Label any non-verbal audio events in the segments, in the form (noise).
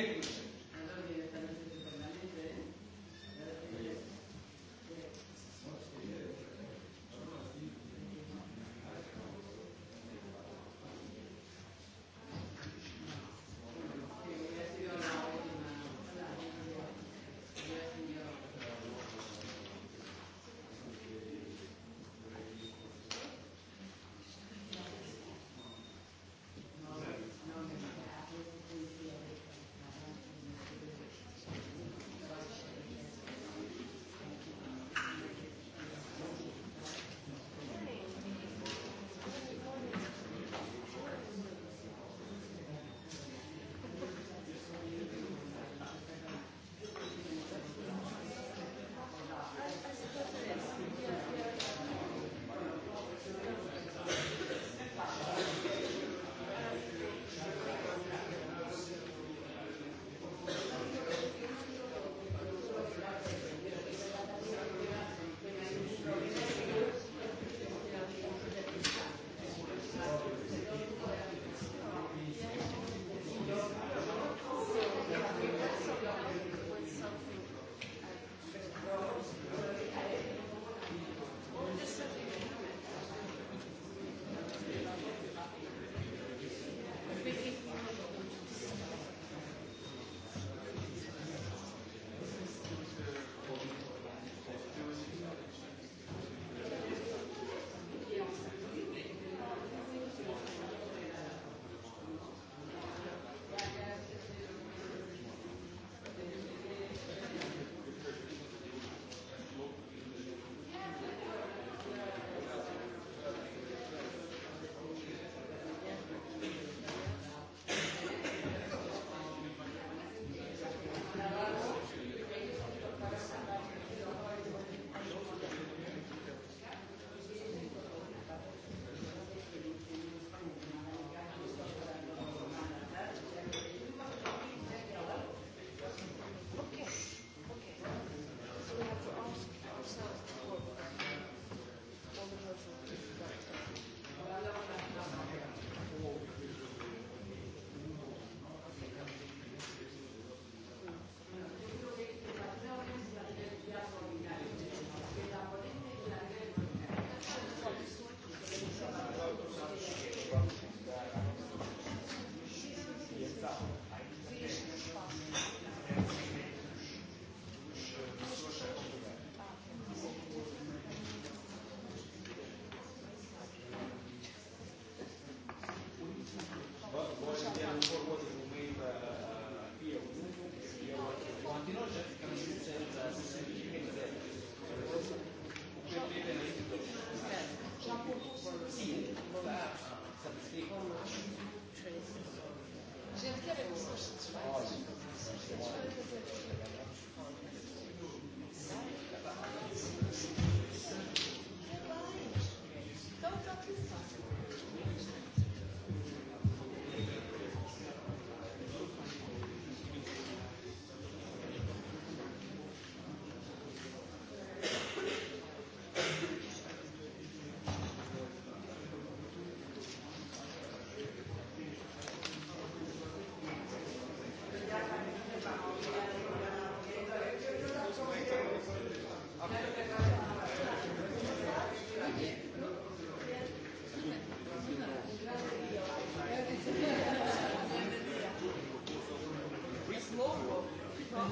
έκλεισε.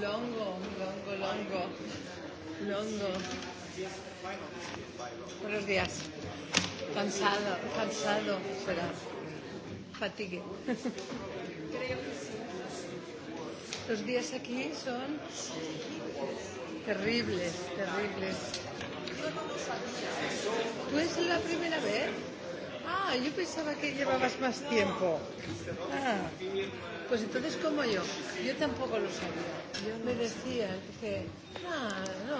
Longo, longo, longo. Longo. Buenos días. Cansado, cansado será. Fatigue. Creo que sí. Los días aquí son terribles, terribles. ¿Tú es la primera vez? Ah, yo pensaba que llevabas más tiempo. Ah, pues entonces como yo. Yo tampoco lo sabía. Yo me decía que, no,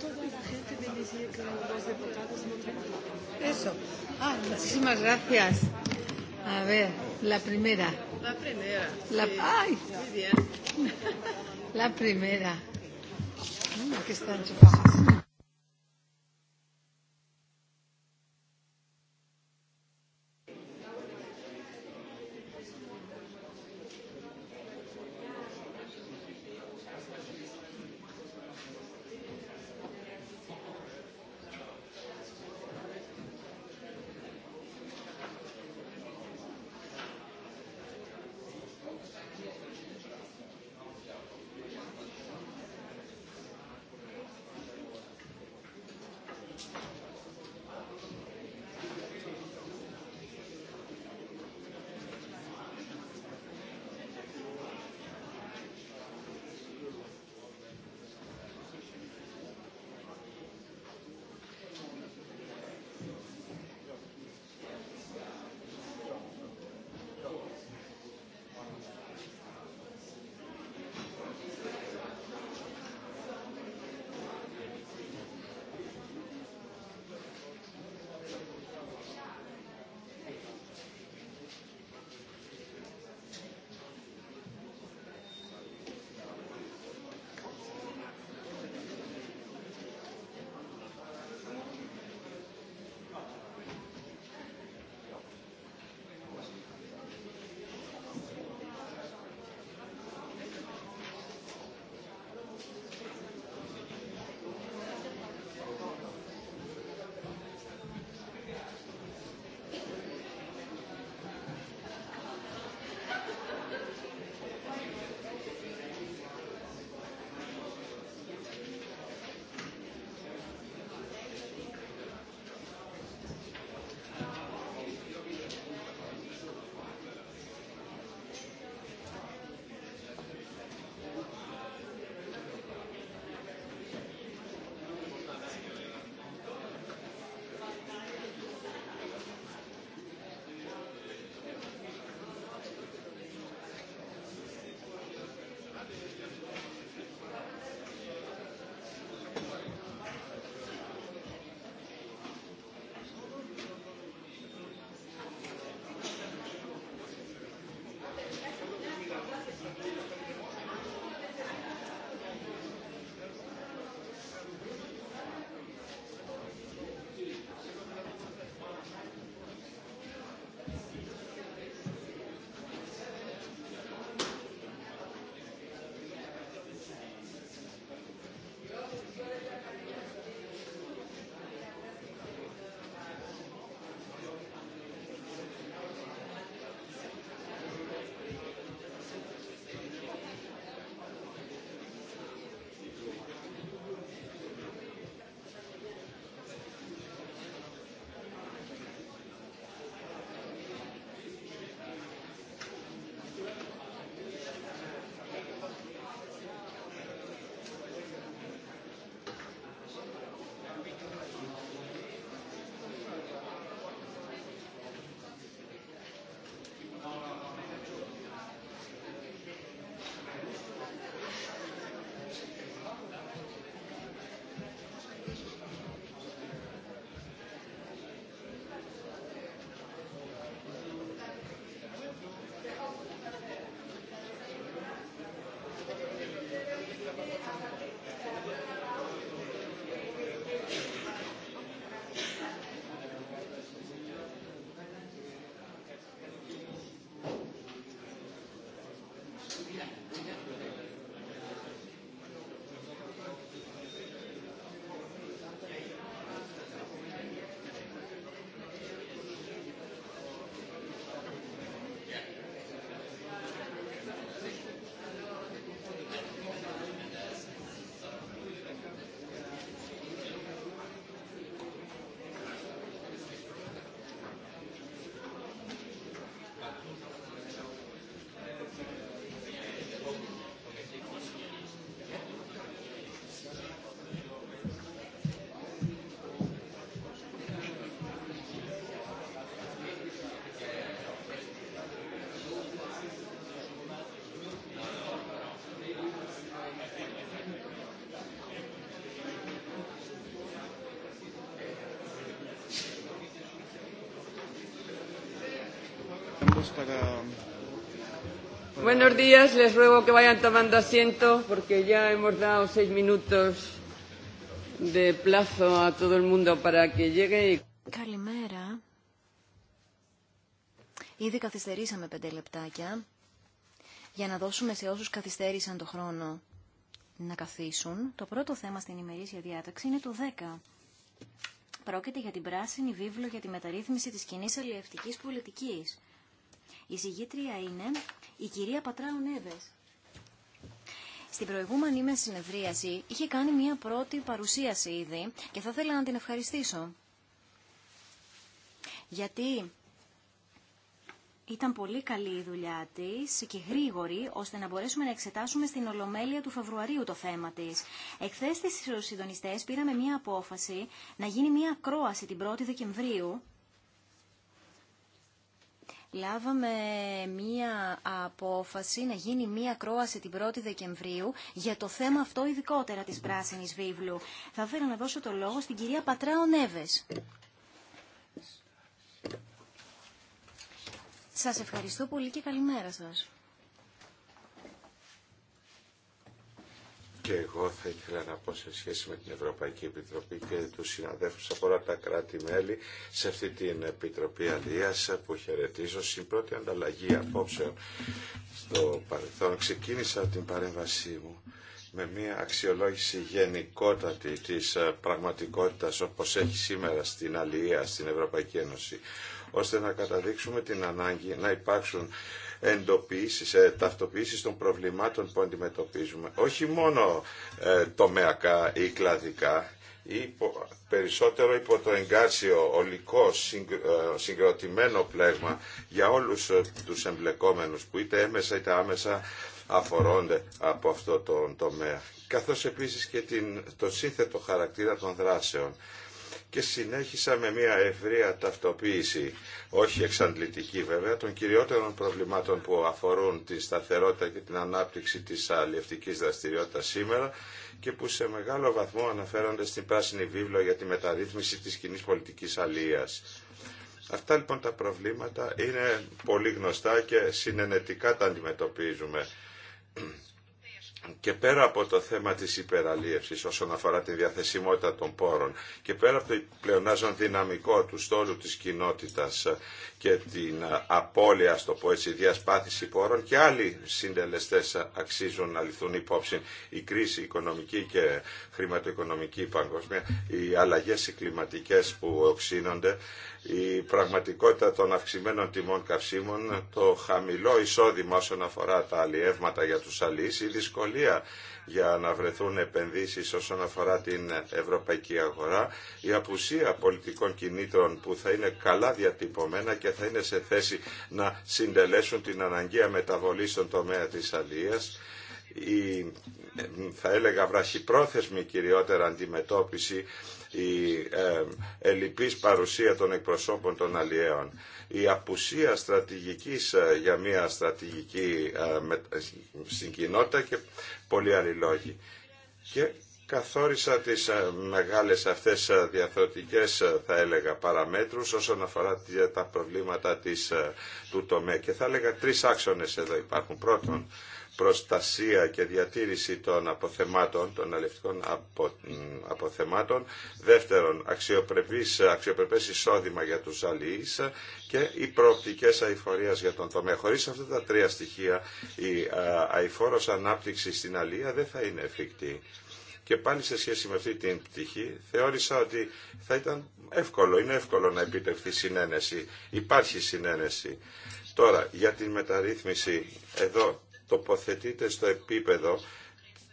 toda la gente me decía que los diputados no tienen. Eso. Ah, muchísimas gracias. A ver, la primera. La primera. La, ¡Ay! Muy bien. La primera. Aquí están, chicos. Buenos días, les ruego que vayan tomando asiento porque ya hemos dado seis minutos de plazo a todo el mundo para que llegue. Y... Καλημέρα. Ήδη καθυστερήσαμε πέντε λεπτάκια για να δώσουμε σε όσους καθυστέρησαν το χρόνο να καθίσουν. Το πρώτο θέμα στην ημερήσια διάταξη είναι το 10. Πρόκειται για την πράσινη βίβλο για τη μεταρρύθμιση της κοινή αλληλευτικής πολιτικής. Η συγγήτρια είναι η κυρία Πατράων Νέβες. Στην προηγούμενη με συνεδρίαση είχε κάνει μια πρώτη παρουσίαση ήδη και θα ήθελα να την ευχαριστήσω. Γιατί ήταν πολύ καλή η δουλειά της και γρήγορη ώστε να μπορέσουμε να εξετάσουμε στην Ολομέλεια του Φεβρουαρίου το θέμα της. Εχθές στις συντονιστές πήραμε μια απόφαση να γίνει μια ακρόαση την 1η Δεκεμβρίου λάβαμε μία απόφαση να γίνει μία κρόαση την 1η Δεκεμβρίου για το θέμα αυτό ειδικότερα της Πράσινης Βίβλου. Θα ήθελα να δώσω το λόγο στην κυρία Πατράο Νέβες. Σας ευχαριστώ πολύ και καλημέρα σας. Και εγώ θα ήθελα να πω σε σχέση με την Ευρωπαϊκή Επιτροπή και του συναδέλφου από όλα τα κράτη-μέλη σε αυτή την Επιτροπή Αλίας που χαιρετίζω στην πρώτη ανταλλαγή απόψεων στο παρελθόν. Ξεκίνησα την παρέμβασή μου με μια αξιολόγηση γενικότατη της ε, πραγματικότητας όπως έχει σήμερα στην Αλία, στην Ευρωπαϊκή Ένωση, ώστε να καταδείξουμε την ανάγκη να υπάρξουν εντοπίσεις, ε, ταυτοποίησης των προβλημάτων που αντιμετωπίζουμε. Όχι μόνο ε, τομεακά ή κλαδικά, υπο, περισσότερο υπό το εγκάρσιο ολικό ε, συγκροτημένο πλέγμα για όλους τους εμπλεκόμενους που είτε έμεσα είτε άμεσα αφορώνται από αυτό το τομέα. Καθώς επίσης και την, το σύνθετο χαρακτήρα των δράσεων και συνέχισα με μια ευρεία ταυτοποίηση, όχι εξαντλητική βέβαια, των κυριότερων προβλημάτων που αφορούν τη σταθερότητα και την ανάπτυξη της αλληλευτικής δραστηριότητας σήμερα και που σε μεγάλο βαθμό αναφέρονται στην πράσινη βίβλο για τη μεταρρύθμιση της κοινή πολιτικής αλλίας. Αυτά λοιπόν τα προβλήματα είναι πολύ γνωστά και συνενετικά τα αντιμετωπίζουμε και πέρα από το θέμα της υπεραλίευσης όσον αφορά τη διαθεσιμότητα των πόρων και πέρα από το πλεονάζον δυναμικό του στόλου της κοινότητας και την απώλεια, στο πω έτσι, διασπάθηση πόρων και άλλοι συντελεστές αξίζουν να ληφθούν υπόψη η κρίση οικονομική και χρηματοοικονομική παγκόσμια, οι αλλαγές οι που οξύνονται η πραγματικότητα των αυξημένων τιμών καυσίμων, το χαμηλό εισόδημα όσον αφορά τα αλλιεύματα για τους αλείς, η δυσκολία για να βρεθούν επενδύσεις όσον αφορά την ευρωπαϊκή αγορά, η απουσία πολιτικών κινήτρων που θα είναι καλά διατυπωμένα και θα είναι σε θέση να συντελέσουν την αναγκαία μεταβολή στον τομέα της αλλία η, ε, θα έλεγα, βραχυπρόθεσμη κυριότερα αντιμετώπιση η ε, παρουσία των εκπροσώπων των αλλιέων, η απουσία στρατηγικής ε, για μια στρατηγική ε, με, και πολλοί άλλοι λόγοι. Και καθόρισα τις ε, μεγάλες αυτές ε, θα έλεγα παραμέτρους όσον αφορά τα προβλήματα της, του τομέα και θα έλεγα τρεις άξονες εδώ υπάρχουν πρώτον προστασία και διατήρηση των αποθεμάτων, των αλευτικών απο, αποθεμάτων, δεύτερον αξιοπρεπής, αξιοπρεπές εισόδημα για τους αλληλείς και οι προοπτικές αηφορίας για τον τομέα. Χωρίς αυτά τα τρία στοιχεία η αηφόρος ανάπτυξη στην αλληλεία δεν θα είναι εφικτή. Και πάλι σε σχέση με αυτή την πτυχή θεώρησα ότι θα ήταν εύκολο, είναι εύκολο να επιτευχθεί συνένεση. Υπάρχει συνένεση. Τώρα, για την μεταρρύθμιση, εδώ τοποθετείται στο επίπεδο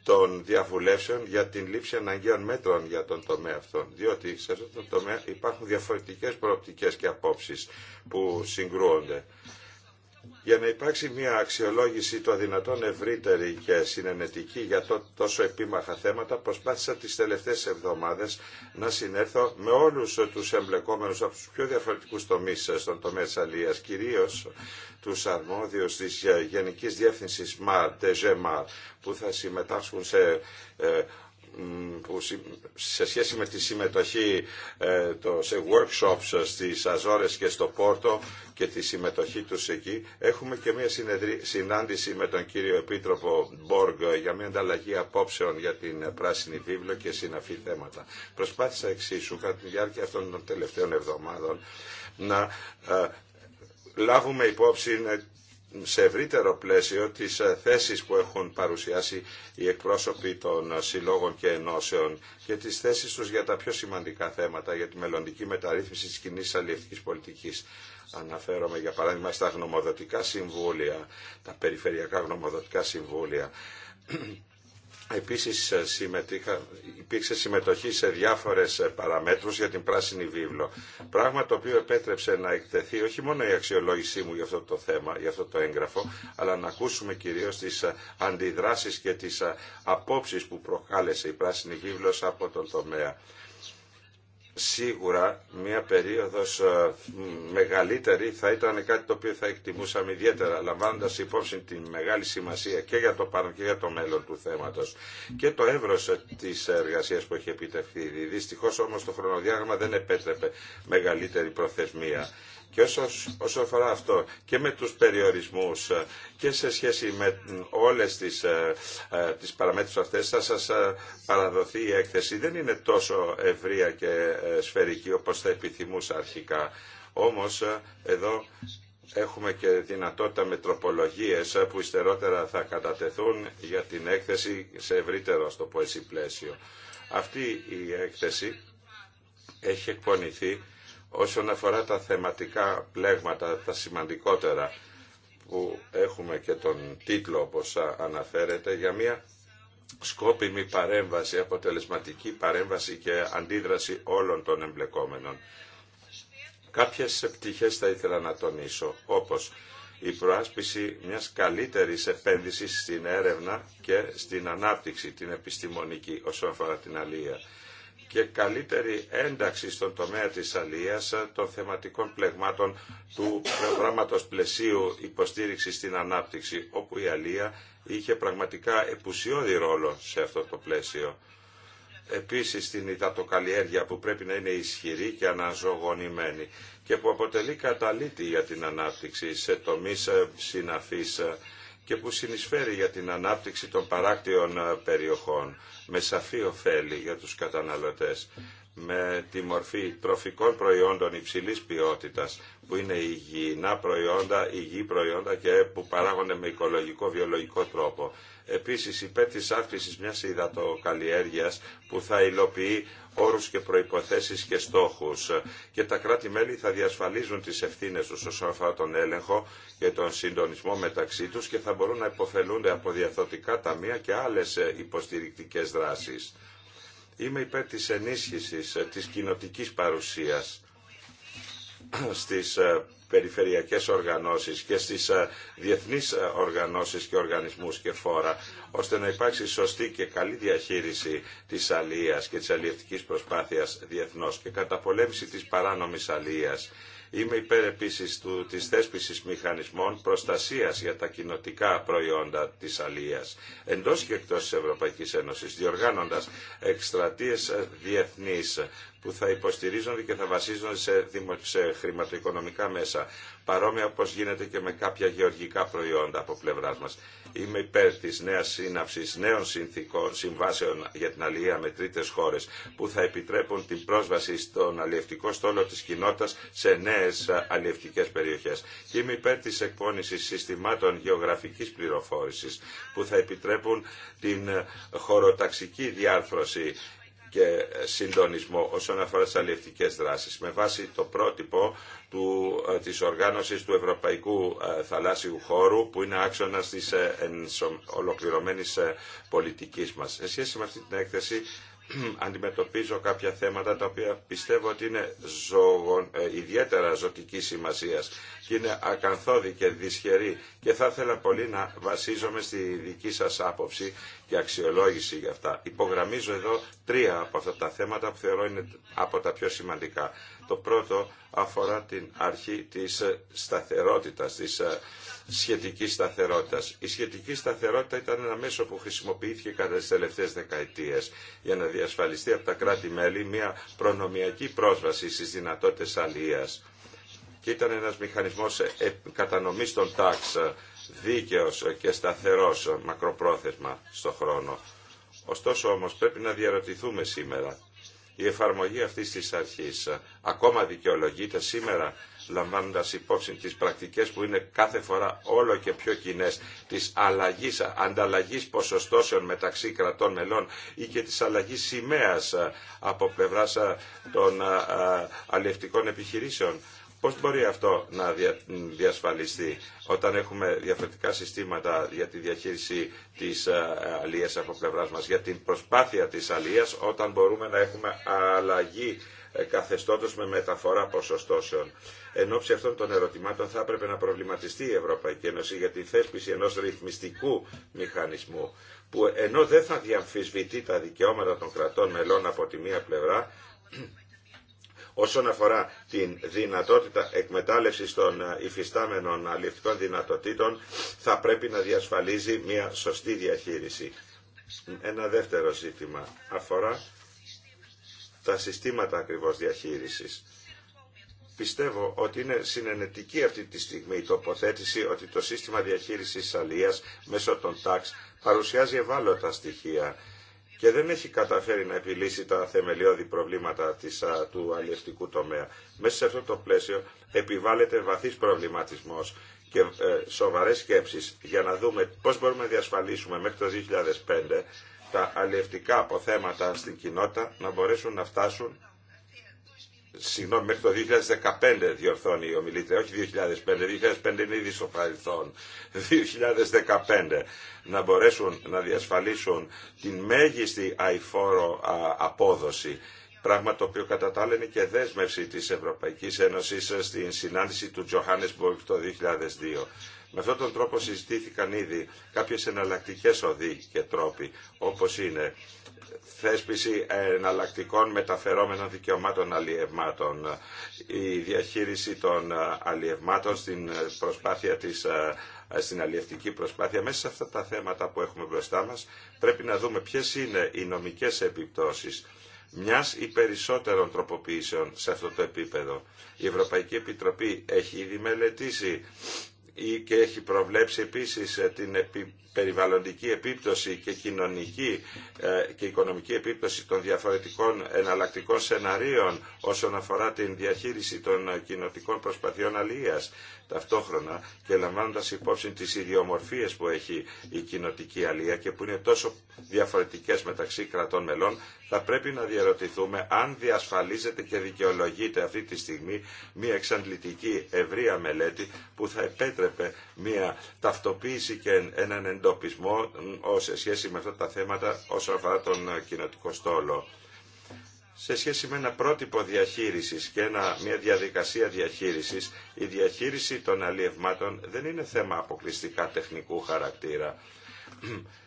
των διαβουλεύσεων για την λήψη αναγκαίων μέτρων για τον τομέα αυτόν. Διότι σε αυτόν τον τομέα υπάρχουν διαφορετικές προοπτικές και απόψεις που συγκρούονται για να υπάρξει μια αξιολόγηση το δυνατόν ευρύτερη και συνενετική για τόσο επίμαχα θέματα, προσπάθησα τις τελευταίες εβδομάδες να συνέρθω με όλους τους εμπλεκόμενους από τους πιο διαφορετικούς τομείς στον τομέα της Αλίας, κυρίως τους αρμόδιους της Γενικής Διεύθυνσης ΜΑΡ, ΤΕΖΕΜΑΡ, που θα συμμετάσχουν σε ε, που σε σχέση με τη συμμετοχή ε, σε workshops στις Αζόρες και στο Πόρτο και τη συμμετοχή τους εκεί έχουμε και μια συνάντηση με τον κύριο Επίτροπο Μπόργκ για μια ανταλλαγή απόψεων για την Πράσινη Βίβλο και συναφή θέματα. Προσπάθησα εξίσου κατά τη διάρκεια αυτών των τελευταίων εβδομάδων να ε, λάβουμε υπόψη σε ευρύτερο πλαίσιο τις ε, θέσεις που έχουν παρουσιάσει οι εκπρόσωποι των ε, συλλόγων και ενώσεων και τις θέσεις τους για τα πιο σημαντικά θέματα για τη μελλοντική μεταρρύθμιση της κοινή αλληλευτικής πολιτικής. Αναφέρομαι για παράδειγμα στα γνωμοδοτικά συμβούλια, τα περιφερειακά γνωμοδοτικά συμβούλια Επίσης ε, συμμετείχα, υπήρξε συμμετοχή σε διάφορες ε, παραμέτρους για την πράσινη βίβλο. Πράγμα το οποίο επέτρεψε να εκτεθεί όχι μόνο η αξιολόγησή μου για αυτό το θέμα, για αυτό το έγγραφο, αλλά να ακούσουμε κυρίως τις ε, αντιδράσεις και τις απόψεις που προκάλεσε η πράσινη βίβλος από τον τομέα σίγουρα μια περίοδος ε, μεγαλύτερη θα ήταν κάτι το οποίο θα εκτιμούσαμε ιδιαίτερα λαμβάνοντα υπόψη τη μεγάλη σημασία και για το παρόν και για το μέλλον του θέματος και το εύρος ε, της εργασίας που έχει επιτευχθεί. Δυστυχώς όμως το χρονοδιάγραμμα δεν επέτρεπε μεγαλύτερη προθεσμία. Και όσο, όσο αφορά αυτό και με τους περιορισμούς ε, και σε σχέση με όλες τις, ε, ε, τις παραμέτρους αυτές θα σας παραδοθεί η έκθεση. Δεν είναι τόσο ευρία και σφαιρική όπως θα επιθυμούσα αρχικά. Όμως εδώ έχουμε και δυνατότητα με τροπολογίες που υστερότερα θα κατατεθούν για την έκθεση σε ευρύτερο, στο πλαίσιο. Αυτή η έκθεση έχει εκπονηθεί όσον αφορά τα θεματικά πλέγματα, τα σημαντικότερα που έχουμε και τον τίτλο όπως αναφέρεται για μια σκόπιμη παρέμβαση, αποτελεσματική παρέμβαση και αντίδραση όλων των εμπλεκόμενων. Κάποιες πτυχές θα ήθελα να τονίσω, όπως η προάσπιση μιας καλύτερης επένδυσης στην έρευνα και στην ανάπτυξη, την επιστημονική όσον αφορά την αλία και καλύτερη ένταξη στον τομέα της αλίας των θεματικών πλεγμάτων του προγράμματος πλαισίου υποστήριξης στην ανάπτυξη, όπου η αλία είχε πραγματικά επουσιώδη ρόλο σε αυτό το πλαίσιο. Επίσης την υδατοκαλλιέργεια που πρέπει να είναι ισχυρή και αναζωογονημένη και που αποτελεί καταλήτη για την ανάπτυξη σε τομείς ε, συναφής ε, και που συνεισφέρει για την ανάπτυξη των παράκτιων ε, περιοχών με σαφή ωφέλη για τους καταναλωτές με τη μορφή τροφικών προϊόντων υψηλής ποιότητας που είναι υγιεινά προϊόντα, υγιή προϊόντα και που παράγονται με οικολογικό-βιολογικό τρόπο επίσης υπέρ της αύξησης μιας υδατοκαλλιέργειας που θα υλοποιεί όρους και προϋποθέσεις και στόχους και τα κράτη-μέλη θα διασφαλίζουν τις ευθύνες τους όσον αφορά τον έλεγχο και τον συντονισμό μεταξύ τους και θα μπορούν να υποφελούνται από διαθωτικά ταμεία και άλλες υποστηρικτικές δράσεις. Είμαι υπέρ της ενίσχυσης ε, της κοινοτικής παρουσίας ε, στις ε, περιφερειακές οργανώσεις και στις ε, διεθνείς ε, οργανώσεις και οργανισμούς και φόρα, ώστε να υπάρξει σωστή και καλή διαχείριση της αλίας και της αλλιευτικής προσπάθειας διεθνώς και καταπολέμηση της παράνομης αλίας. Είμαι υπέρ επίσης του, της θέσπισης μηχανισμών προστασίας για τα κοινοτικά προϊόντα της αλίας εντός και εκτός της Ευρωπαϊκής Ένωσης, διοργάνοντας εκστρατείες ε, διεθνείς που θα υποστηρίζονται και θα βασίζονται σε, σε χρηματοοικονομικά μέσα, παρόμοια όπω γίνεται και με κάποια γεωργικά προϊόντα από πλευρά μα. Είμαι υπέρ τη νέα σύναψη νέων συνθήκων συμβάσεων για την αλληλεία με τρίτε χώρε που θα επιτρέπουν την πρόσβαση στον αλληλευτικό στόλο τη κοινότητα σε νέε αλληλευτικές περιοχέ είμαι υπέρ τη εκπώνηση συστημάτων γεωγραφική πληροφόρηση που θα επιτρέπουν την χωροταξική διάρθρωση και συντονισμό όσον αφορά τις αλληλευτικές δράσεις με βάση το πρότυπο του, ε, της οργάνωσης του Ευρωπαϊκού ε, Θαλάσσιου Χώρου που είναι άξονα της ε, ολοκληρωμένης πολιτικής μας. Σε σχέση με αυτή την έκθεση (clears throat) αντιμετωπίζω κάποια θέματα τα οποία πιστεύω ότι είναι ιδιαίτερα ζωτική σημασία και είναι ακαθόδη και δυσχερή και θα ήθελα πολύ να βασίζομαι στη δική σας άποψη και αξιολόγηση για αυτά. Υπογραμμίζω εδώ τρία από αυτά τα θέματα που θεωρώ είναι από τα πιο σημαντικά. Το πρώτο αφορά την αρχή της σταθερότητας, της ε, σχετικής σταθερότητας. Η σχετική σταθερότητα ήταν ένα μέσο που χρησιμοποιήθηκε κατά τις τελευταίες δεκαετίες για να διασφαλιστεί από τα κράτη-μέλη μια προνομιακή πρόσβαση στις δυνατότητες αλληλείας. Και ήταν ένας μηχανισμός ε, κατανομής των τάξ δίκαιος και σταθερός μακροπρόθεσμα στο χρόνο. Ωστόσο όμως πρέπει να διαρωτηθούμε σήμερα. Η εφαρμογή αυτής της αρχής ακόμα δικαιολογείται σήμερα λαμβάνοντας υπόψη τις πρακτικές που είναι κάθε φορά όλο και πιο κοινέ της αλλαγής, ανταλλαγής ποσοστώσεων μεταξύ κρατών μελών ή και της αλλαγής σημαία από πλευράς των αλλιευτικών επιχειρήσεων. Πώς μπορεί αυτό να διασφαλιστεί όταν έχουμε διαφορετικά συστήματα για τη διαχείριση της ε, αλίας από πλευράς μας, για την προσπάθεια της αλίας όταν μπορούμε να έχουμε αλλαγή ε, καθεστώτος με μεταφορά ποσοστώσεων. Εν ώψη αυτών των ερωτημάτων θα έπρεπε να προβληματιστεί η Ευρωπαϊκή Ένωση για τη θέσπιση ενός ρυθμιστικού μηχανισμού που ενώ δεν θα διαμφισβητεί τα δικαιώματα των κρατών μελών από τη μία πλευρά Όσον αφορά την δυνατότητα εκμετάλλευσης των ε, υφιστάμενων αλληλευτικών δυνατοτήτων, θα πρέπει να διασφαλίζει μια σωστή διαχείριση. Ένα δεύτερο ζήτημα αφορά τα συστήματα ακριβώς διαχείρισης. Πιστεύω ότι είναι συνενετική αυτή τη στιγμή η τοποθέτηση ότι το σύστημα διαχείρισης αλίας μέσω των τάξ παρουσιάζει ευάλωτα στοιχεία και δεν έχει καταφέρει να επιλύσει τα θεμελιώδη προβλήματα της, του αλλιευτικού τομέα. Μέσα σε αυτό το πλαίσιο επιβάλλεται βαθύς προβληματισμός και ε, σοβαρές σκέψεις για να δούμε πώς μπορούμε να διασφαλίσουμε μέχρι το 2005 τα αλλιευτικά αποθέματα στην κοινότητα να μπορέσουν να φτάσουν συγγνώμη, μέχρι το 2015 διορθώνει η ομιλήτρια, όχι 2005, 2005 είναι ήδη στο παρελθόν, 2015, να μπορέσουν να διασφαλίσουν την μέγιστη αηφόρο απόδοση. Πράγμα το οποίο κατά τα άλλα είναι και δέσμευση της Ευρωπαϊκής Ένωσης στην συνάντηση του Johannesburg το 2002. Με αυτόν τον τρόπο συζητήθηκαν ήδη κάποιες εναλλακτικές οδοί και τρόποι, όπως είναι θέσπιση εναλλακτικών μεταφερόμενων δικαιωμάτων αλλιευμάτων, η διαχείριση των αλλιευμάτων στην προσπάθεια της ε, στην αλλιευτική προσπάθεια. Μέσα σε αυτά τα θέματα που έχουμε μπροστά μας πρέπει να δούμε ποιες είναι οι νομικές επιπτώσεις μιας ή περισσότερων τροποποιήσεων σε αυτό το επίπεδο. Η Ευρωπαϊκή Επιτροπή έχει ήδη μελετήσει μελετησει και έχει προβλέψει επίσης ε, την, επι περιβαλλοντική επίπτωση και κοινωνική ε, και οικονομική επίπτωση των διαφορετικών εναλλακτικών σεναρίων όσον αφορά την διαχείριση των κοινοτικών προσπαθειών αλληλείας ταυτόχρονα και λαμβάνοντας υπόψη τις ιδιομορφίες που έχει η κοινοτική αλληλεία και που είναι τόσο διαφορετικές μεταξύ κρατών μελών θα πρέπει να διαρωτηθούμε αν διασφαλίζεται και δικαιολογείται αυτή τη στιγμή μια εξαντλητική ευρεία μελέτη που θα επέτρεπε μια ταυτοποίηση και έναν εντοπισμό σε σχέση με αυτά τα θέματα όσο αφορά τον ε, κοινοτικό στόλο. Σε σχέση με ένα πρότυπο διαχείριση και ένα, μια διαδικασία διαχείρισης, η διαχείριση των αλλιευμάτων δεν είναι θέμα αποκλειστικά τεχνικού χαρακτήρα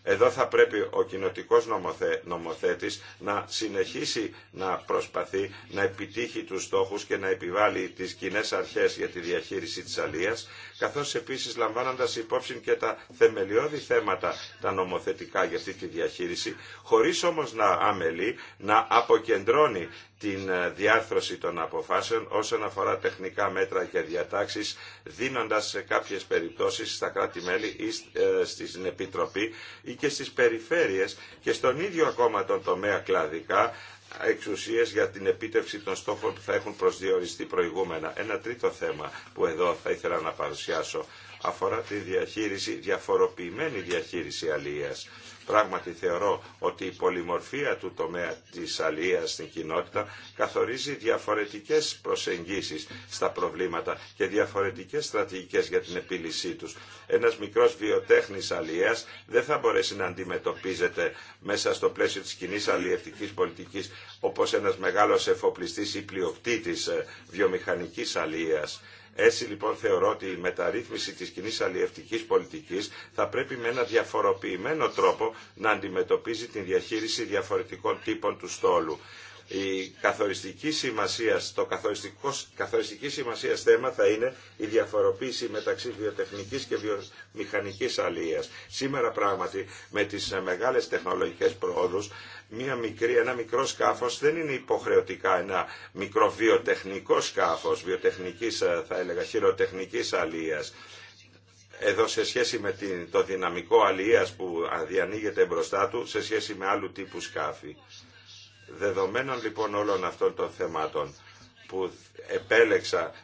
εδώ θα πρέπει ο κοινοτικό νομοθέ, νομοθέτης να συνεχίσει να προσπαθεί να επιτύχει τους στόχους και να επιβάλλει τις κοινέ αρχές για τη διαχείριση της αλίας, καθώς επίσης λαμβάνοντας υπόψη και τα θεμελιώδη θέματα τα νομοθετικά για αυτή τη διαχείριση, χωρίς όμως να αμελεί, να αποκεντρώνει την ε, διάρθρωση των αποφάσεων όσον αφορά τεχνικά μέτρα και διατάξεις, δίνοντας σε κάποιες περιπτώσεις στα κράτη-μέλη ή ε, στην Επιτροπή ή και στις περιφέρειες και στον ίδιο ακόμα τον τομέα κλαδικά εξουσίες για την επίτευξη των στόχων που θα έχουν προσδιοριστεί προηγούμενα. Ένα τρίτο θέμα που εδώ θα ήθελα να παρουσιάσω αφορά τη διαχείριση, διαφοροποιημένη διαχείριση αλληλείας... Πράγματι θεωρώ ότι η πολυμορφία του τομέα της αλίας στην κοινότητα καθορίζει διαφορετικές προσεγγίσεις στα προβλήματα και διαφορετικές στρατηγικές για την επίλυσή τους. Ένας μικρός βιοτέχνης αλληλείας δεν θα μπορέσει να αντιμετωπίζεται μέσα στο πλαίσιο της κοινή αλληλευτικής πολιτικής όπως ένας μεγάλος εφοπλιστής ή πλειοκτήτης ε, βιομηχανικής αλληλείας. Έτσι λοιπόν θεωρώ ότι η μεταρρύθμιση της κοινή αλλιευτικής πολιτικής θα πρέπει με ένα διαφοροποιημένο τρόπο να αντιμετωπίζει την διαχείριση διαφορετικών τύπων του στόλου. Η καθοριστική σημασία, το καθοριστική σημασία θέμα θα είναι η διαφοροποίηση μεταξύ βιοτεχνικής και βιομηχανικής αλίας. Σήμερα πράγματι με τις μεγάλες τεχνολογικές προόδους μια μικρή, ένα μικρό σκάφος δεν είναι υποχρεωτικά ένα μικρό βιοτεχνικό σκάφος, βιοτεχνικής ε, θα έλεγα χειροτεχνικής αλίας εδώ σε σχέση με το δυναμικό αλίας που διανοίγεται μπροστά του, σε σχέση με άλλου τύπου σκάφη. Δεδομένων λοιπόν όλων αυτών των θεμάτων που επέλεξα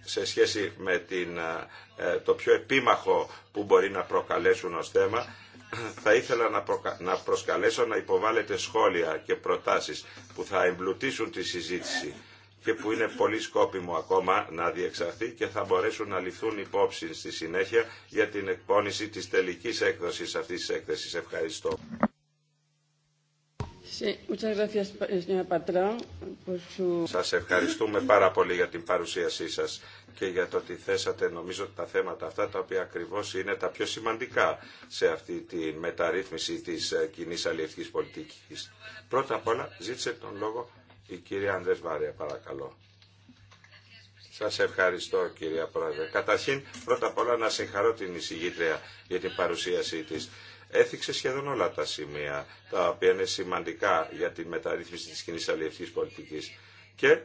σε σχέση με την, ε, ε, το πιο επίμαχο που μπορεί να προκαλέσουν ως θέμα, (clears throat) θα ήθελα να, να προσκαλέσω να υποβάλλετε σχόλια και προτάσεις που θα εμπλουτίσουν τη συζήτηση και που είναι πολύ σκόπιμο ακόμα να διεξαχθεί και θα μπορέσουν να ληφθούν υπόψη στη συνέχεια για την εκπόνηση της τελικής έκδοσης αυτής της έκθεσης. Ευχαριστώ. Σας ευχαριστούμε πάρα πολύ για την παρουσίασή σας και για το ότι θέσατε νομίζω τα θέματα αυτά τα οποία ακριβώς είναι τα πιο σημαντικά σε αυτή τη μεταρρύθμιση της ε, κοινή αλληλευτικής πολιτικής. Πρώτα απ' όλα ζήτησε τον λόγο η κυρία Ανδρές Βάρια παρακαλώ. Σας ευχαριστώ κυρία Πρόεδρε. Καταρχήν πρώτα απ' όλα να συγχαρώ την εισηγήτρια για την παρουσίασή της έθιξε σχεδόν όλα τα σημεία τα οποία είναι σημαντικά για τη μεταρρύθμιση της κοινή αλληλευτικής πολιτικής. Και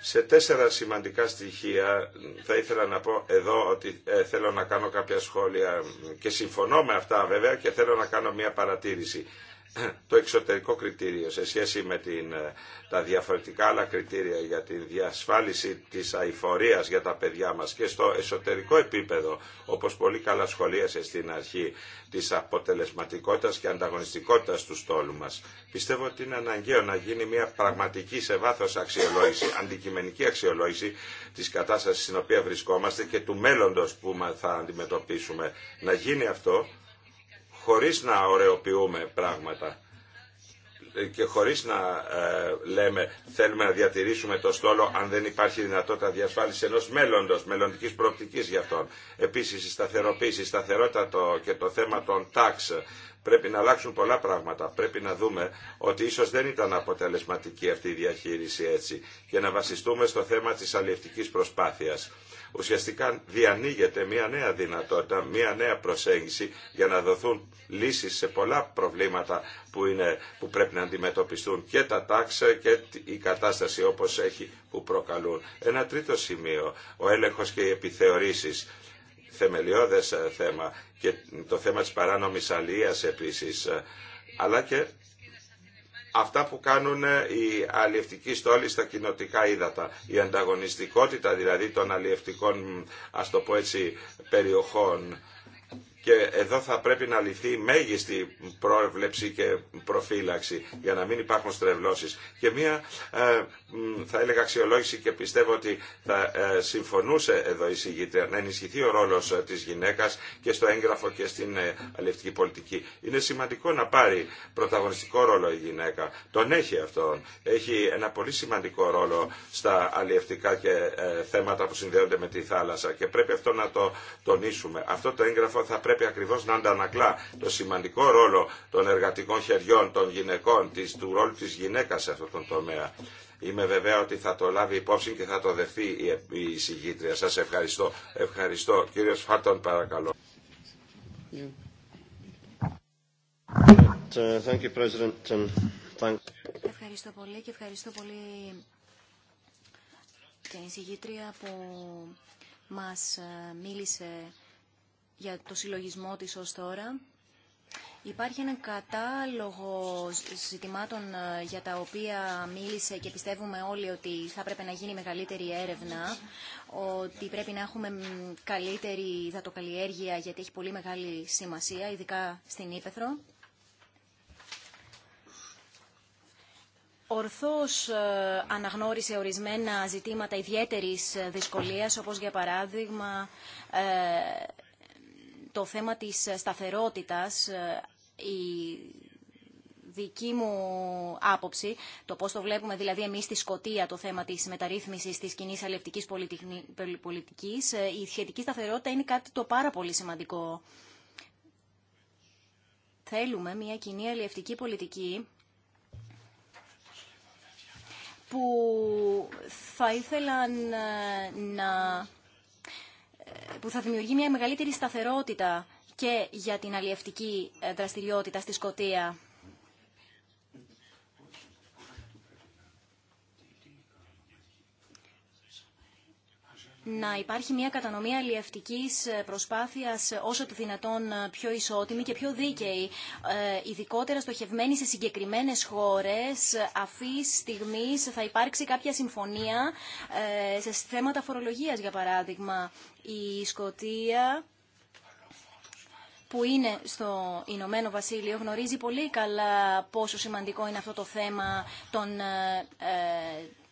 σε τέσσερα σημαντικά στοιχεία θα ήθελα να πω εδώ ότι ε, θέλω να κάνω κάποια σχόλια και συμφωνώ με αυτά βέβαια και θέλω να κάνω μια παρατήρηση το εξωτερικό κριτήριο σε σχέση με την, ε, τα διαφορετικά άλλα κριτήρια για τη διασφάλιση της αηφορίας για τα παιδιά μας και στο εσωτερικό επίπεδο, όπως πολύ καλά σχολίασε στην αρχή, της αποτελεσματικότητας και ανταγωνιστικότητας του στόλου μας. Πιστεύω ότι είναι αναγκαίο να γίνει μια πραγματική σε βάθος αξιολόγηση, αντικειμενική αξιολόγηση της κατάστασης στην οποία βρισκόμαστε και του μέλλοντος που θα αντιμετωπίσουμε. Να γίνει αυτό χωρίς να ωρεοποιούμε πράγματα και χωρίς να ε, λέμε θέλουμε να διατηρήσουμε το στόλο αν δεν υπάρχει δυνατότητα διασφάλιση ενός μέλλοντος, μελλοντικής προοπτικής για αυτόν. Επίσης η σταθεροποίηση, η σταθερότητα το, και το θέμα των τάξ Πρέπει να αλλάξουν πολλά πράγματα. Πρέπει να δούμε ότι ίσως δεν ήταν αποτελεσματική αυτή η διαχείριση έτσι και να βασιστούμε στο θέμα της αλληλευτικής προσπάθειας ουσιαστικά διανοίγεται μια νέα δυνατότητα, μια νέα προσέγγιση για να δοθούν λύσεις σε πολλά προβλήματα που, είναι, που πρέπει να αντιμετωπιστούν και τα τάξα και η κατάσταση όπως έχει που προκαλούν. Ένα τρίτο σημείο, ο έλεγχος και οι επιθεωρήσεις θεμελιώδες ε, θέμα και το θέμα της παράνομης αλίας επίσης, ε, αλλά και αυτά που κάνουν ε, οι αλλιευτικοί στόλοι στα κοινοτικά ύδατα. Η ανταγωνιστικότητα δηλαδή των αλλιευτικών, ας το περιοχών και εδώ θα πρέπει να ληφθεί μέγιστη πρόβλεψη και προφύλαξη για να μην υπάρχουν στρεβλώσεις. Και μία ε, θα έλεγα αξιολόγηση και πιστεύω ότι θα ε, συμφωνούσε εδώ η συγγήτρια να ενισχυθεί ο ρόλος ε, της γυναίκας και στο έγγραφο και στην αλληλευτική πολιτική. Είναι σημαντικό να πάρει πρωταγωνιστικό ρόλο η γυναίκα. Τον έχει αυτόν. Έχει ένα πολύ σημαντικό ρόλο στα αλληλευτικά και θέματα που συνδέονται με τη θάλασσα και πρέπει αυτό να το τονίσουμε. Αυτό το έγγραφο θα πρέπει ακριβώς να αντανακλά το σημαντικό ρόλο των εργατικών χεριών, των γυναικών, της, του ρόλου της γυναίκας σε αυτόν τον τομέα. Είμαι βεβαία ότι θα το λάβει υπόψη και θα το δεχθεί η συγγήτρια. Σας ευχαριστώ. Ευχαριστώ. Κύριος Φάρτον παρακαλώ. Uh, ευχαριστώ πολύ και ευχαριστώ πολύ την συγγήτρια που μας ε, μίλησε για το συλλογισμό της ως τώρα. Υπάρχει ένα κατάλογο ζητημάτων ε, για τα οποία μίλησε και πιστεύουμε όλοι ότι θα πρέπει να γίνει μεγαλύτερη έρευνα, ότι πρέπει να έχουμε καλύτερη δατοκαλλιέργεια γιατί έχει πολύ μεγάλη σημασία, ειδικά στην Ήπεθρο. Ορθώς ε, αναγνώρισε ορισμένα ζητήματα ιδιαίτερης ε, δυσκολίας, όπως για παράδειγμα το θέμα της ε, σταθερότητας, ε, η δική μου άποψη, το πώς το βλέπουμε δηλαδή εμείς στη Σκοτία το θέμα της μεταρρύθμισης της κοινή αλληλευτικής πολιτικής, ε, η σχετική σταθερότητα είναι κάτι το πάρα πολύ σημαντικό. Θέλουμε μια κοινή αλληλευτική πολιτική που θα ήθελαν να που θα δημιουργεί μια μεγαλύτερη σταθερότητα και για την αλλιευτική ε, δραστηριότητα στη Σκωτία. να υπάρχει μια κατανομία αλλιευτική ε, προσπάθειας ε, όσο το δυνατόν ε, πιο ισότιμη και πιο δίκαιη, ειδικότερα στοχευμένη σε συγκεκριμένες χώρες. Αυτή στιγμή θα υπάρξει κάποια συμφωνία σε θέματα φορολογίας, για παράδειγμα. Η Σκωτία, που είναι στο Ηνωμένο Βασίλειο γνωρίζει πολύ καλά πόσο σημαντικό είναι αυτό το θέμα των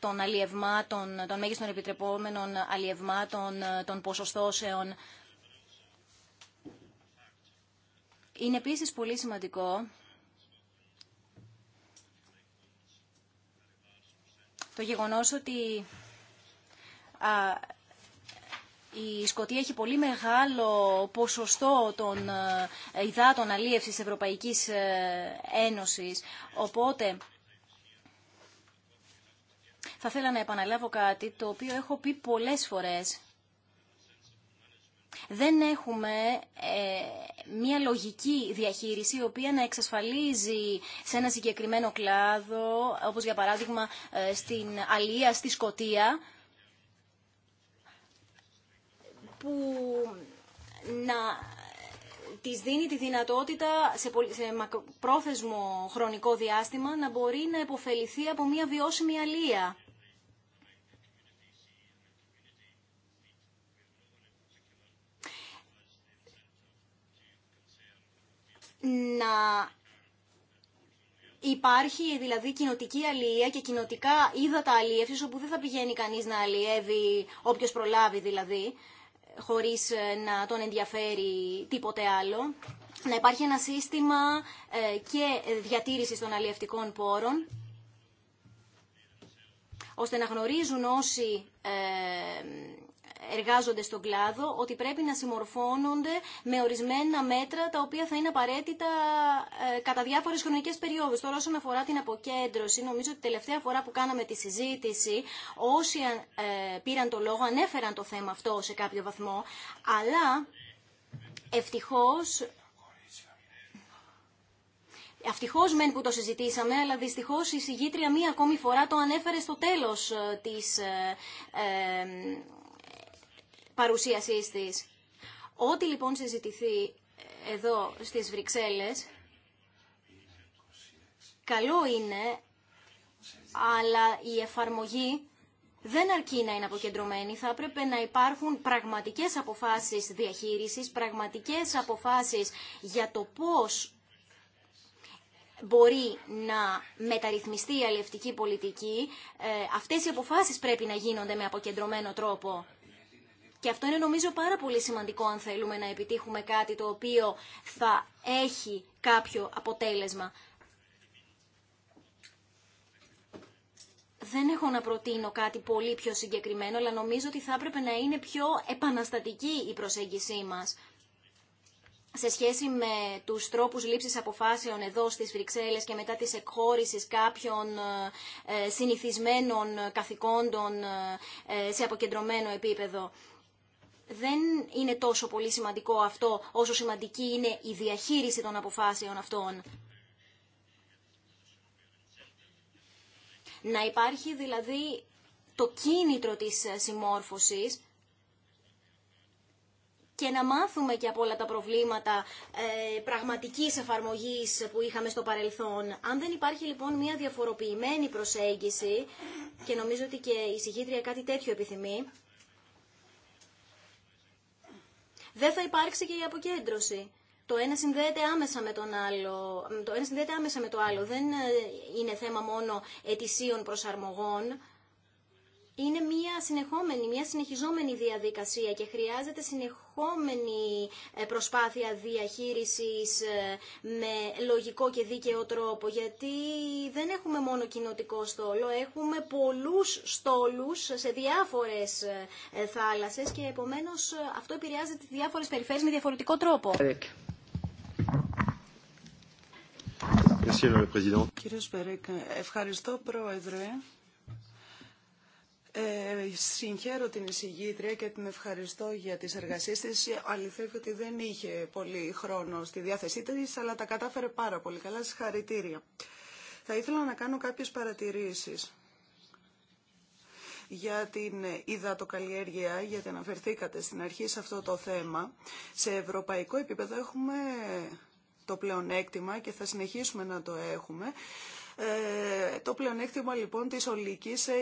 των αλλιευμάτων, των μέγιστων επιτρεπόμενων αλλιευμάτων, των ποσοστώσεων. Είναι επίσης πολύ σημαντικό το γεγονός ότι η Σκωτία έχει πολύ μεγάλο ποσοστό των ε, υδάτων αλίευσης Ευρωπαϊκής ε, Ένωσης, οπότε θα ήθελα να επαναλάβω κάτι το οποίο έχω πει πολλές φορές. Δεν έχουμε ε, μία λογική διαχείριση η οποία να εξασφαλίζει σε ένα συγκεκριμένο κλάδο, όπως για παράδειγμα ε, στην Αλία, στη Σκοτία, που να Τη δίνει τη δυνατότητα σε, πρόθεσμο χρονικό διάστημα να μπορεί να επωφεληθεί από μια βιώσιμη αλία. Να υπάρχει δηλαδή κοινοτική αλληλεία και κοινοτικά ύδατα αλλιεύσεις όπου δεν θα πηγαίνει κανείς να αλλιεύει όποιος προλάβει δηλαδή χωρίς ε, να τον ενδιαφέρει τίποτε άλλο. Να υπάρχει ένα σύστημα ε, και διατήρησης των αλλιευτικών πόρων, ώστε να γνωρίζουν όσοι ε, εργάζονται στον κλάδο ότι πρέπει να συμμορφώνονται με ορισμένα μέτρα τα οποία θα είναι απαραίτητα ε, κατά διάφορε χρονικέ περιόδου. Τώρα όσον αφορά την αποκέντρωση, νομίζω ότι τελευταία φορά που κάναμε τη συζήτηση όσοι ε, πήραν το λόγο ανέφεραν το θέμα αυτό σε κάποιο βαθμό, αλλά ευτυχώ. Ευτυχώ μεν που το συζητήσαμε, αλλά δυστυχώ η συγγήτρια μία ακόμη φορά το ανέφερε στο τέλο ε, τη Παρουσίασή τη. Ό,τι λοιπόν συζητηθεί ε, εδώ στις Βρυξέλλες, καλό είναι, αλλά η εφαρμογή δεν αρκεί να είναι αποκεντρωμένη. Θα έπρεπε να υπάρχουν πραγματικές αποφάσεις διαχείρισης, πραγματικές αποφάσεις για το πώς μπορεί να μεταρρυθμιστεί η αλληλευτική πολιτική. Ε, αυτές οι αποφάσεις πρέπει να γίνονται με αποκεντρωμένο τρόπο. Και αυτό είναι νομίζω πάρα πολύ σημαντικό αν θέλουμε να επιτύχουμε κάτι το οποίο θα έχει κάποιο αποτέλεσμα. Δεν έχω να προτείνω κάτι πολύ πιο συγκεκριμένο, αλλά νομίζω ότι θα έπρεπε να είναι πιο επαναστατική η προσέγγισή μας σε σχέση με τους τρόπους λήψης αποφάσεων εδώ στις Βρυξέλλες και μετά της εκχώρησης κάποιων ε, συνηθισμένων καθηκόντων ε, σε αποκεντρωμένο επίπεδο δεν είναι τόσο πολύ σημαντικό αυτό όσο σημαντική είναι η διαχείριση των αποφάσεων αυτών. Να υπάρχει δηλαδή το κίνητρο της ε, συμμόρφωσης και να μάθουμε και από όλα τα προβλήματα ε, πραγματικής εφαρμογής που είχαμε στο παρελθόν. Αν δεν υπάρχει λοιπόν μια διαφοροποιημένη προσέγγιση, και νομίζω ότι και η συγχύτρια κάτι τέτοιο επιθυμεί, δεν θα υπάρξει και η αποκέντρωση. Το ένα συνδέεται άμεσα με τον άλλο. Το ένα συνδέεται άμεσα με το άλλο. Δεν ε, είναι θέμα μόνο ετησίων προσαρμογών είναι μια συνεχόμενη, μια συνεχιζόμενη διαδικασία και χρειάζεται συνεχόμενη ε, προσπάθεια διαχείρισης ε, με λογικό και δίκαιο τρόπο, γιατί δεν έχουμε μόνο κοινοτικό στόλο, έχουμε πολλούς στόλους σε διάφορες ε, θάλασσες και επομένως αυτό επηρεάζεται τις διάφορες περιφέρειες με διαφορετικό τρόπο. Κύριε Σπερέκ, ευχαριστώ Πρόεδρε. Ε, συγχαίρω την εισηγήτρια και την ευχαριστώ για τις εργασίες της. Αληθεύει ότι δεν είχε πολύ χρόνο στη διάθεσή της, αλλά τα κατάφερε πάρα πολύ καλά. Συγχαρητήρια. Θα ήθελα να κάνω κάποιες παρατηρήσεις για την υδατοκαλλιέργεια, γιατί αναφερθήκατε στην αρχή σε αυτό το θέμα. Σε ευρωπαϊκό επίπεδο έχουμε το πλεονέκτημα και θα συνεχίσουμε να το έχουμε ε, το πλεονέκτημα λοιπόν της ολικής ε, ε,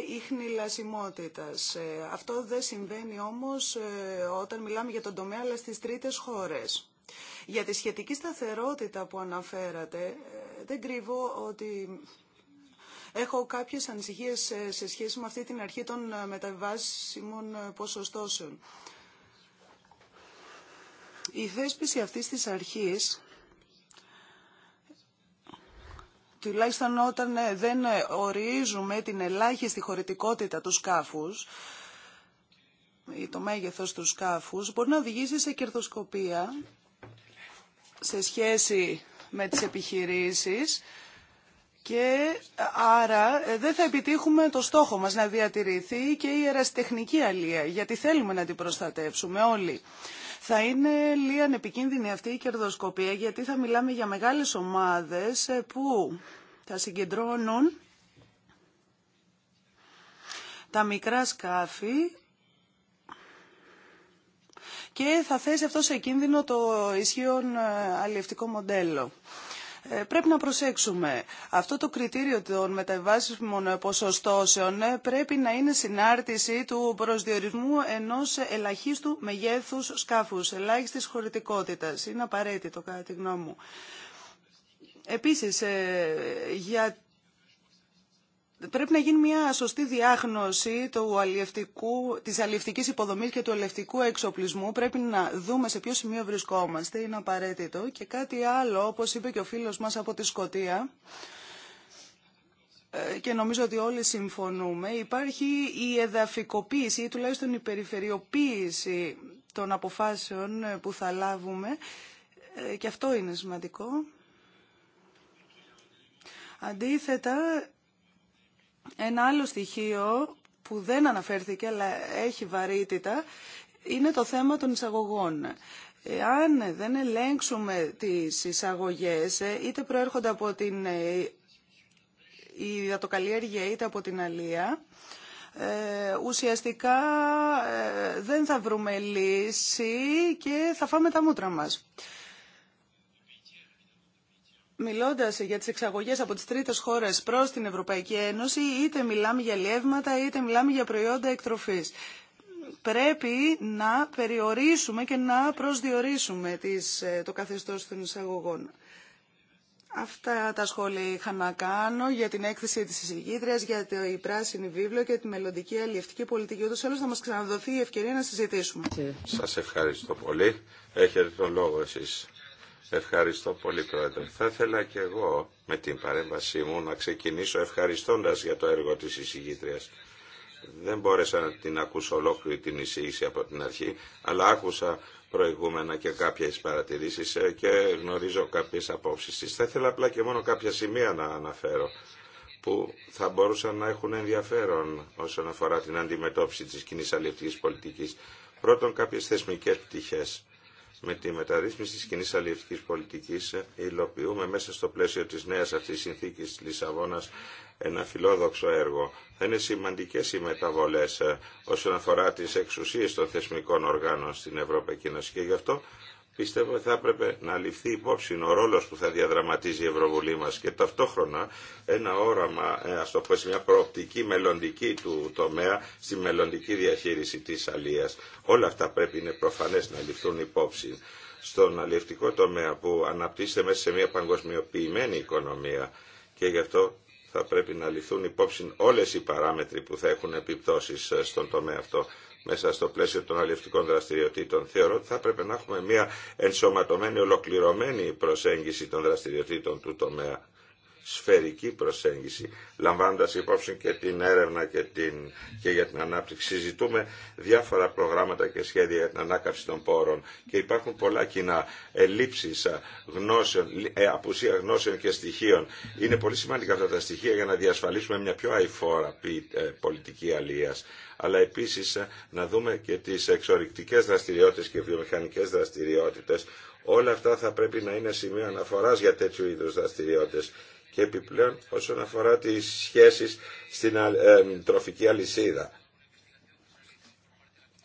Αυτό δεν συμβαίνει όμως ε, όταν μιλάμε για τον τομέα αλλά στις τρίτες χώρες. Για τη σχετική σταθερότητα που αναφέρατε, δεν κρύβω ότι έχω κάποιες ανησυχίες σε σχέση με αυτή την αρχή των μεταβάσιμων ποσοστώσεων. Η θέσπιση αυτής της αρχής τουλάχιστον όταν ε, δεν ε, ορίζουμε την ελάχιστη χωρητικότητα του σκάφους ή το μέγεθος του σκάφους, μπορεί να οδηγήσει σε κερδοσκοπία σε σχέση με τις επιχειρήσεις και ε, άρα δεν θα επιτύχουμε το στόχο μας να διατηρηθεί και η ερασιτεχνική αλία, γιατί θέλουμε να την προστατεύσουμε όλοι. Θα είναι λίγαν επικίνδυνη αυτή η κερδοσκοπία γιατί θα μιλάμε για μεγάλες ομάδες ε, που θα συγκεντρώνουν τα μικρά σκάφη και θα θέσει αυτό σε κίνδυνο το ισχύον ε, αλληλευτικό μοντέλο. Ε, πρέπει να προσέξουμε. Αυτό το κριτήριο των μεταβάσιμων ποσοστώσεων ε, πρέπει να είναι συνάρτηση του προσδιορισμού ενός ελαχίστου μεγέθους σκάφους, ελάχιστης χωρητικότητας. Είναι απαραίτητο κατά τη γνώμη μου. Επίσης, ε, για Πρέπει να γίνει μια σωστή διάγνωση του αλλιευτικού, της αλλιευτικής υποδομής και του αλλιευτικού εξοπλισμού. Πρέπει να δούμε σε ποιο σημείο βρισκόμαστε, είναι απαραίτητο. Και κάτι άλλο, όπως είπε και ο φίλος μας από τη Σκοτία, ε, και νομίζω ότι όλοι συμφωνούμε, υπάρχει η εδαφικοποίηση ή τουλάχιστον η περιφερειοποίηση των αποφάσεων ε, που θα λάβουμε ε, και αυτό είναι σημαντικό. Αντίθετα, ένα άλλο στοιχείο που δεν αναφέρθηκε αλλά έχει βαρύτητα είναι το θέμα των εισαγωγών. Αν δεν ελέγξουμε τις εισαγωγές, ε, είτε προέρχονται από την ε, υδατοκαλλιέργεια είτε από την αλία, ε, ουσιαστικά δεν θα βρούμε λύση και θα φάμε τα μούτρα μας. Μιλώντα για τι εξαγωγέ από τι τρίτε χώρε προ την Ευρωπαϊκή Ένωση, είτε μιλάμε για λιεύματα, είτε μιλάμε για προϊόντα εκτροφή. Πρέπει να περιορίσουμε και να προσδιορίσουμε τις, ε, το καθεστώ των εισαγωγών. Αυτά τα σχόλια είχα να κάνω για την έκθεση της εισηγήτριας, για το πράσινο πράσινη βίβλο και τη μελλοντική αλληλευτική πολιτική. Ούτως όλος θα μας ξαναδοθεί η ευκαιρία να συζητήσουμε. Σας ευχαριστώ πολύ. Έχετε τον λόγο εσείς. Ευχαριστώ πολύ, Πρόεδρε. Θα ήθελα και εγώ με την παρέμβασή μου να ξεκινήσω ευχαριστώντας για το έργο της εισηγήτριας. Δεν μπόρεσα να την ακούσω ολόκληρη την εισήγηση από την αρχή, αλλά άκουσα προηγούμενα και κάποιες παρατηρήσεις ε, και γνωρίζω κάποιες απόψεις της. Θα ήθελα απλά και μόνο κάποια σημεία να αναφέρω που θα μπορούσαν να έχουν ενδιαφέρον όσον αφορά την αντιμετώπιση της κοινή αλληλευτικής πολιτικής. Πρώτον, κάποιες θεσμικές πτυχές με τη μεταρρύθμιση της κοινή αλληλευτική πολιτική, υλοποιούμε μέσα στο πλαίσιο της νέας αυτής συνθήκης τη Λισαβόνα, ένα φιλόδοξο έργο. Θα είναι σημαντικές οι μεταβολές ε, όσον αφορά τι εξουσίε των θεσμικών οργάνων στην Ευρωπαϊκή Ένωση και γι' αυτό πιστεύω ότι θα έπρεπε να ληφθεί υπόψη ο ρόλος που θα διαδραματίζει η Ευρωβουλή μα και ταυτόχρονα ένα όραμα, ε, α το πω, μια προοπτική μελλοντική του τομέα στη μελλοντική διαχείριση τη αλίας. Όλα αυτά πρέπει είναι προφανέ να ληφθούν υπόψη στον αλληλευτικό τομέα που αναπτύσσεται μέσα σε μια παγκοσμιοποιημένη οικονομία και γι' αυτό θα πρέπει να ληφθούν υπόψη όλες οι παράμετροι που θα έχουν επιπτώσεις ε, στον τομέα αυτό μέσα στο πλαίσιο των αλληλευτικών δραστηριοτήτων. Θεωρώ ότι θα πρέπει να έχουμε μια ενσωματωμένη, ολοκληρωμένη προσέγγιση των δραστηριοτήτων του τομέα σφαιρική προσέγγιση, λαμβάνοντας υπόψη και την έρευνα και, την, και για την ανάπτυξη. Συζητούμε διάφορα προγράμματα και σχέδια για την ανάκαμψη των πόρων και υπάρχουν πολλά κοινά ελλείψεις γνώσεων, ε, απουσία γνώσεων και στοιχείων. Είναι πολύ σημαντικά αυτά τα στοιχεία για να διασφαλίσουμε μια πιο αηφόρα ε, πολιτική αλίας αλλά επίσης να δούμε και τις εξορρυκτικές δραστηριότητες και βιομηχανικές δραστηριότητες. Όλα αυτά θα πρέπει να είναι σημείο αναφοράς για τέτοιου είδους δραστηριότητες και επιπλέον όσον αφορά τις σχέσεις στην ε, τροφική αλυσίδα.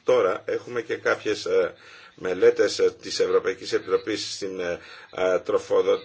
Τώρα έχουμε και κάποιες ε, μελέτες ε, της Ευρωπαϊκής Επιτροπής στην, τροφοδο...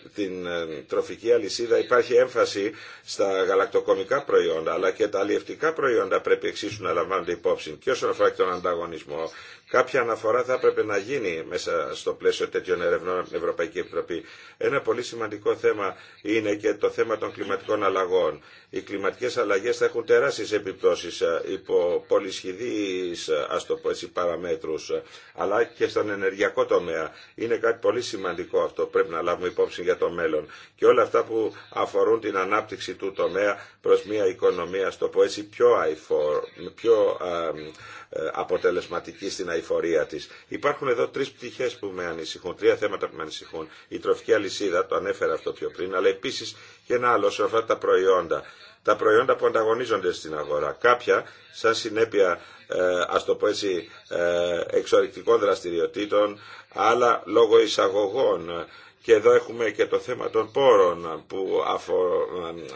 τροφική αλυσίδα υπάρχει έμφαση στα γαλακτοκομικά προϊόντα αλλά και τα αλλιευτικά προϊόντα πρέπει εξίσου να λαμβάνονται υπόψη και όσον αφορά και τον ανταγωνισμό κάποια αναφορά θα έπρεπε να γίνει μέσα στο πλαίσιο τέτοιων ερευνών από την Ευρωπαϊκή Επιτροπή. Ένα πολύ σημαντικό θέμα είναι και το θέμα των κλιματικών αλλαγών. Οι κλιματικές αλλαγές θα έχουν τεράστιες επιπτώσεις ε, υπό πολυσχηδείς, ε, ας το πω έτσι, παραμέτρους, ε, αλλά και στον ενεργειακό τομέα. Είναι κάτι πολύ σημαντικό αυτό, πρέπει να λάβουμε υπόψη για το μέλλον. Και όλα αυτά που αφορούν την ανάπτυξη του τομέα προς μια οικονομία, στο πω έτσι, πιο, αηφορ, πιο ε, αποτελεσματική στην αηφορία της. Υπάρχουν εδώ τρεις πτυχές που με ανησυχούν, τρία θέματα που με ανησυχούν. Η τροφική αλυσίδα, το ανέφερα αυτό πιο πριν, αλλά επίσης και ένα άλλο σε αυτά τα προϊόντα. Τα προϊόντα που ανταγωνίζονται στην αγορά. Κάποια, σαν συνέπεια, ε, α το πω έτσι, ε, εξορρυκτικών δραστηριοτήτων, άλλα λόγω εισαγωγών και εδώ έχουμε και το θέμα των πόρων που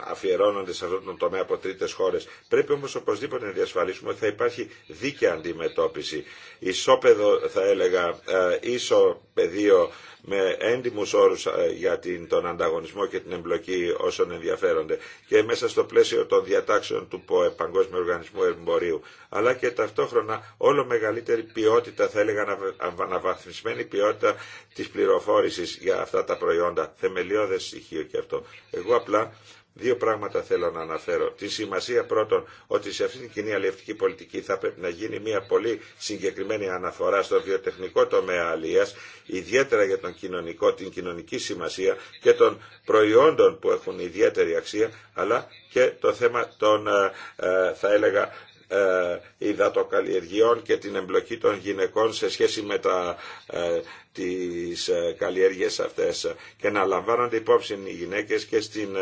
αφιερώνονται σε αυτόν τον τομέα από τρίτε χώρε. Πρέπει όμω οπωσδήποτε να διασφαλίσουμε ότι θα υπάρχει δίκαια αντιμετώπιση. Ισόπεδο, θα έλεγα, ε, ίσο πεδίο με έντιμου όρου ε, για τον ανταγωνισμό και την εμπλοκή όσων ενδιαφέρονται και μέσα στο πλαίσιο των διατάξεων του ΠΟΕ, Παγκόσμιου Οργανισμού Εμπορίου, αλλά και ταυτόχρονα όλο μεγαλύτερη ποιότητα, θα έλεγα αναβαθμισμένη ποιότητα της πληροφόρηση για αυτά τα προϊόντα. Θεμελιώδες στοιχείο και αυτό. Εγώ απλά Δύο πράγματα θέλω να αναφέρω. Τη σημασία πρώτον ότι σε αυτήν την κοινή αλληλευτική πολιτική θα πρέπει να γίνει μια πολύ συγκεκριμένη αναφορά στο βιοτεχνικό τομέα αλληλείας, ιδιαίτερα για τον κοινωνικό, την κοινωνική σημασία και των προϊόντων που έχουν ιδιαίτερη αξία, αλλά και το θέμα των, ε, ε, θα έλεγα, ε, υδατοκαλλιεργειών και την εμπλοκή των γυναικών σε σχέση με τα, ε, τις ε, καλλιέργειες αυτές και να λαμβάνονται υπόψη οι γυναίκες και στην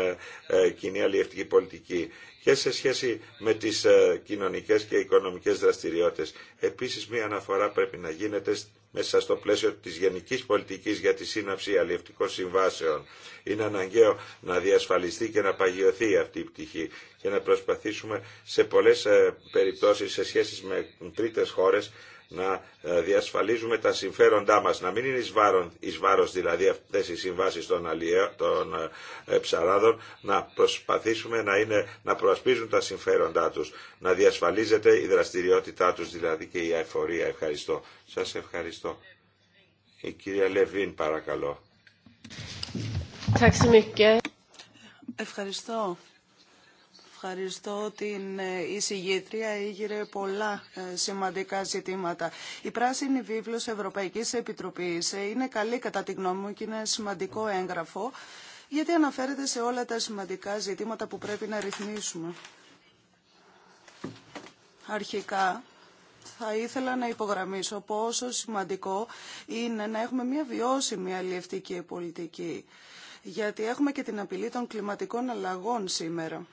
κοινή αλλιευτική πολιτική και σε σχέση με τις κοινωνικές και οικονομικές δραστηριότητες. Επίσης, μία αναφορά πρέπει να γίνεται μέσα στο πλαίσιο της γενικής πολιτικής για τη σύναψη αλλιευτικών συμβάσεων. Είναι αναγκαίο να διασφαλιστεί και να παγιωθεί αυτή η πτυχή και να προσπαθήσουμε σε πολλές ε, περιπτώσεις σε σχέση με τρίτες χώρες να ε, διασφαλίζουμε τα συμφέροντά μας, να μην είναι εις, βάρος δηλαδή αυτές οι συμβάσεις των, των ε, ε, ψαράδων, να προσπαθήσουμε να, είναι, να προασπίζουν τα συμφέροντά τους, να διασφαλίζεται η δραστηριότητά τους δηλαδή και η αεφορία. Ευχαριστώ. Σας ευχαριστώ. Η κυρία Λεβίν παρακαλώ. Ευχαριστώ. Ευχαριστώ την ε, εισηγήτρια. Ήγηρε πολλά ε, σημαντικά ζητήματα. Η πράσινη βίβλος Ευρωπαϊκής Επιτροπής ε, είναι καλή κατά τη γνώμη μου και είναι σημαντικό έγγραφο γιατί αναφέρεται σε όλα τα σημαντικά ζητήματα που πρέπει να ρυθμίσουμε. Αρχικά, θα ήθελα να υπογραμμίσω πόσο σημαντικό είναι να έχουμε μια βιώσιμη αλλιευτική πολιτική, γιατί έχουμε και την απειλή των κλιματικών αλλαγών σήμερα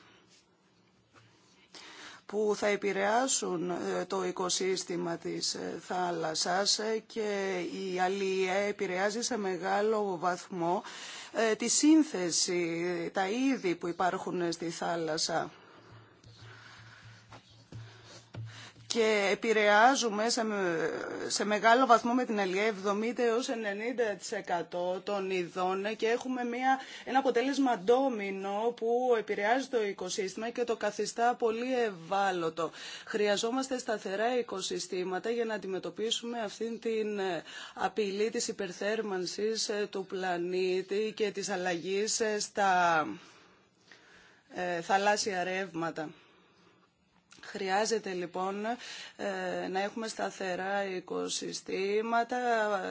που θα επηρεάσουν ε, το οικοσύστημα της ε, θάλασσας ε, και η αλληλεία επηρεάζει σε μεγάλο βαθμό τη σύνθεση, τα είδη που υπάρχουν στη θάλασσα. και επηρεάζουμε σε, μεγάλο βαθμό με την αλληλεία 70 έως 90% των ειδών και έχουμε μια, ένα αποτέλεσμα ντόμινο που επηρεάζει το οικοσύστημα και το καθιστά πολύ ευάλωτο. Χρειαζόμαστε σταθερά οικοσυστήματα για να αντιμετωπίσουμε αυτήν την ε, απειλή της υπερθέρμανσης ε, του πλανήτη και της αλλαγής ε, στα θαλάσσια ρεύματα. Χρειάζεται λοιπόν ε, να έχουμε σταθερά οικοσυστήματα,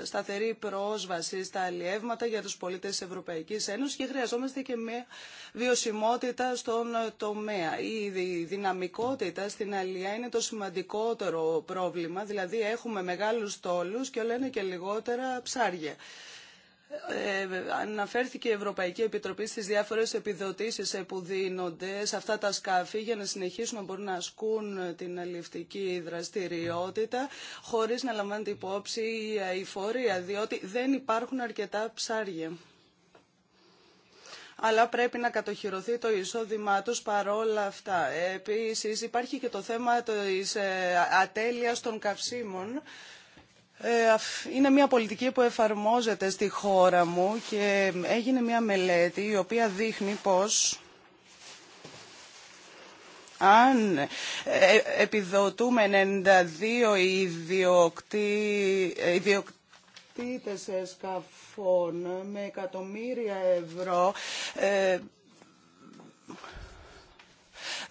σταθερή πρόσβαση στα αλλιεύματα για τους πολίτες της Ευρωπαϊκής Ένωσης και χρειαζόμαστε και μια βιωσιμότητα στον τομέα. Η δυναμικότητα στην αλληλεία είναι το σημαντικότερο πρόβλημα, δηλαδή έχουμε μεγάλους τόλους και όλα είναι και λιγότερα ψάρια. Ε, ε, αναφέρθηκε η Ευρωπαϊκή Επιτροπή στις διάφορες επιδοτήσεις ε, που δίνονται σε αυτά τα σκάφη για να συνεχίσουν να μπορούν να ασκούν την αλληλευτική δραστηριότητα χωρίς να λαμβάνεται υπόψη η αηφορία, διότι δεν υπάρχουν αρκετά ψάρια αλλά πρέπει να κατοχυρωθεί το εισόδημά τους παρόλα αυτά. Επίσης υπάρχει και το θέμα της ατέλειας των καυσίμων ε, είναι μια πολιτική που εφαρμόζεται στη χώρα μου και έγινε μια μελέτη η οποία δείχνει πως αν ε, επιδοτούμε 92 ιδιοκτή, ε, ιδιοκτήτες σκαφών με εκατομμύρια ευρώ,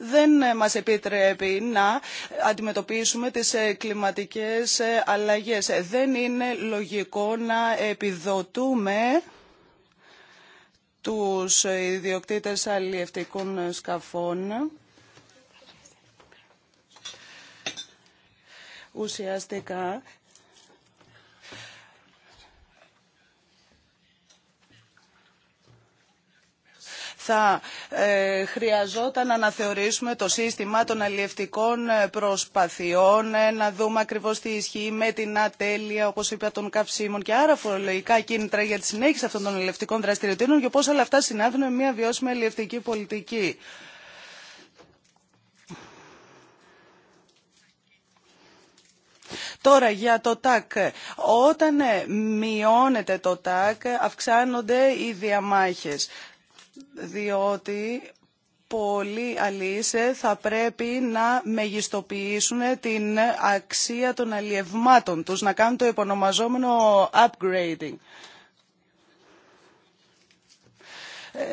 δεν μας επιτρέπει να αντιμετωπίσουμε τις ε, κλιματικές ε, αλλαγές. Ε, δεν είναι λογικό να επιδοτούμε τους ιδιοκτήτες αλλιευτικών σκαφών. Ουσιαστικά θα ε, χρειαζόταν να αναθεωρήσουμε το σύστημα των αλλιευτικών ε, προσπαθειών, ε, να δούμε ακριβώς τι ισχύει με την ατέλεια, όπως είπα, των καυσίμων και άρα φορολογικά κίνητρα για τη συνέχιση αυτών των αλλιευτικών δραστηριοτήτων και πώς όλα αυτά συνάδουν με μια βιώσιμη αλλιευτική πολιτική. Τώρα για το ΤΑΚ. Όταν μειώνεται το ΤΑΚ αυξάνονται οι διαμάχες διότι πολλοί αλήσε θα πρέπει να μεγιστοποιήσουν την αξία των αλλιευμάτων τους, να κάνουν το επωνομαζόμενο upgrading. Ε,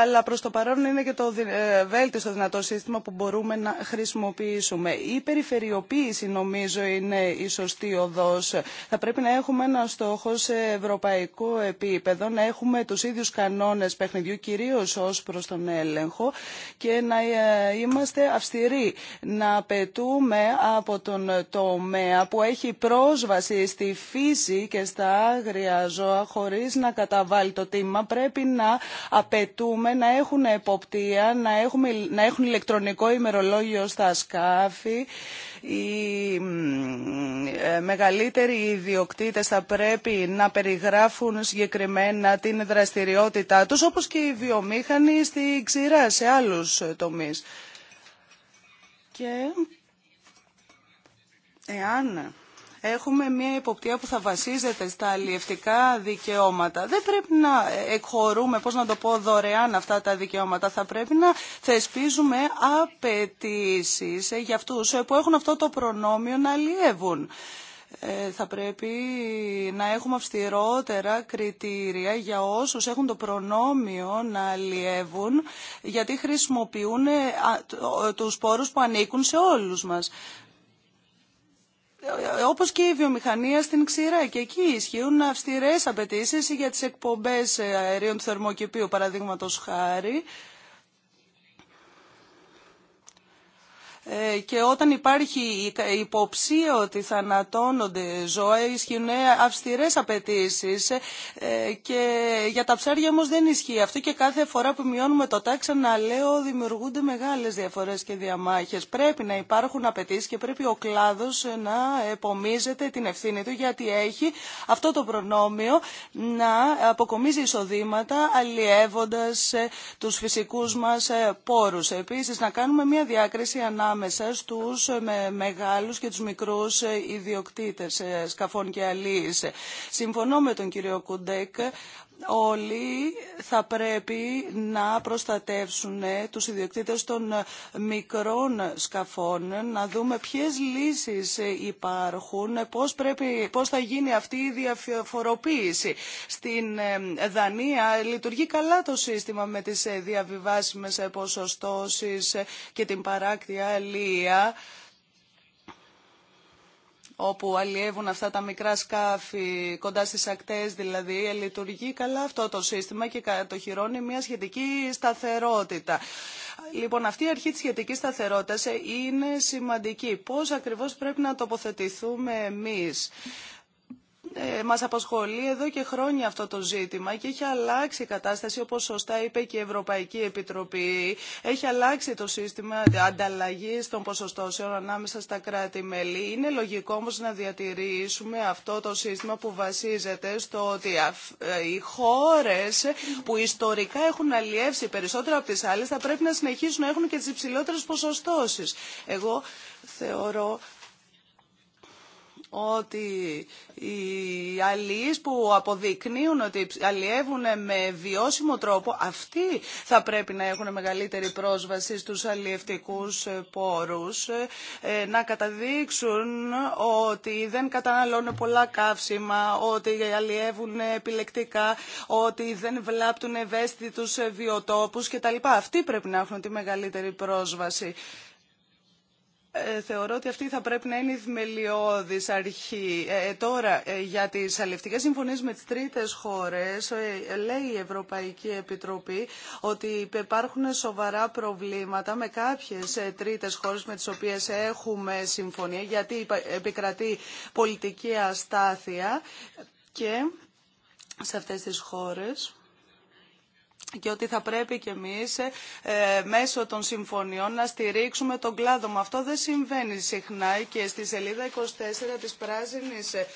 αλλά προς το παρόν είναι και το ε, βέλτιστο δυνατό σύστημα που μπορούμε να χρησιμοποιήσουμε. Η περιφερειοποίηση νομίζω είναι η σωστή οδός. Θα πρέπει να έχουμε ένα στόχο σε ευρωπαϊκό επίπεδο, να έχουμε τους ίδιους κανόνες παιχνιδιού, κυρίως ως προς τον έλεγχο και να ε, είμαστε αυστηροί. Να απαιτούμε από τον τομέα που έχει πρόσβαση στη φύση και στα άγρια ζώα χωρίς να καταβάλει το τίμα πρέπει να Απαιτούμε να έχουν εποπτεία, να, να έχουν ηλεκτρονικό ημερολόγιο στα σκάφη. Οι μεγαλύτεροι ιδιοκτήτες θα πρέπει να περιγράφουν συγκεκριμένα την δραστηριότητά τους, όπως και οι βιομήχανοι στη ξηρά, σε άλλους τομείς. Και εάν έχουμε μια υποπτία που θα βασίζεται στα αλλιευτικά δικαιώματα. Δεν πρέπει να εκχωρούμε, πώς να το πω, δωρεάν αυτά τα δικαιώματα. Θα πρέπει να θεσπίζουμε απαιτήσει για αυτούς που έχουν αυτό το προνόμιο να αλλιεύουν ε, θα πρέπει να έχουμε αυστηρότερα κριτήρια για όσους έχουν το προνόμιο να αλλιεύουν γιατί χρησιμοποιούν ε, τους πόρους που ανήκουν σε όλους μας. Ε, Όπω και η βιομηχανία στην ξηρά και εκεί ισχύουν αυστηρές απαιτήσει για τι εκπομπές ε, αερίων του θερμοκηπίου παραδείγματο χάρη Ε, και όταν υπάρχει υποψία ότι θα ανατώνονται ζώα ισχύουν ε, αυστηρέ απαιτήσει ε, και για τα ψάρια όμω δεν ισχύει αυτό και κάθε φορά που μειώνουμε το τάξα να λέω δημιουργούνται μεγάλες διαφορές και διαμάχες. Πρέπει να υπάρχουν απαιτήσει και πρέπει ο κλάδο να επομίζεται την ευθύνη του γιατί έχει αυτό το προνόμιο να αποκομίζει εισοδήματα αλλιεύοντα τους φυσικούς μας πόρους. Επίση, να κάνουμε μια διάκριση ανάμεσα ανάμεσα ε, με μεγάλους και τους μικρούς ε, ιδιοκτήτες ε, σκαφών και αλείς. Συμφωνώ με τον κύριο Κουντέκ όλοι θα πρέπει να προστατεύσουν ε, τους ιδιοκτήτες των ε, μικρών σκαφών, να δούμε ποιες λύσεις ε, υπάρχουν, πώς, πρέπει, πώς θα γίνει αυτή η διαφοροποίηση. Στην Δανία λειτουργεί καλά το σύστημα με τις διαβιβάσιμες ποσοστώσεις και την παράκτια λία όπου αλλιεύουν αυτά τα μικρά σκάφη κοντά στις ακτές δηλαδή λειτουργεί καλά αυτό το σύστημα και κατοχυρώνει μια σχετική σταθερότητα. Λοιπόν, αυτή η αρχή της σχετικής σταθερότητας είναι σημαντική. Πώς ακριβώς πρέπει να τοποθετηθούμε εμείς ε, μας απασχολεί εδώ και χρόνια αυτό το ζήτημα και έχει αλλάξει η κατάσταση όπως σωστά είπε και η Ευρωπαϊκή Επιτροπή. Έχει αλλάξει το σύστημα ανταλλαγής των ποσοστώσεων ανάμεσα στα κράτη-μέλη. Είναι λογικό όμως να διατηρήσουμε αυτό το σύστημα που βασίζεται στο ότι ε, οι χώρες που ιστορικά έχουν αλλιεύσει περισσότερο από τις άλλες θα πρέπει να συνεχίσουν να έχουν και τις υψηλότερες ποσοστώσεις. Εγώ θεωρώ ότι οι αλληλείς που αποδεικνύουν ότι αλλιεύουν με βιώσιμο τρόπο, αυτοί θα πρέπει να έχουν μεγαλύτερη πρόσβαση στους αλλιευτικούς πόρους, ε, να καταδείξουν ότι δεν καταναλώνουν πολλά καύσιμα, ότι αλλιεύουν επιλεκτικά, ότι δεν βλάπτουν ευαίσθητους βιοτόπους κτλ. Αυτοί πρέπει να έχουν τη μεγαλύτερη πρόσβαση. Ε, θεωρώ ότι αυτή θα πρέπει να είναι η θεμελιώδη αρχή. Ε, ε, τώρα, για τι αλληλευτικέ συμφωνίε με τι τρίτε χώρες, λέει η Ευρωπαϊκή Επιτροπή ότι υπάρχουν σοβαρά προβλήματα με κάποιες τρίτες χώρες με τις οποίες έχουμε συμφωνία, γιατί επικρατεί πολιτική αστάθεια και σε αυτές τις χώρες και ότι θα πρέπει και εμείς ε, μέσω των συμφωνιών να στηρίξουμε τον κλάδο μου. Αυτό δεν συμβαίνει συχνά και στη σελίδα 24 της πράσινης ε,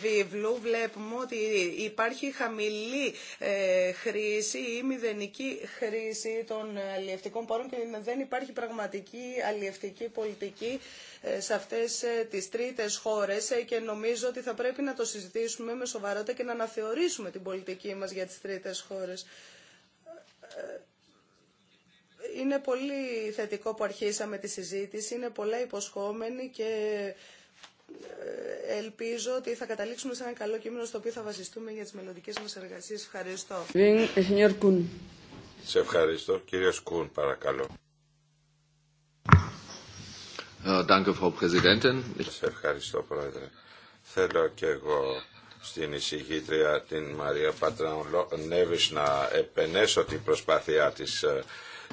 βιβλού βλέπουμε ότι υπάρχει χαμηλή ε, χρήση ή μηδενική χρήση των ε, αλλιευτικών πόρων και δεν υπάρχει πραγματική αλλιευτική πολιτική ε, σε αυτές ε, τις τρίτες χώρες και νομίζω ότι θα πρέπει να το συζητήσουμε με σοβαρότητα και να αναθεωρήσουμε την πολιτική μας για τις τρίτες χώρες είναι πολύ θετικό που αρχίσαμε τη συζήτηση, είναι πολλά υποσχόμενη και ε, ελπίζω ότι θα καταλήξουμε σε ένα καλό κείμενο στο οποίο θα βασιστούμε για τις μελλοντικέ μας εργασίες. Ευχαριστώ. Ε, σε ευχαριστώ. Κύριε Κούν, παρακαλώ. Ε, σε ευχαριστώ, Πρόεδρε. Θέλω και εγώ στην εισηγήτρια την Μαρία Πατράου Νέβης να επενέσω την προσπάθειά της ε,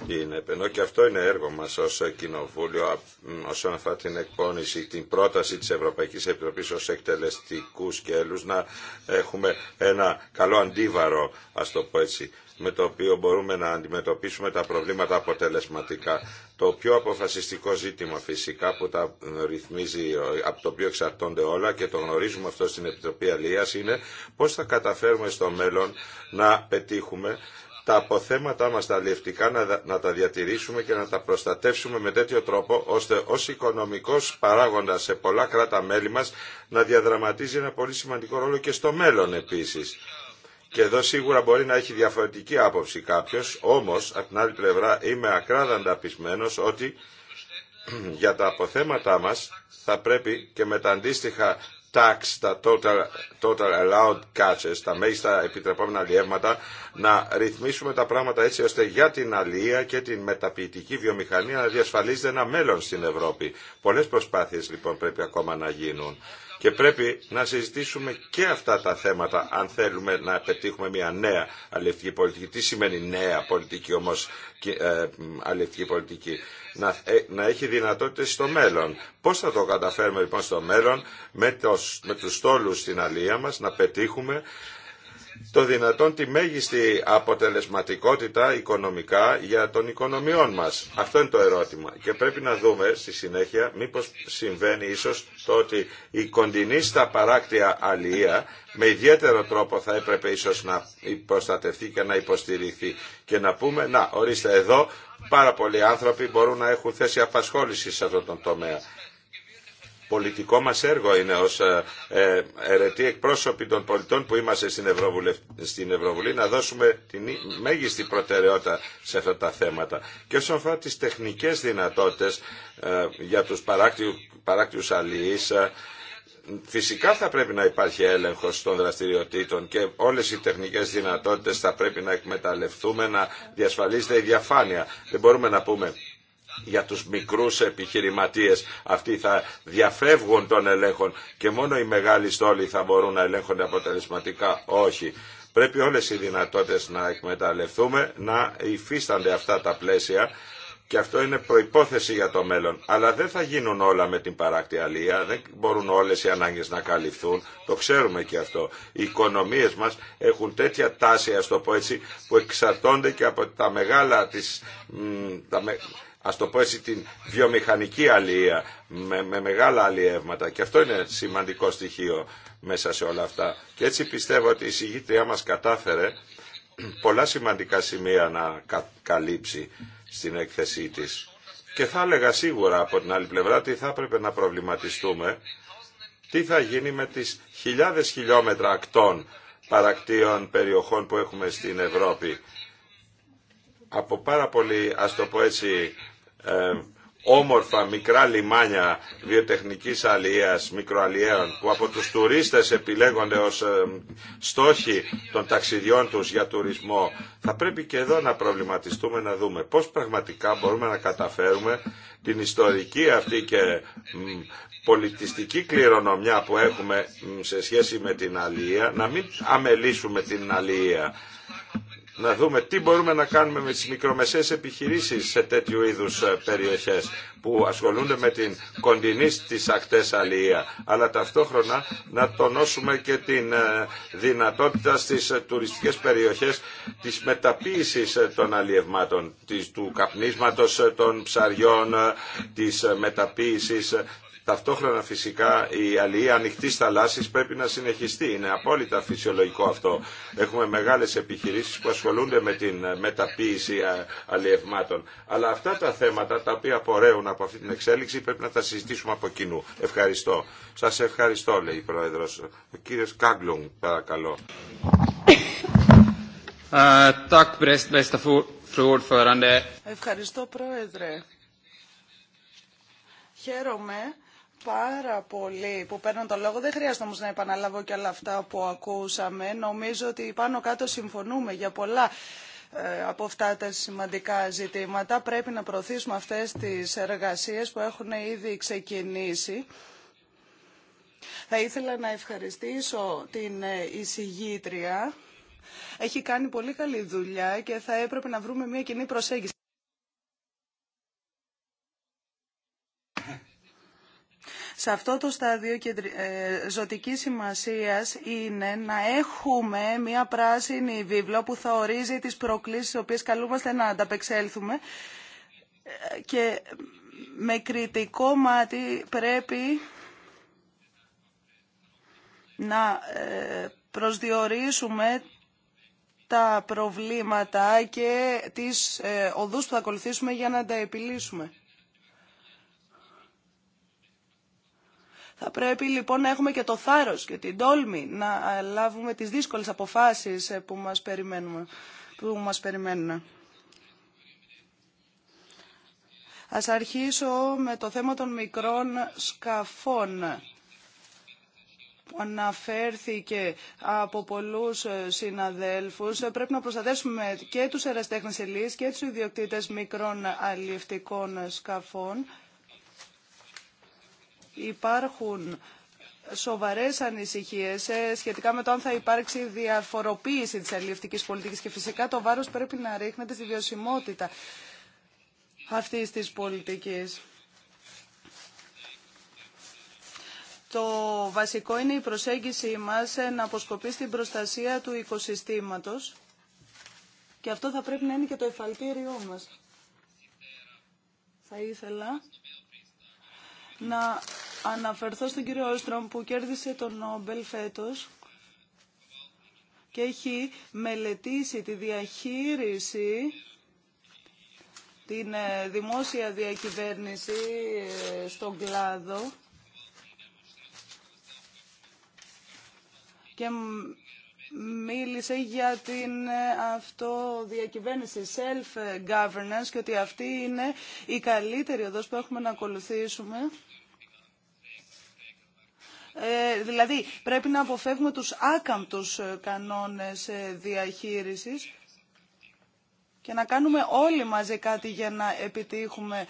την Ενώ και αυτό είναι έργο μας ως Κοινοβούλιο όσον αφορά την εκπόνηση, την πρόταση της Ευρωπαϊκής Επιτροπής ως εκτελεστικού σκέλους να έχουμε ένα καλό αντίβαρο, ας το πω έτσι, με το οποίο μπορούμε να αντιμετωπίσουμε τα προβλήματα αποτελεσματικά. Το πιο αποφασιστικό ζήτημα φυσικά που τα ρυθμίζει, από το οποίο εξαρτώνται όλα και το γνωρίζουμε αυτό στην Επιτροπή Αλίας είναι πώς θα καταφέρουμε στο μέλλον να πετύχουμε τα αποθέματα μας τα αλλιευτικά να, να τα διατηρήσουμε και να τα προστατεύσουμε με τέτοιο τρόπο ώστε ως οικονομικός παράγοντας σε πολλά κράτα μέλη μας να διαδραματίζει ένα πολύ σημαντικό ρόλο και στο μέλλον επίσης. Και εδώ σίγουρα μπορεί να έχει διαφορετική άποψη κάποιος, όμως από την άλλη πλευρά είμαι ακράδαντα πεισμένο ότι (clears throat) για τα αποθέματά μας θα πρέπει και με τα αντίστοιχα tax, τα total, total allowed catches, τα μέγιστα επιτρεπόμενα αλλιεύματα, να ρυθμίσουμε τα πράγματα έτσι ώστε για την αλληλεία και την μεταποιητική βιομηχανία να διασφαλίζεται ένα μέλλον στην Ευρώπη. Πολλές προσπάθειες λοιπόν πρέπει ακόμα να γίνουν. Και πρέπει να συζητήσουμε και αυτά τα θέματα αν θέλουμε να πετύχουμε μια νέα αλληλευτική πολιτική. Τι σημαίνει νέα πολιτική όμως ε, αλληλευτική πολιτική. Να, ε, να έχει δυνατότητες στο μέλλον. Πώς θα το καταφέρουμε λοιπόν στο μέλλον με, το, με τους στόλους στην αλία μας να πετύχουμε το δυνατόν τη μέγιστη αποτελεσματικότητα οικονομικά για τον οικονομιών μας. Αυτό είναι το ερώτημα. Και πρέπει να δούμε στη συνέχεια μήπως συμβαίνει ίσως το ότι η κοντινή στα παράκτια αλληλεία με ιδιαίτερο τρόπο θα έπρεπε ίσως να υποστατευτεί και να υποστηριχθεί και να πούμε να ορίστε εδώ πάρα πολλοί άνθρωποι μπορούν να έχουν θέση απασχόληση σε αυτόν τον τομέα πολιτικό μας έργο είναι ως ε, ε, αιρετοί εκπρόσωποι των πολιτών που είμαστε στην, Ευρωβουλή να δώσουμε τη μέγιστη προτεραιότητα σε αυτά τα θέματα. Και όσον αφορά τις τεχνικές δυνατότητες ε, για τους παράκτιους αλληλείς, ε, Φυσικά θα πρέπει να υπάρχει έλεγχος των δραστηριοτήτων και όλες οι τεχνικές δυνατότητες θα πρέπει να εκμεταλλευτούμε, να διασφαλίζεται η διαφάνεια. Δεν μπορούμε να πούμε για τους μικρούς επιχειρηματίες. Αυτοί θα διαφεύγουν των ελέγχων και μόνο οι μεγάλοι στόλοι θα μπορούν να ελέγχονται αποτελεσματικά. Όχι. Πρέπει όλες οι δυνατότητες να εκμεταλλευτούμε, να υφίστανται αυτά τα πλαίσια και αυτό είναι προϋπόθεση για το μέλλον. Αλλά δεν θα γίνουν όλα με την παράκτη αλία, δεν μπορούν όλες οι ανάγκες να καλυφθούν, το ξέρουμε και αυτό. Οι οικονομίες μας έχουν τέτοια τάση, ας το πω έτσι, που εξαρτώνται και από τα μεγάλα, τις, τα, ας το πω έτσι, την βιομηχανική αλληλεία με, με μεγάλα αλλιεύματα και αυτό είναι σημαντικό στοιχείο μέσα σε όλα αυτά. Και έτσι πιστεύω ότι η συγγήτριά μας κατάφερε πολλά σημαντικά σημεία να καλύψει στην έκθεσή της. Και θα έλεγα σίγουρα από την άλλη πλευρά ότι θα έπρεπε να προβληματιστούμε τι θα γίνει με τις χιλιάδες χιλιόμετρα ακτών παρακτήων περιοχών που έχουμε στην Ευρώπη. Από πάρα πολύ, ας το πω έτσι, όμορφα μικρά λιμάνια βιοτεχνικής αλίας μικροαλληλαίων που από τους τουρίστες επιλέγονται ως στόχοι των ταξιδιών τους για τουρισμό. Θα πρέπει και εδώ να προβληματιστούμε να δούμε πώς πραγματικά μπορούμε να καταφέρουμε την ιστορική αυτή και πολιτιστική κληρονομιά που έχουμε σε σχέση με την αλία, να μην αμελήσουμε την αλία να δούμε τι μπορούμε να κάνουμε με τις μικρομεσαίες επιχειρήσεις σε τέτοιου είδους ε, περιοχές που ασχολούνται με την κοντινή στις ακτές αλληλεία. Αλλά ταυτόχρονα να τονώσουμε και την ε, δυνατότητα στις ε, τουριστικές περιοχές της μεταποίησης των αλλιευμάτων, του καπνίσματος των ψαριών, της μεταποίησης Ταυτόχρονα φυσικά η αλληλεία ανοιχτή θαλάσση πρέπει να συνεχιστεί. Είναι απόλυτα φυσιολογικό αυτό. Έχουμε μεγάλε επιχειρήσει που ασχολούνται με την μεταποίηση αλλιευμάτων. Αλλά αυτά τα θέματα τα οποία απορρέουν από αυτή την εξέλιξη πρέπει να τα συζητήσουμε από κοινού. Ευχαριστώ. Σα ευχαριστώ, λέει η Πρόεδρο. Ο κύριο Κάγκλουγκ παρακαλώ. Ε, ευχαριστώ, Πρόεδρε. Χαίρομαι πάρα πολύ που παίρνω το λόγο. Δεν χρειάζεται όμως να επαναλάβω και όλα αυτά που ακούσαμε. Νομίζω ότι πάνω κάτω συμφωνούμε για πολλά ε, από αυτά τα σημαντικά ζητήματα. Πρέπει να προωθήσουμε αυτές τις εργασίες που έχουν ήδη ξεκινήσει. Θα ήθελα να ευχαριστήσω την ε, εισηγήτρια. Έχει κάνει πολύ καλή δουλειά και θα έπρεπε να βρούμε μια κοινή προσέγγιση. Σε αυτό το στάδιο και ε, ζωτική σημασία είναι να έχουμε μια πράσινη βίβλο που θα ορίζει τις προκλήσεις τις οποίες καλούμαστε να ανταπεξέλθουμε και με κριτικό μάτι πρέπει να ε, προσδιορίσουμε τα προβλήματα και τις ε, οδούς που θα ακολουθήσουμε για να τα επιλύσουμε. Θα πρέπει λοιπόν να έχουμε και το θάρρος και την τόλμη να λάβουμε τις δύσκολες αποφάσεις ε, που μας, περιμένουμε, που μας περιμένουν. Ας αρχίσω με το θέμα των μικρών σκαφών που αναφέρθηκε από πολλούς ε, συναδέλφους. Πρέπει να προστατεύσουμε και τους εραστέχνες ελίες και τους ιδιοκτήτες μικρών αλληλευτικών σκαφών υπάρχουν σοβαρές ανησυχίες ε, σχετικά με το αν θα υπάρξει διαφοροποίηση της αλληλευτικής πολιτικής και φυσικά το βάρος πρέπει να ρίχνεται στη βιωσιμότητα αυτής της πολιτικής. Το βασικό είναι η προσέγγιση μας ε, να αποσκοπεί στην προστασία του οικοσυστήματος και αυτό θα πρέπει να είναι και το εφαλτήριό μας. Θα ήθελα να αναφερθώ στον κύριο Όστρομ που κέρδισε τον Νόμπελ φέτος και έχει μελετήσει τη διαχείριση την ε, δημόσια διακυβέρνηση ε, στον κλάδο και μίλησε για την ε, αυτοδιακυβέρνηση, self-governance και ότι αυτή είναι η καλύτερη οδός που έχουμε να ακολουθήσουμε. Ε, δηλαδή πρέπει να αποφεύγουμε τους άκαμπτους ε, κανόνες ε, διαχείρισης και να κάνουμε όλοι μαζί κάτι για να επιτύχουμε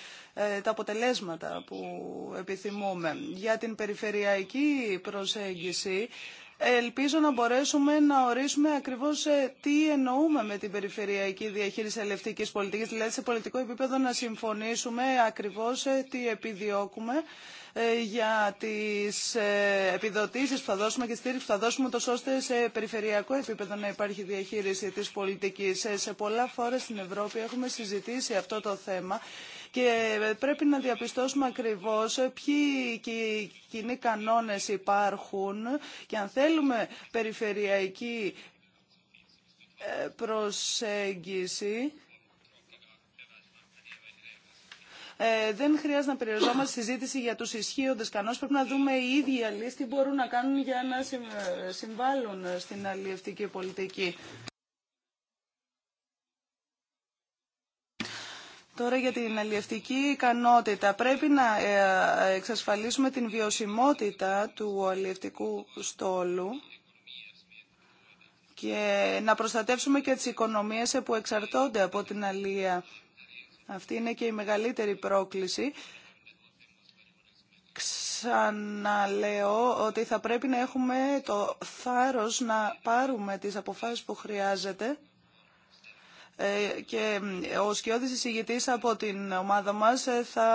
τα αποτελέσματα που επιθυμούμε. Για την περιφερειακή προσέγγιση Ελπίζω να μπορέσουμε να ορίσουμε ακριβώς ε, τι εννοούμε με την περιφερειακή διαχείριση ελευτικής πολιτικής, δηλαδή σε πολιτικό επίπεδο να συμφωνήσουμε ακριβώς ε, τι επιδιώκουμε ε, για τις επιδοτήσεις που θα δώσουμε και στήριξη που θα δώσουμε, τόσο ώστε σε περιφερειακό επίπεδο να υπάρχει διαχείριση της πολιτικής. Σε πολλά φόρα στην Ευρώπη έχουμε συζητήσει αυτό το θέμα και πρέπει να διαπιστώσουμε ακριβώς ποιοι κοινοί κανόνες υπάρχουν και αν θέλουμε περιφερειακή ε, προσέγγιση ε, δεν χρειάζεται να περιοριζόμαστε στη συζήτηση για τους ισχύοντες κανόνες. Πρέπει να δούμε οι ίδιοι που τι μπορούν να κάνουν για να συμβάλλουν στην αλληλευτική πολιτική. Τώρα για την αλλιευτική ικανότητα. Πρέπει να ε, εξασφαλίσουμε την βιωσιμότητα του αλλιευτικού στόλου και να προστατεύσουμε και τις οικονομίες που εξαρτώνται από την αλληλεία. Αυτή είναι και η μεγαλύτερη πρόκληση. Ξαναλέω ότι θα πρέπει να έχουμε το θάρρος να πάρουμε τις αποφάσεις που χρειάζεται ε, και ε, ο σκιώδης εισηγητής από την ομάδα μας ε, θα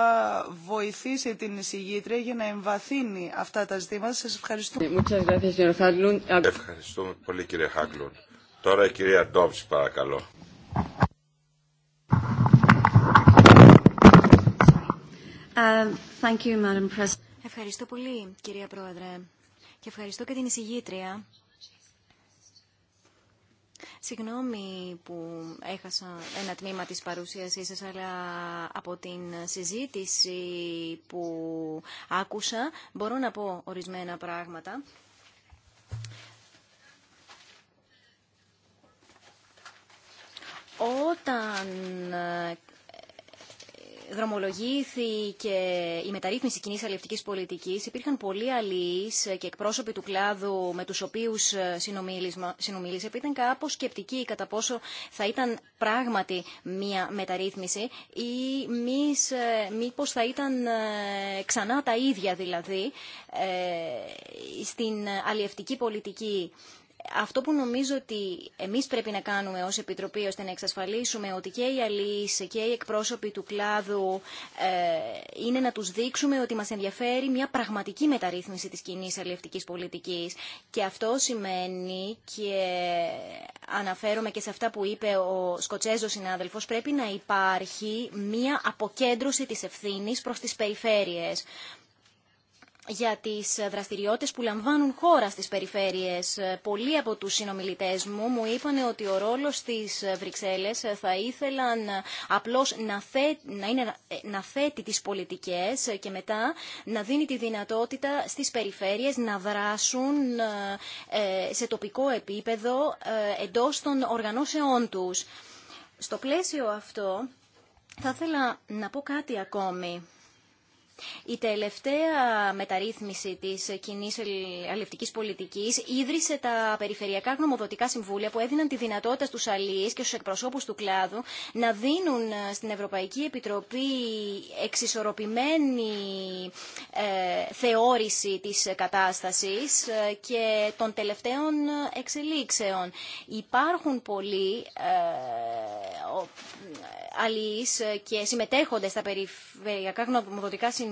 βοηθήσει την εισηγήτρια για να εμβαθύνει αυτά τα ζητήματα. Σας ευχαριστούμε. Ευχαριστούμε πολύ κύριε Χάγκλουν. Τώρα η κυρία Ντόμψη παρακαλώ. you, Ευχαριστώ πολύ κυρία Πρόεδρε και ευχαριστώ και την εισηγήτρια Συγγνώμη που έχασα ένα τμήμα της παρουσίασής σας, αλλά από την συζήτηση που άκουσα μπορώ να πω ορισμένα πράγματα. Όταν και η μεταρρύθμιση κοινή αλληλευτικής πολιτικής, υπήρχαν πολλοί αλληλείς και εκπρόσωποι του κλάδου με τους οποίους ε, συνομίλησε, που ήταν κάπω σκεπτικοί κατά πόσο θα ήταν πράγματι μία μεταρρύθμιση ή μήπω ε, μήπως θα ήταν ε, ξανά τα ίδια δηλαδή στην αλληλευτική πολιτική αυτό που νομίζω ότι εμείς πρέπει να κάνουμε ως Επιτροπή ώστε να εξασφαλίσουμε ότι και οι αλληλείς και οι εκπρόσωποι του κλάδου ε, είναι να τους δείξουμε ότι μας ενδιαφέρει μια πραγματική μεταρρύθμιση της κοινή αλληλευτικής πολιτικής. Και αυτό σημαίνει και αναφέρομαι και σε αυτά που είπε ο Σκοτσέζο συνάδελφος πρέπει να υπάρχει μια αποκέντρωση της ευθύνη προς τις περιφέρειες για τις δραστηριότητες που λαμβάνουν χώρα στις περιφέρειες. Πολλοί από τους συνομιλητές μου μου είπαν ότι ο ρόλος της Βρυξέλλες θα ήθελαν απλώς να, να, είναι, να θέτει τις πολιτικές και μετά να δίνει τη δυνατότητα στις περιφέρειες να δράσουν ε, σε τοπικό επίπεδο ε, εντός των οργανώσεών τους. Στο πλαίσιο αυτό θα ήθελα να πω κάτι ακόμη. Η τελευταία μεταρρύθμιση τη κοινή αλληλευτική πολιτική ίδρυσε τα περιφερειακά γνωμοδοτικά συμβούλια που έδιναν τη δυνατότητα στους αλληλεί και στους εκπροσώπους του κλάδου να δίνουν στην Ευρωπαϊκή Επιτροπή εξισορροπημένη ε, θεώρηση της κατάστασης ε, και των τελευταίων εξελίξεων. Υπάρχουν πολλοί ε, αλληλείς και συμμετέχονται στα περιφερειακά γνωμοδοτικά συμβούλια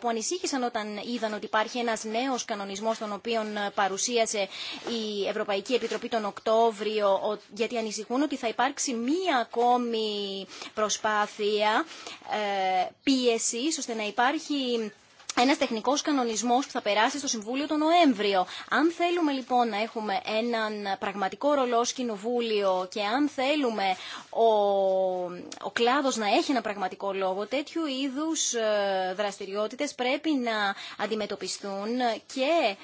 που ανησύχησαν όταν είδαν ότι υπάρχει ένας νέος κανονισμός τον οποίο ε, παρουσίασε η Ευρωπαϊκή Επιτροπή τον Οκτώβριο γιατί ανησυχούν ότι θα υπάρξει μία ακόμη προσπάθεια ε, πίεσης ώστε να υπάρχει ένας τεχνικός κανονισμός που θα περάσει στο Συμβούλιο τον Νοέμβριο. Αν θέλουμε λοιπόν να έχουμε έναν πραγματικό ρολό σκηνοβούλιο και αν θέλουμε ο, ο κλάδος να έχει ένα πραγματικό λόγο, τέτοιου είδους ε, δραστηριότητες πρέπει να αντιμετωπιστούν και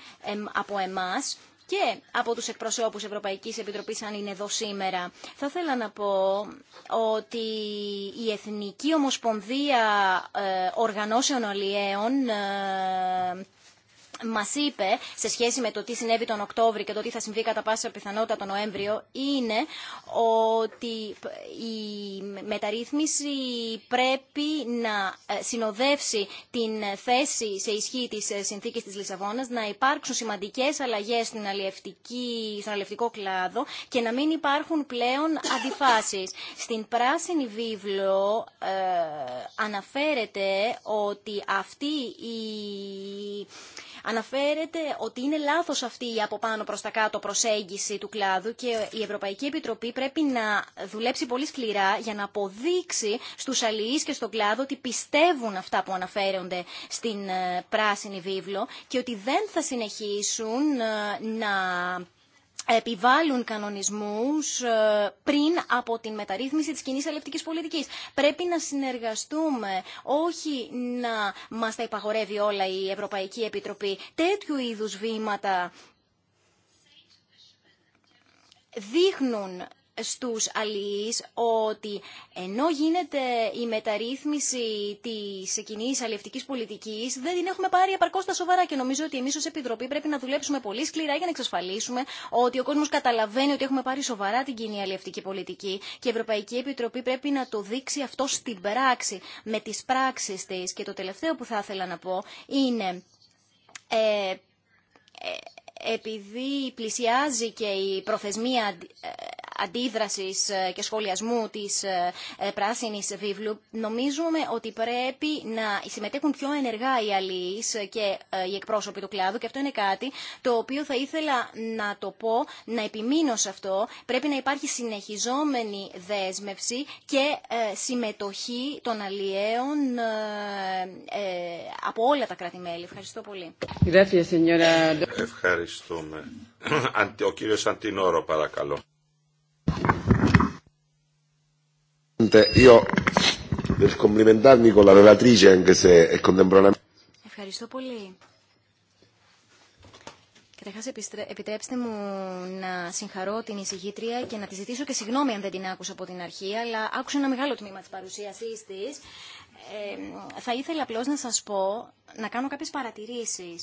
από εμάς και από τους εκπροσώπους Ευρωπαϊκής Επιτροπής αν είναι εδώ σήμερα. Θα ήθελα να πω ότι η Εθνική Ομοσπονδία ε, Οργανώσεων Ολιαίων ε, Μα είπε σε σχέση με το τι συνέβη τον Οκτώβριο και το τι θα συμβεί κατά πάσα πιθανότητα τον Νοέμβριο είναι ότι η μεταρρύθμιση πρέπει να ε, συνοδεύσει την θέση σε ισχύ της ε, συνθήκη της Λισαβόνα, να υπάρξουν σημαντικές αλλαγές στον αλληλευτικό κλάδο και να μην υπάρχουν πλέον αντιφάσεις. Στην πράσινη βίβλο ε, αναφέρεται ότι αυτή η Αναφέρεται ότι είναι λάθος αυτή η από πάνω προ τα κάτω προσέγγιση του κλάδου και η Ευρωπαϊκή Επιτροπή πρέπει να δουλέψει πολύ σκληρά για να αποδείξει στους αλληλεί και στον κλάδο ότι πιστεύουν αυτά που αναφέρονται στην ε, πράσινη βίβλο και ότι δεν θα συνεχίσουν ε, να επιβάλλουν κανονισμούς ε, πριν από την μεταρρύθμιση της κοινή ελευτικής πολιτικής. Πρέπει να συνεργαστούμε, όχι να μας τα υπαγορεύει όλα η Ευρωπαϊκή Επιτροπή. Τέτοιου είδους βήματα δείχνουν στους αλληλείς ότι ενώ γίνεται η μεταρρύθμιση της κοινή αλληλευτικής πολιτικής δεν την έχουμε πάρει επαρκώς στα σοβαρά και νομίζω ότι εμείς ως Επιτροπή πρέπει να δουλέψουμε πολύ σκληρά για να εξασφαλίσουμε ότι ο κόσμος καταλαβαίνει ότι έχουμε πάρει σοβαρά την κοινή αλληλευτική πολιτική και η Ευρωπαϊκή Επιτροπή πρέπει να το δείξει αυτό στην πράξη με τις πράξεις της και το τελευταίο που θα ήθελα να πω είναι ε, ε, επειδή πλησιάζει και η προθεσμία ε, αντίδρασης ε, και σχολιασμού της ε, ε, πράσινης βίβλου, νομίζουμε ότι πρέπει να συμμετέχουν πιο ενεργά οι αλληλείς και οι εκπρόσωποι του κλάδου και αυτό είναι κάτι το οποίο θα ήθελα να το πω, να επιμείνω σε αυτό. Πρέπει να υπάρχει συνεχιζόμενη δέσμευση και συμμετοχή των αλλιέων από όλα τα κράτη-μέλη. Ευχαριστώ πολύ. Ευχαριστούμε. (coughs) Ο κύριος Αντινόρο παρακαλώ. Io per complimentarmi con la relatrice anche se è contemporaneamente. Ευχαριστώ πολύ. Καταρχά, επιτρέψτε μου να συγχαρώ την εισηγήτρια και να τη ζητήσω και συγγνώμη αν δεν την άκουσα από την αρχή, αλλά άκουσα ένα μεγάλο τμήμα τη παρουσίασή τη. Ε, θα ήθελα απλώ να σα πω να κάνω κάποιε παρατηρήσει.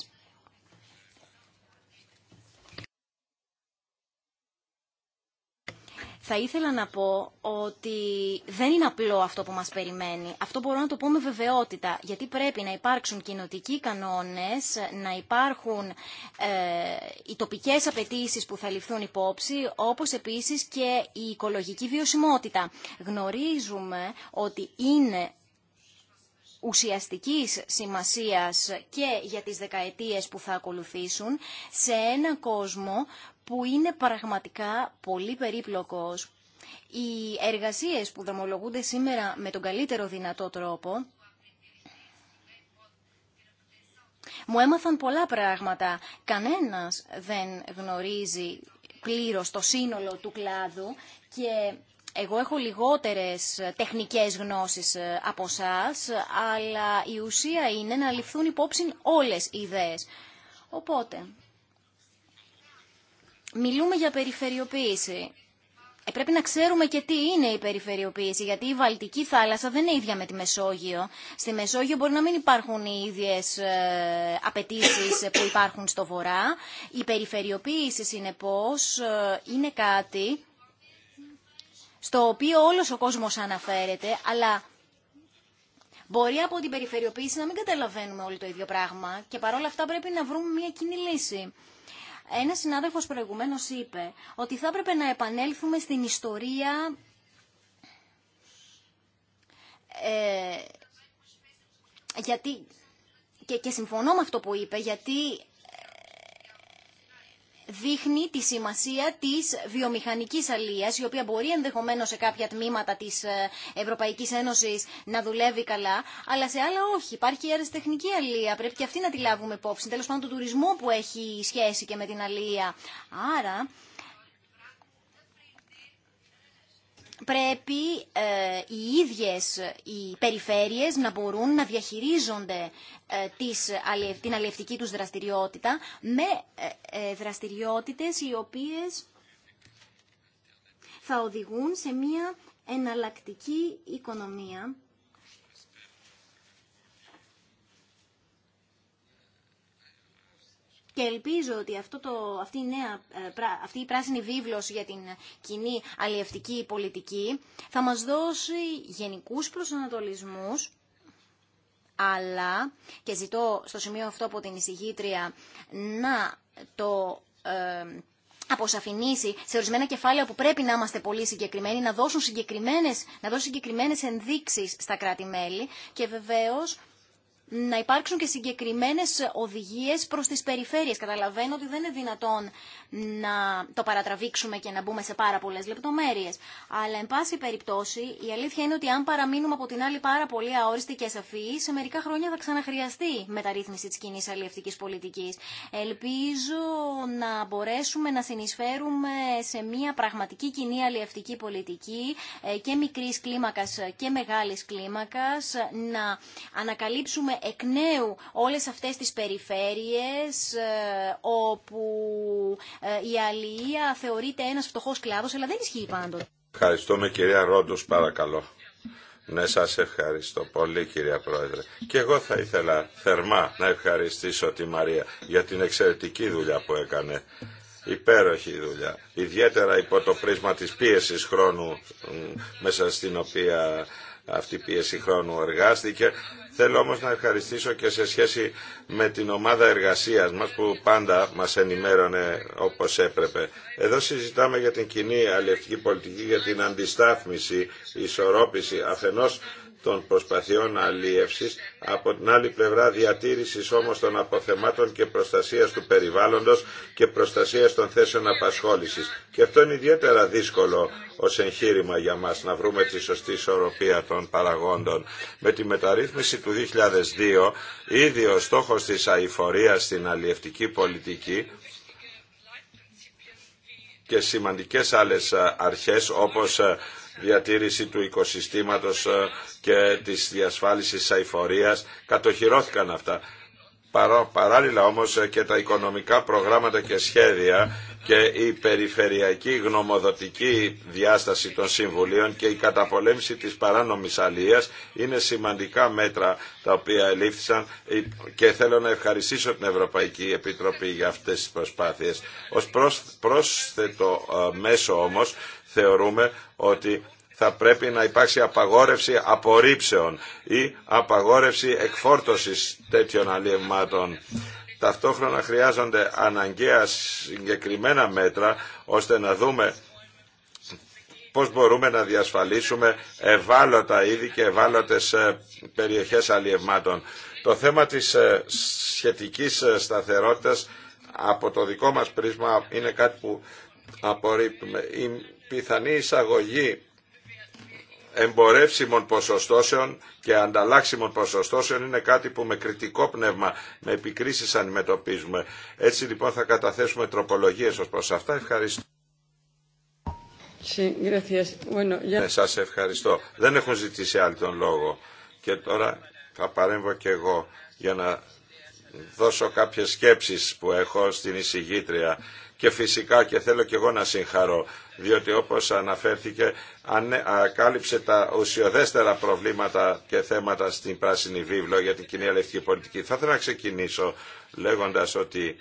θα ήθελα να πω ότι δεν είναι απλό αυτό που μας περιμένει. Αυτό μπορώ να το πω με βεβαιότητα, γιατί πρέπει να υπάρξουν κοινοτικοί κανόνες, να υπάρχουν ε, οι τοπικές απαιτήσει που θα ληφθούν υπόψη, όπως επίσης και η οικολογική βιωσιμότητα. Γνωρίζουμε ότι είναι ουσιαστικής σημασίας και για τις δεκαετίες που θα ακολουθήσουν σε ένα κόσμο που είναι πραγματικά πολύ περίπλοκος. Οι εργασίες που δρομολογούνται σήμερα με τον καλύτερο δυνατό τρόπο μου έμαθαν πολλά πράγματα. Κανένας δεν γνωρίζει πλήρως το σύνολο του κλάδου και εγώ έχω λιγότερες ε, τεχνικές γνώσεις ε, από εσά, αλλά η ουσία είναι να ληφθούν υπόψη όλες οι ιδέες. Οπότε, μιλούμε για περιφερειοποίηση. Ε, πρέπει να ξέρουμε και τι είναι η περιφερειοποίηση, γιατί η Βαλτική θάλασσα δεν είναι ίδια με τη Μεσόγειο. Στη Μεσόγειο μπορεί να μην υπάρχουν οι ίδιες ε, απαιτήσει που υπάρχουν στο Βορρά. Η περιφερειοποίηση, συνεπώς, είναι κάτι στο οποίο όλος ο κόσμος αναφέρεται, αλλά μπορεί από την περιφερειοποίηση να μην καταλαβαίνουμε όλοι το ίδιο πράγμα και παρόλα αυτά πρέπει να βρούμε μια κοινή λύση. Ένας συνάδελφος προηγουμένως είπε ότι θα έπρεπε να επανέλθουμε στην ιστορία ε, γιατί και, και συμφωνώ με αυτό που είπε γιατί δείχνει τη σημασία της βιομηχανικής αλίας, η οποία μπορεί ενδεχομένως σε κάποια τμήματα της ε, Ευρωπαϊκής Ένωσης να δουλεύει καλά, αλλά σε άλλα όχι. Υπάρχει η αριστεχνική αλία, πρέπει και αυτή να τη λάβουμε υπόψη, τέλος πάντων του τουρισμού που έχει σχέση και με την αλία. Άρα πρέπει ε, οι ίδιες οι περιφέρειες να μπορούν να διαχειρίζονται ε, τις, την αλλιευτική τους δραστηριότητα με ε, ε, δραστηριότητες οι οποίες θα οδηγούν σε μια εναλλακτική οικονομία και ελπίζω ότι αυτό το, αυτή, η νέα, ε, αυτή η πράσινη βίβλος για την κοινή αλλιευτική πολιτική θα μας δώσει γενικούς προσανατολισμούς αλλά, και ζητώ στο σημείο αυτό από την εισηγήτρια να το ε, αποσαφηνίσει σε ορισμένα κεφάλαια που πρέπει να είμαστε πολύ συγκεκριμένοι, να δώσουν συγκεκριμένες, να δώσουν συγκεκριμένες ενδείξεις στα κράτη-μέλη και βεβαίως να υπάρξουν και συγκεκριμένε οδηγίε προ τι περιφέρειες. Καταλαβαίνω ότι δεν είναι δυνατόν να το παρατραβήξουμε και να μπούμε σε πάρα πολλέ λεπτομέρειε. Αλλά, εν πάση περιπτώσει, η αλήθεια είναι ότι αν παραμείνουμε από την άλλη πάρα πολύ αόριστοι και ασαφεί, σε μερικά χρόνια θα ξαναχρειαστεί μεταρρύθμιση τη κοινή αλληλευτικής πολιτική. Ελπίζω να μπορέσουμε να συνεισφέρουμε σε μια πραγματική κοινή αλληλευτική πολιτική ε, και μικρή κλίμακα και μεγάλη κλίμακα, να ανακαλύψουμε εκ νέου όλες αυτές τις περιφέρειες ε, όπου ε, η αλληλεία θεωρείται ένας φτωχός κλάδος, αλλά δεν ισχύει πάντοτε. Ευχαριστούμε κυρία Ρόντος, παρακαλώ. Ναι, σας ευχαριστώ πολύ κυρία Πρόεδρε. Και εγώ θα ήθελα θερμά να ευχαριστήσω τη Μαρία για την εξαιρετική δουλειά που έκανε. Υπέροχη δουλειά. Ιδιαίτερα υπό το πρίσμα της πίεσης χρόνου μέσα στην οποία αυτή η πίεση χρόνου εργάστηκε Θέλω όμως να ευχαριστήσω και σε σχέση με την ομάδα εργασίας μας που πάντα μας ενημέρωνε όπως έπρεπε. Εδώ συζητάμε για την κοινή αλληλευτική πολιτική, για την αντιστάθμιση, ισορρόπηση αφενός των προσπαθειών αλλίευσης, από την άλλη πλευρά διατήρησης όμως των αποθεμάτων και προστασίας του περιβάλλοντος και προστασία των θέσεων απασχόλησης. Και αυτό είναι ιδιαίτερα δύσκολο ως εγχείρημα για μας να βρούμε τη σωστή ισορροπία των παραγόντων. Με τη μεταρρύθμιση του 2002, ήδη ο στόχος της αηφορίας στην αλλιευτική πολιτική και σημαντικές άλλες αρχές όπως διατήρηση του οικοσυστήματος ε, και της διασφάλισης αηφορίας. Κατοχυρώθηκαν αυτά. Παράλληλα όμως ε, και τα οικονομικά προγράμματα και σχέδια και η περιφερειακή γνωμοδοτική διάσταση των συμβουλίων και η καταπολέμηση της παράνομης αλίας είναι σημαντικά μέτρα τα οποία ελήφθησαν ε, και θέλω να ευχαριστήσω την Ευρωπαϊκή Επιτροπή για αυτές τις προσπάθειες. Ως πρόσθετο μέσο όμως θεωρούμε ότι θα πρέπει να υπάρξει απαγόρευση απορρίψεων ή απαγόρευση εκφόρτωσης τέτοιων αλλιευμάτων. Ταυτόχρονα χρειάζονται αναγκαία συγκεκριμένα μέτρα ώστε να δούμε πώς μπορούμε να διασφαλίσουμε ευάλωτα είδη και ευάλωτες ε, περιοχές αλλιευμάτων. Το θέμα της ε, σχετικής ε, σταθερότητας από το δικό μας πρίσμα είναι κάτι που απορρίπτουμε. η απαγορευση εκφορτωσης τετοιων αλλιευματων ταυτοχρονα χρειαζονται αναγκαια συγκεκριμενα μετρα ωστε να δουμε πως μπορουμε να διασφαλισουμε ευαλωτα ειδη και ευαλωτες περιοχες αλλιευματων το θεμα της σχετικης σταθεροτητας απο το δικο μας πρισμα ειναι κατι που απορριπτουμε πιθανή εισαγωγή εμπορεύσιμων ποσοστώσεων και ανταλλάξιμων ποσοστώσεων είναι κάτι που με κριτικό πνεύμα, με επικρίσεις αντιμετωπίζουμε. Έτσι λοιπόν θα καταθέσουμε τροπολογίες ως προς αυτά. Ευχαριστώ. Sí, bueno, ναι, σας ευχαριστώ. Δεν έχουν ζητήσει άλλη τον λόγο. Και τώρα θα παρέμβω και εγώ για να δώσω κάποιες σκέψεις που έχω στην εισηγήτρια και φυσικά και θέλω και εγώ να συγχαρώ διότι όπως αναφέρθηκε ε, κάλυψε τα ουσιοδέστερα προβλήματα και θέματα στην Πράσινη Βίβλο για την κοινή ελευθερική πολιτική. Θα ήθελα να ξεκινήσω λέγοντας ότι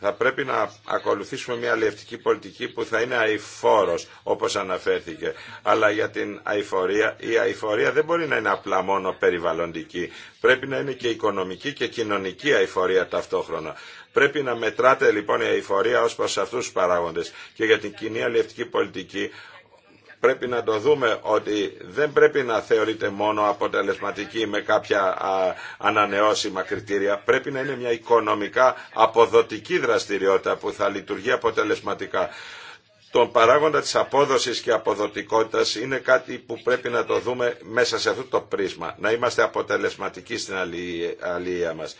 θα πρέπει να ακολουθήσουμε μια αλληλευτική πολιτική που θα είναι αηφόρος, όπως αναφέρθηκε. Αλλά για την αηφορία, η αηφορία δεν μπορεί να είναι απλά μόνο περιβαλλοντική. Πρέπει να είναι και οικονομική και κοινωνική αηφορία ταυτόχρονα. Πρέπει να μετράτε λοιπόν η αηφορία ως προς αυτούς τους παράγοντες και για την κοινή αλληλευτική πολιτική πρέπει να το δούμε ότι δεν πρέπει να θεωρείται μόνο αποτελεσματική με κάποια ανανεώσιμα κριτήρια. Πρέπει να είναι μια οικονομικά αποδοτική δραστηριότητα που θα λειτουργεί αποτελεσματικά. Τον παράγοντα της απόδοσης και αποδοτικότητας είναι κάτι που πρέπει να το δούμε μέσα σε αυτό το πρίσμα. Να είμαστε αποτελεσματικοί στην αλληλεία μας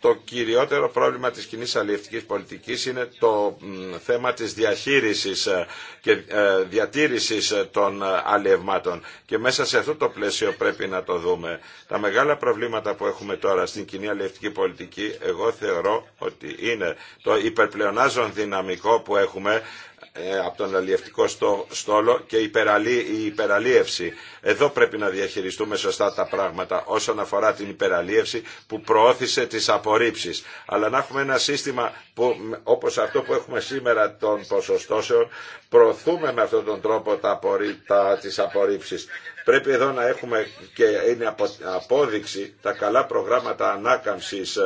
το κυριότερο πρόβλημα της κοινή αλληλευτικής πολιτικής είναι το θέμα της διαχείρισης ε, και ε, διατήρησης ε, των αλλιευμάτων. Και μέσα σε αυτό το πλαίσιο πρέπει να το δούμε. Τα μεγάλα προβλήματα που έχουμε τώρα στην κοινή αλληλευτική πολιτική, εγώ θεωρώ ότι είναι το υπερπλεονάζον δυναμικό που έχουμε ε, από τον αλλιευτικό στόλο και υπεραλή, η υπεραλίευση. Εδώ πρέπει να διαχειριστούμε σωστά τα πράγματα όσον αφορά την υπεραλίευση που προώθησε τις απορρίψεις. Αλλά να έχουμε ένα σύστημα που, όπως αυτό που έχουμε σήμερα των ποσοστώσεων προωθούμε με αυτόν τον τρόπο τα, απορρί, τα, τις απορρίψεις. Πρέπει εδώ να έχουμε και είναι απόδειξη τα καλά προγράμματα ανάκαμψης.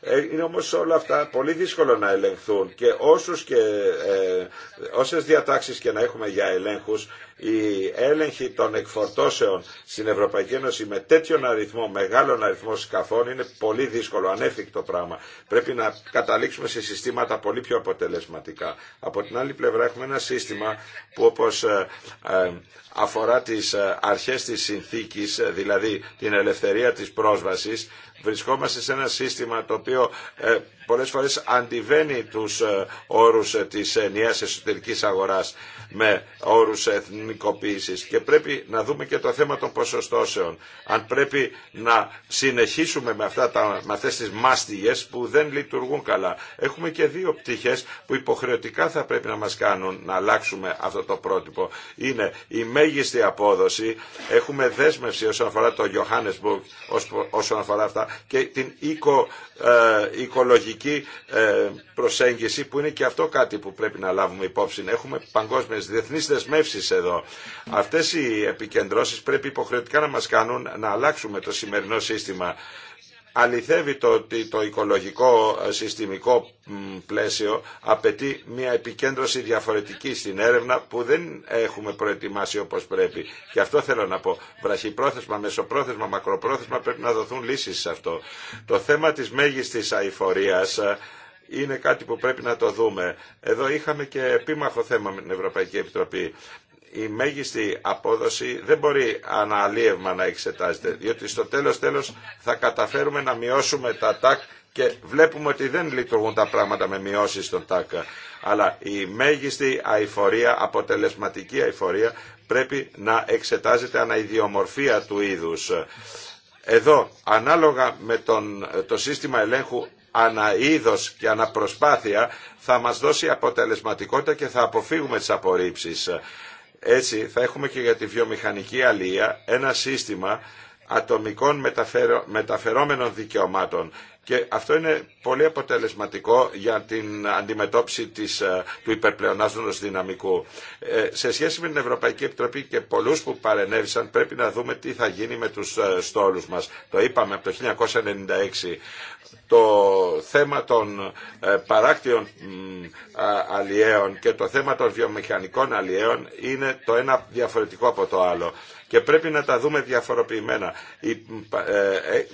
Ε, είναι όμως όλα αυτά πολύ δύσκολο να ελεγχθούν και όσους και ε, ε, όσες διατάξεις και να έχουμε για ελέγχους η έλεγχη των εκφορτώσεων στην Ευρωπαϊκή Ένωση με τέτοιον αριθμό, μεγάλον αριθμό σκαφών είναι πολύ δύσκολο, ανέφικτο πράγμα. Πρέπει να καταλήξουμε σε συστήματα πολύ πιο αποτελεσματικά. Από την άλλη πλευρά έχουμε ένα σύστημα που όπως ε, ε, αφορά τις ε, αρχές της συνθήκης, δηλαδή την ελευθερία της πρόσβασης, Βρισκόμαστε σε ένα σύστημα το οποίο ε, πολλές φορές αντιβαίνει τους ε, όρους ε, της ενιαίας εσωτερικής αγοράς με όρους εθνικοποίησης και πρέπει να δούμε και το θέμα των ποσοστώσεων. Αν πρέπει να συνεχίσουμε με, αυτά τα, με αυτές τις μάστιγες που δεν λειτουργούν καλά. Έχουμε και δύο πτυχές που υποχρεωτικά θα πρέπει να μας κάνουν να αλλάξουμε αυτό το πρότυπο. Είναι η μέγιστη απόδοση, έχουμε δέσμευση όσον αφορά το Johannesburg όσον αφορά αυτά και την ε, οικολογική ε, προσέγγιση που είναι και αυτό κάτι που πρέπει να λάβουμε υπόψη. Έχουμε παγκόσμιες διεθνείς δεσμεύσεις εδώ. Αυτές οι επικεντρώσεις πρέπει υποχρεωτικά να μας κάνουν να αλλάξουμε το σημερινό σύστημα αληθεύει το ότι το οικολογικό ε, συστημικό πλαίσιο απαιτεί μια επικέντρωση διαφορετική στην έρευνα που δεν έχουμε προετοιμάσει όπως πρέπει. Και αυτό θέλω να πω. Βραχυπρόθεσμα, μεσοπρόθεσμα, μακροπρόθεσμα πρέπει να δοθούν λύσεις σε αυτό. Το θέμα της μέγιστης αηφορίας ε, είναι κάτι που πρέπει να το δούμε. Εδώ είχαμε και επίμαχο θέμα με την Ευρωπαϊκή Επιτροπή η μέγιστη απόδοση δεν μπορεί αναλύευμα να εξετάζεται, διότι στο τέλος τέλος θα καταφέρουμε να μειώσουμε τα τάκ και βλέπουμε ότι δεν λειτουργούν τα πράγματα με μειώσει των τάκ. Αλλά η μέγιστη αηφορία, αποτελεσματική αηφορία πρέπει να εξετάζεται αναειδιομορφία του είδους. Εδώ, ανάλογα με τον, το σύστημα ελέγχου αναείδος και αναπροσπάθεια θα μας δώσει αποτελεσματικότητα και θα αποφύγουμε τις απορρίψεις. Έτσι θα έχουμε και για τη βιομηχανική αλία ένα σύστημα ατομικών μεταφερο... μεταφερόμενων δικαιωμάτων. Και αυτό είναι πολύ αποτελεσματικό για την αντιμετώπιση της, ε, του υπερπλεονάζοντος δυναμικού. Ε, σε σχέση με την Ευρωπαϊκή Επιτροπή και πολλούς που παρενέβησαν, πρέπει να δούμε τι θα γίνει με τους ε, στόλους μας. Το είπαμε από το 1996 το θέμα των ε, παράκτιων αλλιέων και το θέμα των βιομηχανικών αλλιέων είναι το ένα διαφορετικό από το άλλο και πρέπει να τα δούμε διαφοροποιημένα. Ε, ε,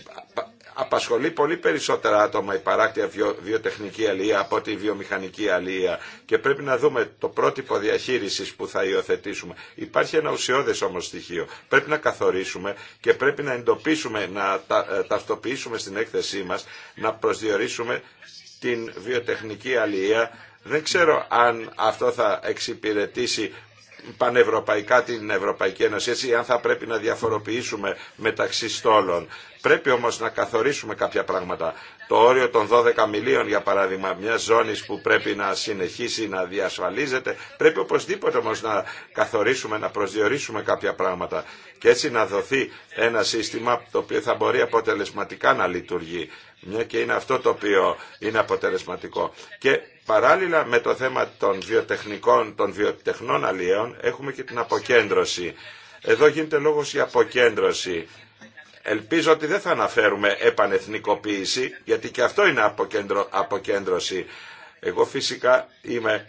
απασχολεί πολύ περισσότερα άτομα η παράκτεια βιοτεχνική αλληλεία από τη βιομηχανική αλληλεία και πρέπει να δούμε το πρότυπο διαχείρισης που θα υιοθετήσουμε. Υπάρχει ένα ουσιώδες όμως στοιχείο. Πρέπει να καθορίσουμε και πρέπει να εντοπίσουμε, να τα, ε, ταυτοποιήσουμε στην έκθεσή μας, να προσδιορίσουμε την βιοτεχνική αλληλεία. Δεν ξέρω αν αυτό θα εξυπηρετήσει πανευρωπαϊκά την Ευρωπαϊκή Ένωση, έτσι αν θα πρέπει να διαφοροποιήσουμε μεταξύ στόλων. Πρέπει όμως να καθορίσουμε κάποια πράγματα. Το όριο των 12 μιλίων, για παράδειγμα, μια ζώνη που πρέπει να συνεχίσει να διασφαλίζεται, πρέπει οπωσδήποτε όμως να καθορίσουμε, να προσδιορίσουμε κάποια πράγματα και έτσι να δοθεί ένα σύστημα το οποίο θα μπορεί αποτελεσματικά να λειτουργεί. Μια και είναι αυτό το οποίο είναι αποτελεσματικό. Και παράλληλα με το θέμα των βιοτεχνικών, των βιοτεχνών αλλιέων, έχουμε και την αποκέντρωση. Εδώ γίνεται λόγος για αποκέντρωση Ελπίζω ότι δεν θα αναφέρουμε επανεθνικοποίηση, γιατί και αυτό είναι αποκέντρωση. Εγώ φυσικά είμαι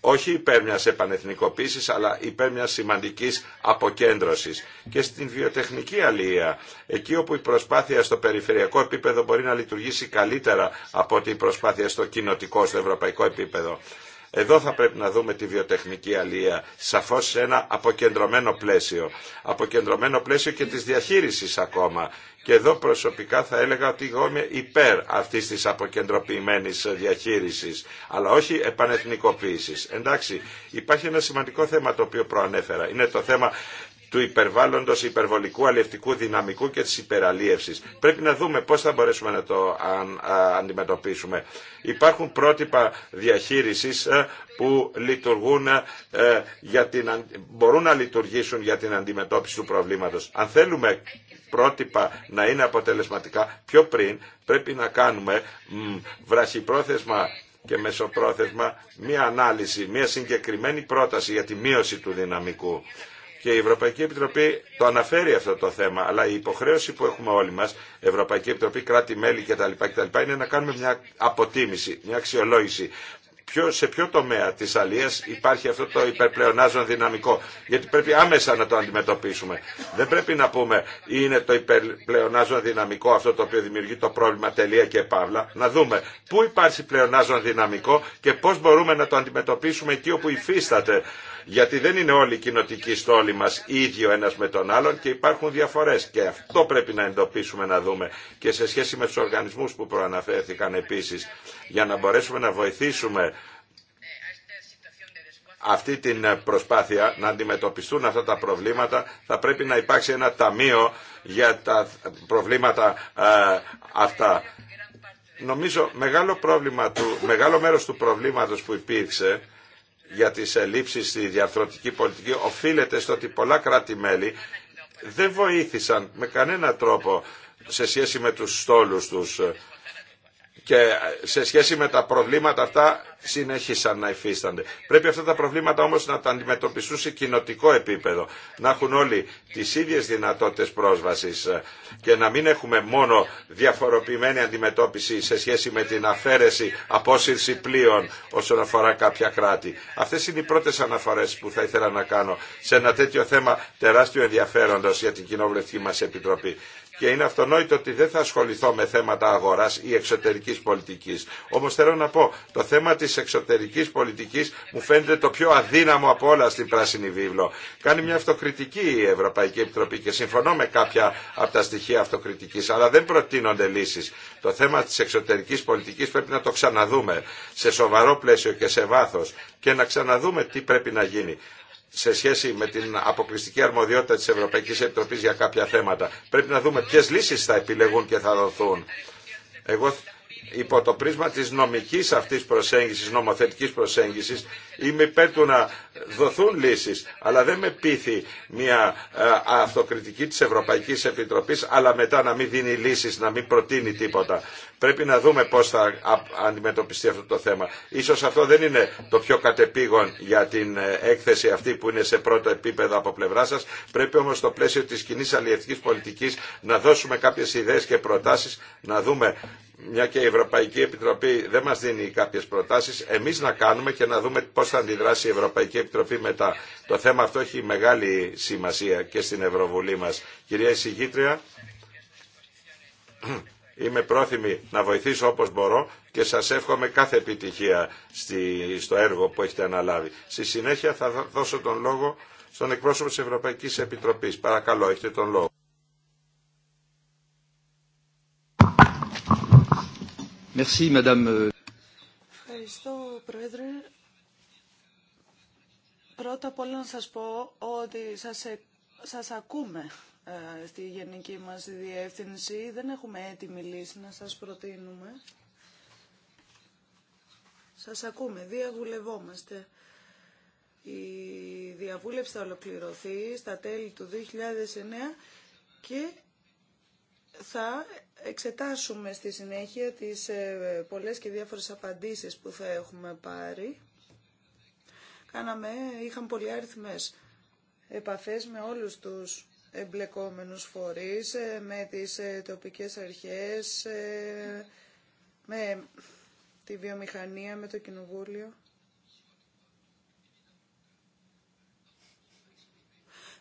όχι υπέρ μιας επανεθνικοποίησης, αλλά υπέρ μιας σημαντικής αποκέντρωσης. Και στην βιοτεχνική αλληλεία, εκεί όπου η προσπάθεια στο περιφερειακό επίπεδο μπορεί να λειτουργήσει καλύτερα από ότι η προσπάθεια στο κοινοτικό, στο ευρωπαϊκό επίπεδο. Εδώ θα πρέπει να δούμε τη βιοτεχνική αλία σαφώς σε ένα αποκεντρωμένο πλαίσιο. Αποκεντρωμένο πλαίσιο και της διαχείρισης ακόμα. Και εδώ προσωπικά θα έλεγα ότι εγώ είμαι υπέρ αυτής της αποκεντροποιημένης διαχείρισης, αλλά όχι επανεθνικοποίησης. Εντάξει, υπάρχει ένα σημαντικό θέμα το οποίο προανέφερα. Είναι το θέμα του υπερβάλλοντος υπερβολικού αλευτικού δυναμικού και της υπεραλίευσης. Πρέπει να δούμε πώς θα μπορέσουμε να το αντιμετωπίσουμε. Υπάρχουν πρότυπα διαχείρισης ε, που λειτουργούν, ε, για την, μπορούν να λειτουργήσουν για την αντιμετώπιση του προβλήματος. Αν θέλουμε πρότυπα να είναι αποτελεσματικά πιο πριν, πρέπει να κάνουμε βραχυπρόθεσμα και μεσοπρόθεσμα μία ανάλυση, μία συγκεκριμένη πρόταση για τη μείωση του δυναμικού. Και η Ευρωπαϊκή Επιτροπή το αναφέρει αυτό το θέμα, αλλά η υποχρέωση που έχουμε όλοι μας, Ευρωπαϊκή Επιτροπή, κράτη-μέλη κτλ, κτλ, είναι να κάνουμε μια αποτίμηση, μια αξιολόγηση ποιο, σε ποιο τομέα της αλίας υπάρχει αυτό το υπερπλεονάζον δυναμικό. Γιατί πρέπει άμεσα να το αντιμετωπίσουμε. Δεν πρέπει να πούμε είναι το υπερπλεονάζον δυναμικό αυτό το οποίο δημιουργεί το πρόβλημα τελεία και παύλα. Να δούμε πού υπάρχει πλεονάζον δυναμικό και πώς μπορούμε να το αντιμετωπίσουμε εκεί όπου υφίσταται γιατί δεν είναι όλοι οι κοινοτικοί στόλοι μας ίδιο ένας με τον άλλον και υπάρχουν διαφορές και αυτό πρέπει να εντοπίσουμε να δούμε και σε σχέση με τους οργανισμούς που προαναφέρθηκαν επίσης για να μπορέσουμε να βοηθήσουμε αυτή την προσπάθεια να αντιμετωπιστούν αυτά τα προβλήματα θα πρέπει να υπάρξει ένα ταμείο για τα προβλήματα ε, αυτά. Νομίζω μεγάλο, πρόβλημα του, μεγάλο μέρος του προβλήματος που υπήρξε για τις ελλείψεις στη διαρθρωτική πολιτική οφείλεται στο ότι πολλά κράτη-μέλη δεν βοήθησαν με κανένα τρόπο σε σχέση με τους στόλους τους και σε σχέση με τα προβλήματα αυτά συνέχισαν να υφίστανται. Πρέπει αυτά τα προβλήματα όμως να τα αντιμετωπιστούν σε κοινοτικό επίπεδο, να έχουν όλοι τις ίδιες δυνατότητες πρόσβασης ε, και να μην έχουμε μόνο διαφοροποιημένη αντιμετώπιση σε σχέση με την αφαίρεση, απόσυρση πλοίων όσον αφορά κάποια κράτη. Αυτές είναι οι πρώτες αναφορές που θα ήθελα να κάνω σε ένα τέτοιο θέμα τεράστιο ενδιαφέροντος για την κοινοβουλευτική μας Επιτροπή και είναι αυτονόητο ότι δεν θα ασχοληθώ με θέματα αγοράς ή εξωτερικής πολιτικής. Όμως θέλω να πω, το θέμα της εξωτερικής πολιτικής μου φαίνεται το πιο αδύναμο από όλα στην Πράσινη Βίβλο. Κάνει μια αυτοκριτική η Ευρωπαϊκή Επιτροπή και συμφωνώ με κάποια από τα στοιχεία αυτοκριτικής, αλλά δεν προτείνονται λύσεις. Το θέμα της εξωτερικής πολιτικής πρέπει να το ξαναδούμε σε σοβαρό πλαίσιο και σε βάθος και να ξαναδούμε τι πρέπει να γίνει σε σχέση με την αποκλειστική αρμοδιότητα της Ευρωπαϊκής Επιτροπής για κάποια θέματα. Πρέπει να δούμε ποιες λύσεις θα επιλεγούν και θα δοθούν. Εγώ υπό το πρίσμα της νομικής αυτής προσέγγισης, νομοθετικής προσέγγισης, είμαι υπέρ του να δοθούν λύσεις, αλλά δεν με πείθει μια ε, αυτοκριτική της Ευρωπαϊκής Επιτροπής, αλλά μετά να μην δίνει λύσεις, να μην προτείνει τίποτα. Πρέπει να δούμε πώς θα αντιμετωπιστεί αυτό το θέμα. Ίσως αυτό δεν είναι το πιο κατεπήγον για την ε, έκθεση αυτή που είναι σε πρώτο επίπεδο από πλευρά σας. Πρέπει όμως στο πλαίσιο της κοινή αλληλευτικής πολιτικής να δώσουμε κάποιες ιδέες και προτάσεις, να δούμε μια και η Ευρωπαϊκή Επιτροπή δεν μας δίνει κάποιες προτάσεις, εμείς να κάνουμε και να δούμε πώς θα αντιδράσει η Ευρωπαϊκή Επιτροπή μετά. Το θέμα αυτό έχει μεγάλη σημασία και στην Ευρωβουλή μας. Κυρία Εισηγήτρια. Είμαι πρόθυμη να βοηθήσω όπως μπορώ και σας εύχομαι κάθε επιτυχία στο έργο που έχετε αναλάβει. Στη συνέχεια θα δώσω τον λόγο στον εκπρόσωπο της Ευρωπαϊκής Επιτροπής. Παρακαλώ, έχετε τον λόγο. Merci, Madame. Ευχαριστώ, Πρόεδρε. Πρώτα απ' όλα να σας πω ότι σας, σας ακούμε ε, στη γενική μας διεύθυνση. Δεν έχουμε έτοιμη λύση να σας προτείνουμε. Σας ακούμε, διαβουλευόμαστε. Η διαβούλευση θα ολοκληρωθεί στα τέλη του 2009 και θα εξετάσουμε στη συνέχεια τις ε, πολλές και διάφορες απαντήσεις που θα έχουμε πάρει. Κάναμε, είχαμε πολλοί αριθμές επαφές με όλους τους εμπλεκόμενους φορείς, ε, με τις ε, τοπικές αρχές, ε, με τη βιομηχανία, με το κοινοβούλιο.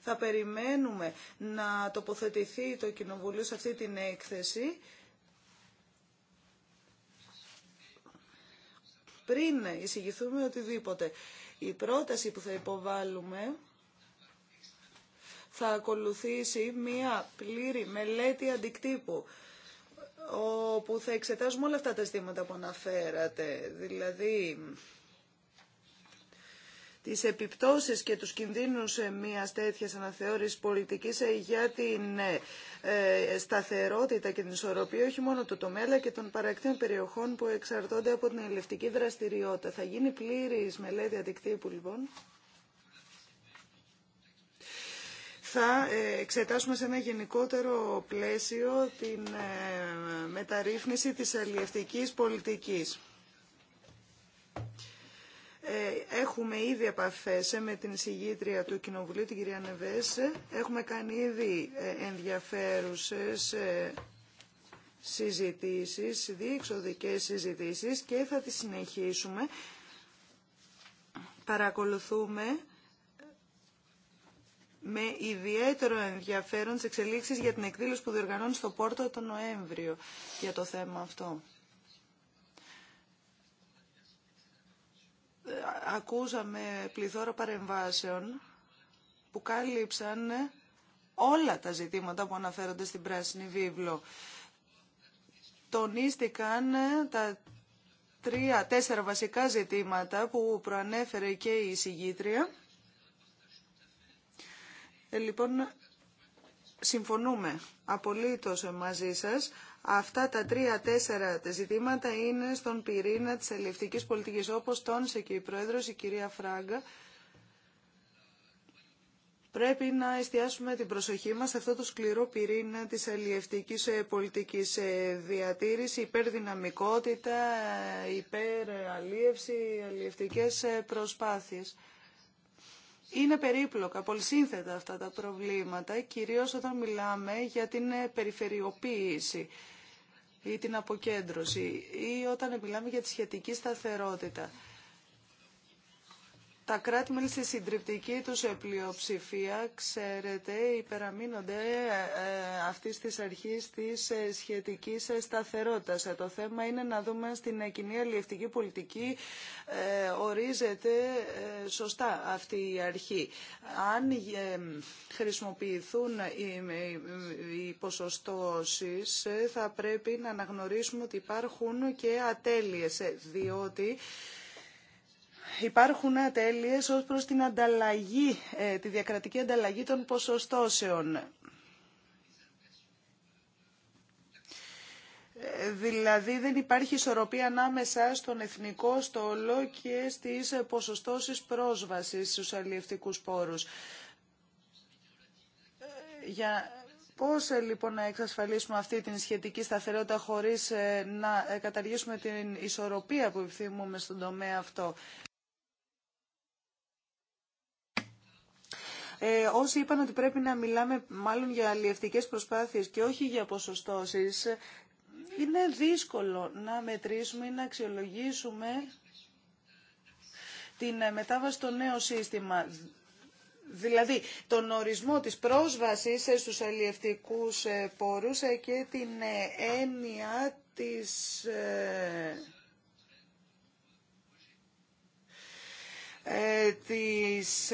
Θα περιμένουμε να τοποθετηθεί το κοινοβούλιο σε αυτή την έκθεση πριν εισηγηθούμε οτιδήποτε. Η πρόταση που θα υποβάλουμε θα ακολουθήσει μία πλήρη μελέτη αντικτύπου όπου θα εξετάζουμε όλα αυτά τα ζητήματα που αναφέρατε, δηλαδή τις επιπτώσεις και τους κινδύνους μία τέτοια αναθεώρησης πολιτικής για την ε, ε, σταθερότητα και την ισορροπία όχι μόνο του τομέα αλλά και των παρακτήων περιοχών που εξαρτώνται από την ελευτική δραστηριότητα. Θα γίνει πλήρης μελέτη αντικτύπου λοιπόν. θα ε, εξετάσουμε σε ένα γενικότερο πλαίσιο την ε, μεταρρύθμιση της αλλιευτικής πολιτικής. Ε, έχουμε ήδη επαφές με την συγγήτρια του Κοινοβουλίου, την κυρία Νεβές. Έχουμε κάνει ήδη ενδιαφέρουσες συζητήσεις, διεξοδικές συζητήσεις και θα τις συνεχίσουμε. Παρακολουθούμε με ιδιαίτερο ενδιαφέρον τι εξελίξεις για την εκδήλωση που διοργανώνει στο Πόρτο τον Νοέμβριο για το θέμα αυτό. Ε, ακούσαμε πληθώρα παρεμβάσεων που κάλυψαν όλα τα ζητήματα που αναφέρονται στην Πράσινη Βίβλο. Τονίστηκαν τα τρία-τέσσερα βασικά ζητήματα που προανέφερε και η συγγήτρια. Ε, λοιπόν συμφωνούμε απολύτως μαζί σας. Αυτά τα τρία-τέσσερα ζητήματα είναι στον πυρήνα της ελληνικής πολιτικής, όπως τόνισε και η Πρόεδρος, η κυρία Φράγκα. Πρέπει να εστιάσουμε την προσοχή μας σε αυτό το σκληρό πυρήνα της αλλιευτικής ε, πολιτικής ε, διατήρηση, υπερδυναμικότητα, υπεραλίευση, αλλιευτικές προσπάθειες. Είναι περίπλοκα, πολυσύνθετα αυτά τα προβλήματα, κυρίως όταν μιλάμε για την περιφερειοποίηση ή την αποκέντρωση ή όταν μιλάμε για τη σχετική σταθερότητα. Τα κράτη-μέλη στη συντριπτική τους πλειοψηφία, ξέρετε, υπεραμείνονται ε, ε, αυτής της αρχής της ε, σχετικής σταθερότητα. Το θέμα είναι να δούμε στην κοινή αλληλευτική πολιτική ορίζεται σωστά αυτή η αρχή. Αν χρησιμοποιηθούν οι ποσοστώσεις, θα πρέπει να αναγνωρίσουμε ότι υπάρχουν και ατέλειες, διότι υπάρχουν ατέλειες ως προς την ανταλλαγή, ε, τη διακρατική ανταλλαγή των ποσοστώσεων. Δηλαδή δεν υπάρχει ισορροπία ανάμεσα στον εθνικό στόλο και στις ποσοστώσεις πρόσβασης στους αλλιευτικούς πόρους. Ε, για πώς ε, λοιπόν να εξασφαλίσουμε αυτή την σχετική σταθερότητα χωρίς να καταργήσουμε την ισορροπία που επιθυμούμε στον τομέα αυτό. Ε, όσοι είπαν ότι πρέπει να μιλάμε μάλλον για αλλιευτικές προσπάθειες και όχι για ποσοστώσεις, είναι δύσκολο να μετρήσουμε ή να αξιολογήσουμε την ε, μετάβαση στο νέο σύστημα. Δηλαδή, τον ορισμό της πρόσβασης ε, στους αλλιευτικούς ε, πόρους και την έννοια της Ε, τις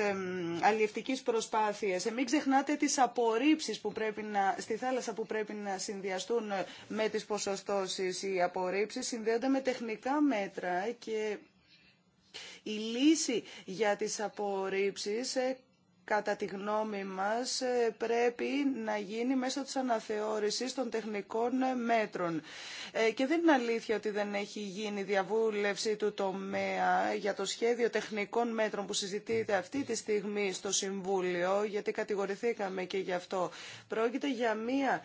αλλιευτικής προσπάθειας. Ε, μην ξεχνάτε τις απορρίψεις που πρέπει να, στη θάλασσα που πρέπει να συνδυαστούν ε, με τις ποσοστώσεις. Οι απορρίψεις συνδέονται με τεχνικά μέτρα και η λύση για τις απορρίψεις κατά τη γνώμη μας, ε, πρέπει να γίνει μέσω της αναθεώρησης των τεχνικών ε, μέτρων. Ε, και δεν είναι αλήθεια ότι δεν έχει γίνει διαβούλευση του τομέα για το σχέδιο τεχνικών μέτρων που συζητείται αυτή τη στιγμή στο Συμβούλιο, γιατί κατηγορηθήκαμε και γι' αυτό. Πρόκειται για μία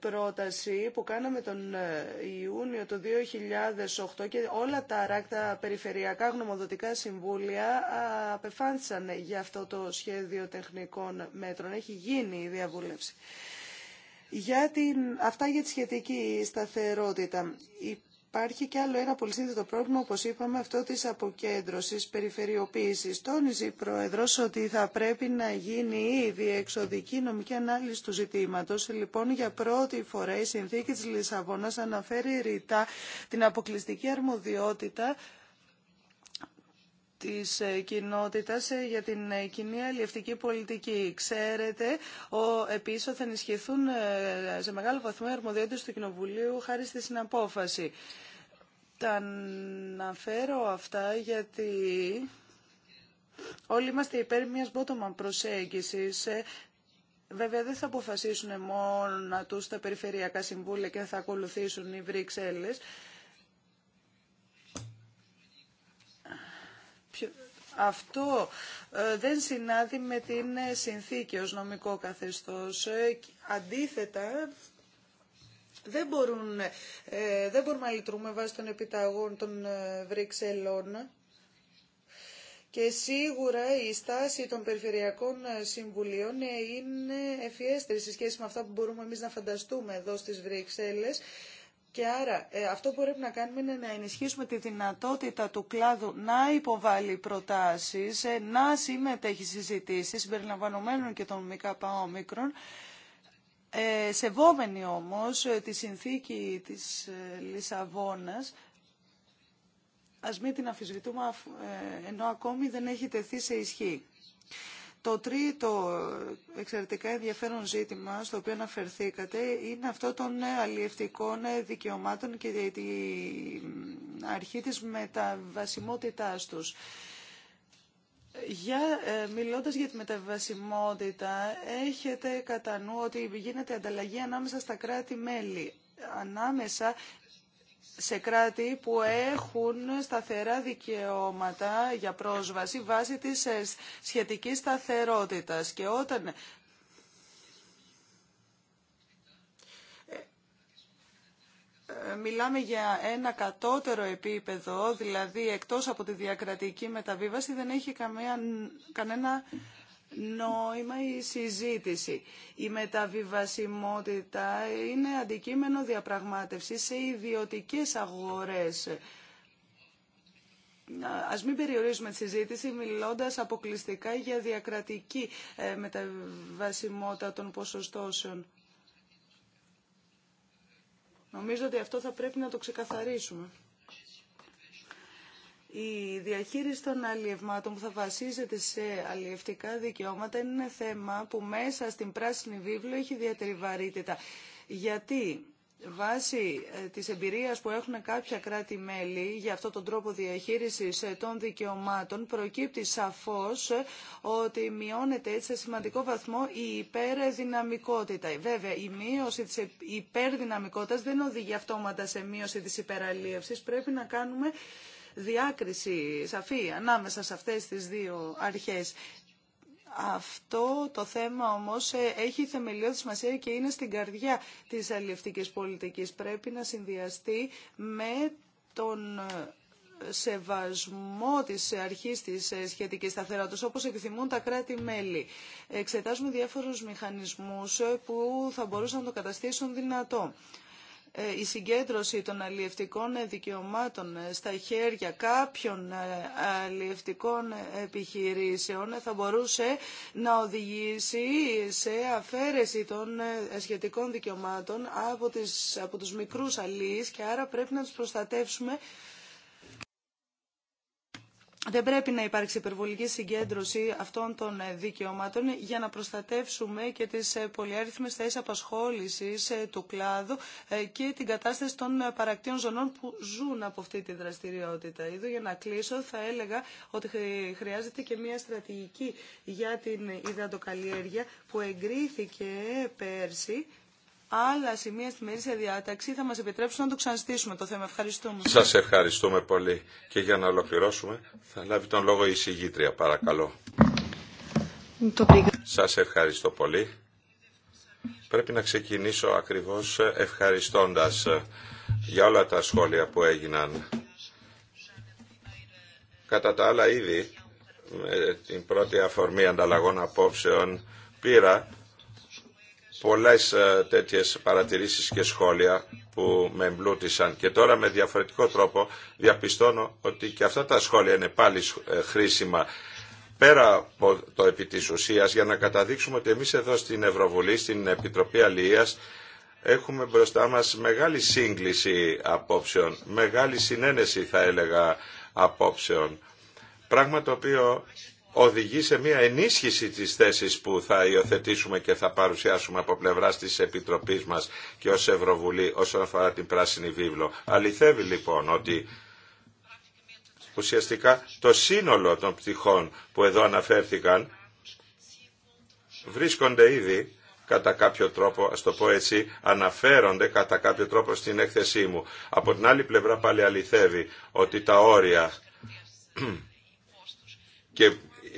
πρόταση που κάναμε τον ε, Ιούνιο το 2008 και όλα τα αράκτα περιφερειακά γνωμοδοτικά συμβούλια απεφάνθησαν για αυτό το σχέδιο τεχνικών μέτρων. Έχει γίνει η διαβούλευση. Για αυτά για τη σχετική σταθερότητα υπάρχει και άλλο ένα πολύ σύνθετο πρόβλημα, όπως είπαμε, αυτό της αποκέντρωσης, περιφερειοποίησης. Τόνιζε η Πρόεδρος ότι θα πρέπει να γίνει ήδη διεξοδική νομική ανάλυση του ζητήματος. Λοιπόν, για πρώτη φορά η συνθήκη της Λισαβόνας αναφέρει ρητά την αποκλειστική αρμοδιότητα της ε, κοινότητας ε, για την ε, κοινή αλληλευτική πολιτική. Ξέρετε, ο, επίσης θα ενισχυθούν σε μεγάλο βαθμό οι αρμοδιότητες του Κοινοβουλίου χάρη στη συναπόφαση. Τα αναφέρω αυτά γιατί όλοι είμαστε υπέρ μιας bottom προσέγγισης Βέβαια δεν θα αποφασίσουν μόνο τους τα περιφερειακά συμβούλια και θα ακολουθήσουν οι Βρυξέλλες. Αυτό ε, δεν συνάδει με την ε, συνθήκη ως νομικό καθεστώς. Ε, αντίθετα, δεν, μπορούν, δεν μπορούμε να λειτουργούμε βάσει των επιταγών των Βρυξελών. Και σίγουρα η στάση των περιφερειακών συμβουλίων είναι ευφιέστερη σε σχέση με αυτά που μπορούμε εμείς να φανταστούμε εδώ στις Βρυξέλλες και άρα ε, αυτό που πρέπει να κάνουμε είναι να ενισχύσουμε τη δυνατότητα του κλάδου να υποβάλει προτάσεις, ε, να συμμετέχει συζητήσεις, συμπεριλαμβανομένων και των ΜΚΟ, ε, σεβόμενοι όμως ε, τη συνθήκη της Λισαβόνας, ας μην την αφισβητούμε ενώ ακόμη δεν έχει τεθεί σε ισχύ. Το τρίτο εξαιρετικά ενδιαφέρον ζήτημα στο οποίο αναφερθήκατε είναι αυτό των αλλιευτικών δικαιωμάτων και την αρχή της μεταβασιμότητάς τους. Για, ε, μιλώντας για τη μεταβασιμότητα, έχετε κατά νου ότι γίνεται ανταλλαγή ανάμεσα στα κράτη-μέλη ανάμεσα σε κράτη που έχουν σταθερά δικαιώματα για πρόσβαση βάσει της σχετικής σταθερότητας. Και όταν ε, μιλάμε για ένα κατώτερο επίπεδο, δηλαδή εκτός από τη διακρατική μεταβίβαση δεν έχει καμία, κανένα νόημα η συζήτηση. Η μεταβιβασιμότητα είναι αντικείμενο διαπραγμάτευση σε ιδιωτικές αγορές. Ας μην περιορίσουμε τη συζήτηση μιλώντας αποκλειστικά για διακρατική ε, μεταβιβασιμότητα των ποσοστώσεων. Νομίζω ότι αυτό θα πρέπει να το ξεκαθαρίσουμε. Η διαχείριση των αλλιευμάτων που θα βασίζεται σε αλλιευτικά δικαιώματα είναι θέμα που μέσα στην πράσινη βίβλο έχει ιδιαίτερη βαρύτητα. Γιατί βάσει ε, της εμπειρίας που έχουν κάποια κράτη-μέλη για αυτόν τον τρόπο διαχείρισης ε, των δικαιωμάτων προκύπτει σαφώς ε, ότι μειώνεται έτσι σε σημαντικό βαθμό η υπερδυναμικότητα. Βέβαια, η μείωση της υπερδυναμικότητας δεν οδηγεί αυτόματα σε μείωση της υπεραλίευσης. Πρέπει να κάνουμε διάκριση σαφή ανάμεσα σε αυτές τις δύο αρχές. Αυτό το θέμα όμως ε, έχει θεμελιώδη σημασία και είναι στην καρδιά της αλληλευτικής πολιτικής. Πρέπει να συνδυαστεί με τον ε, σεβασμό της αρχής της ε, σχετικής σταθερότητας, όπως επιθυμούν τα κράτη-μέλη. Εξετάζουμε διάφορους μηχανισμούς που θα μπορούσαν να το καταστήσουν δυνατό. Ε, η συγκέντρωση των αλλιευτικών δικαιωμάτων ε, στα χέρια κάποιων ε, αλλιευτικών επιχειρήσεων θα μπορούσε να οδηγήσει σε αφαίρεση των σχετικών δικαιωμάτων από, τις, από τους μικρούς αλλιείς και άρα πρέπει να τους προστατεύσουμε δεν πρέπει να υπάρξει υπερβολική συγκέντρωση αυτών των ε, δικαιωμάτων για να προστατεύσουμε και τις ε, πολυάριθμες θέσεις απασχόλησης ε, του κλάδου και την κατάσταση των παρακτήων ζωνών που ζουν από αυτή τη δραστηριότητα. Εδώ για να κλείσω θα έλεγα ότι χρειάζεται και μια στρατηγική για την υδατοκαλλιέργεια που εγκρίθηκε πέρσι άλλα σημεία στη μερίσια διάταξη θα μας επιτρέψουν να το ξαναστήσουμε το θέμα. Ευχαριστούμε. Σας ευχαριστούμε πολύ και για να ολοκληρώσουμε θα λάβει τον λόγο η συγγήτρια παρακαλώ. Το Σας ευχαριστώ πολύ. Πρέπει να ξεκινήσω ακριβώς ευχαριστώντας για όλα τα σχόλια που έγιναν. Κατά τα άλλα ήδη, με την πρώτη αφορμή ανταλλαγών απόψεων, πήρα πολλές ε, τέτοιες παρατηρήσεις και σχόλια που με εμπλούτησαν και τώρα με διαφορετικό τρόπο διαπιστώνω ότι και αυτά τα σχόλια είναι πάλι ε, χρήσιμα πέρα από το επί της ουσίας, για να καταδείξουμε ότι εμείς εδώ στην Ευρωβουλή, στην Επιτροπή Αλληλείας έχουμε μπροστά μας μεγάλη σύγκληση απόψεων, μεγάλη συνένεση θα έλεγα απόψεων. Πράγμα το οποίο οδηγεί σε μια ενίσχυση της θέσης που θα υιοθετήσουμε και θα παρουσιάσουμε από πλευράς της Επιτροπής μας και ως Ευρωβουλή όσον αφορά την Πράσινη Βίβλο. Αληθεύει λοιπόν ότι ουσιαστικά το σύνολο των πτυχών που εδώ αναφέρθηκαν βρίσκονται ήδη κατά κάποιο τρόπο, ας το πω έτσι, αναφέρονται κατά κάποιο τρόπο στην έκθεσή μου. Από την άλλη πλευρά πάλι αληθεύει ότι τα όρια (clears throat) και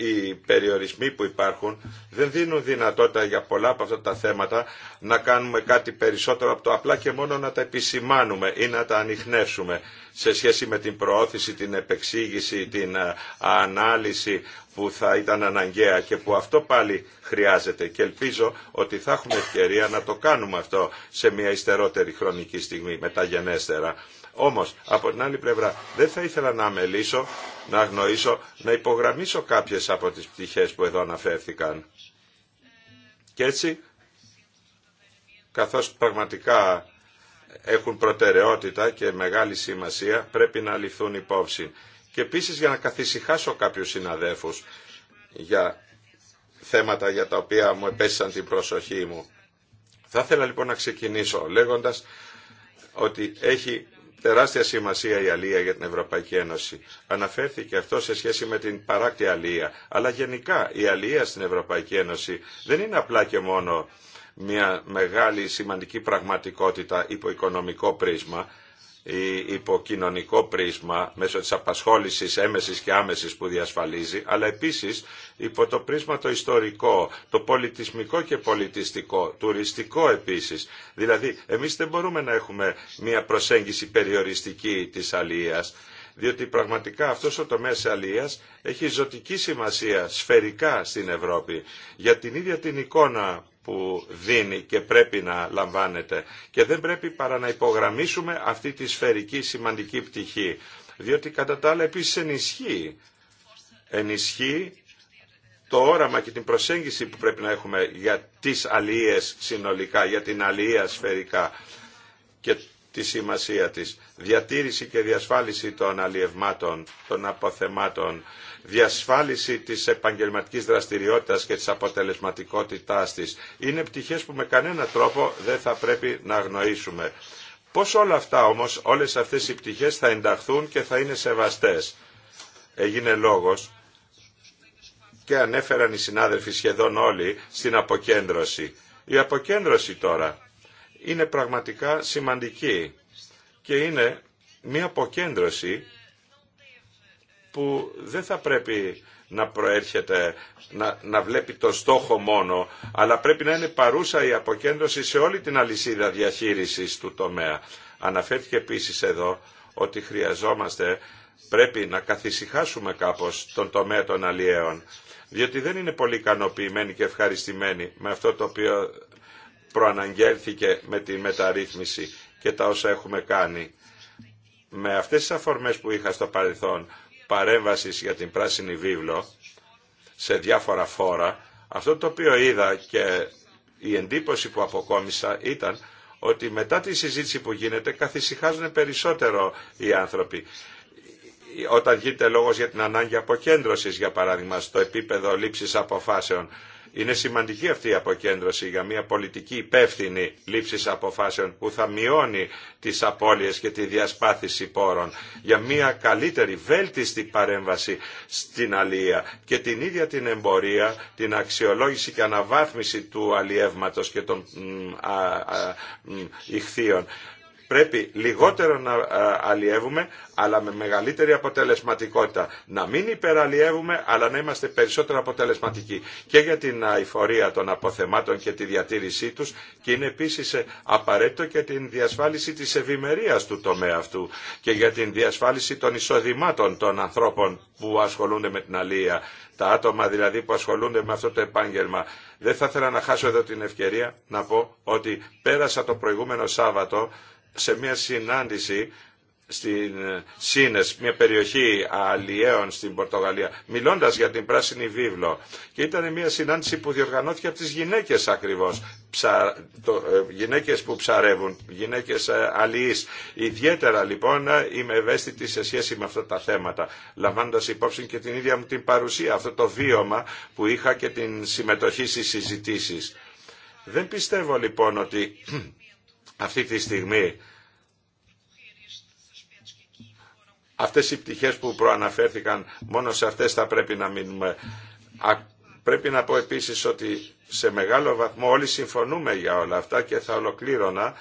οι περιορισμοί που υπάρχουν δεν δίνουν δυνατότητα για πολλά από αυτά τα θέματα να κάνουμε κάτι περισσότερο από το απλά και μόνο να τα επισημάνουμε ή να τα ανοιχνεύσουμε σε σχέση με την προώθηση, την επεξήγηση, την ε, ανάλυση που θα ήταν αναγκαία και που αυτό πάλι χρειάζεται και ελπίζω ότι θα έχουμε ευκαιρία να το κάνουμε αυτό σε μια υστερότερη χρονική στιγμή μεταγενέστερα. Όμως, από την άλλη πλευρά, δεν θα ήθελα να αμελήσω, να αγνοήσω, να υπογραμμίσω κάποιες από τις πτυχές που εδώ αναφέρθηκαν. Και έτσι, καθώς πραγματικά έχουν προτεραιότητα και μεγάλη σημασία, πρέπει να ληφθούν υπόψη. Και επίσης για να καθησυχάσω κάποιους συναδέφους για θέματα για τα οποία μου επέστησαν την προσοχή μου. Θα ήθελα λοιπόν να ξεκινήσω λέγοντας ότι έχει τεράστια σημασία η αλεία για την Ευρωπαϊκή Ένωση. Αναφέρθηκε αυτό σε σχέση με την παράκτη αλεία. Αλλά γενικά η αλεία στην Ευρωπαϊκή Ένωση δεν είναι απλά και μόνο μια μεγάλη σημαντική πραγματικότητα υπό οικονομικό πρίσμα κοινωνικό πρίσμα μέσω της απασχόλησης έμεσης και άμεσης που διασφαλίζει, αλλά επίσης υπό το πρίσμα το ιστορικό, το πολιτισμικό και πολιτιστικό, τουριστικό επίσης. Δηλαδή, εμείς δεν μπορούμε να έχουμε μια προσέγγιση περιοριστική της αλίας, διότι πραγματικά αυτός ο τομέας αλίας έχει ζωτική σημασία σφαιρικά στην Ευρώπη για την ίδια την εικόνα που δίνει και πρέπει να λαμβάνεται. Και δεν πρέπει παρά να υπογραμμίσουμε αυτή τη σφαιρική σημαντική πτυχή. Διότι κατά τα άλλα επίσης ενισχύει. Ενισχύει το όραμα και την προσέγγιση που πρέπει να έχουμε για τις αλίες συνολικά, για την αλία σφαιρικά και τη σημασία της. Διατήρηση και διασφάλιση των αλλοιευμάτων των αποθεμάτων διασφάλιση της επαγγελματικής δραστηριότητας και της αποτελεσματικότητάς της. Είναι πτυχές που με κανένα τρόπο δεν θα πρέπει να αγνοήσουμε. Πώς όλα αυτά όμως, όλες αυτές οι πτυχές θα ενταχθούν και θα είναι σεβαστές. Έγινε λόγος και ανέφεραν οι συνάδελφοι σχεδόν όλοι στην αποκέντρωση. Η αποκέντρωση τώρα είναι πραγματικά σημαντική και είναι μια αποκέντρωση που δεν θα πρέπει να προέρχεται, να, να βλέπει το στόχο μόνο, αλλά πρέπει να είναι παρούσα η αποκέντρωση σε όλη την αλυσίδα διαχείρισης του τομέα. Αναφέρθηκε επίσης εδώ ότι χρειαζόμαστε, πρέπει να καθησυχάσουμε κάπως τον τομέα των αλλιέων, διότι δεν είναι πολύ ικανοποιημένοι και ευχαριστημένοι με αυτό το οποίο προαναγγέλθηκε με τη μεταρρύθμιση και τα όσα έχουμε κάνει. Με αυτές τις αφορμές που είχα στο παρελθόν, παρέμβασης για την Πράσινη Βίβλο σε διάφορα φόρα, αυτό το οποίο είδα και η εντύπωση που αποκόμισα ήταν ότι μετά τη συζήτηση που γίνεται καθησυχάζουν περισσότερο οι άνθρωποι. Όταν γίνεται λόγος για την ανάγκη αποκέντρωσης, για παράδειγμα, στο επίπεδο λήψης αποφάσεων είναι σημαντική αυτή η αποκέντρωση για μια πολιτική υπεύθυνη λήψη αποφάσεων που θα μειώνει τι απώλειες και τη διασπάθηση πόρων για μια καλύτερη βέλτιστη παρέμβαση στην αλία και την ίδια την εμπορία, την αξιολόγηση και αναβάθμιση του αλιεύματο και των ηχθείων. Πρέπει λιγότερο να ε, αλλιεύουμε, αλλά με μεγαλύτερη αποτελεσματικότητα. Να μην υπεραλλιεύουμε, αλλά να είμαστε περισσότερο αποτελεσματικοί και για την αηφορία των αποθεμάτων και τη διατήρησή τους και είναι επίσης ε, απαραίτητο και την διασφάλιση της ευημερία του τομέα αυτού και για την διασφάλιση των εισοδημάτων των ανθρώπων που ασχολούνται με την αλληλεία. Τα άτομα δηλαδή που ασχολούνται με αυτό το επάγγελμα. Δεν θα ήθελα να χάσω εδώ την ευκαιρία να πω ότι πέρασα το προηγούμενο Σάββατο σε μια συνάντηση στην ε, Σίνες, μια περιοχή αλλιέων στην Πορτογαλία, μιλώντας για την Πράσινη Βίβλο. Και ήταν μια συνάντηση που διοργανώθηκε από τις γυναίκες ακριβώς, Ψα... Ε, γυναίκες που ψαρεύουν, γυναίκες ε, αλλιείς. Ιδιαίτερα λοιπόν είμαι ευαίσθητη σε σχέση με αυτά τα θέματα, λαμβάνοντας υπόψη και την ίδια μου την παρουσία, αυτό το βίωμα που είχα και την συμμετοχή στις συζητήσεις. Δεν πιστεύω λοιπόν ότι αυτή τη στιγμή αυτές οι πτυχές που προαναφέρθηκαν μόνο σε αυτές θα πρέπει να μείνουμε. Πρέπει να πω επίσης ότι σε μεγάλο βαθμό όλοι συμφωνούμε για όλα αυτά και θα ολοκλήρωνα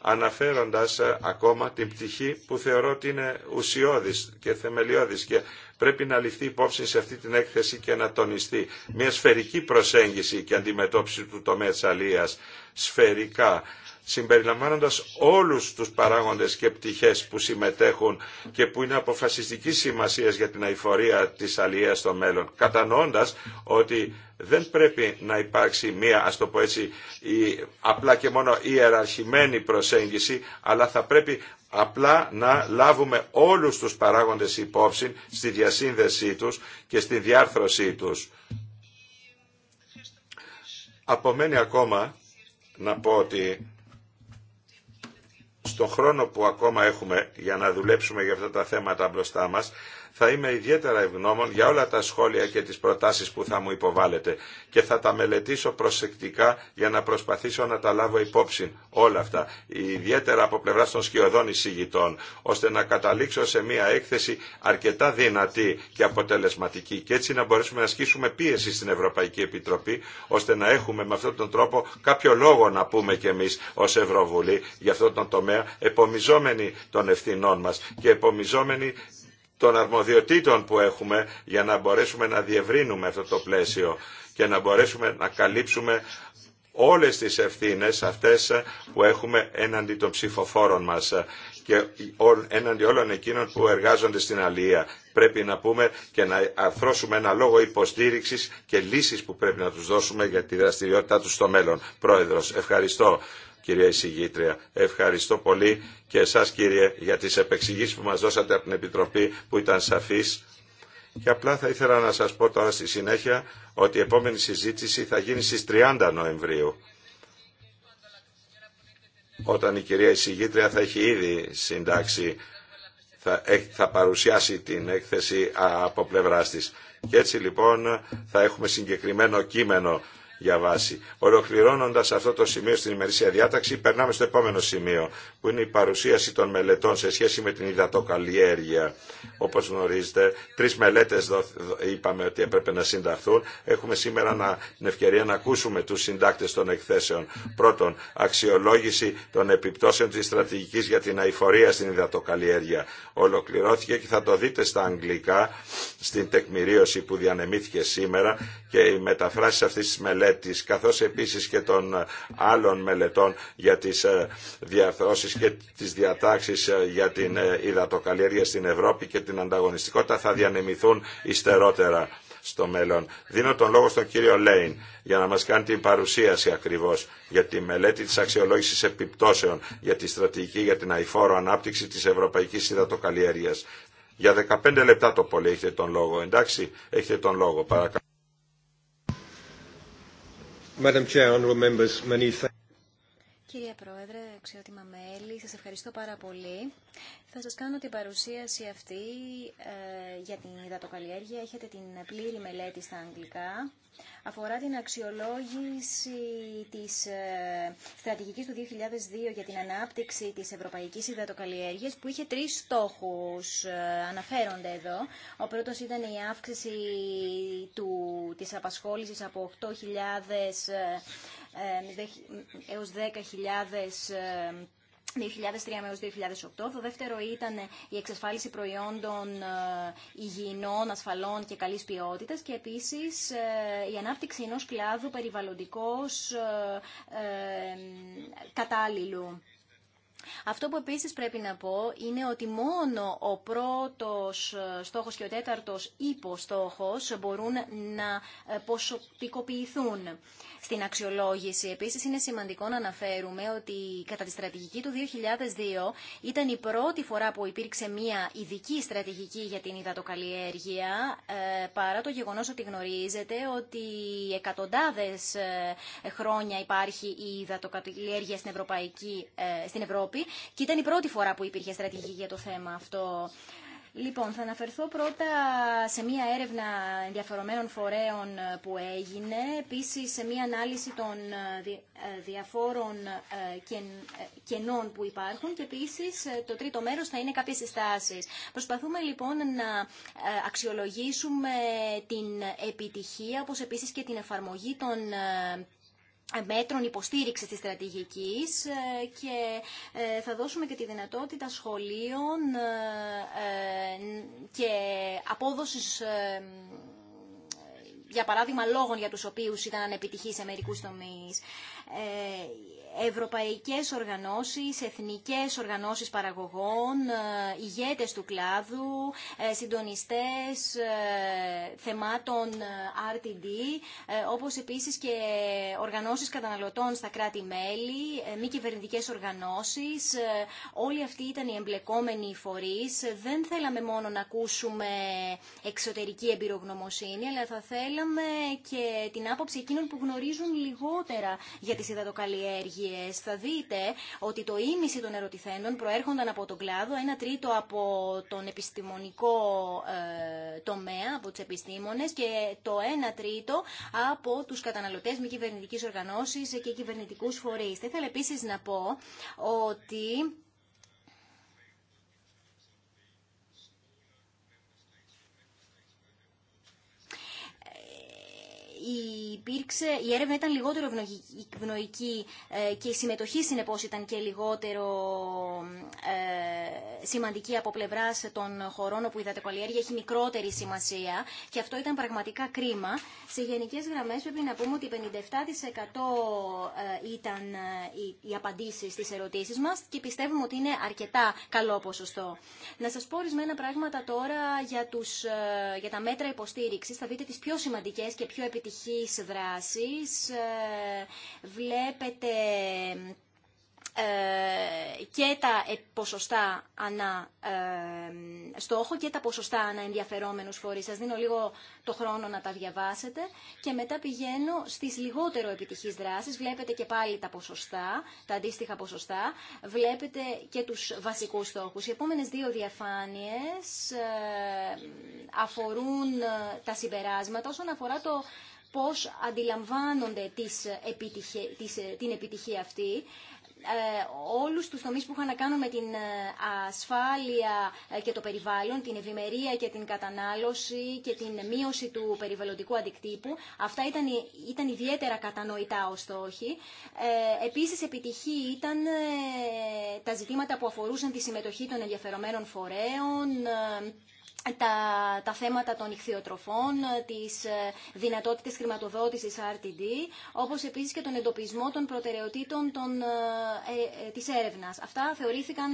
αναφέροντας ε, ακόμα την πτυχή που θεωρώ ότι είναι ουσιώδης και θεμελιώδης και πρέπει να ληφθεί υπόψη σε αυτή την έκθεση και να τονιστεί. Μια σφαιρική προσέγγιση και αντιμετώπιση του τομέα της αλίας σφαιρικά συμπεριλαμβάνοντας όλους τους παράγοντες και πτυχές που συμμετέχουν και που είναι αποφασιστική σημασία για την αηφορία της αλληλεία στο μέλλον, κατανοώντας ότι δεν πρέπει να υπάρξει μία, ας το πω έτσι, απλά και μόνο ιεραρχημένη προσέγγιση, αλλά θα πρέπει απλά να λάβουμε όλους τους παράγοντες υπόψη στη διασύνδεσή τους και στη διάρθρωσή τους. Απομένει ακόμα να πω ότι στον χρόνο που ακόμα έχουμε για να δουλέψουμε για αυτά τα θέματα μπροστά μας θα είμαι ιδιαίτερα ευγνώμων για όλα τα σχόλια και τις προτάσεις που θα μου υποβάλλετε και θα τα μελετήσω προσεκτικά για να προσπαθήσω να τα λάβω υπόψη όλα αυτά, ιδιαίτερα από πλευρά των σκιωδών εισηγητών, ώστε να καταλήξω σε μια έκθεση αρκετά δυνατή και αποτελεσματική και έτσι να μπορέσουμε να ασκήσουμε πίεση στην Ευρωπαϊκή Επιτροπή, ώστε να έχουμε με αυτόν τον τρόπο κάποιο λόγο να πούμε κι εμείς ως Ευρωβουλή για αυτόν τον τομέα, επομιζόμενοι των ευθυνών μας και επομιζόμενοι των αρμοδιοτήτων που έχουμε για να μπορέσουμε να διευρύνουμε αυτό το πλαίσιο και να μπορέσουμε να καλύψουμε όλες τις ευθύνες αυτές που έχουμε έναντι των ψηφοφόρων μας και έναντι όλων εκείνων που εργάζονται στην Αλία. Πρέπει να πούμε και να αρθρώσουμε ένα λόγο υποστήριξης και λύσεις που πρέπει να τους δώσουμε για τη δραστηριότητά τους στο μέλλον. Πρόεδρος, ευχαριστώ κυρία εισηγήτρια. Ευχαριστώ πολύ και εσάς κύριε για τις επεξηγήσεις που μας δώσατε από την Επιτροπή που ήταν σαφής. Και απλά θα ήθελα να σας πω τώρα στη συνέχεια ότι η επόμενη συζήτηση θα γίνει στις 30 Νοεμβρίου όταν η κυρία εισηγήτρια θα έχει ήδη συντάξει, θα, ε, θα παρουσιάσει την έκθεση από πλευρά τη. Και έτσι λοιπόν θα έχουμε συγκεκριμένο κείμενο για Ολοκληρώνοντα αυτό το σημείο στην ημερήσια διάταξη, περνάμε στο επόμενο σημείο, που είναι η παρουσίαση των μελετών σε σχέση με την υδατοκαλλιέργεια. Όπω γνωρίζετε, τρει μελέτε είπαμε ότι έπρεπε να συνταχθούν. Έχουμε σήμερα να, την ευκαιρία να ακούσουμε του συντάκτε των εκθέσεων. Πρώτον, αξιολόγηση των επιπτώσεων τη στρατηγική για την αηφορία στην υδατοκαλλιέργεια. Ολοκληρώθηκε και θα το δείτε στα αγγλικά, στην τεκμηρίωση που διανεμήθηκε σήμερα και οι μεταφράσει αυτή τη μελέτη μελέτης καθώς επίσης και των άλλων μελετών για τις ε, διαρθρώσεις και τις διατάξεις ε, για την ε, υδατοκαλλιέργεια στην Ευρώπη και την ανταγωνιστικότητα θα διανεμηθούν υστερότερα στο μέλλον. Δίνω τον λόγο στον κύριο Λέιν για να μας κάνει την παρουσίαση ακριβώς για τη μελέτη της αξιολόγησης επιπτώσεων για τη στρατηγική για την αηφόρο ανάπτυξη της Ευρωπαϊκής Ιδατοκαλλιέργειας. Για 15 λεπτά το πολύ έχετε τον λόγο, εντάξει, έχετε τον λόγο, παρακαλώ. Madam Chair, honourable members, many thanks. Κύριε Πρόεδρε, αξιότιμα μέλη, σας ευχαριστώ πάρα πολύ. Θα σας κάνω την παρουσίαση αυτή ε, για την υδατοκαλλιέργεια. Έχετε την πλήρη μελέτη στα αγγλικά. Αφορά την αξιολόγηση της ε, στρατηγικής του 2002 για την ανάπτυξη της ευρωπαϊκής υδατοκαλλιέργειας που είχε τρεις στόχους ε, αναφέρονται εδώ. Ο πρώτος ήταν η αύξηση του, της απασχόλησης από 8.000 ε, έως 10.000 2003 ε, έως 2008. Το δεύτερο ήταν η εξασφάλιση προϊόντων ε, υγιεινών, ασφαλών και καλής ποιότητας και επίσης η ανάπτυξη ενός κλάδου περιβαλλοντικός κατάλληλου. Αυτό που επίσης πρέπει να πω είναι ότι μόνο ο πρώτος στόχος και ο τέταρτος υποστόχος μπορούν να ε, ποσοτικοποιηθούν στην αξιολόγηση. Επίσης είναι σημαντικό να αναφέρουμε ότι κατά τη στρατηγική του 2002 ήταν η πρώτη φορά που υπήρξε μια ειδική στρατηγική για την υδατοκαλλιέργεια ε, παρά το γεγονός ότι γνωρίζετε ότι εκατοντάδες ε, χρόνια υπάρχει η υδατοκαλλιέργεια στην, Ευρωπαϊκή, στην Ευρώπη Ευρώπη και ήταν η πρώτη φορά που υπήρχε στρατηγική για το θέμα αυτό. Λοιπόν, θα αναφερθώ πρώτα σε μία έρευνα ενδιαφερομένων φορέων που έγινε, επίσης σε μία ανάλυση των ε, ε, διαφόρων ε, κενών που υπάρχουν και επίσης το τρίτο μέρος θα είναι κάποιες συστάσεις. Προσπαθούμε λοιπόν να αξιολογήσουμε την επιτυχία, όπως επίσης και την εφαρμογή των μέτρων υποστήριξης της στρατηγικής ε, και ε, θα δώσουμε και τη δυνατότητα σχολείων ε, και απόδοσης για παράδειγμα λόγων για τους οποίους ήταν ανεπιτυχή σε μερικούς τομείς ευρωπαϊκές οργανώσεις, εθνικές οργανώσεις παραγωγών, ε, ηγέτες του κλάδου, ε, συντονιστές ε, θεμάτων RTD, όπως επίσης και οργανώσεις καταναλωτών στα κράτη-μέλη, μη κυβερνητικέ οργανώσεις. Όλοι αυτοί ήταν οι εμπλεκόμενοι φορείς. Δεν θέλαμε μόνο να ακούσουμε εξωτερική εμπειρογνωμοσύνη, αλλά θα θέλαμε και την άποψη εκείνων που γνωρίζουν λιγότερα για τις υδατοκαλλιέργειες θα δείτε ότι το ίμιση των ερωτηθέντων προέρχονταν από τον κλάδο, ένα τρίτο από τον επιστημονικό ε, τομέα, από τους επιστήμονες και το ένα τρίτο από τους καταναλωτές μη κυβερνητικής οργανώσεις και κυβερνητικούς φορείς. Θα ήθελα επίσης να πω ότι η έρευνα ήταν λιγότερο ευνοϊκή ε, και η συμμετοχή συνεπώ ήταν και λιγότερο ε, σημαντική από πλευράς των χωρών όπου η δατεκολιέργεια έχει μικρότερη σημασία και αυτό ήταν πραγματικά κρίμα. Σε γενικέ γραμμές πρέπει να πούμε ότι 57% ε, ήταν οι απαντήσει στις ερωτήσει μας και πιστεύουμε ότι είναι αρκετά καλό ποσοστό. Να σα πω ορισμένα πράγματα τώρα για, τους, για τα μέτρα υποστήριξη. Θα δείτε τι πιο σημαντικέ και πιο επιτυχημένες συνεχής δράσης. Ε, βλέπετε ε, και τα ποσοστά ανά ε, στόχο και τα ποσοστά ανά ενδιαφερόμενους φορείς. Σας δίνω λίγο το χρόνο να τα διαβάσετε και μετά πηγαίνω στις λιγότερο επιτυχείς δράσεις. Βλέπετε και πάλι τα ποσοστά, τα αντίστοιχα ποσοστά. Βλέπετε και τους βασικούς στόχους. Οι επόμενες δύο διαφάνειες αφορούν τα συμπεράσματα όσον αφορά το πώς αντιλαμβάνονται τις ε, την επιτυχία αυτή ε, όλους τους τομείς που είχαν να κάνουν με την ε, ασφάλεια και το περιβάλλον, την ευημερία και την κατανάλωση και την μείωση του περιβαλλοντικού αντικτύπου. Αυτά ήταν, ήταν ιδιαίτερα κατανοητά ως στόχοι. Ε, επίσης επιτυχή ήταν τα ζητήματα που αφορούσαν τη συμμετοχή των ενδιαφερομένων φορέων, τα, τα θέματα των ηχθειοτροφών, τις ε, δυνατότητες χρηματοδότησης RTD, όπως επίσης και τον εντοπισμό των προτεραιοτήτων των, ε, ε, της έρευνας. Αυτά θεωρήθηκαν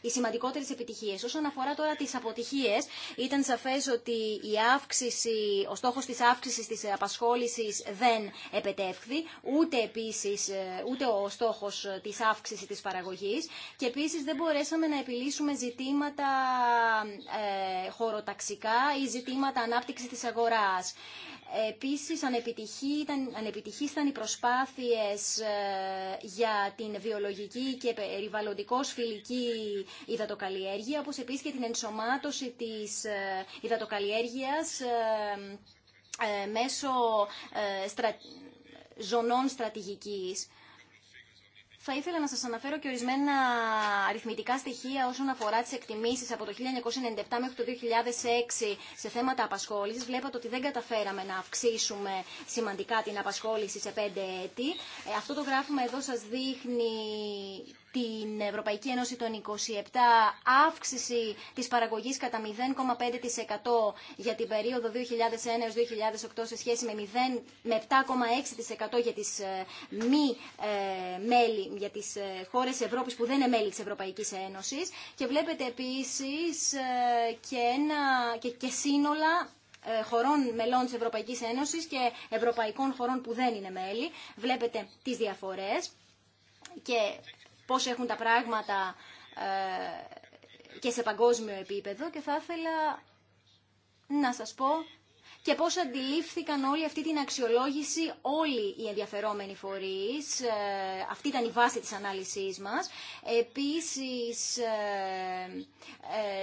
οι σημαντικότερες επιτυχίες. Όσον αφορά τώρα τις αποτυχίες, ήταν σαφές ότι η αύξηση, ο στόχος της αύξησης της απασχόλησης δεν επετεύχθη, ούτε επίσης, ούτε ο στόχος της αύξησης της παραγωγής και επίσης δεν μπορέσαμε να επιλύσουμε ζητήματα χωροταξικά ή ζητήματα ανάπτυξης της αγοράς. Επίσης, ανεπιτυχή ήταν, οι προσπάθειες ε, για την βιολογική και περιβαλλοντικώς φιλική υδατοκαλλιέργεια, όπως επίσης και την ενσωμάτωση της ε, υδατοκαλλιέργειας ε, μέσω ζωνών στρατηγικής. Θα ήθελα να σας αναφέρω και ορισμένα αριθμητικά στοιχεία όσον αφορά τις εκτιμήσεις από το 1997 μέχρι το 2006 σε θέματα απασχόλησης. Βλέπατε ότι δεν καταφέραμε να αυξήσουμε σημαντικά την απασχόληση σε πέντε έτη. Ε, αυτό το γράφουμε εδώ σας δείχνει την Ευρωπαϊκή Ένωση των 27 αύξηση της παραγωγής κατά 0,5% για την περίοδο 2001-2008 σε σχέση με, με 7,6% για τις ε, μη ε, μέλη, για τις ε, χώρες Ευρώπης που δεν είναι μέλη της Ευρωπαϊκής Ένωσης και βλέπετε επίσης και, ένα, και, και σύνολα χωρών μελών της Ευρωπαϊκής Ένωσης και ευρωπαϊκών χωρών που δεν είναι μέλη. Βλέπετε τις διαφορές και πώς έχουν τα πράγματα ε, και σε παγκόσμιο επίπεδο και θα ήθελα να σας πω και πώς αντιλήφθηκαν όλη αυτή την αξιολόγηση όλοι οι ενδιαφερόμενοι φορείς. Ε, αυτή ήταν η βάση της ανάλυσής μας. Επίσης, ε,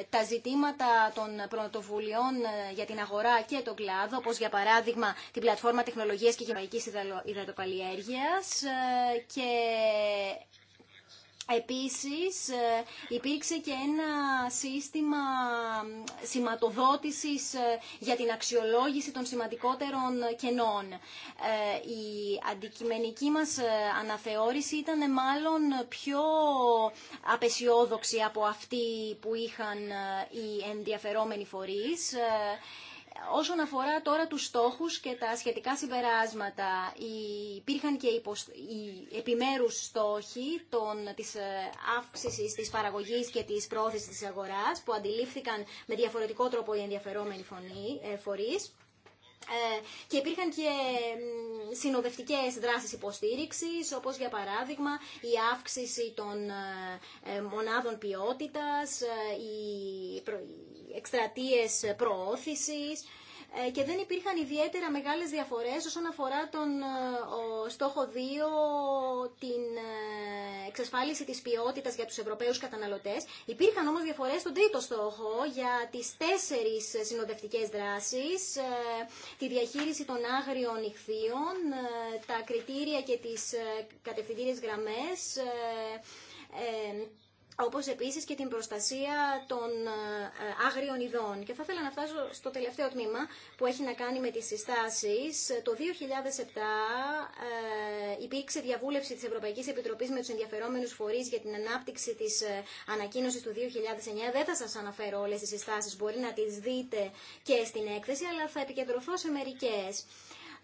τα ζητήματα των πρωτοβουλειών για την αγορά και τον κλάδο, όπως για παράδειγμα την πλατφόρμα τεχνολογίας και γεωμαϊκής ε, και Επίσης ε, υπήρξε και ένα σύστημα σηματοδότησης ε, για την αξιολόγηση των σημαντικότερων κενών. Ε, η αντικειμενική μας αναθεώρηση ήταν μάλλον πιο απεσιόδοξη από αυτή που είχαν οι ενδιαφερόμενοι φορείς όσον αφορά τώρα τους στόχους και τα σχετικά συμπεράσματα, υπήρχαν και οι επιμέρους στόχοι των, της ε, αύξησης της παραγωγής και της πρόθεσης της αγοράς, που αντιλήφθηκαν με διαφορετικό τρόπο οι ενδιαφερόμενοι ε, φορείς. Ε, και υπήρχαν και συνοδευτικές δράσεις υποστήριξη, όπως για παράδειγμα η αύξηση των ε, ε, μονάδων ποιότητας, οι εκστρατείε προώθησης, ε, και δεν υπήρχαν ιδιαίτερα μεγάλες διαφορές όσον αφορά τον ε, στόχο 2, την ε, εξασφάλιση της ποιότητας για τους Ευρωπαίους καταναλωτές. Υπήρχαν όμως διαφορές στον τρίτο στόχο για τις τέσσερις συνοδευτικές δράσεις, τη διαχείριση των άγριων ηχθείων, τα κριτήρια και τις κατευθυντήριες γραμμές, όπως επίσης και την προστασία των ε, άγριων ειδών. Και θα ήθελα να φτάσω στο τελευταίο τμήμα που έχει να κάνει με τις συστάσεις. Το 2007 ε, υπήρξε διαβούλευση της Ευρωπαϊκής Επιτροπής με τους ενδιαφερόμενους φορείς για την ανάπτυξη της ε, ανακοίνωσης του 2009. Δεν θα σας αναφέρω όλες τις συστάσεις, μπορεί να τις δείτε και στην έκθεση, αλλά θα επικεντρωθώ σε μερικές.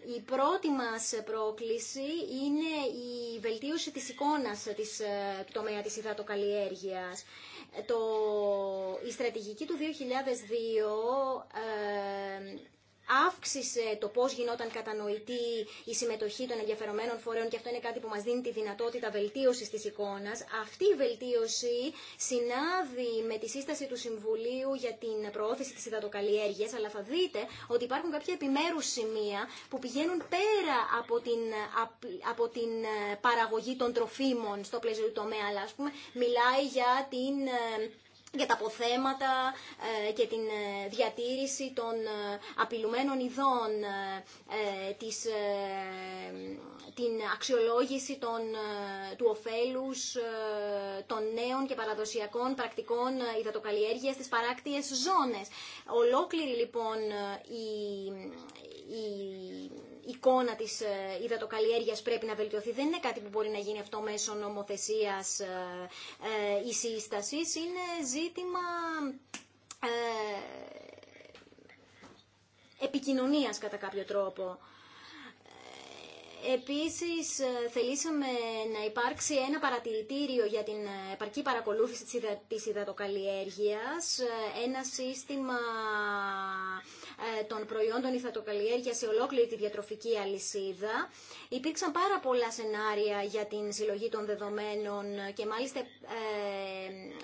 Η πρώτη μας πρόκληση είναι η βελτίωση της εικόνας της ε, τομέα της υδατοκαλλιέργειας. Ε, το, η στρατηγική του 2002 αύξησε το πώς γινόταν κατανοητή η συμμετοχή των ενδιαφερομένων φορέων και αυτό είναι κάτι που μας δίνει τη δυνατότητα βελτίωσης τη εικόνα. Αυτή η βελτίωση συνάδει με τη σύσταση του Συμβουλίου για την προώθηση της υδατοκαλλιέργεια, αλλά θα δείτε ότι υπάρχουν κάποια επιμέρους σημεία που πηγαίνουν πέρα από την, από την ε, παραγωγή των τροφίμων στο πλαίσιο του τομέα, αλλά α πούμε μιλάει για την ε, για τα αποθέματα ε, και την ε, διατήρηση των ε, απειλουμένων ειδών, της, την αξιολόγηση των, του ωφέλους των νέων και παραδοσιακών πρακτικών υδατοκαλλιέργειας στις παράκτιες ζώνες. Ολόκληρη λοιπόν η, η εικόνα της ε, υδατοκαλλιέργειας πρέπει να βελτιωθεί. Δεν είναι κάτι που μπορεί να γίνει αυτό μέσω νομοθεσίας ε, ε, ή σύστασης. Είναι ζήτημα επικοινωνίας κατά κάποιο τρόπο. Επίσης, ε, θελήσαμε να υπάρξει ένα παρατηρητήριο για την ε, επαρκή παρακολούθηση της, υδατοκαλλιέργειας, ε, ένα σύστημα των προϊόντων υδατοκαλλιέργειας σε ολόκληρη τη διατροφική αλυσίδα. Υπήρξαν πάρα πολλά σενάρια για την συλλογή των δεδομένων και μάλιστα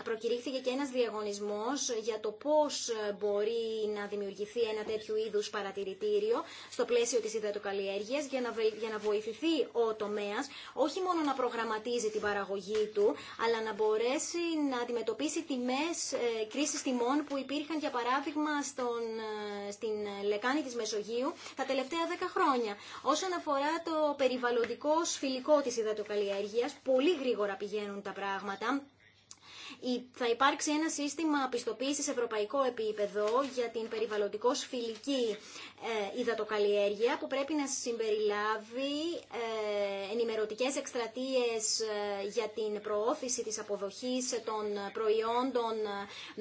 προκηρύχθηκε και ένας διαγωνισμός για το πώς μπορεί να δημιουργηθεί ένα τέτοιου είδους παρατηρητήριο στο πλαίσιο της υδατοκαλλιέργειας για να βοηθηθεί ο τομέα, όχι μόνο να προγραμματίζει την παραγωγή του, αλλά να μπορέσει να αντιμετωπίσει τιμές, ε, κρίση τιμών που υπήρχαν για παράδειγμα στον, ε, στην λεκάνη της Μεσογείου τα τελευταία 10 χρόνια. Όσον αφορά το περιβαλλοντικό σφυλικό της υδατοκαλλιέργεια, πολύ γρήγορα πηγαίνουν τα πράγματα θα υπάρξει ένα σύστημα πιστοποίηση σε ευρωπαϊκό επίπεδο για την περιβαλλοντικό φιλική ε, υδατοκαλλιέργεια που πρέπει να συμπεριλάβει ε, ενημερωτικές εκστρατείες ε, για την προώθηση της αποδοχής των προϊόντων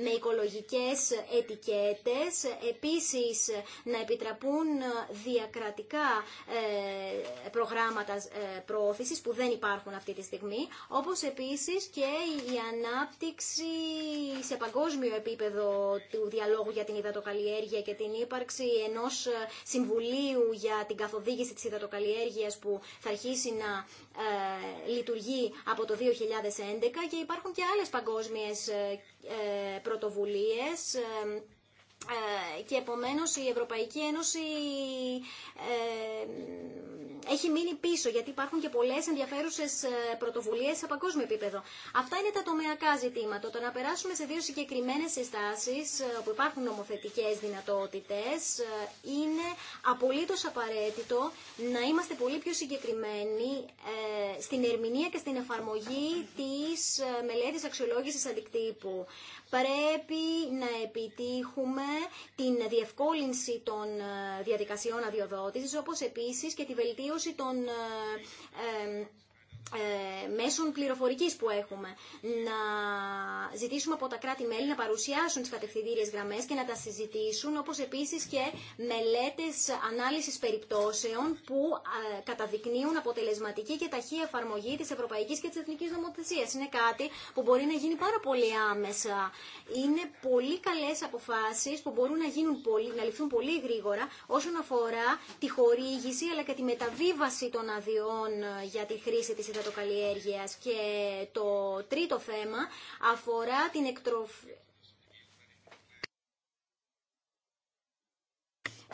με οικολογικές ετικέτες. Επίσης να επιτραπούν διακρατικά προγράμματα προώθησης που δεν υπάρχουν αυτή τη στιγμή, όπως επίσης και η ανάπτυξη σε παγκόσμιο επίπεδο του διαλόγου για την υδατοκαλλιέργεια και την ύπαρξη ενός ε, συμβουλίου για την καθοδήγηση της υδατοκαλλιέργειας που θα αρχίσει να ε, λειτουργεί από το 2011 και υπάρχουν και άλλες παγκόσμιες ε, ε πρωτοβουλίες ε, ε, και επομένως η Ευρωπαϊκή Ένωση έχει μείνει πίσω, γιατί υπάρχουν και πολλέ ενδιαφέρουσε ε, πρωτοβουλίε σε παγκόσμιο επίπεδο. Αυτά είναι τα τομεακά ζητήματα. Το να περάσουμε σε δύο συγκεκριμένε συστάσει, ε, όπου υπάρχουν νομοθετικέ δυνατότητε, ε, είναι απολύτω απαραίτητο να είμαστε πολύ πιο συγκεκριμένοι στην ερμηνεία και στην εφαρμογή τη μελέτη αξιολόγηση αντικτύπου. Πρέπει να επιτύχουμε την διευκόλυνση των διαδικασιών αδειοδότηση, όπω επίση και τη βελτίωση ολοκλήρωση ε, ε ε, μέσων πληροφορικής που έχουμε. Να ζητήσουμε από τα κράτη-μέλη να παρουσιάσουν τις κατευθυντήριες γραμμές και να τα συζητήσουν, όπως επίσης και μελέτες ανάλυσης περιπτώσεων που ε, καταδεικνύουν αποτελεσματική και ταχύη εφαρμογή της ευρωπαϊκής και της εθνικής νομοθεσίας. Είναι κάτι που μπορεί να γίνει πάρα πολύ άμεσα. Είναι πολύ καλές αποφάσεις που μπορούν να, γίνουν πολύ, να ληφθούν πολύ γρήγορα όσον αφορά τη χορήγηση αλλά και τη μεταβίβαση των αδειών ε, για τη χρήση της υδατοκαλλιέργειας. Και το τρίτο θέμα αφορά την εκτροφή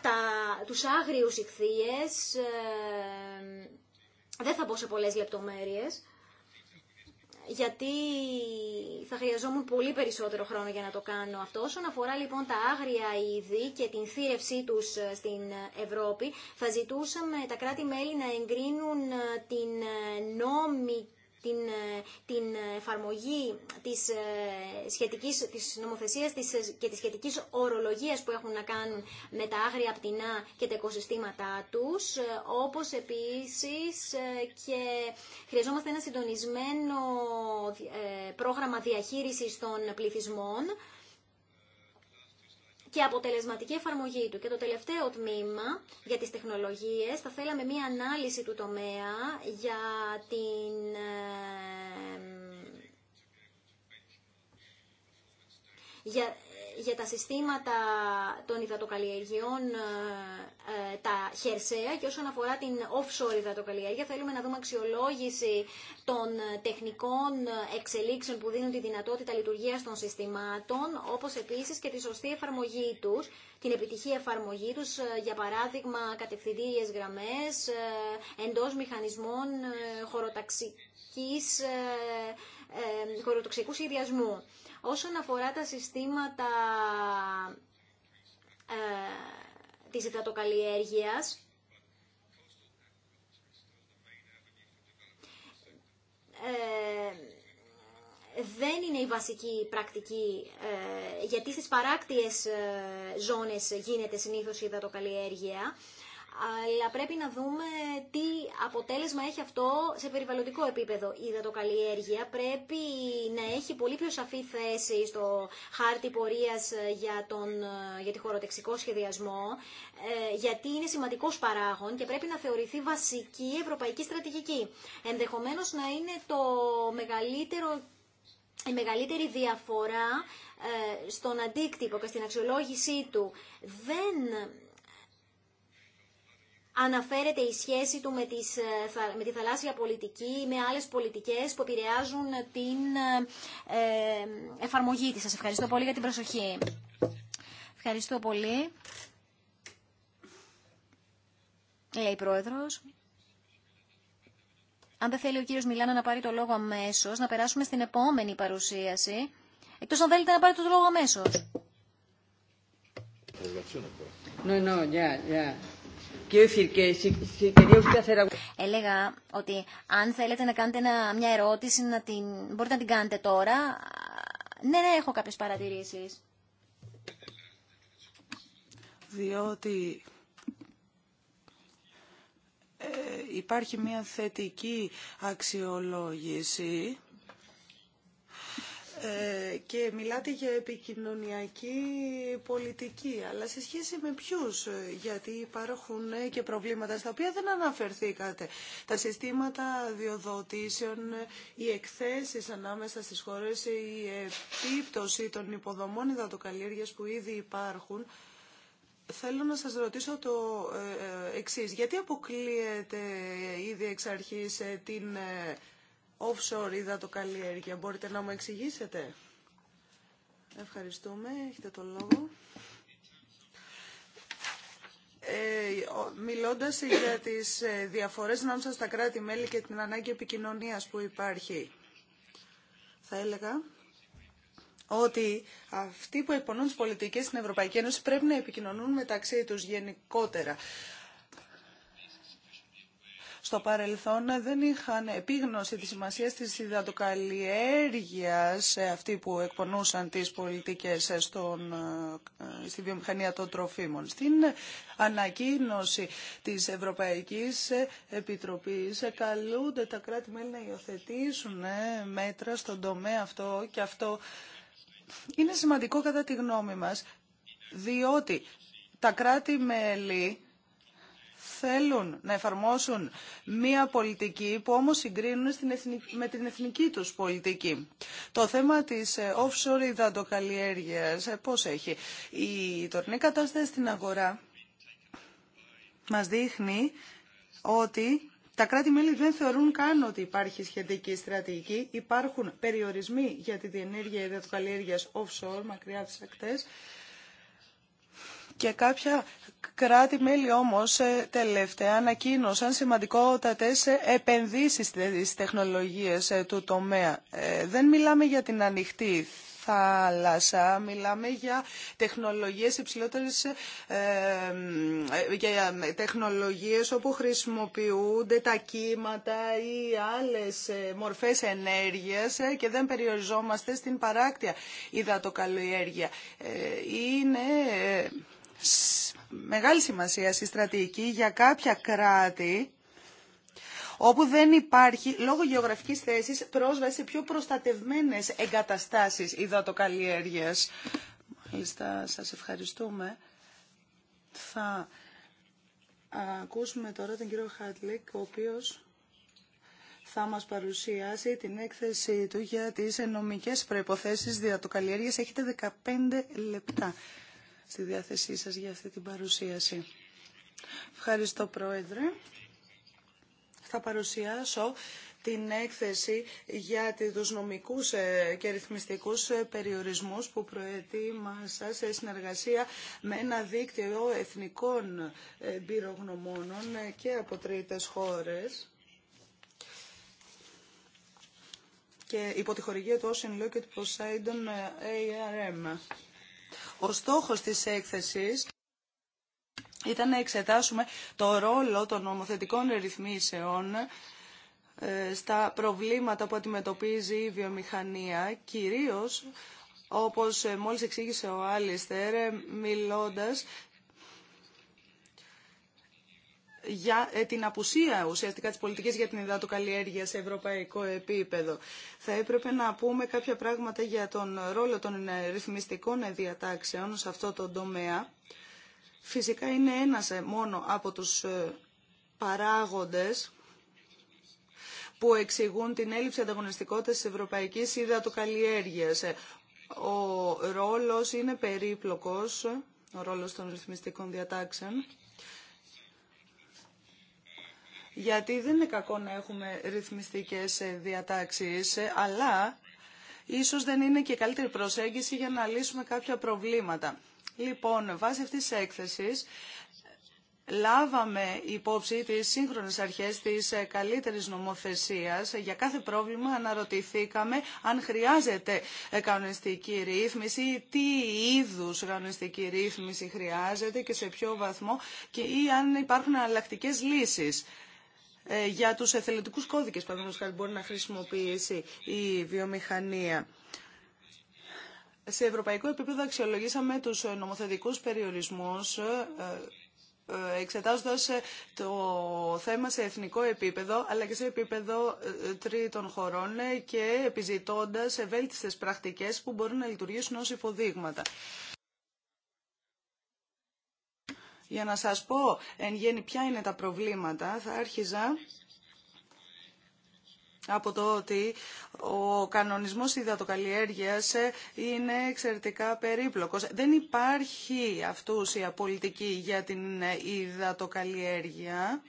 Τα, τους άγριους ηχθείες, ε, δεν θα πω σε πολλές λεπτομέρειες, γιατί θα χρειαζόμουν πολύ περισσότερο χρόνο για να το κάνω αυτό. Όσον αφορά λοιπόν τα άγρια είδη και την θύρευσή τους ε, στην Ευρώπη, θα ζητούσαμε τα κράτη-μέλη να εγκρίνουν ε, την ε, νόμη την, ε, την ε, εφαρμογή της ε, σχετικής της νομοθεσίας και της σχετικής ορολογίας που έχουν να κάνουν με τα άγρια πτηνά και τα οικοσυστήματά τους, όπως επίσης και χρειαζόμαστε ένα συντονισμένο πρόγραμμα διαχείρισης των πληθυσμών, και αποτελεσματική εφαρμογή του. Και το τελευταίο τμήμα για τις τεχνολογίες, θα θέλαμε μία ανάλυση του τομέα για την για, τα συστήματα των υδατοκαλλιεργειών, ε, ε, τα χερσαία και όσον αφορά την offshore υδατοκαλλιέργεια θέλουμε να δούμε αξιολόγηση των τεχνικών εξελίξεων που δίνουν τη δυνατότητα λειτουργίας των συστημάτων, όπως επίσης και τη σωστή εφαρμογή τους, την επιτυχή εφαρμογή τους, ε, για παράδειγμα κατευθυντήριες γραμμές, εντός μηχανισμών χωροταξικής χωροτοξικού σχεδιασμού. Όσον αφορά τα συστήματα ε, της υδατοκαλλιέργειας, ε, δεν είναι η βασική πρακτική, ε, γιατί στις παράκτιες ε, ζώνες γίνεται συνήθως η υδατοκαλλιέργεια αλλά πρέπει να δούμε τι αποτέλεσμα έχει αυτό σε περιβαλλοντικό επίπεδο. Η υδατοκαλλιέργεια πρέπει να έχει πολύ πιο σαφή θέση στο χάρτη πορείας ε, για, τον, ε, για τη χωροτεξικό σχεδιασμό, ε, γιατί είναι σημαντικός παράγων και πρέπει να θεωρηθεί βασική ευρωπαϊκή στρατηγική. Ενδεχομένως να είναι το μεγαλύτερο η μεγαλύτερη διαφορά στον αντίκτυπο και στην αξιολόγησή του. Δεν αναφέρεται η σχέση του με, τις, ε, με τη θαλάσσια πολιτική, με άλλες πολιτικές που επηρεάζουν την ε, εφαρμογή της. Σας ευχαριστώ πολύ για την προσοχή. Ευχαριστώ πολύ. Λέει Πρόεδρος. Αν δεν θέλει ο κύριος Μιλάνα να πάρει το λόγο αμέσως, να περάσουμε στην επόμενη παρουσίαση. Εκτός αν θέλετε να πάρει το λόγο αμέσως. No, no, yeah, yeah. Έλεγα ότι αν θέλετε να κάνετε μια ερώτηση, να την... μπορείτε να την κάνετε τώρα. Ναι, ναι έχω κάποιες παρατηρήσεις. Διότι ε, υπάρχει μια θετική αξιολόγηση ε, και μιλάτε για επικοινωνιακή πολιτική, αλλά σε σχέση με ποιους, ε, γιατί υπάρχουν ε, και προβλήματα στα οποία δεν αναφερθήκατε. Τα συστήματα διοδοτήσεων, οι εκθέσεις ανάμεσα στις χώρες, η επίπτωση των υποδομών υδατοκαλλιέργειας που ήδη υπάρχουν, Θέλω να σας ρωτήσω το εξής. Γιατί αποκλείεται ήδη εξ αρχής την offshore υδατοκαλλιέργεια. Μπορείτε να μου εξηγήσετε. Ευχαριστούμε. Έχετε το λόγο. Ε, μιλώντας για τις ε, διαφορές ανάμεσα στα κράτη-μέλη και την ανάγκη επικοινωνίας που υπάρχει, θα έλεγα ότι αυτοί που εκπονούν τις πολιτικές στην Ευρωπαϊκή Ένωση πρέπει να επικοινωνούν μεταξύ τους γενικότερα στο παρελθόν δεν είχαν επίγνωση της σημασίας της υδατοκαλλιέργειας αυτή που εκπονούσαν τις πολιτικές στον, ε, στη βιομηχανία των τροφίμων. Στην ανακοίνωση της Ευρωπαϊκής Επιτροπής καλούνται τα κράτη-μέλη να υιοθετήσουν ε, μέτρα στον τομέα αυτό και αυτό είναι σημαντικό κατά τη γνώμη μας, διότι τα κράτη-μέλη θέλουν να εφαρμόσουν μία πολιτική που όμως συγκρίνουν με την εθνική τους πολιτική. Το θέμα της ε, offshore υδατοκαλλιέργειας ε, πώς έχει. Η τωρινή κατάσταση στην αγορά μας δείχνει ότι τα κράτη-μέλη δεν θεωρούν καν ότι υπάρχει σχετική στρατηγική. Υπάρχουν περιορισμοί για τη διενέργεια υδατοκαλλιέργειας offshore, μακριά από τις ακτές. Και κάποια κράτη-μέλη όμως ε, τελευταία ανακοίνωσαν σημαντικότατες ε, επενδύσεις στις τεχνολογίες ε, του τομέα. Δεν μιλάμε για την ανοιχτή θάλασσα, μιλάμε για τεχνολογίες υψηλότερες, για τεχνολογίες όπου χρησιμοποιούνται τα κύματα ή άλλες μορφές ενέργειας και δεν περιοριζόμαστε στην παράκτεια υδατοκαλλιέργεια. Είναι μεγάλη σημασία στη στρατηγική για κάποια κράτη όπου δεν υπάρχει λόγω γεωγραφικής θέσης πρόσβαση σε πιο προστατευμένες εγκαταστάσεις υδατοκαλλιέργειας. Μάλιστα, σας ευχαριστούμε. Θα ακούσουμε τώρα τον κύριο Χάτλικ, ο οποίος θα μας παρουσιάσει την έκθεση του για τις νομικές προϋποθέσεις διατοκαλλιέργειας. Έχετε 15 λεπτά στη διάθεσή σας για αυτή την παρουσίαση. Ευχαριστώ Πρόεδρε. Θα παρουσιάσω την έκθεση για τους νομικούς ε, και ρυθμιστικούς ε, περιορισμούς που προετοίμασα σε συνεργασία με ένα δίκτυο εθνικών ε, εμπειρογνωμόνων και από τρίτες χώρες και υπό τη χορηγία του Ocean Law και Poseidon ARM. Ο στόχος της έκθεσης ήταν να εξετάσουμε το ρόλο των νομοθετικών ρυθμίσεων ε, στα προβλήματα που αντιμετωπίζει η βιομηχανία, κυρίως όπως μόλις εξήγησε ο Άλιστερ, ε, μιλώντας για ε, την απουσία ουσιαστικά της πολιτικής για την υδατοκαλλιέργεια σε ευρωπαϊκό επίπεδο. Θα έπρεπε να πούμε κάποια πράγματα για τον ρόλο των ε, ρυθμιστικών ε, διατάξεων σε αυτό το τομέα. Φυσικά είναι ένας μόνο από τους παράγοντες που εξηγούν την έλλειψη ανταγωνιστικότητας της ευρωπαϊκής υδατοκαλλιέργειας. Ο ρόλος είναι περίπλοκος, ο ρόλος των ρυθμιστικών διατάξεων γιατί δεν είναι κακό να έχουμε ρυθμιστικές ε, διατάξεις, ε, αλλά ίσως δεν είναι και καλύτερη προσέγγιση για να λύσουμε κάποια προβλήματα. Λοιπόν, βάσει αυτής της έκθεσης, λάβαμε υπόψη τις σύγχρονες αρχές της ε, καλύτερης νομοθεσίας. Για κάθε πρόβλημα αναρωτηθήκαμε αν χρειάζεται κανονιστική ρύθμιση, τι είδους κανονιστική ρύθμιση χρειάζεται και σε ποιο βαθμό και ή αν υπάρχουν αλλακτικές λύσεις. Ε, για τους εθελοντικούς κώδικες, που μπορεί να χρησιμοποιήσει η βιομηχανία. Σε ευρωπαϊκό επίπεδο αξιολογήσαμε τους νομοθετικούς περιορισμούς ε, ε, εξετάζοντας το θέμα σε εθνικό επίπεδο αλλά και σε επίπεδο τρίτων χωρών και επιζητώντας ευέλτιστες πρακτικές που μπορούν να λειτουργήσουν ως υποδείγματα. Για να σας πω εν γέννη ποια είναι τα προβλήματα, θα άρχιζα από το ότι ο κανονισμός υδατοκαλλιέργειας είναι εξαιρετικά περίπλοκος. Δεν υπάρχει η πολιτική για την υδατοκαλλιέργεια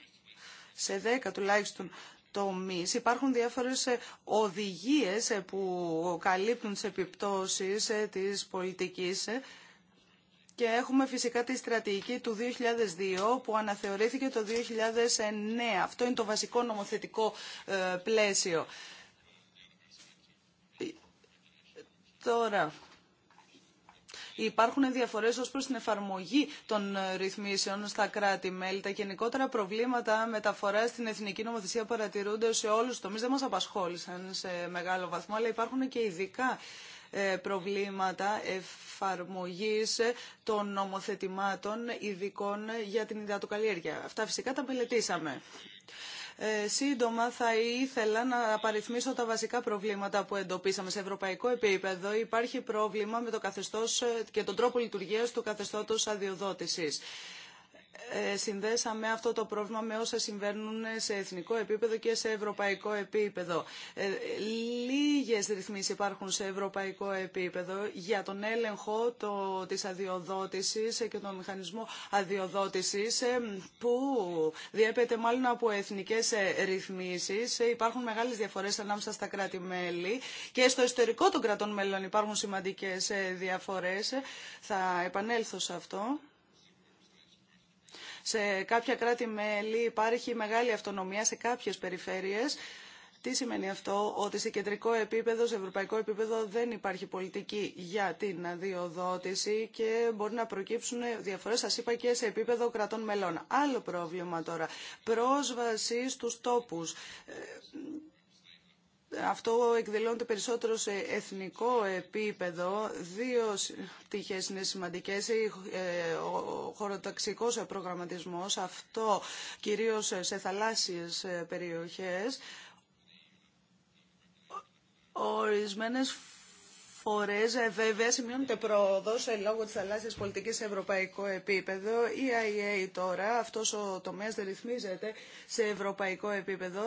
σε δέκα τουλάχιστον τομείς. Υπάρχουν διάφορες οδηγίες που καλύπτουν τις επιπτώσεις της πολιτικής και έχουμε φυσικά τη στρατηγική του 2002 που αναθεωρήθηκε το 2009. Αυτό είναι το βασικό νομοθετικό ε, πλαίσιο. Ε, τώρα, Υπάρχουν διαφορέ ω προ την εφαρμογή των ε, ρυθμίσεων στα κράτη-μέλη. Τα γενικότερα προβλήματα μεταφορά στην εθνική νομοθεσία παρατηρούνται σε όλου του τομεί. Δεν μα απασχόλησαν σε μεγάλο βαθμό, αλλά υπάρχουν και ειδικά ε, προβλήματα εφαρμογής των νομοθετημάτων ειδικών για την υδατοκαλλιέργεια. Αυτά φυσικά τα μελετήσαμε. Ε, σύντομα θα ήθελα να απαριθμίσω τα βασικά προβλήματα που εντοπίσαμε σε ευρωπαϊκό επίπεδο. Υπάρχει πρόβλημα με το καθεστώς και τον τρόπο λειτουργίας του καθεστώτος αδειοδότησης. Ε, συνδέσαμε αυτό το πρόβλημα με όσα συμβαίνουν σε εθνικό επίπεδο και σε ευρωπαϊκό επίπεδο. Ε, λίγες ρυθμίσεις υπάρχουν σε ευρωπαϊκό επίπεδο για τον έλεγχο το, της αδειοδότησης και τον μηχανισμό αδειοδότησης ε, που διέπεται μάλλον από εθνικές ρυθμίσεις. Υπάρχουν μεγάλες διαφορές ανάμεσα στα κράτη-μέλη και στο ιστορικό των κρατών μέλων υπάρχουν σημαντικές διαφορές. Θα επανέλθω σε αυτό. Σε κάποια κράτη-μέλη υπάρχει μεγάλη αυτονομία σε κάποιες περιφέρειες. Τι σημαίνει αυτό, ότι σε κεντρικό επίπεδο, σε ευρωπαϊκό επίπεδο δεν υπάρχει πολιτική για την αδειοδότηση και μπορεί να προκύψουν διαφορές, σας είπα, και σε επίπεδο κρατών μελών. Άλλο πρόβλημα τώρα, πρόσβαση στους τόπους ε, αυτό εκδηλώνεται περισσότερο σε εθνικό επίπεδο. Δύο πτυχές είναι σημαντικές. Ε, ο χωροταξικός προγραμματισμός, αυτό κυρίως σε θαλάσσιες ε, περιοχές. Ορισμένες φορές ε, βέβαια σημειώνεται πρόοδος ε, λόγω της θαλάσσια πολιτικής σε ευρωπαϊκό επίπεδο. Η IA τώρα, αυτό ο τομέας δεν ρυθμίζεται σε ευρωπαϊκό επίπεδο.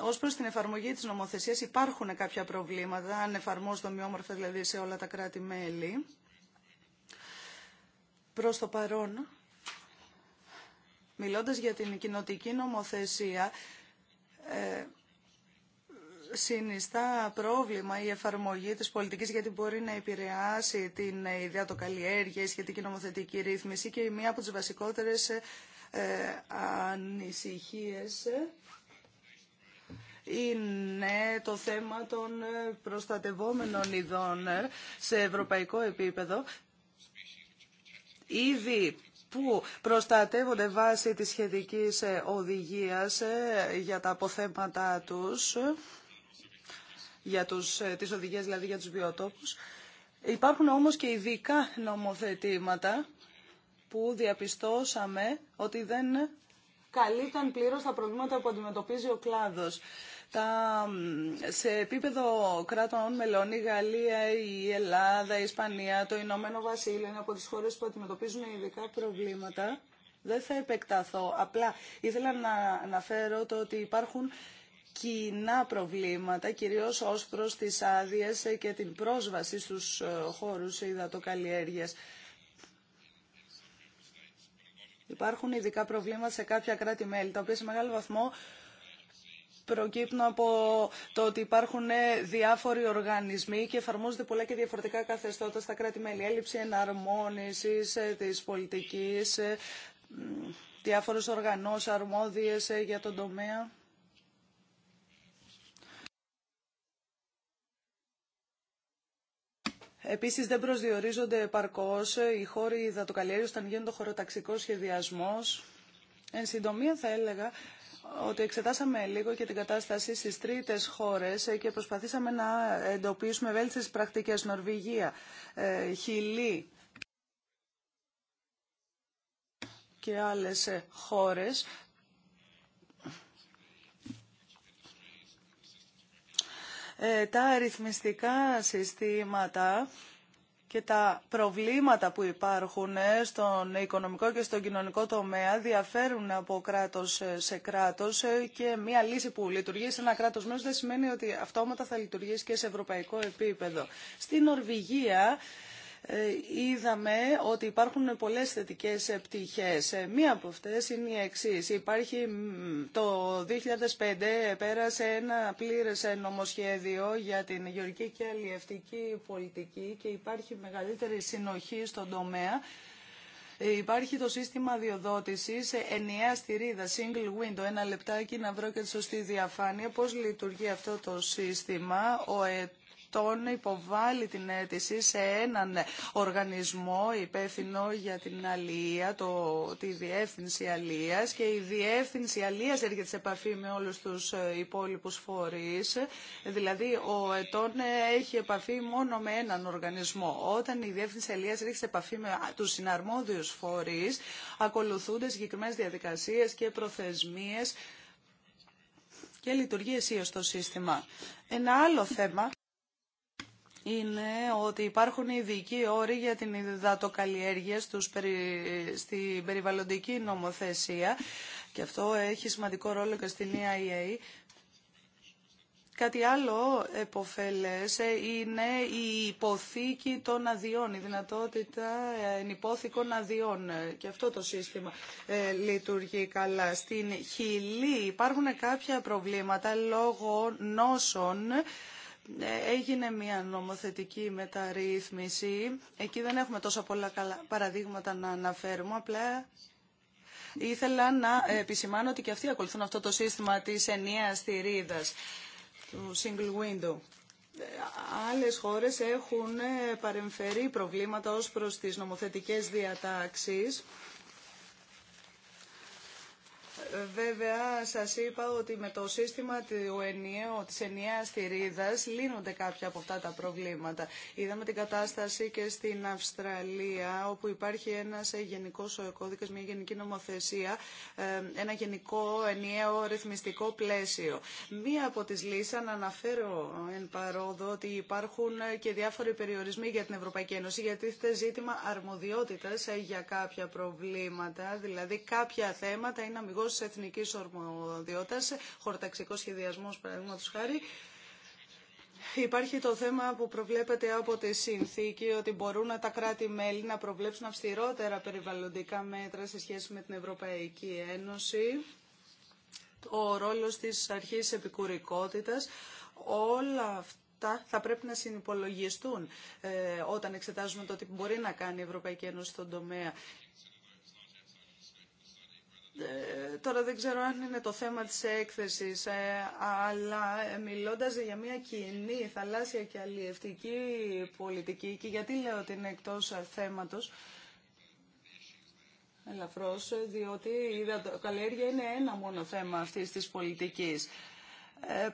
Ω προ την εφαρμογή της νομοθεσίας υπάρχουν κάποια προβλήματα, αν εφαρμόζονται ομοιόμορφα δηλαδή σε όλα τα κράτη-μέλη. Προς το παρόν, μιλώντας για την κοινοτική νομοθεσία, ε, συνιστά πρόβλημα η εφαρμογή της πολιτικής γιατί μπορεί να επηρεάσει την ιδέα καλλιέργεια, η σχετική νομοθετική ρύθμιση και μία από τις βασικότερες ε, ανησυχίες ε, είναι το θέμα των ε, προστατευόμενων ειδών σε ευρωπαϊκό επίπεδο. Ήδη που προστατεύονται βάσει της σχετικής οδηγίας για τα αποθέματα τους για τους, ε, τις οδηγίες δηλαδή για τους βιοτόπους. Υπάρχουν όμως και ειδικά νομοθετήματα που διαπιστώσαμε ότι δεν καλύπταν πλήρως τα προβλήματα που αντιμετωπίζει ο κλάδος. Τα, σε επίπεδο κράτων μελών, η Γαλλία, η Ελλάδα, η Ισπανία, το Ηνωμένο Βασίλειο είναι από τις χώρες που αντιμετωπίζουν ειδικά προβλήματα. Δεν θα επεκταθώ. Απλά ήθελα να αναφέρω το ότι υπάρχουν κοινά προβλήματα, κυρίως ως προς τις άδειες και την πρόσβαση στους ε, χώρους υδατοκαλλιέργειας. Υπάρχουν ειδικά προβλήματα σε κάποια κράτη-μέλη, τα οποία σε μεγάλο βαθμό προκύπτουν από το ότι υπάρχουν ε, διάφοροι οργανισμοί και εφαρμόζονται πολλά και διαφορετικά καθεστώτα στα κράτη-μέλη. Έλλειψη εναρμόνισης ε, της πολιτικής, διάφορες οργανώσεις αρμόδιες για τον τομέα. Επίσης δεν προσδιορίζονται επαρκώ. οι χώροι υδατοκαλλιέργειας όταν γίνεται χωροταξικό σχεδιασμός. Εν συντομία θα έλεγα ότι εξετάσαμε λίγο και την κατάσταση στις τρίτες χώρες και προσπαθήσαμε να εντοπίσουμε βέλτιστες πρακτικές. Νορβηγία, ε, Χιλή και άλλες ε, χώρες Ε, τα αριθμιστικά συστήματα και τα προβλήματα που υπάρχουν ε, στον οικονομικό και στον κοινωνικό τομέα διαφέρουν από κράτος ε, σε κράτος και μια λύση που λειτουργεί σε ένα κράτος μέσα δεν σημαίνει ότι αυτόματα θα λειτουργήσει και σε ευρωπαϊκό επίπεδο. Στην Νορβηγία ε, είδαμε ότι υπάρχουν πολλές θετικές πτυχές. Ε, μία από αυτές είναι η εξής. Υπάρχει το 2005 πέρασε ένα πλήρες νομοσχέδιο για την γεωργική και αλλιευτική πολιτική και υπάρχει μεγαλύτερη συνοχή στον τομέα. Ε, υπάρχει το σύστημα διοδότησης ενιαία στηρίδα, single window, ένα λεπτάκι να βρω και τη σωστή διαφάνεια. Πώς λειτουργεί αυτό το σύστημα. Ο ετών υποβάλλει την αίτηση σε έναν οργανισμό υπεύθυνο για την αλία το, τη διεύθυνση Αλείας και η διεύθυνση Αλείας έρχεται σε επαφή με όλους τους ε, υπόλοιπους φορείς. Δηλαδή ο ετών ε, έχει επαφή μόνο με έναν οργανισμό. Όταν η διεύθυνση Αλείας έρχεται σε επαφή με τους συναρμόδιους φορείς ακολουθούνται συγκεκριμένες διαδικασίες και προθεσμίες και λειτουργεί εσύ το σύστημα. Ένα άλλο θέμα είναι ότι υπάρχουν ειδικοί όροι για την υδατοκαλλιέργεια στην περιβαλλοντική νομοθεσία και αυτό έχει σημαντικό ρόλο και στην EIA. Κάτι άλλο εποφελές είναι η υποθήκη των αδειών, η δυνατότητα ενυπόθηκων αδειών. Και αυτό το σύστημα ε, λειτουργεί καλά. Στην Χιλή υπάρχουν κάποια προβλήματα λόγω νόσων έγινε μια νομοθετική μεταρρύθμιση. Εκεί δεν έχουμε τόσο πολλά παραδείγματα να αναφέρουμε, απλά ήθελα να επισημάνω ότι και αυτοί ακολουθούν αυτό το σύστημα της ενιαίας θηρίδας, του single window. Άλλες χώρες έχουν παρεμφερεί προβλήματα ως προς τις νομοθετικές διατάξεις βέβαια σας είπα ότι με το σύστημα του ενιαίου, της ενιαίας θηρίδας λύνονται κάποια από αυτά τα προβλήματα. Είδαμε την κατάσταση και στην Αυστραλία όπου υπάρχει ένας γενικός κώδικας, μια γενική νομοθεσία, ε, ένα γενικό ενιαίο ρυθμιστικό πλαίσιο. Μία από τις λύσεις, αναφέρω εν παρόδο, ότι υπάρχουν και διάφοροι περιορισμοί για την Ευρωπαϊκή Ένωση γιατί είστε ζήτημα αρμοδιότητας για κάποια προβλήματα, δηλαδή κάποια θέματα είναι αμυγός εθνικής ορμοδιότητας, χορταξικός σχεδιασμός παραδείγματος χάρη, Υπάρχει το θέμα που προβλέπεται από τη συνθήκη ότι μπορούν τα κράτη-μέλη να προβλέψουν αυστηρότερα περιβαλλοντικά μέτρα σε σχέση με την Ευρωπαϊκή Ένωση, ο ρόλος της αρχής επικουρικότητας, όλα αυτά θα πρέπει να συνυπολογιστούν ε, όταν εξετάζουμε το τι μπορεί να κάνει η Ευρωπαϊκή Ένωση στον τομέα. Ε, τώρα δεν ξέρω αν είναι το θέμα της έκθεσης, ε, αλλά ε, μιλώντας για μια κοινή θαλάσσια και αλλιευτική πολιτική, και γιατί λέω ότι είναι εκτός θέματος, ελαφρώς, διότι η καλλιέργεια είναι ένα μόνο θέμα αυτής της πολιτικής.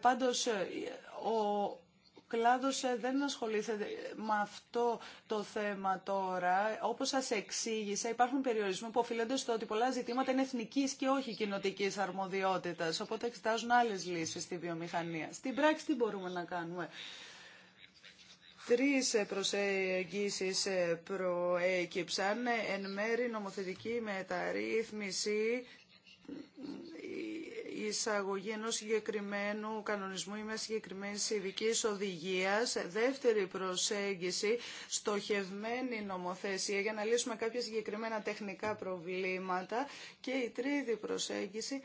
Πάντως, ο Κλάδο ε, δεν ασχολείται με αυτό το θέμα τώρα. Όπως σα εξήγησα, υπάρχουν περιορισμοί που οφείλονται στο ότι πολλά ζητήματα είναι εθνικής και όχι κοινοτική αρμοδιότητα, οπότε εξετάζουν άλλες λύσεις στη βιομηχανία. Στην πράξη τι μπορούμε να κάνουμε Τρει ε, προσεγγίσει ε, προέκυψαν εν μέρη νομοθετική μεταρρύθμιση εισαγωγή ενός συγκεκριμένου κανονισμού ή μια συγκεκριμένη ειδική οδηγία, δεύτερη προσέγγιση, στοχευμένη νομοθεσία για να λύσουμε κάποια συγκεκριμένα τεχνικά προβλήματα και η τρίτη προσέγγιση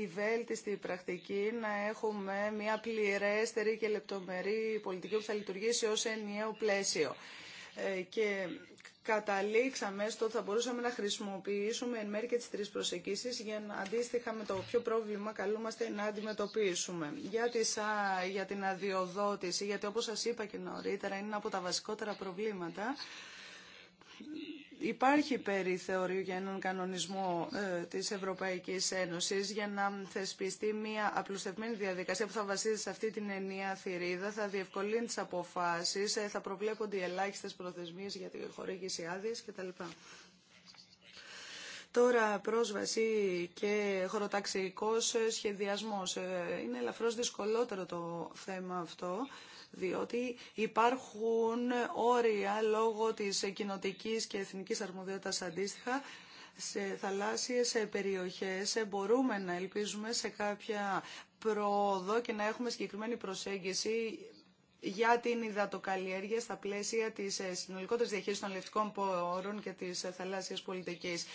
η βέλτιστη πρακτική να έχουμε μια πληρέστερη και λεπτομερή πολιτική που θα λειτουργήσει ως ενιαίο πλαίσιο. Ε, και καταλήξαμε στο ότι θα μπορούσαμε να χρησιμοποιήσουμε εν μέρει και τις τρεις προσεγγίσεις για να αντίστοιχα με το ποιο πρόβλημα καλούμαστε να αντιμετωπίσουμε. Για, τις, για την αδειοδότηση, γιατί όπως σας είπα και νωρίτερα είναι από τα βασικότερα προβλήματα Υπάρχει θεωρίου για έναν κανονισμό ε, της Ευρωπαϊκής Ένωσης για να θεσπιστεί μια απλουστευμένη διαδικασία που θα βασίζεται σε αυτή την ενία θηρίδα, θα διευκολύνει τις αποφάσεις, ε, θα προβλέπονται οι ελάχιστες προθεσμίες για τη χορήγηση άδειας κτλ. Τώρα πρόσβαση και χωροταξικός ε, σχεδιασμός. Ε, είναι ελαφρώς δυσκολότερο το θέμα αυτό διότι υπάρχουν όρια λόγω της κοινοτικής και εθνικής αρμοδιότητας αντίστοιχα σε θαλάσσιες περιοχές μπορούμε να ελπίζουμε σε κάποια πρόοδο και να έχουμε συγκεκριμένη προσέγγιση για την υδατοκαλλιέργεια στα πλαίσια της ε, συνολικότερης διαχείρισης των λευτικών πόρων και της ε, θαλάσσιας πολιτικής.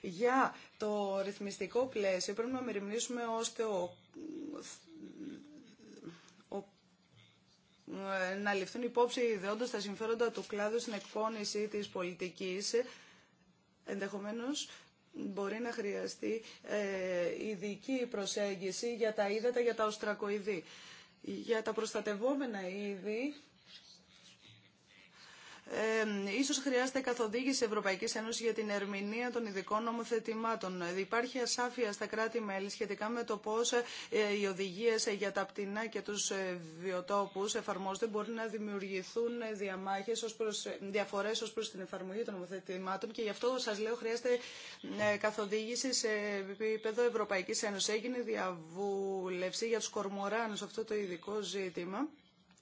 Για το ρυθμιστικό πλαίσιο πρέπει να μεριμνήσουμε ώστε ο ε, να ληφθούν υπόψη ιδεώντα τα συμφέροντα του κλάδου στην εκπόνηση της πολιτική ενδεχομένω μπορεί να χρειαστεί ε, ειδική προσέγγιση για τα ύδατα, για τα οστρακοειδή. Για τα προστατευόμενα είδη ε, ίσως χρειάζεται καθοδήγηση Ευρωπαϊκής Ένωσης για την ερμηνεία των ειδικών νομοθετημάτων. Ε, υπάρχει ασάφεια στα κράτη-μέλη σχετικά με το πώς ε, οι οδηγίες για τα πτηνά και τους ε, βιοτόπους εφαρμόζονται. Μπορεί να δημιουργηθούν διαμάχες ως προς, διαφορές ως προς την εφαρμογή των νομοθετημάτων και γι' αυτό σας λέω χρειάζεται καθοδήγηση σε επίπεδο Ευρωπαϊκής Ένωσης. Έγινε διαβούλευση για τους κορμοράνους αυτό το ειδικό ζήτημα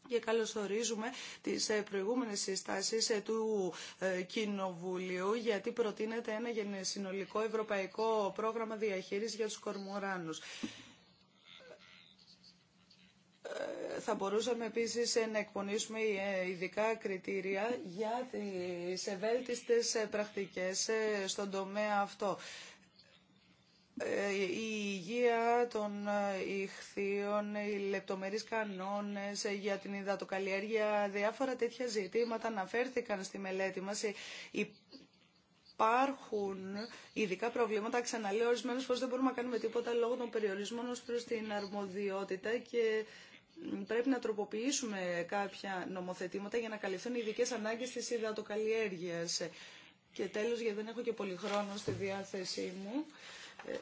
και καλωσορίζουμε τις ε, προηγούμενες συστάσεις ε, του ε, Κοινοβουλίου γιατί προτείνεται ένα συνολικό ευρωπαϊκό πρόγραμμα διαχείρισης για τους κορμοράνους. Θα μπορούσαμε επίσης να εκπονήσουμε ειδικά κριτήρια για τις ευέλτιστες πρακτικές στον τομέα αυτό η υγεία των ε, ηχθείων, οι λεπτομερείς κανόνες ε, για την υδατοκαλλιέργεια, διάφορα τέτοια ζητήματα αναφέρθηκαν στη μελέτη μας. Ε, υπάρχουν ειδικά προβλήματα, ξαναλέω, ορισμένες φορές δεν μπορούμε να κάνουμε τίποτα λόγω των περιορισμών ως προς την αρμοδιότητα και πρέπει να τροποποιήσουμε κάποια νομοθετήματα για να καλυφθούν οι ειδικές ανάγκες της υδατοκαλλιέργειας. Και τέλος, γιατί δεν έχω και πολύ χρόνο στη διάθεσή μου, ε,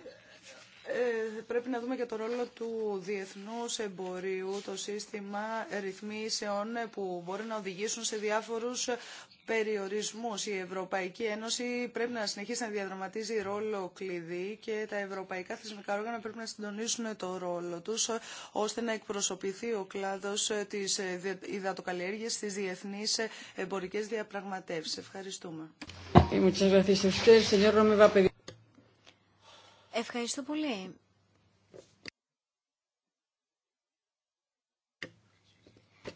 ε, πρέπει να δούμε και το ρόλο του διεθνούς εμπορίου, το σύστημα ρυθμίσεων που μπορεί να οδηγήσουν σε διάφορους περιορισμούς. Η Ευρωπαϊκή Ένωση πρέπει να συνεχίσει να διαδραματίζει ρόλο κλειδί και τα ευρωπαϊκά θεσμικά όργανα πρέπει να συντονίσουν το ρόλο τους ώστε να εκπροσωπηθεί ο κλάδος της ε, υδατοκαλλιέργειας στις διεθνείς εμπορικές διαπραγματεύσεις. Ευχαριστούμε. Ευχαριστώ πολύ.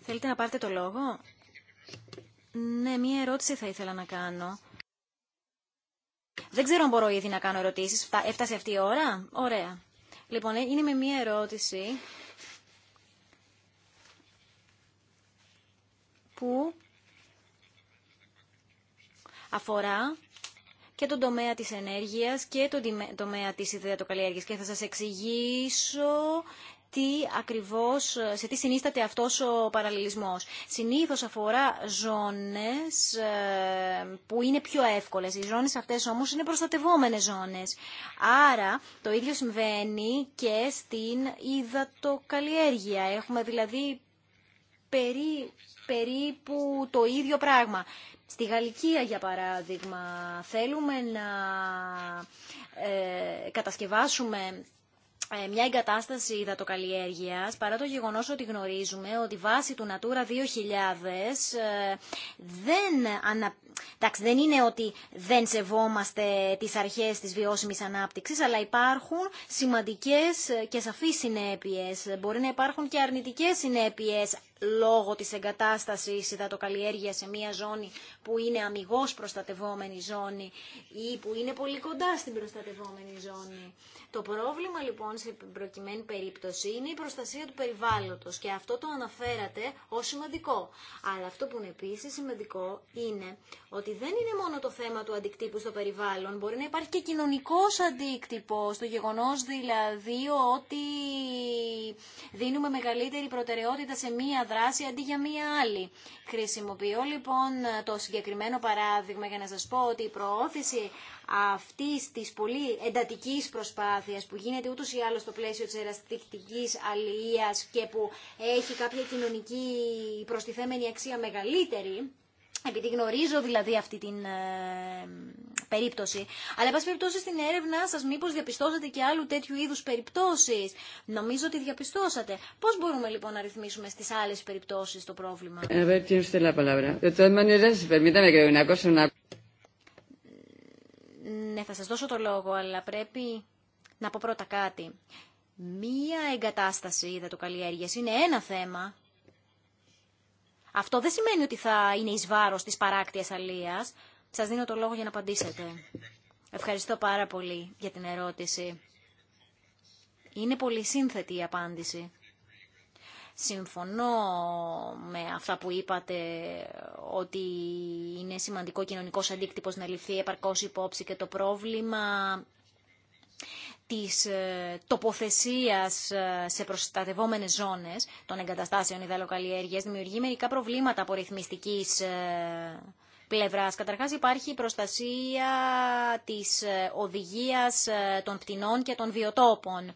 Θέλετε να πάρετε το λόγο. Ναι, μία ερώτηση θα ήθελα να κάνω. Δεν ξέρω αν μπορώ ήδη να κάνω ερωτήσεις. Έφτασε αυτή η ώρα. Ωραία. Λοιπόν, ε, είναι με μία ερώτηση που αφορά και τον τομέα της ενέργειας και τον τομέα της ιδεατοκαλλιέργειας. Και θα σας εξηγήσω τι ακριβώς, σε τι συνίσταται αυτός ο παραλληλισμός. Συνήθως αφορά ζώνες ε, που είναι πιο εύκολες. Οι ζώνες αυτές όμως είναι προστατευόμενες ζώνες. Άρα το ίδιο συμβαίνει και στην υδατοκαλλιέργεια. Έχουμε δηλαδή περί, περίπου το ίδιο πράγμα. Στη Γαλλικία, για παράδειγμα, θέλουμε να ε, κατασκευάσουμε ε, μια εγκατάσταση υδατοκαλλιέργειας, παρά το γεγονός ότι γνωρίζουμε ότι βάσει του Natura 2000 ε, δεν, ανα... δεν είναι ότι δεν σεβόμαστε τις αρχές της βιώσιμης ανάπτυξης, αλλά υπάρχουν σημαντικές και σαφείς συνέπειες. Μπορεί να υπάρχουν και αρνητικές συνέπειες λόγω της εγκατάστασης υδατοκαλλιέργειας σε μια ζώνη που είναι αμυγός προστατευόμενη ζώνη ή που είναι πολύ κοντά στην προστατευόμενη ζώνη. Το πρόβλημα λοιπόν σε προκειμένη περίπτωση είναι η προστασία του περιβάλλοντος και αυτό το αναφέρατε ως σημαντικό. Αλλά αυτό που είναι επίσης σημαντικό είναι ότι δεν είναι μόνο το θέμα του αντικτύπου στο περιβάλλον, μπορεί να υπάρχει και κοινωνικός αντίκτυπος, το γεγονός δηλαδή ότι δίνουμε μεγαλύτερη προτεραιότητα σε μία δράση αντί για μία άλλη. Χρησιμοποιώ λοιπόν το συγκεκριμένο παράδειγμα για να σας πω ότι η προώθηση αυτή τη πολύ εντατική προσπάθεια που γίνεται ούτω ή άλλω στο πλαίσιο τη εραστικτικής αλληλεία και που έχει κάποια κοινωνική προστιθέμενη αξία μεγαλύτερη, επειδή γνωρίζω δηλαδή αυτή την ε, περίπτωση. Αλλά, πάση περιπτώσει, στην έρευνά σα μήπω διαπιστώσατε και άλλου τέτοιου είδους περιπτώσεις. Νομίζω ότι διαπιστώσατε. Πώς μπορούμε λοιπόν να ρυθμίσουμε στις άλλες περιπτώσεις το πρόβλημα. Ε, ναι, θα σα δώσω το λόγο, αλλά πρέπει να πω πρώτα κάτι. Μία εγκατάσταση καλλιέργεια. είναι ένα θέμα αυτό δεν σημαίνει ότι θα είναι εις βάρος της παράκτειας αλίας. Σας δίνω το λόγο για να απαντήσετε. Ευχαριστώ πάρα πολύ για την ερώτηση. Είναι πολύ σύνθετη η απάντηση. Συμφωνώ με αυτά που είπατε ότι είναι σημαντικό κοινωνικός αντίκτυπος να ληφθεί επαρκώς υπόψη και το πρόβλημα της ε, τοποθεσίας ε, σε προστατευόμενες ζώνες των εγκαταστάσεων υδαλοκαλλιέργειας δημιουργεί μερικά προβλήματα από ρυθμιστικής ε, πλευράς. Καταρχάς υπάρχει η προστασία της οδηγίας των πτηνών και των βιοτόπων.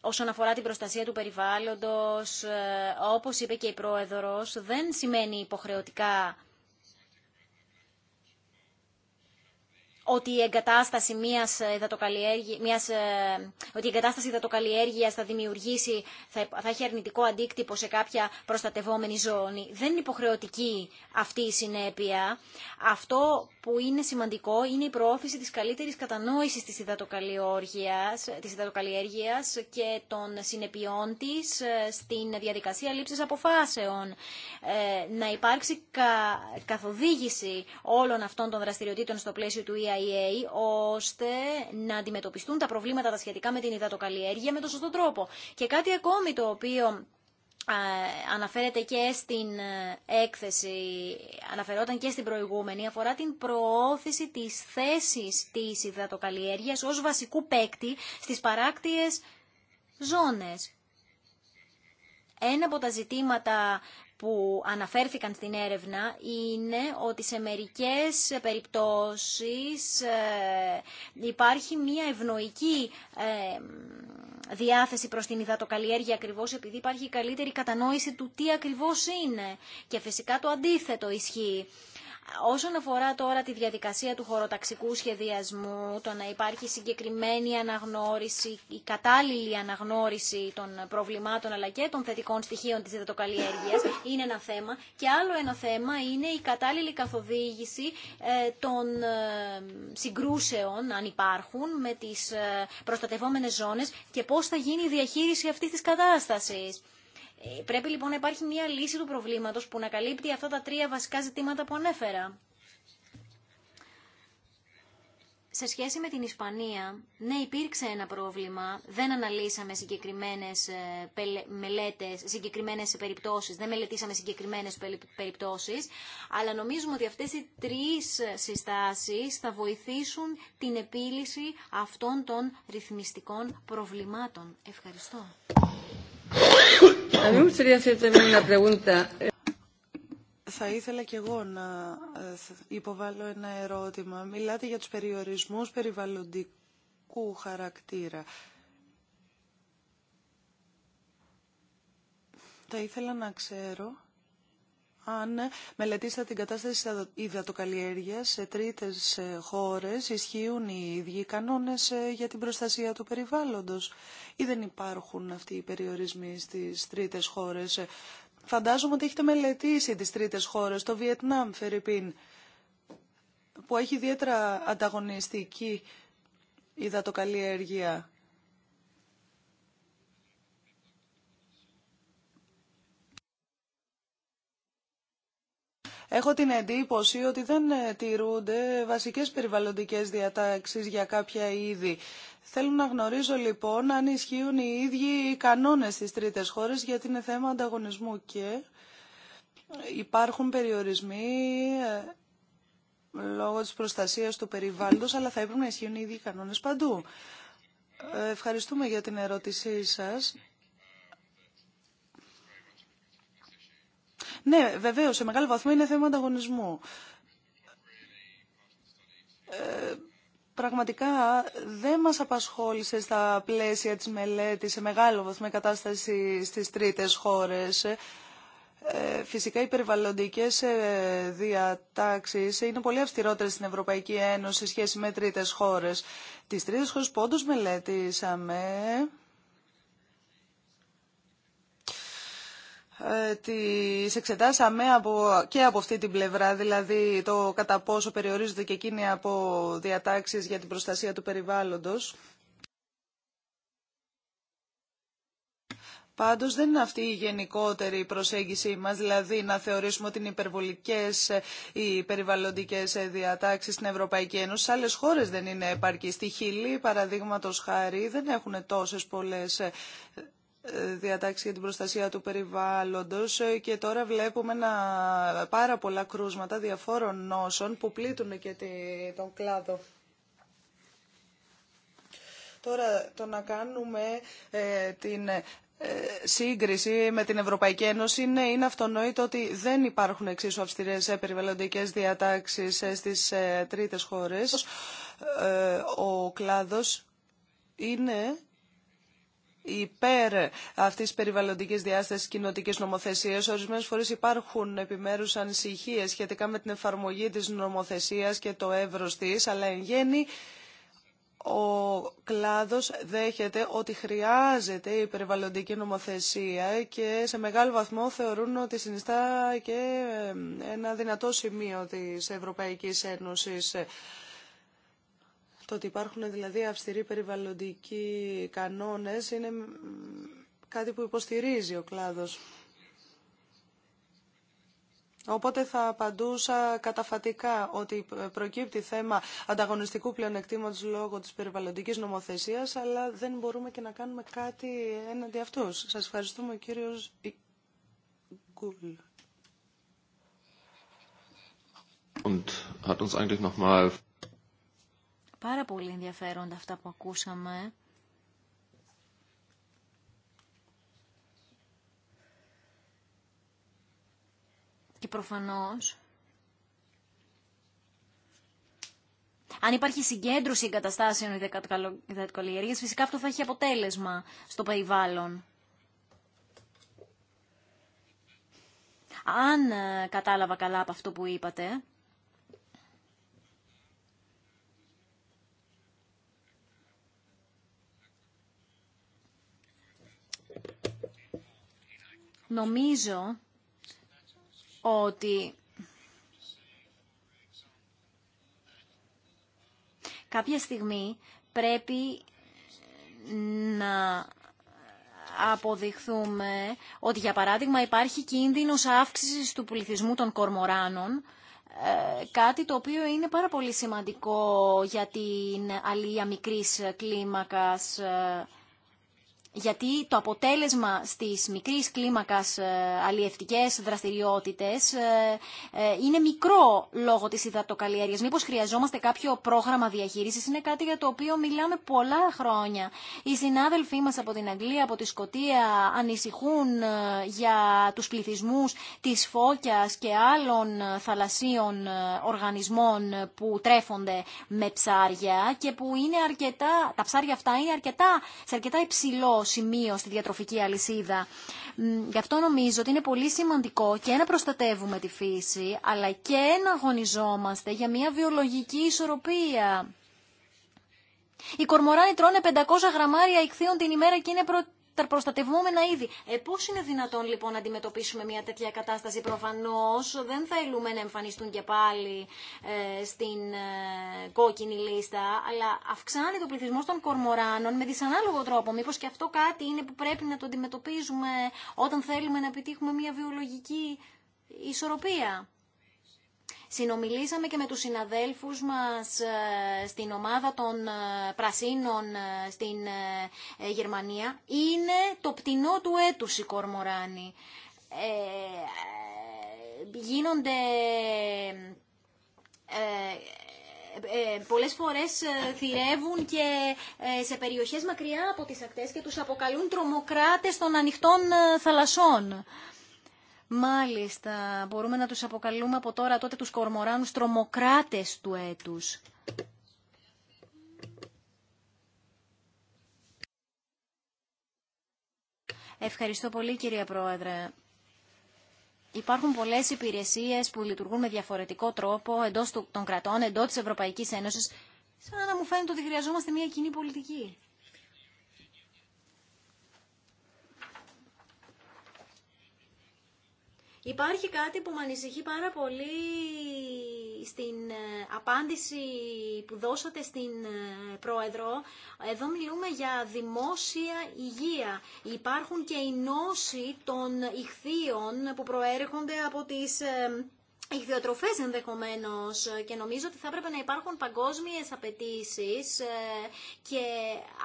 όσον αφορά την προστασία του περιβάλλοντος, όπως είπε και η Πρόεδρος, δεν σημαίνει υποχρεωτικά ότι η εγκατάσταση μιας, ε, μιας ε, ότι η εγκατάσταση υδατοκαλλιέργειας θα δημιουργήσει, θα, θα έχει αρνητικό αντίκτυπο σε κάποια προστατευόμενη ζώνη. Δεν είναι υποχρεωτική αυτή η συνέπεια. Αυτό που είναι σημαντικό είναι η προώθηση της καλύτερης κατανόησης της υδατοκαλλιέργειας, της υδατοκαλλιέργειας και των συνεπειών της ε, στην διαδικασία λήψης αποφάσεων. να υπάρξει καθοδήγηση όλων αυτών των δραστηριοτήτων στο πλαίσιο του EIA ώστε να αντιμετωπιστούν τα προβλήματα τα σχετικά με την υδατοκαλλιέργεια με τον σωστό τρόπο. Και κάτι ακόμη το οποίο αναφέρεται και στην ε, έκθεση, αναφερόταν και στην προηγούμενη, αφορά την προώθηση της θέσης της υδατοκαλλιέργειας ως βασικού παίκτη στις παράκτιες ζώνες. Ένα από τα ζητήματα που αναφέρθηκαν στην έρευνα είναι ότι σε μερικές περιπτώσεις ε, υπάρχει μια ευνοϊκή ε, διάθεση προς την υδατοκαλλιέργεια ακριβώς επειδή υπάρχει καλύτερη κατανόηση του τι ακριβώς είναι. Και φυσικά το αντίθετο ισχύει. Όσον αφορά τώρα τη διαδικασία του χωροταξικού σχεδιασμού, το να υπάρχει συγκεκριμένη αναγνώριση, η κατάλληλη αναγνώριση των προβλημάτων αλλά και των θετικών στοιχείων της υδατοκαλλιέργειας είναι ένα θέμα. Και άλλο ένα θέμα είναι η κατάλληλη καθοδήγηση ε, των ε, συγκρούσεων, αν υπάρχουν, με τις ε, προστατευόμενες ζώνες και πώς θα γίνει η διαχείριση αυτής της κατάστασης. Ε, πρέπει λοιπόν να υπάρχει μια λύση του προβλήματος που να καλύπτει αυτά τα τρία βασικά ζητήματα που ανέφερα. Σε σχέση με την Ισπανία, ναι υπήρξε ένα πρόβλημα, δεν αναλύσαμε συγκεκριμένες ε, μελέτες, συγκεκριμένες περιπτώσεις, δεν μελετήσαμε συγκεκριμένες περιπτώσεις, αλλά νομίζουμε ότι αυτές οι τρεις συστάσεις θα βοηθήσουν την επίλυση αυτών των ρυθμιστικών προβλημάτων. Ευχαριστώ. Θα ήθελα και εγώ να ε, υποβάλω ένα ερώτημα. Μιλάτε για τους περιορισμούς περιβαλλοντικού χαρακτήρα. Θα ήθελα να ξέρω αν μελετήσετε την κατάσταση της υδατοκαλλιέργειας σε τρίτες ε, χώρες, ισχύουν οι ίδιοι κανόνες ε, για την προστασία του περιβάλλοντος ή δεν υπάρχουν αυτοί οι περιορισμοί στις τρίτες χώρες. Ε, φαντάζομαι ότι έχετε μελετήσει τις τρίτες χώρες, το Βιετνάμ, Φερρυπίν, που έχει ιδιαίτερα ανταγωνιστική υδατοκαλλιέργεια Έχω την εντύπωση ότι δεν ε, τηρούνται βασικές περιβαλλοντικές διατάξεις για κάποια είδη. Θέλω να γνωρίζω λοιπόν αν ισχύουν οι ίδιοι οι κανόνες στις τρίτες χώρες γιατί είναι θέμα ανταγωνισμού και υπάρχουν περιορισμοί ε, λόγω της προστασίας του περιβάλλοντος αλλά θα έπρεπε να ισχύουν οι ίδιοι οι κανόνες παντού. Ε, ευχαριστούμε για την ερώτησή σας. Ναι, βεβαίως, σε μεγάλο βαθμό είναι θέμα ανταγωνισμού. Ε, πραγματικά δεν μας απασχόλησε στα πλαίσια της μελέτης σε μεγάλο βαθμό η κατάσταση στις τρίτες χώρες. Ε, φυσικά οι περιβαλλοντικές ε, διατάξεις είναι πολύ αυστηρότερες στην Ευρωπαϊκή Ένωση σε σχέση με τρίτες χώρες. Τις τρίτες χώρες που μελέτησαμε Ε, τι εξετάσαμε από, και από αυτή την πλευρά, δηλαδή το κατά πόσο περιορίζονται και εκείνοι από διατάξεις για την προστασία του περιβάλλοντος. Πάντως δεν είναι αυτή η γενικότερη προσέγγιση μας, δηλαδή να θεωρήσουμε ότι είναι υπερβολικές ε, οι περιβαλλοντικές ε, διατάξεις στην Ευρωπαϊκή Ένωση. Σε άλλες χώρες δεν είναι επαρκή. Στη Χιλή, παραδείγματος χάρη, δεν έχουν τόσες πολλές διατάξει για την προστασία του περιβάλλοντος και τώρα βλέπουμε να, πάρα πολλά κρούσματα διαφόρων νόσων που πλήττουν και τον κλάδο. Τώρα το να κάνουμε ε, την ε, σύγκριση με την Ευρωπαϊκή Ένωση είναι, είναι αυτονόητο ότι δεν υπάρχουν εξίσου αυστηρές ε, περιβαλλοντικές διατάξεις στις τρίτες χώρες. Ο κλάδος είναι υπέρ αυτή τη περιβαλλοντική διάσταση κοινοτική νομοθεσία. Ορισμένε φορέ υπάρχουν επιμέρου ανησυχίε σχετικά με την εφαρμογή τη νομοθεσία και το εύρο τη, αλλά εν γέννη ο κλάδος δέχεται ότι χρειάζεται η περιβαλλοντική νομοθεσία και σε μεγάλο βαθμό θεωρούν ότι συνιστά και ένα δυνατό σημείο της Ευρωπαϊκής Ένωσης. Το ότι υπάρχουν δηλαδή αυστηροί περιβαλλοντικοί κανόνες είναι κάτι που υποστηρίζει ο κλάδος. Οπότε θα απαντούσα καταφατικά ότι προκύπτει θέμα ανταγωνιστικού πλεονεκτήματος λόγω της περιβαλλοντικής νομοθεσίας, αλλά δεν μπορούμε και να κάνουμε κάτι έναντι αυτούς. Σας ευχαριστούμε, κύριος Γκούλ. Und hat uns eigentlich noch Πάρα πολύ ενδιαφέροντα αυτά που ακούσαμε. Και προφανώς, αν υπάρχει συγκέντρωση εγκαταστάσεων υδατοκαλλιέργειας, φυσικά αυτό θα έχει αποτέλεσμα στο περιβάλλον. Αν ε, κατάλαβα καλά από αυτό που είπατε, Νομίζω ότι κάποια στιγμή πρέπει να αποδειχθούμε ότι για παράδειγμα υπάρχει κίνδυνος αύξησης του πληθυσμού των κορμοράνων ε, κάτι το οποίο είναι πάρα πολύ σημαντικό για την αλία μικρής κλίμακας ε, γιατί το αποτέλεσμα στις μικρής κλίμακας ε, αλλιευτικές δραστηριότητες ε, ε, είναι μικρό λόγω της υδατοκαλλιέργειας. Μήπως χρειαζόμαστε κάποιο πρόγραμμα διαχείρισης, είναι κάτι για το οποίο μιλάμε πολλά χρόνια. Οι συνάδελφοί μας από την Αγγλία, από τη Σκοτία ανησυχούν για τους πληθυσμούς της φώκιας και άλλων θαλασσίων οργανισμών που τρέφονται με ψάρια και που είναι αρκετά, τα ψάρια αυτά είναι αρκετά, σε αρκετά υψηλό σημείο στη διατροφική αλυσίδα. Γι' αυτό νομίζω ότι είναι πολύ σημαντικό και να προστατεύουμε τη φύση, αλλά και να αγωνιζόμαστε για μια βιολογική ισορροπία. Οι κορμοράνοι τρώνε 500 γραμμάρια ηχθείων την ημέρα και είναι τα προστατευόμενα είδη. Ε, Πώ είναι δυνατόν λοιπόν να αντιμετωπίσουμε μια τέτοια κατάσταση. Προφανώ δεν θέλουμε να εμφανιστούν και πάλι ε, στην ε, κόκκινη λίστα, αλλά αυξάνει το πληθυσμό των κορμοράνων με δυσανάλογο τρόπο. Μήπω και αυτό κάτι είναι που πρέπει να το αντιμετωπίζουμε όταν θέλουμε να επιτύχουμε μια βιολογική ισορροπία. Συνομιλήσαμε και με τους συναδέλφους μας ε, στην ομάδα των ε, Πρασίνων ε, στην Γερμανία. Είναι το πτηνό του έτους η Κορμοράνη. γίνονται... Ε, πολλές φορές θυρεύουν και σε περιοχές μακριά από τις ακτές και τους αποκαλούν τρομοκράτες των ανοιχτών θαλασσών. Μάλιστα, μπορούμε να τους αποκαλούμε από τώρα τότε τους κορμοράνους τρομοκράτες του έτους. Ευχαριστώ πολύ κυρία Πρόεδρε. Υπάρχουν πολλές υπηρεσίες που λειτουργούν με διαφορετικό τρόπο εντός των κρατών, εντός της Ευρωπαϊκής Ένωσης. Σαν να μου φαίνεται ότι χρειαζόμαστε μια κοινή πολιτική. Υπάρχει κάτι που με ανησυχεί πάρα πολύ στην ε, απάντηση που δώσατε στην ε, Πρόεδρο. Εδώ μιλούμε για δημόσια υγεία. Υπάρχουν και οι νόσοι των ηχθείων που προέρχονται από τις ε, ιδιοτροφές ενδεχομένως και νομίζω ότι θα έπρεπε να υπάρχουν παγκόσμιες απαιτήσει ε, και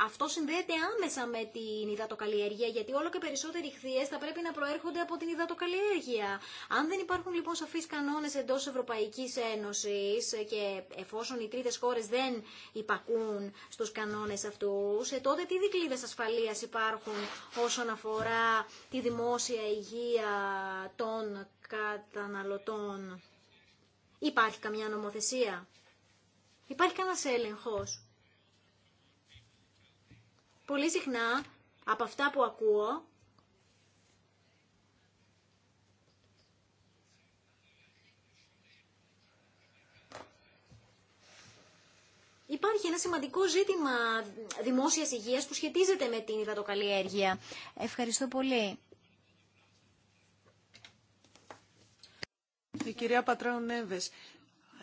αυτό συνδέεται άμεσα με την υδατοκαλλιέργεια γιατί όλο και περισσότεροι χθιές θα πρέπει να προέρχονται από την υδατοκαλλιέργεια. Αν δεν υπάρχουν λοιπόν σαφείς κανόνες εντός Ευρωπαϊκής Ένωσης ε, και εφόσον οι τρίτες χώρες δεν υπακούν στους κανόνες αυτούς, ε, τότε τι δικλείδες ασφαλείας υπάρχουν όσον αφορά τη δημόσια υγεία των καταναλωτών. Υπάρχει καμιά νομοθεσία. Υπάρχει κανένας έλεγχος. Πολύ συχνά από αυτά που ακούω υπάρχει ένα σημαντικό ζήτημα δημόσιας υγείας που σχετίζεται με την υδατοκαλλιέργεια. Ευχαριστώ πολύ. Η κυρία Πατράου Νέβες,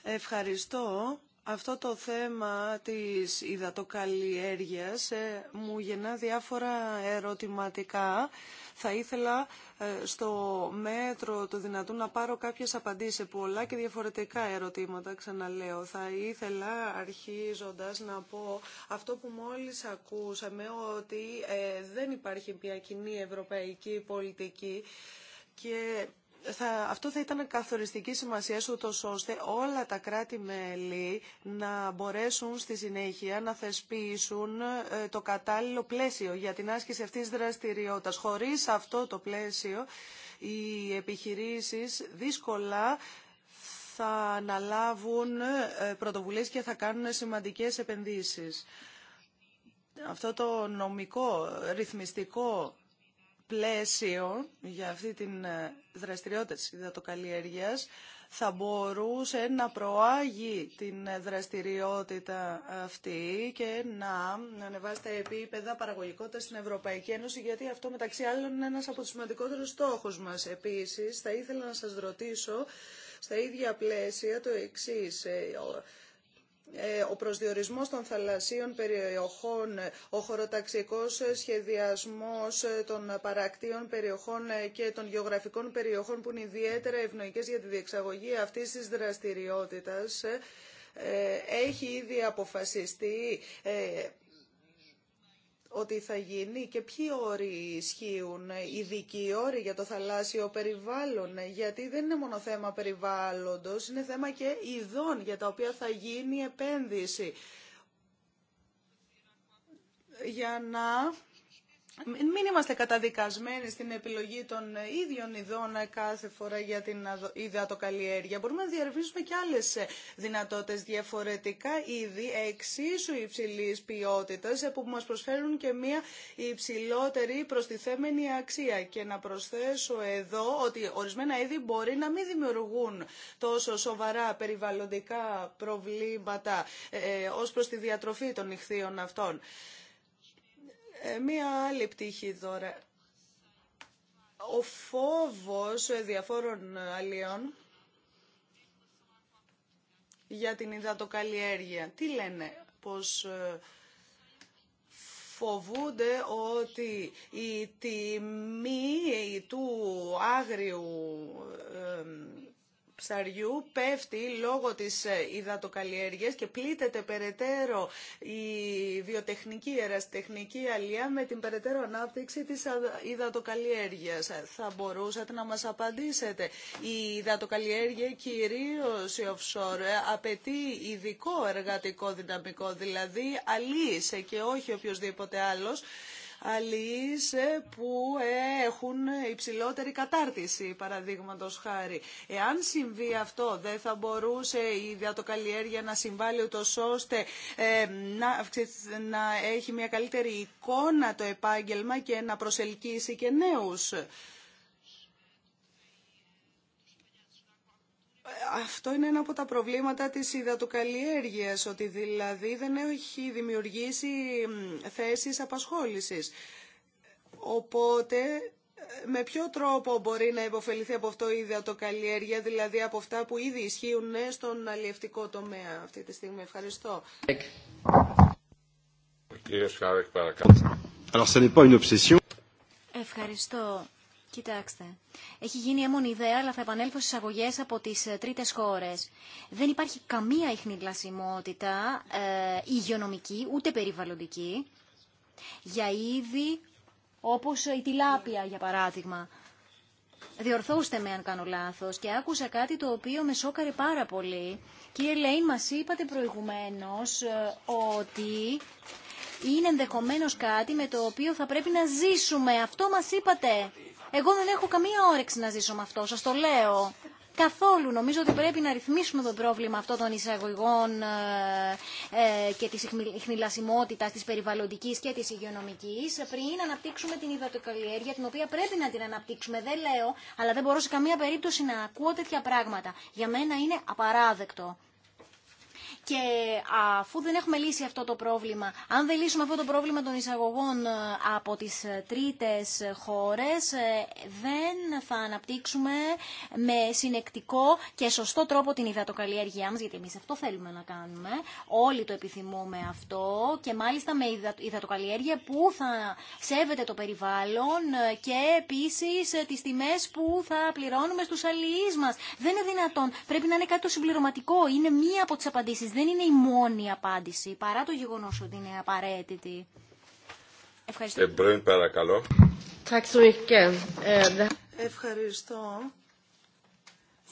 ευχαριστώ. Αυτό το θέμα της υδατοκαλλιέργειας ε, μου γεννά διάφορα ερωτηματικά. Θα ήθελα ε, στο μέτρο του δυνατού να πάρω κάποιες απαντήσεις σε πολλά και διαφορετικά ερωτήματα, ξαναλέω. Θα ήθελα αρχίζοντας να πω αυτό που μόλις ακούσαμε, ότι ε, δεν υπάρχει πια κοινή ευρωπαϊκή πολιτική και θα, αυτό θα ήταν καθοριστική σημασία ούτως ώστε όλα τα κράτη-μέλη να μπορέσουν στη συνέχεια να θεσπίσουν ε, το κατάλληλο πλαίσιο για την άσκηση αυτής της δραστηριότητας. Χωρίς αυτό το πλαίσιο οι επιχειρήσεις δύσκολα θα αναλάβουν ε, πρωτοβουλίες και θα κάνουν σημαντικές επενδύσεις. Αυτό το νομικό, ρυθμιστικό πλαίσιο για αυτή την ε, δραστηριότητα της υδατοκαλλιέργειας θα μπορούσε να προάγει την ε, δραστηριότητα αυτή και να ανεβάσει τα επίπεδα παραγωγικότητας στην Ευρωπαϊκή Ένωση, γιατί αυτό μεταξύ άλλων είναι ένας από τους σημαντικότερους στόχους μας. Επίσης, θα ήθελα να σας ρωτήσω στα ίδια πλαίσια το εξής ε, ε, ο προσδιορισμός των θαλασσίων περιοχών, ε, ο χωροταξικός ε, σχεδιασμός των παρακτήων περιοχών και των γεωγραφικών περιοχών που είναι ιδιαίτερα ευνοϊκές για τη διεξαγωγή αυτής της δραστηριότητας έχει ήδη αποφασιστεί ότι θα γίνει και ποιοι όροι ισχύουν, ειδικοί όροι για το θαλάσσιο περιβάλλον, γιατί δεν είναι μόνο θέμα περιβάλλοντος, είναι θέμα και ειδών για τα οποία θα γίνει επένδυση. Για να μην είμαστε καταδικασμένοι στην επιλογή των ίδιων ειδών κάθε φορά για την υδατοκαλλιέργεια. Μπορούμε να διαρευνήσουμε και άλλε δυνατότητε διαφορετικά είδη εξίσου υψηλή ποιότητα που μα προσφέρουν και μια υψηλότερη προστιθέμενη αξία. Και να προσθέσω εδώ ότι ορισμένα είδη μπορεί να μην δημιουργούν τόσο σοβαρά περιβαλλοντικά προβλήματα ε, ε ως προς τη διατροφή των νυχθείων αυτών. Ε, μία άλλη πτυχή τώρα. Ο φόβος διαφόρων αλλιών για την υδατοκαλλιέργεια. Τι λένε, πως ε, φοβούνται ότι η τιμή του άγριου ε, ψαριού πέφτει λόγω της ε, υδατοκαλλιέργειας και πλήττεται περαιτέρω η βιοτεχνική, η ερασιτεχνική αλία με την περαιτέρω ανάπτυξη της υδατοκαλλιέργειας. Θα μπορούσατε να μας απαντήσετε. Η υδατοκαλλιέργεια κυρίως η offshore ε, απαιτεί ειδικό εργατικό δυναμικό, δηλαδή αλίησε και όχι οποιοδήποτε άλλος αλληλείς που έχουν υψηλότερη κατάρτιση, παραδείγματο χάρη. Εάν συμβεί αυτό, δεν θα μπορούσε η ιδιατοκαλλιέργεια να συμβάλλει ούτως ώστε ε, να, να έχει μια καλύτερη εικόνα το επάγγελμα και να προσελκύσει και νέους. αυτό είναι ένα από τα προβλήματα της υδατοκαλλιέργειας, ότι δηλαδή δεν έχει δημιουργήσει θέσεις απασχόλησης. Οπότε με ποιο τρόπο μπορεί να υποφεληθεί από αυτό η υδατοκαλλιέργεια, δηλαδή από αυτά που ήδη ισχύουν ναι, στον αλλιευτικό τομέα αυτή τη στιγμή. Ευχαριστώ. Ευχαριστώ. Κοιτάξτε, έχει γίνει έμονη ιδέα, αλλά θα επανέλθω στι αγωγές από τις ε, τρίτες χώρε. Δεν υπάρχει καμία ιχνηλασιμότητα ε, υγειονομική, ούτε περιβαλλοντική, για είδη όπως ε, η τιλάπια, για παράδειγμα. Διορθώστε με αν κάνω λάθος και άκουσα κάτι το οποίο με σώκαρε πάρα πολύ. Κύριε Λέιν, μα είπατε προηγουμένως ε, ότι είναι ενδεχομένω κάτι με το οποίο θα πρέπει να ζήσουμε. Αυτό μα είπατε. Εγώ δεν έχω καμία όρεξη να ζήσω με αυτό, σας το λέω. Καθόλου. Νομίζω ότι πρέπει να ρυθμίσουμε το πρόβλημα αυτό των εισαγωγών ε, ε, και της χνηλασιμότητας, της περιβαλλοντικής και της υγειονομικής πριν αναπτύξουμε την υδατοκαλλιέργεια, την οποία πρέπει να την αναπτύξουμε. Δεν λέω, αλλά δεν μπορώ σε καμία περίπτωση να ακούω τέτοια πράγματα. Για μένα είναι απαράδεκτο. Και αφού δεν έχουμε λύσει αυτό το πρόβλημα, αν δεν λύσουμε αυτό το πρόβλημα των εισαγωγών ε, από τις ε, τρίτες χώρες, ε, δεν θα αναπτύξουμε με συνεκτικό και σωστό τρόπο την υδατοκαλλιέργειά μας, γιατί εμείς αυτό θέλουμε να κάνουμε, όλοι το επιθυμούμε αυτό και μάλιστα με υδατοκαλλιέργεια που θα σέβεται το περιβάλλον και επίσης τις τιμές που θα πληρώνουμε στους αλληλείς μας. Δεν είναι δυνατόν, πρέπει να είναι κάτι το συμπληρωματικό, είναι μία από τις απαντήσεις δεν είναι η μόνη απάντηση, παρά το γεγονός ότι είναι απαραίτητη. Ευχαριστώ. Ε, παρακαλώ. Ε, Ευχαριστώ.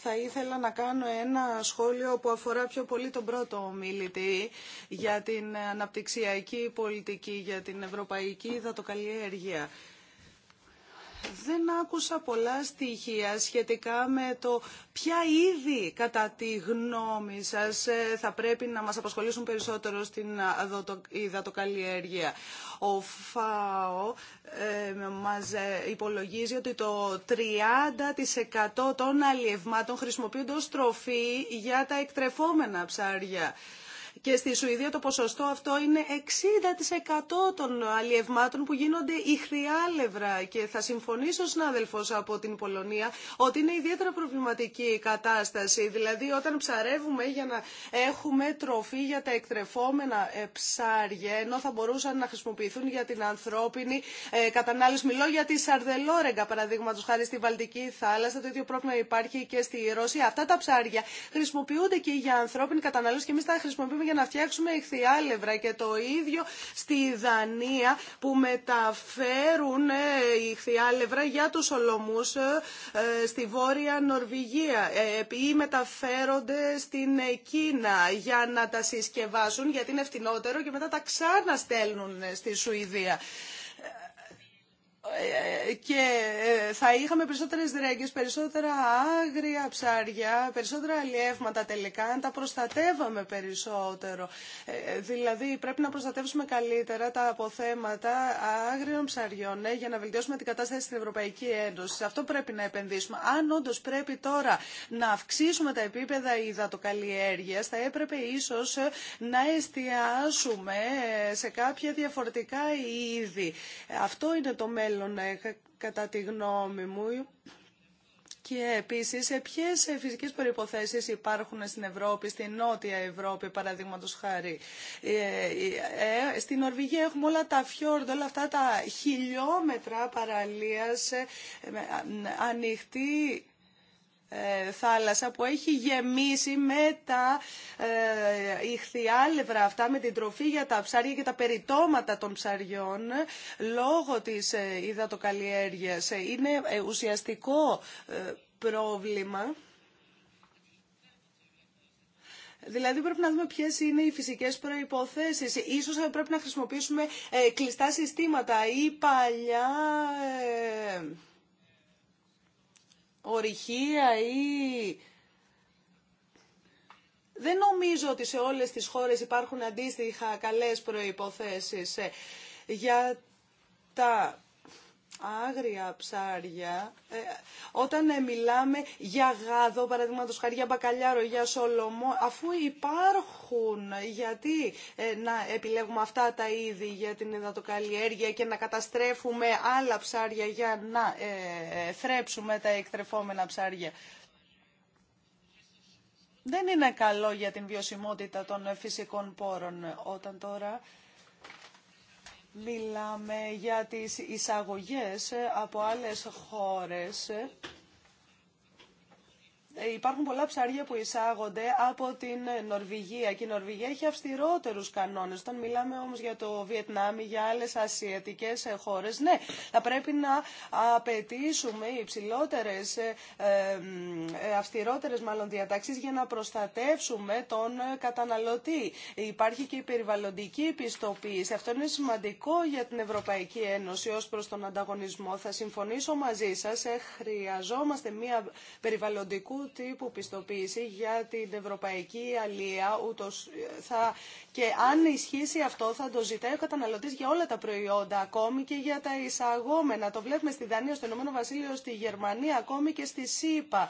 Θα ήθελα να κάνω ένα σχόλιο που αφορά πιο πολύ τον πρώτο ομιλητή για την αναπτυξιακή πολιτική, για την ευρωπαϊκή δατοκαλλιέργεια δεν άκουσα πολλά στοιχεία σχετικά με το ποια είδη κατά τη γνώμη σας ε, θα πρέπει να μας απασχολήσουν περισσότερο στην υδατοκαλλιέργεια. Ο ΦΑΟ ε, μας ε, υπολογίζει ότι το 30% των αλλιευμάτων χρησιμοποιούνται ως τροφή για τα εκτρεφόμενα ψάρια. Και στη Σουηδία το ποσοστό αυτό είναι 60% των αλλιευμάτων που γίνονται ηχριάλευρα. Και θα συμφωνήσω ο συνάδελφο από την Πολωνία ότι είναι ιδιαίτερα προβληματική η κατάσταση. Δηλαδή όταν ψαρεύουμε για να έχουμε τροφή για τα εκτρεφόμενα ε, ψάρια, ενώ θα μπορούσαν να χρησιμοποιηθούν για την ανθρώπινη ε, κατανάλωση. Μιλώ για τη Σαρδελόρεγκα παραδείγματο χάρη στη Βαλτική θάλασσα. Το ίδιο πρόβλημα υπάρχει και στη Ρωσία. Αυτά τα ψάρια χρησιμοποιούνται και για ανθρώπινη κατανάλωση και τα χρησιμοποιούμε για να φτιάξουμε ηχθιάλευρα και το ίδιο στη Δανία που μεταφέρουν ε, ηχθιάλευρα για τους Σολομούς ε, ε, στη Βόρεια Νορβηγία ή μεταφέρονται στην Κίνα για να τα συσκευάσουν γιατί είναι φτηνότερο και μετά τα ξαναστέλνουν στη Σουηδία και ε, θα είχαμε περισσότερες δρέγγες, περισσότερα άγρια ψάρια, περισσότερα αλλιεύματα τελικά, αν τα προστατεύαμε περισσότερο. Ε, δηλαδή πρέπει να προστατεύσουμε καλύτερα τα αποθέματα άγριων ψαριών ε, για να βελτιώσουμε την κατάσταση στην Ευρωπαϊκή Ένωση. Σε αυτό πρέπει να επενδύσουμε. Αν όντω πρέπει τώρα να αυξήσουμε τα επίπεδα υδατοκαλλιέργειας, θα έπρεπε ίσως να εστιάσουμε σε κάποια διαφορετικά είδη. Αυτό είναι το μέλλον είχα κατά τη γνώμη μου και επίσης ποιες φυσικές προϋποθέσεις υπάρχουν στην Ευρώπη, στην Νότια Ευρώπη παραδείγματο χάρη. Ε, ε, ε, στην Νορβηγία έχουμε όλα τα φιόρντ, όλα αυτά τα χιλιόμετρα παραλίας ανοιχτή ε, θάλασσα που έχει γεμίσει με τα ε, ηχθιάλευρα αυτά, με την τροφή για τα ψάρια και τα περιτώματα των ψαριών λόγω της ε, υδατοκαλλιέργειας. Είναι ε, ουσιαστικό ε, πρόβλημα. Δηλαδή πρέπει να δούμε ποιε είναι οι φυσικές προϋποθέσεις. Ίσως πρέπει να χρησιμοποιήσουμε κλειστά συστήματα ή παλιά ορυχεία ή... Δεν νομίζω ότι σε όλες τις χώρες υπάρχουν αντίστοιχα καλές προϋποθέσεις ε, για τα άγρια ψάρια, ε, όταν ε, μιλάμε για γάδο, παραδείγματο χάρη για μπακαλιάρο, για σολομό, αφού υπάρχουν, γιατί ε, να επιλέγουμε αυτά τα είδη για την υδατοκαλλιέργεια και να καταστρέφουμε άλλα ψάρια για να θρέψουμε τα εκτρεφόμενα ψάρια. Δεν είναι καλό για την βιωσιμότητα των φυσικών πόρων όταν τώρα Μιλάμε για τις εισαγωγές από άλλες χώρες ε, υπάρχουν πολλά ψάρια που εισάγονται από την ε, Νορβηγία και η Νορβηγία έχει αυστηρότερου κανόνε. Όταν μιλάμε όμω για το Βιετνάμ ή για άλλε ασιατικέ ε, χώρε, ναι, θα πρέπει να απαιτήσουμε υψηλότερε, αυστηρότερε μάλλον διατάξει για να προστατεύσουμε τον καταναλωτή. Υπάρχει και η περιβαλλοντική πιστοποίηση. Αυτό είναι σημαντικό για την Ευρωπαϊκή Ένωση ω προ τον ανταγωνισμό. Θα συμφωνήσω μαζί σα. Χρειαζόμαστε μια περιβαλλοντικού τύπου πιστοποίηση για την ευρωπαϊκή αλία, ούτως ε, θα, και αν ισχύσει αυτό θα το ζητάει ο καταναλωτής για όλα τα προϊόντα, ακόμη και για τα εισαγόμενα. Το βλέπουμε στη Δανία, στο Ηνωμένο Βασίλειο, στη Γερμανία, ακόμη και στη ΣΥΠΑ.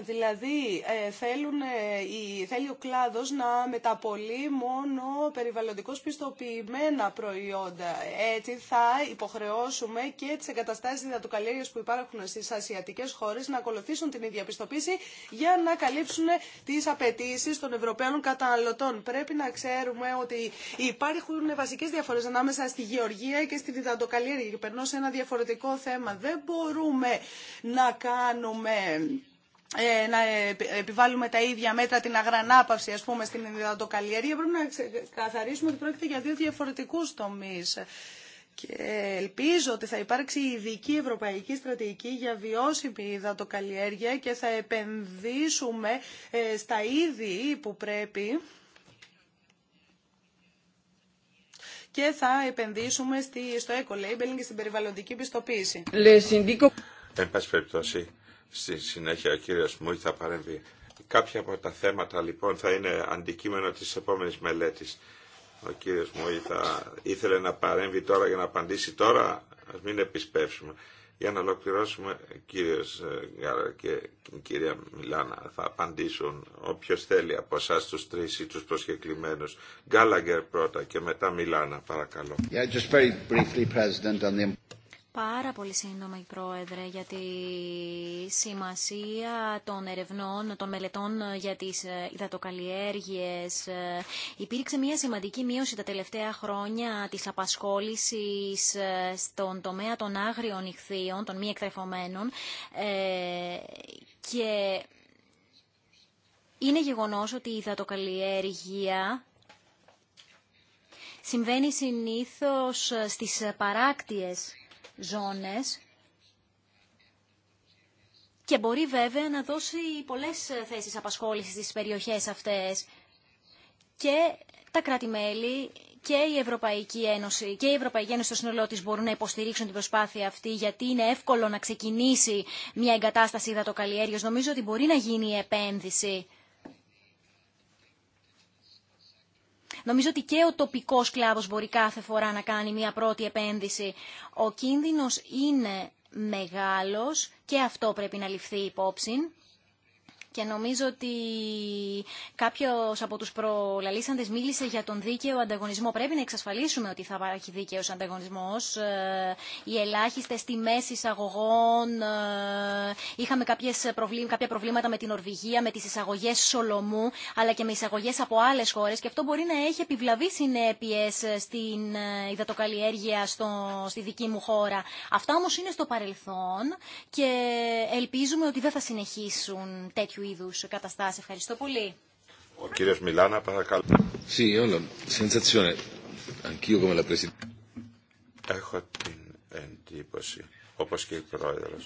Δηλαδή ε, θέλουν, ε, θέλει ο κλάδος να μεταπολεί μόνο περιβαλλοντικώς πιστοποιημένα προϊόντα. Έτσι θα υποχρεώσουμε και τις εγκαταστάσεις διδατοκαλλιέργειας που υπάρχουν στις ασιατικές χώρες να ακολουθήσουν την ίδια πιστοποίηση για να καλύψουν τις απαιτήσει των Ευρωπαίων καταναλωτών. Πρέπει να ξέρουμε ότι υπάρχουν βασικές διαφορές ανάμεσα στη γεωργία και στη διδατοκαλλιέργεια. Περνώ σε ένα διαφορετικό θέμα. Δεν μπορούμε να κάνουμε ε, να επιβάλλουμε τα ίδια μέτρα την αγρανάπαυση ας πούμε στην υδατοκαλλιέργεια πρέπει να καθαρίσουμε ότι πρόκειται για δύο διαφορετικούς τομείς και ελπίζω ότι θα υπάρξει ειδική ευρωπαϊκή στρατηγική για βιώσιμη υδατοκαλλιέργεια και θα επενδύσουμε ε, στα είδη που πρέπει και θα επενδύσουμε στο eco-labeling και στην περιβαλλοντική πιστοποίηση. Εν πάση περιπτώσει, Στη συνέχεια ο κύριος Μούι θα παρέμβει. Κάποια από τα θέματα λοιπόν θα είναι αντικείμενο της επόμενης μελέτης. Ο κύριος Μούι θα ήθελε να παρέμβει τώρα για να απαντήσει τώρα, ας μην επισπεύσουμε. Για να ολοκληρώσουμε, κύριος ε, Γκάρα και κυρία Μιλάνα, θα απαντήσουν όποιος θέλει από εσά τους τρεις ή τους προσκεκλημένους. Γκάλαγκερ πρώτα και μετά Μιλάνα, παρακαλώ. Yeah, Πάρα πολύ σύντομα, η Πρόεδρε, για τη σημασία των ερευνών, των μελετών για τις ε, υδατοκαλλιέργειες. Ε, υπήρξε μια σημαντική μείωση τα τελευταία χρόνια της απασχόλησης ε, στον τομέα των άγριων ηχθείων, των μη εκτρεφωμένων και είναι γεγονός ότι η υδατοκαλλιέργεια συμβαίνει συνήθως στις παράκτιες ζώνες και μπορεί βέβαια να δώσει πολλές ε, θέσεις απασχόλησης στις περιοχές αυτές και τα κράτη-μέλη και η Ευρωπαϊκή Ένωση και η Ευρωπαϊκή Ένωση στο σύνολό τη μπορούν να υποστηρίξουν την προσπάθεια αυτή, γιατί είναι εύκολο να ξεκινήσει μια εγκατάσταση υδατοκαλλιέργεια. Νομίζω ότι μπορεί να γίνει η επένδυση. Νομίζω ότι και ο τοπικό κλάδος μπορεί κάθε φορά να κάνει μια πρώτη επένδυση. Ο κίνδυνος είναι μεγάλος και αυτό πρέπει να ληφθεί υπόψη. Και νομίζω ότι κάποιο από του προλαλήσαντε μίλησε για τον δίκαιο ανταγωνισμό. Πρέπει να εξασφαλίσουμε ότι θα υπάρχει δίκαιο ανταγωνισμός. Ε, οι ελάχιστε τιμέ εισαγωγών, ε, είχαμε κάποια προβλήματα με την Ορβηγία, με τι εισαγωγέ Σολομού, αλλά και με εισαγωγέ από άλλε χώρε Και αυτό μπορεί να έχει επιβλαβεί συνέπειε στην ε, υδατοκαλλιέργεια στο, στη δική μου χώρα. Αυτά όμω είναι στο παρελθόν και ελπίζουμε ότι δεν θα συνεχίσουν τέτοιου είδου καταστάσει. Ευχαριστώ πολύ. Ο κύριο Μιλάνα, παρακαλώ. Έχω την εντύπωση, όπω και η πρόεδρο,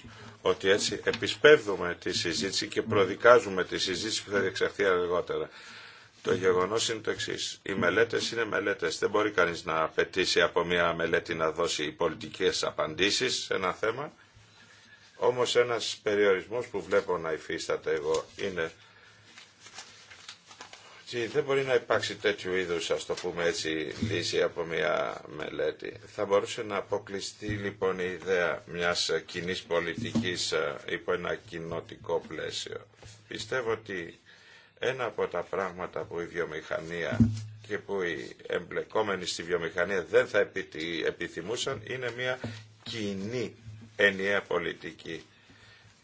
ότι έτσι επισπεύδουμε τη συζήτηση και προδικάζουμε τη συζήτηση που θα διεξαχθεί αργότερα. Το γεγονό είναι το εξή. Οι μελέτε είναι μελέτε. Δεν μπορεί κανεί να απαιτήσει από μια μελέτη να δώσει πολιτικέ απαντήσει σε ένα θέμα. Όμως ένας περιορισμός που βλέπω να υφίσταται εγώ είναι ότι δεν μπορεί να υπάρξει τέτοιου είδους, ας το πούμε έτσι, λύση από μια μελέτη. Θα μπορούσε να αποκλειστεί λοιπόν η ιδέα μιας κοινή πολιτικής ε, υπό ένα κοινοτικό πλαίσιο. Πιστεύω ότι ένα από τα πράγματα που η βιομηχανία και που οι εμπλεκόμενοι στη βιομηχανία δεν θα επιθυμούσαν είναι μια κοινή ενιαία πολιτική.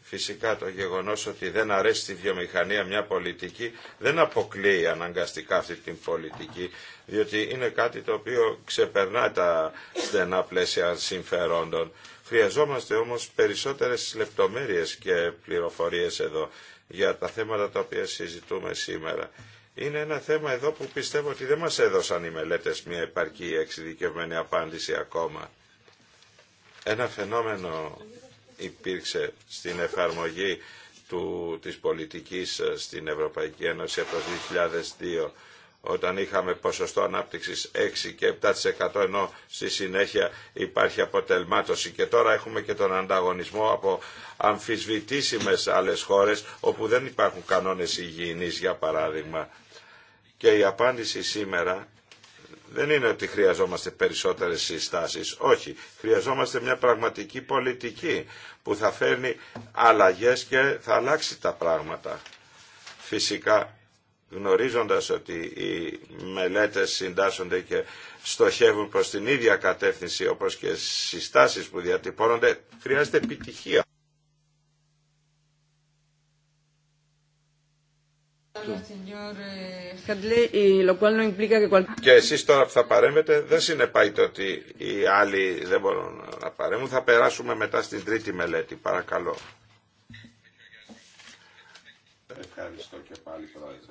Φυσικά το γεγονός ότι δεν αρέσει στη βιομηχανία μια πολιτική δεν αποκλείει αναγκαστικά αυτή την πολιτική, διότι είναι κάτι το οποίο ξεπερνά τα στενά πλαίσια συμφερόντων. Χρειαζόμαστε όμως περισσότερες λεπτομέρειες και πληροφορίες εδώ για τα θέματα τα οποία συζητούμε σήμερα. Είναι ένα θέμα εδώ που πιστεύω ότι δεν μας έδωσαν οι μελέτες μια επαρκή εξειδικευμένη απάντηση ακόμα. Ένα φαινόμενο υπήρξε στην εφαρμογή του, της πολιτικής ε, στην Ευρωπαϊκή Ένωση από το 2002 όταν είχαμε ποσοστό ανάπτυξης 6 και 7% ενώ στη συνέχεια υπάρχει αποτελμάτωση και τώρα έχουμε και τον ανταγωνισμό από αμφισβητήσιμες άλλες χώρες όπου δεν υπάρχουν κανόνες υγιεινής για παράδειγμα. Και η απάντηση σήμερα δεν είναι ότι χρειαζόμαστε περισσότερες συστάσεις. Όχι, χρειαζόμαστε μια πραγματική πολιτική που θα φέρνει αλλαγές και θα αλλάξει τα πράγματα. Φυσικά γνωρίζοντας ότι οι μελέτες συντάσσονται και στοχεύουν προς την ίδια κατεύθυνση όπως και συστάσεις που διατυπώνονται, χρειάζεται επιτυχία. Και εσείς τώρα που θα παρέμβετε δεν συνεπάγεται ότι οι άλλοι δεν μπορούν να παρέμβουν. Θα περάσουμε μετά στην τρίτη μελέτη. Παρακαλώ. Ευχαριστώ και πάλι πρόεδρε.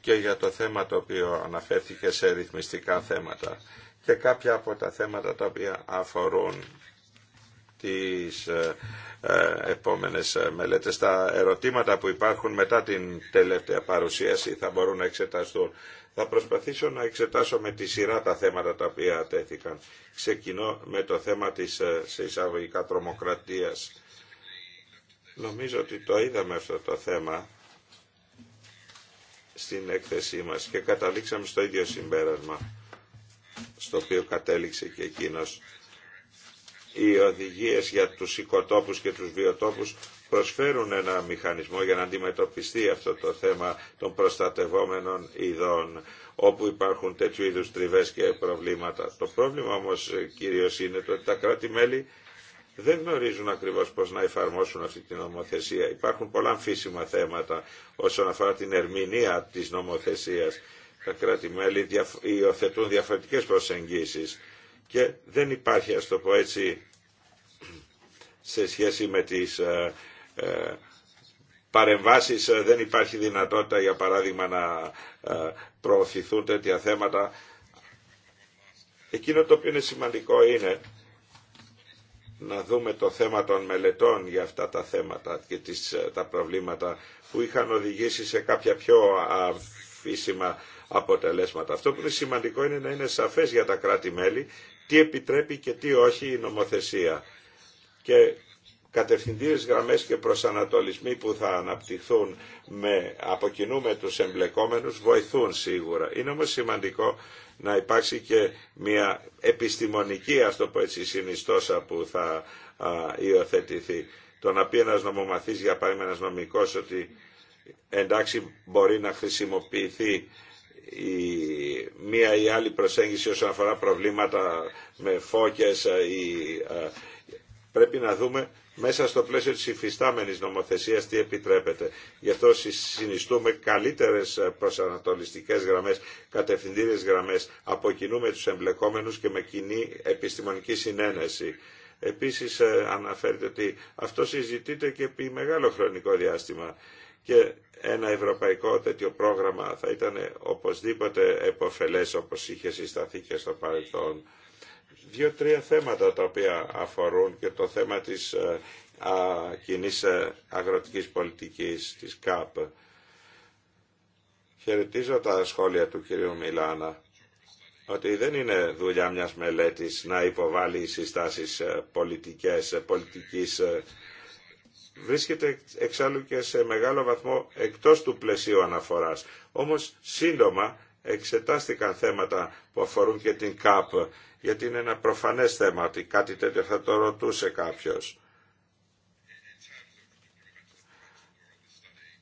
Και για το θέμα το οποίο αναφέρθηκε σε ρυθμιστικά θέματα και κάποια από τα θέματα τα οποία αφορούν τις ε, ε, επόμενες μελέτες. Τα ερωτήματα που υπάρχουν μετά την τελευταία παρουσίαση θα μπορούν να εξεταστούν. Θα προσπαθήσω να εξετάσω με τη σειρά τα θέματα τα οποία τέθηκαν. Ξεκινώ με το θέμα της ε, σε εισαγωγικά τρομοκρατίας. Νομίζω ότι το είδαμε αυτό το θέμα στην έκθεσή μας και καταλήξαμε στο ίδιο συμπέρασμα στο οποίο κατέληξε και εκείνος οι οδηγίες για τους οικοτόπους και τους βιοτόπους προσφέρουν ένα μηχανισμό για να αντιμετωπιστεί αυτό το θέμα των προστατευόμενων ειδών όπου υπάρχουν τέτοιου είδους τριβές και προβλήματα. Το πρόβλημα όμως ε, κυρίως είναι το ότι τα κράτη-μέλη δεν γνωρίζουν ακριβώς πώς να εφαρμόσουν αυτή την νομοθεσία. Υπάρχουν πολλά αμφίσιμα θέματα όσον αφορά την ερμηνεία της νομοθεσίας. Τα κράτη-μέλη υιοθετούν διαφορετικές προσεγγίσεις και δεν υπάρχει, ας το πω έτσι, σε σχέση με τις ε, ε, παρεμβάσεις ε, δεν υπάρχει δυνατότητα για παράδειγμα να προωθηθούν τέτοια θέματα. Εκείνο το οποίο είναι σημαντικό είναι να δούμε το θέμα των μελετών για αυτά τα θέματα και τις, τα προβλήματα που είχαν οδηγήσει σε κάποια πιο αφήσιμα αποτελέσματα. Αυτό που είναι σημαντικό είναι να είναι σαφές για τα κράτη-μέλη τι επιτρέπει και τι όχι η νομοθεσία. Και κατευθυντήρες γραμμές και προσανατολισμοί που θα αναπτυχθούν με, από κοινού με τους εμπλεκόμενους βοηθούν σίγουρα. Είναι όμως σημαντικό να υπάρξει και μια επιστημονική, ας το πω που θα α, υιοθετηθεί. Το να πει ένας νομομαθής, για παράδειγμα ένας νομικός, ότι εντάξει μπορεί να χρησιμοποιηθεί η μία ή άλλη προσέγγιση όσον αφορά προβλήματα με φώκες ή ε, ε, πρέπει να δούμε μέσα στο πλαίσιο της υφιστάμενης νομοθεσίας τι επιτρέπεται. Γι' αυτό συνιστούμε καλύτερες ε, προσανατολιστικές γραμμές, κατευθυντήριες γραμμές. Αποκινούμε τους εμπλεκόμενους και με κοινή επιστημονική συνένεση. Επίσης αναφέρεται ότι αυτό συζητείται και επί μεγάλο χρονικό διάστημα και ένα ευρωπαϊκό τέτοιο πρόγραμμα θα ήταν οπωσδήποτε επωφελές όπως είχε συσταθεί και στο παρελθόν. Δύο-τρία θέματα τα οποία αφορούν και το θέμα της ε, α, κοινής ε, αγροτικής πολιτικής, της ΚΑΠ. Χαιρετίζω τα σχόλια του κυρίου Μιλάνα ότι δεν είναι δουλειά μιας μελέτης να υποβάλει συστάσεις ε, πολιτικές, πολιτικής βρίσκεται εξάλλου και σε μεγάλο βαθμό εκτός του πλαισίου αναφοράς. Όμως σύντομα εξετάστηκαν θέματα που αφορούν και την ΚΑΠ, γιατί είναι ένα προφανές θέμα ότι κάτι τέτοιο θα το ρωτούσε κάποιος.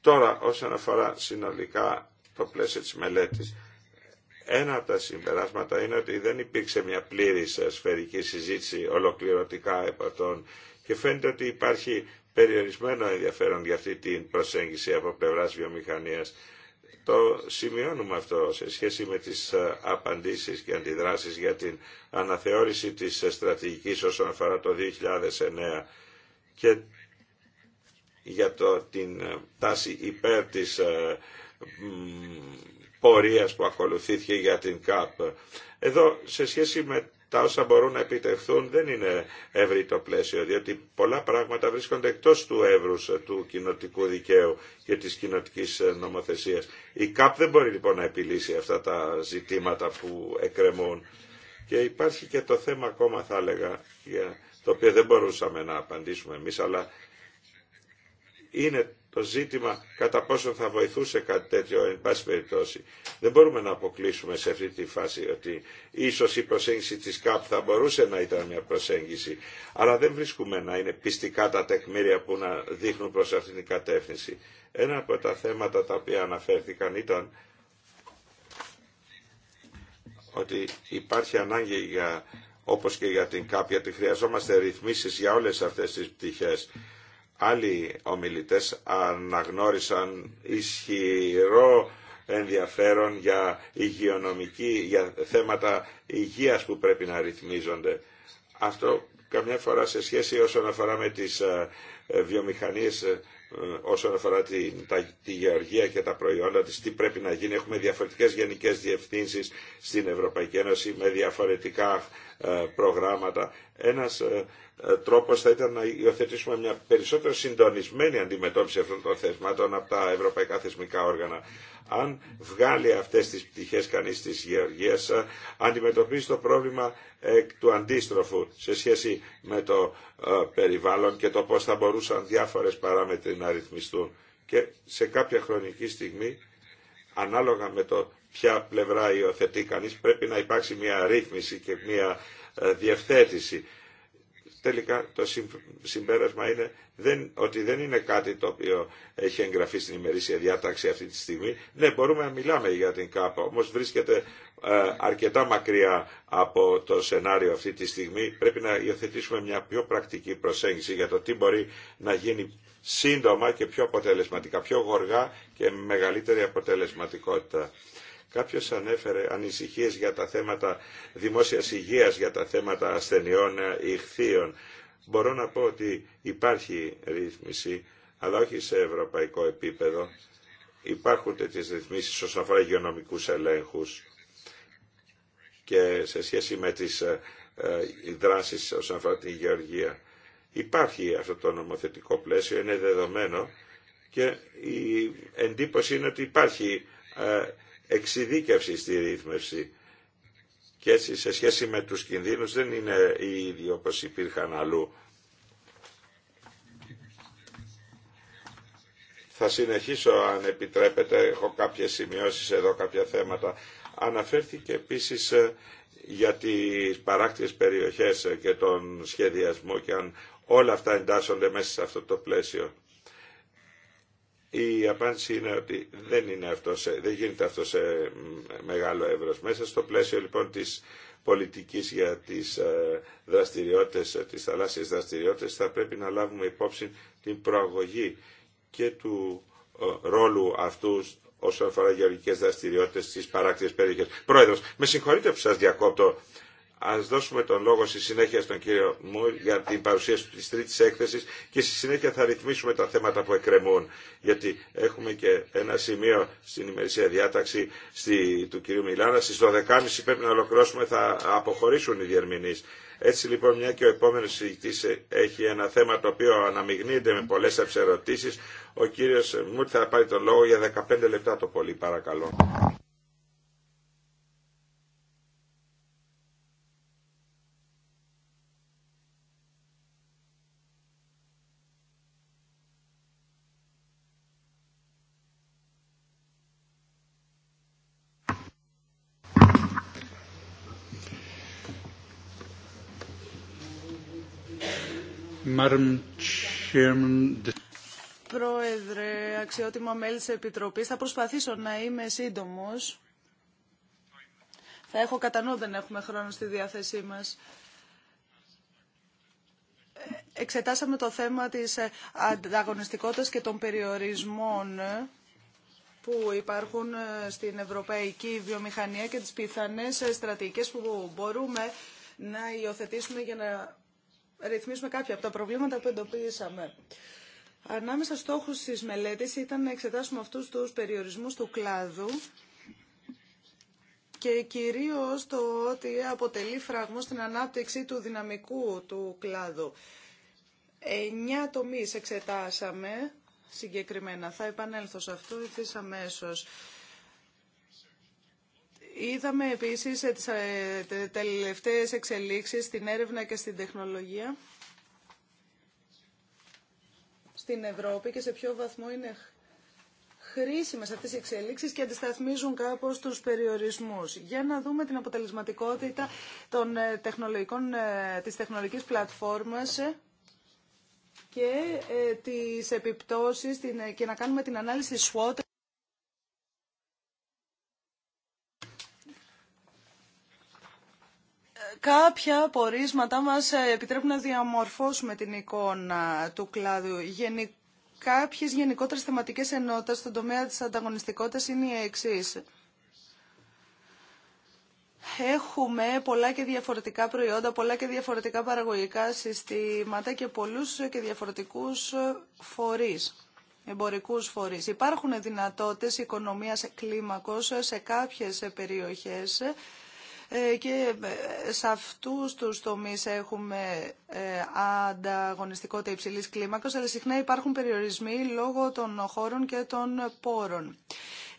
Τώρα, όσον αφορά συνολικά το πλαίσιο της μελέτης, ένα από τα συμπεράσματα είναι ότι δεν υπήρξε μια πλήρης σφαιρική συζήτηση ολοκληρωτικά επ' και φαίνεται ότι υπάρχει περιορισμένο ενδιαφέρον για αυτή την προσέγγιση από πλευρά βιομηχανίας. Το σημειώνουμε αυτό σε σχέση με τις ε, απαντήσεις και αντιδράσεις για την αναθεώρηση της στρατηγικής όσον αφορά το 2009 και για το, την ε, τάση υπέρ της ε, πορείας που ακολουθήθηκε για την ΚΑΠ. Εδώ σε σχέση με τα όσα μπορούν να επιτευχθούν δεν είναι ευρύ το πλαίσιο, διότι πολλά πράγματα βρίσκονται εκτός του εύρους του κοινοτικού δικαίου και της κοινοτικής νομοθεσίας. Η ΚΑΠ δεν μπορεί λοιπόν να επιλύσει αυτά τα ζητήματα που εκκρεμούν. Και υπάρχει και το θέμα ακόμα θα έλεγα, το οποίο δεν μπορούσαμε να απαντήσουμε εμείς, αλλά είναι το ζήτημα κατά πόσο θα βοηθούσε κάτι τέτοιο, εν πάση περιπτώσει. Δεν μπορούμε να αποκλείσουμε σε αυτή τη φάση ότι ίσως η προσέγγιση της ΚΑΠ θα μπορούσε να ήταν μια προσέγγιση, αλλά δεν βρίσκουμε να είναι πιστικά τα τεκμήρια που να δείχνουν προς αυτήν την κατεύθυνση. Ένα από τα θέματα τα οποία αναφέρθηκαν ήταν ότι υπάρχει ανάγκη για όπως και για την ΚΑΠ, γιατί χρειαζόμαστε ρυθμίσεις για όλες αυτές τις πτυχές Άλλοι ομιλητές αναγνώρισαν ισχυρό ενδιαφέρον για υγειονομική, για θέματα υγείας που πρέπει να ρυθμίζονται. Αυτό καμιά φορά σε σχέση όσον αφορά με τις ε, βιομηχανίες ε, όσον αφορά τη, τη γεωργία και τα προϊόντα της, τι πρέπει να γίνει. Έχουμε διαφορετικές γενικές διευθύνσεις στην Ευρωπαϊκή Ένωση με διαφορετικά ε, προγράμματα. Ένας ε, ε, τρόπος θα ήταν να υιοθετήσουμε μια περισσότερο συντονισμένη αντιμετώπιση αυτών των θεσμάτων από τα ευρωπαϊκά θεσμικά όργανα. Αν βγάλει αυτές τις πτυχές κανείς της γεωργίας, αντιμετωπίζει το πρόβλημα του αντίστροφου σε σχέση με το περιβάλλον και το πώς θα μπορούσαν διάφορες παράμετροι να ρυθμιστούν. Και σε κάποια χρονική στιγμή, ανάλογα με το ποια πλευρά υιοθετεί κανείς, πρέπει να υπάρξει μια ρύθμιση και μια ε, διευθέτηση. Τελικά το συμπέρασμα είναι δεν, ότι δεν είναι κάτι το οποίο έχει εγγραφεί στην ημερήσια διάταξη αυτή τη στιγμή. Ναι, μπορούμε να μιλάμε για την ΚΑΠΑ, όμως βρίσκεται ε, αρκετά μακριά από το σενάριο αυτή τη στιγμή. Πρέπει να υιοθετήσουμε μια πιο πρακτική προσέγγιση για το τι μπορεί να γίνει σύντομα και πιο αποτελεσματικά, πιο γοργά και με μεγαλύτερη αποτελεσματικότητα. Κάποιος ανέφερε ανησυχίες για τα θέματα δημόσιας υγείας, για τα θέματα ασθενειών ε, ηχθείων. Μπορώ να πω ότι υπάρχει ρύθμιση, αλλά όχι σε ευρωπαϊκό επίπεδο. Υπάρχουν τέτοιες ρυθμίσεις όσον αφορά υγειονομικούς ελέγχους και σε σχέση με τις ε, ε, δράσεις όσον αφορά την γεωργία. Υπάρχει αυτό το νομοθετικό πλαίσιο, είναι δεδομένο και η εντύπωση είναι ότι υπάρχει εξειδίκευση στη ρύθμιση και έτσι σε σχέση με τους κινδύνους δεν είναι οι ίδιοι όπως υπήρχαν αλλού. Θα συνεχίσω αν επιτρέπετε, έχω κάποιες σημειώσεις εδώ, κάποια θέματα. Αναφέρθηκε επίσης ε, για τις παράκτιες περιοχές ε, και τον σχεδιασμό και αν όλα αυτά εντάσσονται μέσα σε αυτό το πλαίσιο. Η απάντηση είναι ότι δεν, είναι αυτό σε, δεν γίνεται αυτό σε μεγάλο εύρος. Μέσα στο πλαίσιο λοιπόν της πολιτικής για τις ε, δραστηριότητες, ε, τις θαλάσσιες δραστηριότητες θα πρέπει να λάβουμε υπόψη την προαγωγή και του ε, ρόλου αυτού όσον αφορά γεωργικές δραστηριότητες στις παράκτιες περιοχές. Πρόεδρος, με συγχωρείτε που σας διακόπτω Ας δώσουμε τον λόγο στη συνέχεια στον κύριο Μουρ για την παρουσίαση της τρίτης έκθεσης και στη συνέχεια θα ρυθμίσουμε τα θέματα που εκκρεμούν. Γιατί έχουμε και ένα σημείο στην ημερησία διάταξη του κυρίου Μιλάνα. Στις 12.30 πρέπει να ολοκληρώσουμε, θα αποχωρήσουν οι διερμηνείς. Έτσι λοιπόν, μια και ο επόμενο συζητητή έχει ένα θέμα το οποίο αναμειγνύεται με πολλέ ερωτήσει, ο κύριο Μουρ θα πάρει τον λόγο για 15 λεπτά το πολύ, παρακαλώ. Πρόεδρε, αξιότιμα μέλη τη Επιτροπής, θα προσπαθήσω να είμαι σύντομο. Θα έχω κατά νου, δεν έχουμε χρόνο στη διάθεσή μας. Εξετάσαμε το θέμα της ανταγωνιστικότητας και των περιορισμών που υπάρχουν στην ευρωπαϊκή βιομηχανία και τις πιθανές στρατηγικές που μπορούμε να υιοθετήσουμε για να ρυθμίσουμε κάποια από τα προβλήματα που εντοπίσαμε. Ανάμεσα στόχους της μελέτης ήταν να εξετάσουμε αυτούς τους περιορισμούς του κλάδου και κυρίως το ότι αποτελεί φραγμό στην ανάπτυξη του δυναμικού του κλάδου. Εννιά τομείς εξετάσαμε συγκεκριμένα. Θα επανέλθω σε αυτό αμέσως. Είδαμε επίσης ε, τις ε, τελευταίες εξελίξεις στην έρευνα και στην τεχνολογία στην Ευρώπη και σε ποιο βαθμό είναι χρήσιμες αυτές οι εξελίξεις και αντισταθμίζουν κάπως τους περιορισμούς. Για να δούμε την αποτελεσματικότητα των ε, τεχνολογικών, της τεχνολογικής πλατφόρμας και τις επιπτώσεις και να κάνουμε την ανάλυση SWOT Κάποια πορίσματά μας ε, επιτρέπουν να διαμορφώσουμε την εικόνα του κλάδου. Κάποιες γενικότερες θεματικές ενότητες στον τομέα της ανταγωνιστικότητας είναι οι εξής. Έχουμε πολλά και διαφορετικά προϊόντα, πολλά και διαφορετικά παραγωγικά συστήματα και πολλούς και διαφορετικούς φορείς εμπορικούς φορείς. Υπάρχουν δυνατότητες οικονομίας κλίμακος σε κάποιες περιοχές ε, και ε, σε αυτούς τους τομείς έχουμε ε, ανταγωνιστικότητα υψηλής κλίμακος, αλλά συχνά υπάρχουν περιορισμοί λόγω των χώρων και των πόρων.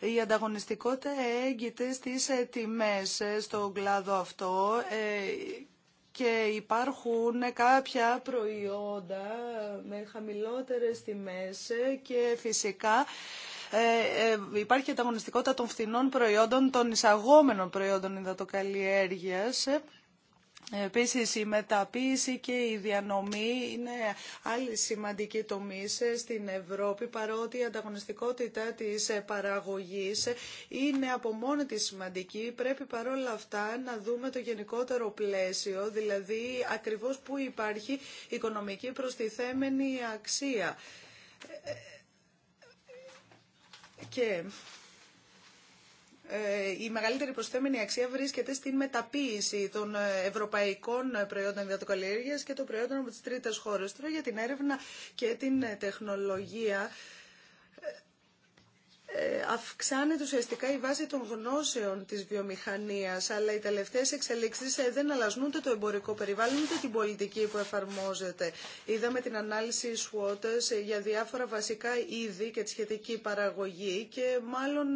Η ανταγωνιστικότητα έγκυται στις τιμές στον κλάδο αυτό και υπάρχουν κάποια προϊόντα με χαμηλότερες τιμές και φυσικά ε, ε, υπάρχει ανταγωνιστικότητα των φθηνών προϊόντων, των εισαγόμενων προϊόντων υδατοκαλλιέργειας. Ε, επίση η μεταποίηση και η διανομή είναι άλλη σημαντική τομή στην Ευρώπη παρότι η ανταγωνιστικότητα της παραγωγή είναι από μόνη της σημαντική. Πρέπει παρόλα αυτά να δούμε το γενικότερο πλαίσιο, δηλαδή ακριβώ που υπάρχει οικονομική προστιθέμενη αξία και ε, η μεγαλύτερη προσθέμενη αξία βρίσκεται στην μεταποίηση των ε, ευρωπαϊκών προϊόντων υδατοκαλλιέργειας και των προϊόντων από τις τρίτες χώρες. Τώρα για την έρευνα και την τεχνολογία ε, αυξάνεται ουσιαστικά η βάση των γνώσεων της βιομηχανίας, αλλά οι τελευταίες εξελίξεις ε, δεν αλλάζουν ούτε το εμπορικό περιβάλλον, ούτε την πολιτική που εφαρμόζεται. Είδαμε την ανάλυση SWOT ε, για διάφορα βασικά είδη και τη σχετική παραγωγή και μάλλον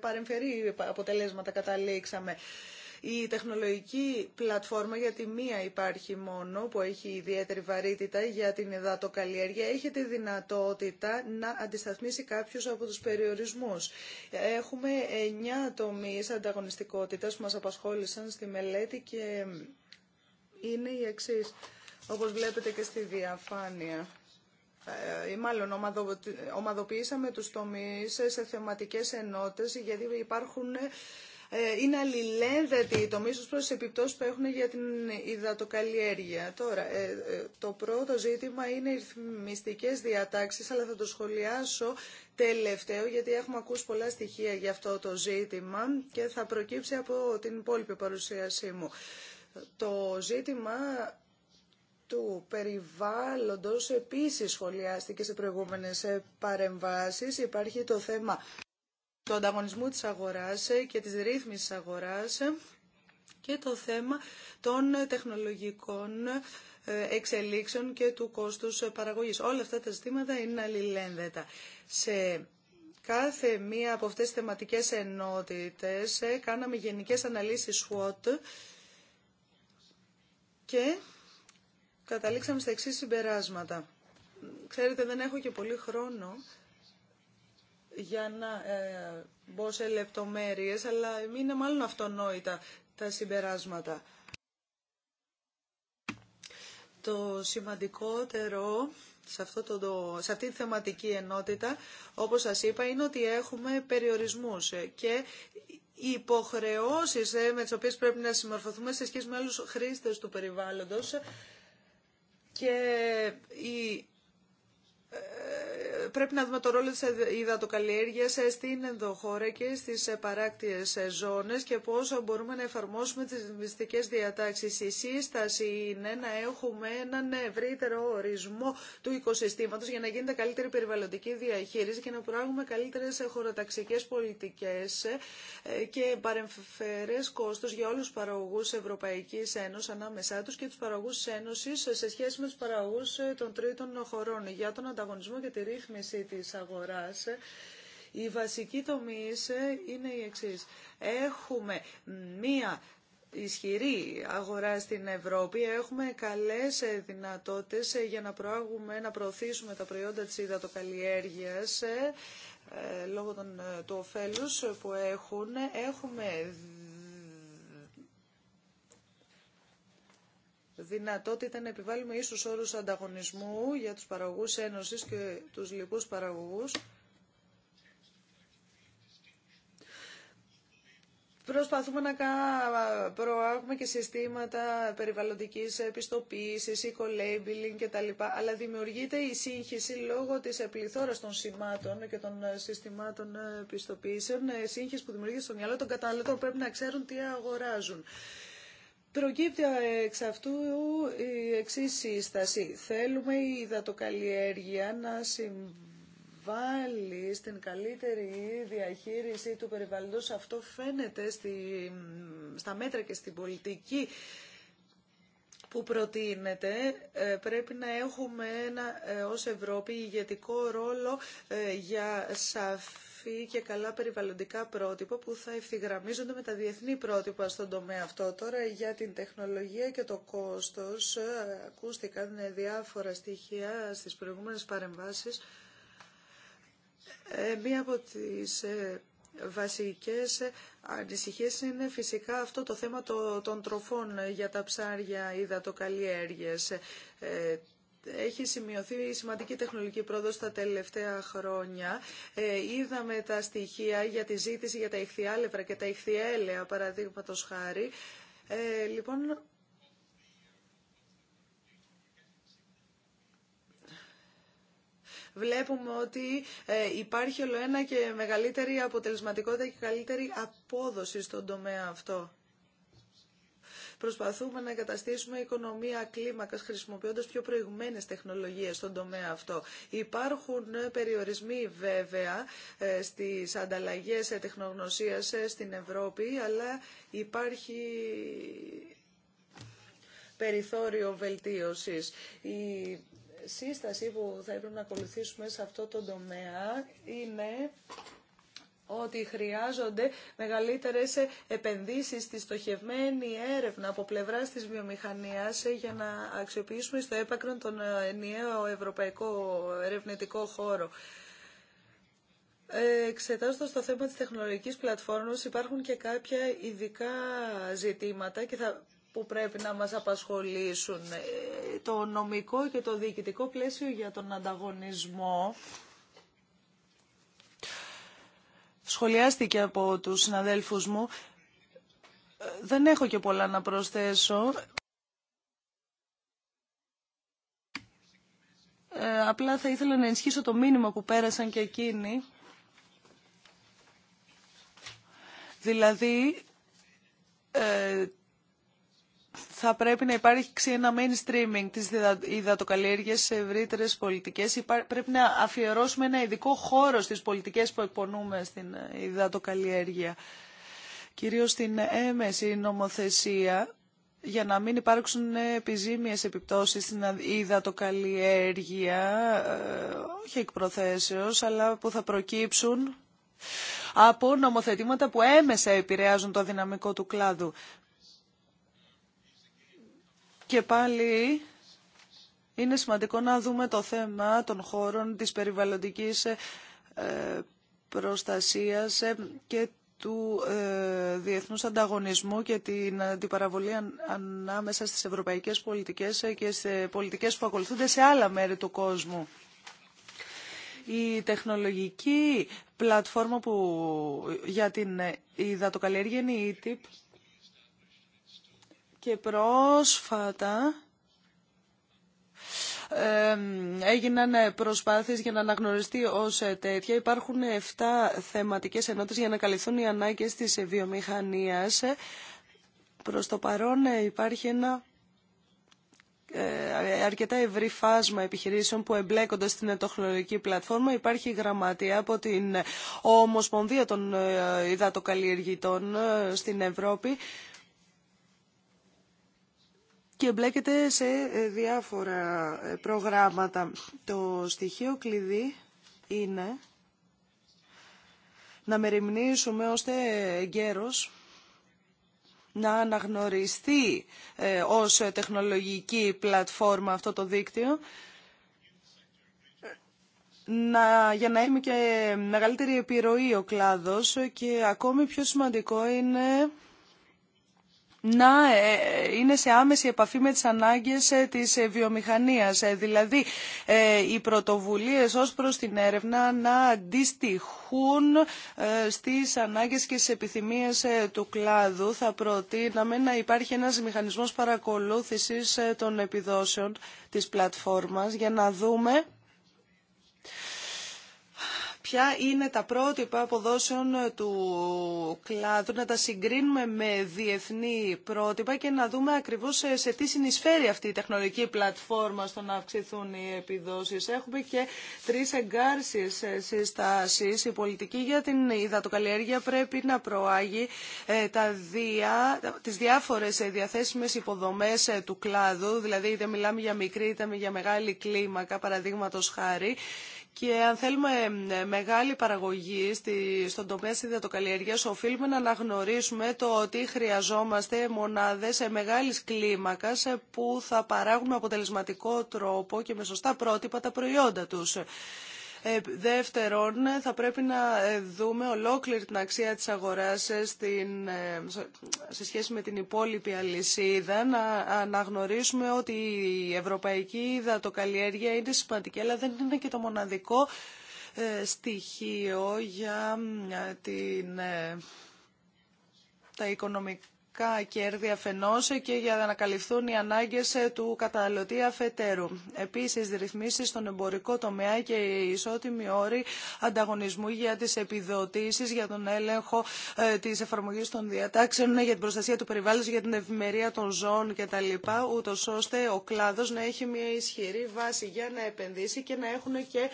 παρεμφερή αποτελέσματα καταλήξαμε. Η τεχνολογική πλατφόρμα, γιατί μία υπάρχει μόνο που έχει ιδιαίτερη βαρύτητα για την υδατοκαλλιέργεια, έχει τη δυνατότητα να αντισταθμίσει κάποιους από τους περιορισμούς. Έχουμε εννιά τομείς ανταγωνιστικότητας που μας απασχόλησαν στη μελέτη και είναι οι εξή, όπως βλέπετε και στη διαφάνεια. Ε, μάλλον ομαδοποιήσαμε τους τομείς σε θεματικές ενότητες γιατί υπάρχουν ε, είναι αλληλένδετοι οι τομείς ως προς επιπτώσεις που έχουν για την υδατοκαλλιέργεια. Τώρα, ε, ε, το πρώτο ζήτημα είναι οι ρυθμιστικές διατάξεις, αλλά θα το σχολιάσω τελευταίο, γιατί έχουμε ακούσει πολλά στοιχεία για αυτό το ζήτημα και θα προκύψει από την υπόλοιπη παρουσίασή μου. Το ζήτημα του περιβάλλοντος επίσης σχολιάστηκε σε προηγούμενες παρεμβάσεις. Υπάρχει το θέμα του ανταγωνισμού της αγοράς ε, και της ρύθμισης αγοράς ε, και το θέμα των τεχνολογικών ε, εξελίξεων και του κόστους παραγωγής. Όλα αυτά τα ζητήματα είναι αλληλένδετα. Σε κάθε μία από αυτές τις θεματικές ενότητες κάναμε γενικές αναλύσεις SWOT και καταλήξαμε στα εξής συμπεράσματα. Ξέρετε, δεν έχω και πολύ χρόνο για να ε, μπω σε λεπτομέρειες, αλλά είναι μάλλον αυτονόητα τα συμπεράσματα. Το σημαντικότερο σε, αυτό το, σε αυτή τη θεματική ενότητα, όπως σας είπα, είναι ότι έχουμε περιορισμούς και οι υποχρεώσεις ε, με τις οποίες πρέπει να συμμορφωθούμε σε σχέση με άλλους χρήστες του περιβάλλοντος και η πρέπει να δούμε το ρόλο της υδατοκαλλιέργειας ε, στην ενδοχώρα και στις ε, παράκτιες ε, ζώνες και πόσο μπορούμε να εφαρμόσουμε τις μυστικές διατάξεις. Η σύσταση είναι να έχουμε έναν ευρύτερο ορισμό του οικοσυστήματος για να γίνεται καλύτερη περιβαλλοντική διαχείριση και να προάγουμε καλύτερες χωροταξικές πολιτικές και παρεμφερές κόστος για όλους τους παραγωγούς Ευρωπαϊκής Ένωσης ανάμεσά τους και τους παραγωγούς Ένωσης σε σχέση με τους παραγωγούς των τρίτων χωρών για τον ανταγωνισμό και τη ρίχνη ρύθμιση της αγοράς, οι βασικοί είναι η εξής. Έχουμε μία ισχυρή αγορά στην Ευρώπη. Έχουμε καλές δυνατότητες για να προάγουμε, να προωθήσουμε τα προϊόντα της υδατοκαλλιέργειας ε, λόγω των, ε, του ωφέλους που έχουν. Έχουμε δυνατότητα να επιβάλλουμε ίσους όρους ανταγωνισμού για τους παραγωγούς Ένωσης και τους λοιπούς παραγωγούς. Προσπαθούμε να προάγουμε και συστήματα περιβαλλοντικής επιστοποίησης, eco-labeling κτλ. Αλλά δημιουργείται η σύγχυση λόγω της επληθώρας των σημάτων και των ε, συστημάτων ε, επιστοποίησεων. Ε, σύγχυση που δημιουργείται στο μυαλό των καταναλωτών πρέπει να ξέρουν τι αγοράζουν. Προκύπτει ε, εξ αυτού η εξή σύσταση. Θέλουμε η υδατοκαλλιέργεια να συμβάλλει στην καλύτερη διαχείριση του περιβαλλοντος. Αυτό φαίνεται στη, στα μέτρα και στην πολιτική που προτείνεται ε, πρέπει να έχουμε ένα, ε, ως Ευρώπη ηγετικό ρόλο για σαφή σαφή και καλά περιβαλλοντικά πρότυπα που θα ευθυγραμμίζονται με τα διεθνή πρότυπα στον τομέα αυτό. Τώρα για την τεχνολογία και το κόστος ε, ακούστηκαν διάφορα στοιχεία στις προηγούμενες παρεμβάσεις. Ε, μία από τις ε, βασικές ανησυχίε είναι φυσικά αυτό το θέμα των τροφών για τα ψάρια υδατοκαλλιέργειες έχει σημειωθεί σημαντική τεχνολογική πρόοδος τα τελευταία χρόνια. Ε, είδαμε τα στοιχεία για τη ζήτηση για τα ηχθιάλευρα και τα ηχθιέλεα, παραδείγματος χάρη. Ε, λοιπόν, βλέπουμε ότι ε, υπάρχει όλο ένα και μεγαλύτερη αποτελεσματικότητα και καλύτερη απόδοση στον τομέα αυτό προσπαθούμε να εγκαταστήσουμε οικονομία κλίμακας χρησιμοποιώντας πιο προηγμένες τεχνολογίες στον τομέα αυτό. Υπάρχουν ε, περιορισμοί βέβαια ε, στις ανταλλαγές ε, τεχνογνωσίας στην Ευρώπη, αλλά υπάρχει περιθώριο βελτίωσης. Η σύσταση που θα έπρεπε να ακολουθήσουμε σε αυτό το τομέα είναι ότι χρειάζονται μεγαλύτερες επενδύσεις στη στοχευμένη έρευνα από πλευράς της βιομηχανίας για να αξιοποιήσουμε στο έπακρον τον ενιαίο ευρωπαϊκό ερευνητικό χώρο. Εξετάζοντας το θέμα της τεχνολογικής πλατφόρμας υπάρχουν και κάποια ειδικά ζητήματα και θα που πρέπει να μας απασχολήσουν. Ε, το νομικό και το διοικητικό πλαίσιο για τον ανταγωνισμό σχολιάστηκε από τους συναδέλφους μου. Ε, δεν έχω και πολλά να προσθέσω. Ε, απλά θα ήθελα να ενισχύσω το μήνυμα που πέρασαν και εκείνοι. Δηλαδή, ε, θα πρέπει να υπάρξει ένα mainstreaming της υδατοκαλλιέργειας σε ευρύτερε πολιτικές. Πρέπει να αφιερώσουμε ένα ειδικό χώρο στις πολιτικές που εκπονούμε στην ε, υδατοκαλλιέργεια. Κυρίως στην έμεση νομοθεσία για να μην υπάρξουν ε, επιζήμιες επιπτώσεις στην υδατοκαλλιέργεια, ε, όχι εκ προθέσεως, αλλά που θα προκύψουν από νομοθετήματα που έμεσα επηρεάζουν το δυναμικό του κλάδου. Και πάλι είναι σημαντικό να δούμε το θέμα των χώρων της περιβαλλοντικής ε, προστασίας ε, και του ε, διεθνούς ανταγωνισμού και την αντιπαραβολή ανάμεσα στις ευρωπαϊκές πολιτικές και σε πολιτικές που ακολουθούνται σε άλλα μέρη του κόσμου. Η τεχνολογική πλατφόρμα που για την υδατοκαλλιέργεια είναι η ETIP και πρόσφατα έγιναν προσπάθειες για να αναγνωριστεί ως τέτοια. Υπάρχουν 7 θεματικές ενότητες για να καλυφθούν οι ανάγκες της βιομηχανίας. Προς το παρόν υπάρχει ένα ε, αρκετά ευρύ φάσμα επιχειρήσεων που εμπλέκονται στην ετοχνολογική πλατφόρμα. Υπάρχει γραμματεία από την Ομοσπονδία των Ιδατοκαλλιεργητών ε, ε, στην Ευρώπη και εμπλέκεται σε ε, διάφορα ε, προγράμματα. Το στοιχείο κλειδί είναι να μεριμνήσουμε ώστε γέρος να αναγνωριστεί ε, ως τεχνολογική πλατφόρμα αυτό το δίκτυο να, για να έχουμε και μεγαλύτερη επιρροή ο κλάδος και ακόμη πιο σημαντικό είναι να ε, είναι σε άμεση επαφή με τις ανάγκες ε, της ε, βιομηχανίας. Δηλαδή, οι πρωτοβουλίες ως προς την έρευνα να αντιστοιχούν στις ανάγκες και στις επιθυμίες του κλάδου. Θα προτείναμε να υπάρχει ένας μηχανισμός παρακολούθησης των επιδόσεων της πλατφόρμας για να δούμε ποια είναι τα πρότυπα αποδόσεων ε, του κλάδου, να τα συγκρίνουμε με διεθνή πρότυπα και να δούμε ακριβώς ε, σε τι συνεισφέρει αυτή η τεχνολογική πλατφόρμα στο να αυξηθούν οι επιδόσεις. Έχουμε και τρεις εγκάρσεις ε, συστάσεις. Η πολιτική για την υδατοκαλλιέργεια πρέπει να προάγει τα διά, τις διάφορες διαθέσιμες υποδομές του κλάδου, δηλαδή είτε μιλάμε για μικρή είτε για μεγάλη κλίμακα, παραδείγματος χάρη, και αν θέλουμε ε, μεγάλη παραγωγή στον τομέα τη ιδιωτοκαλλιεργία, οφείλουμε να αναγνωρίσουμε το ότι χρειαζόμαστε μονάδες ε, μεγάλη κλίμακα ε, που θα παράγουν με αποτελεσματικό τρόπο και με σωστά πρότυπα τα προϊόντα τους. Δεύτερον, θα πρέπει να ε, δούμε ολόκληρη την αξία της αγοράς ε, στην, ε, σε σχέση με την υπόλοιπη αλυσίδα, να αναγνωρίσουμε ότι η ευρωπαϊκή δατοκαλλιέργεια είναι σημαντική, αλλά δεν είναι και το μοναδικό στοιχείο για την, τα οικονομικά οικονομικά κέρδη αφενός και για να καλυφθούν οι ανάγκες ε, του καταναλωτή αφετέρου. Επίσης, ρυθμίσεις στον εμπορικό τομέα και οι ισότιμοι όροι ανταγωνισμού για τις επιδοτήσεις, για τον έλεγχο ε, της εφαρμογής των διατάξεων, ε, για την προστασία του περιβάλλοντος, για την ευημερία των ζώων κτλ. Ούτως ώστε ο κλάδος να έχει μια ισχυρή βάση για να επενδύσει και να έχουν και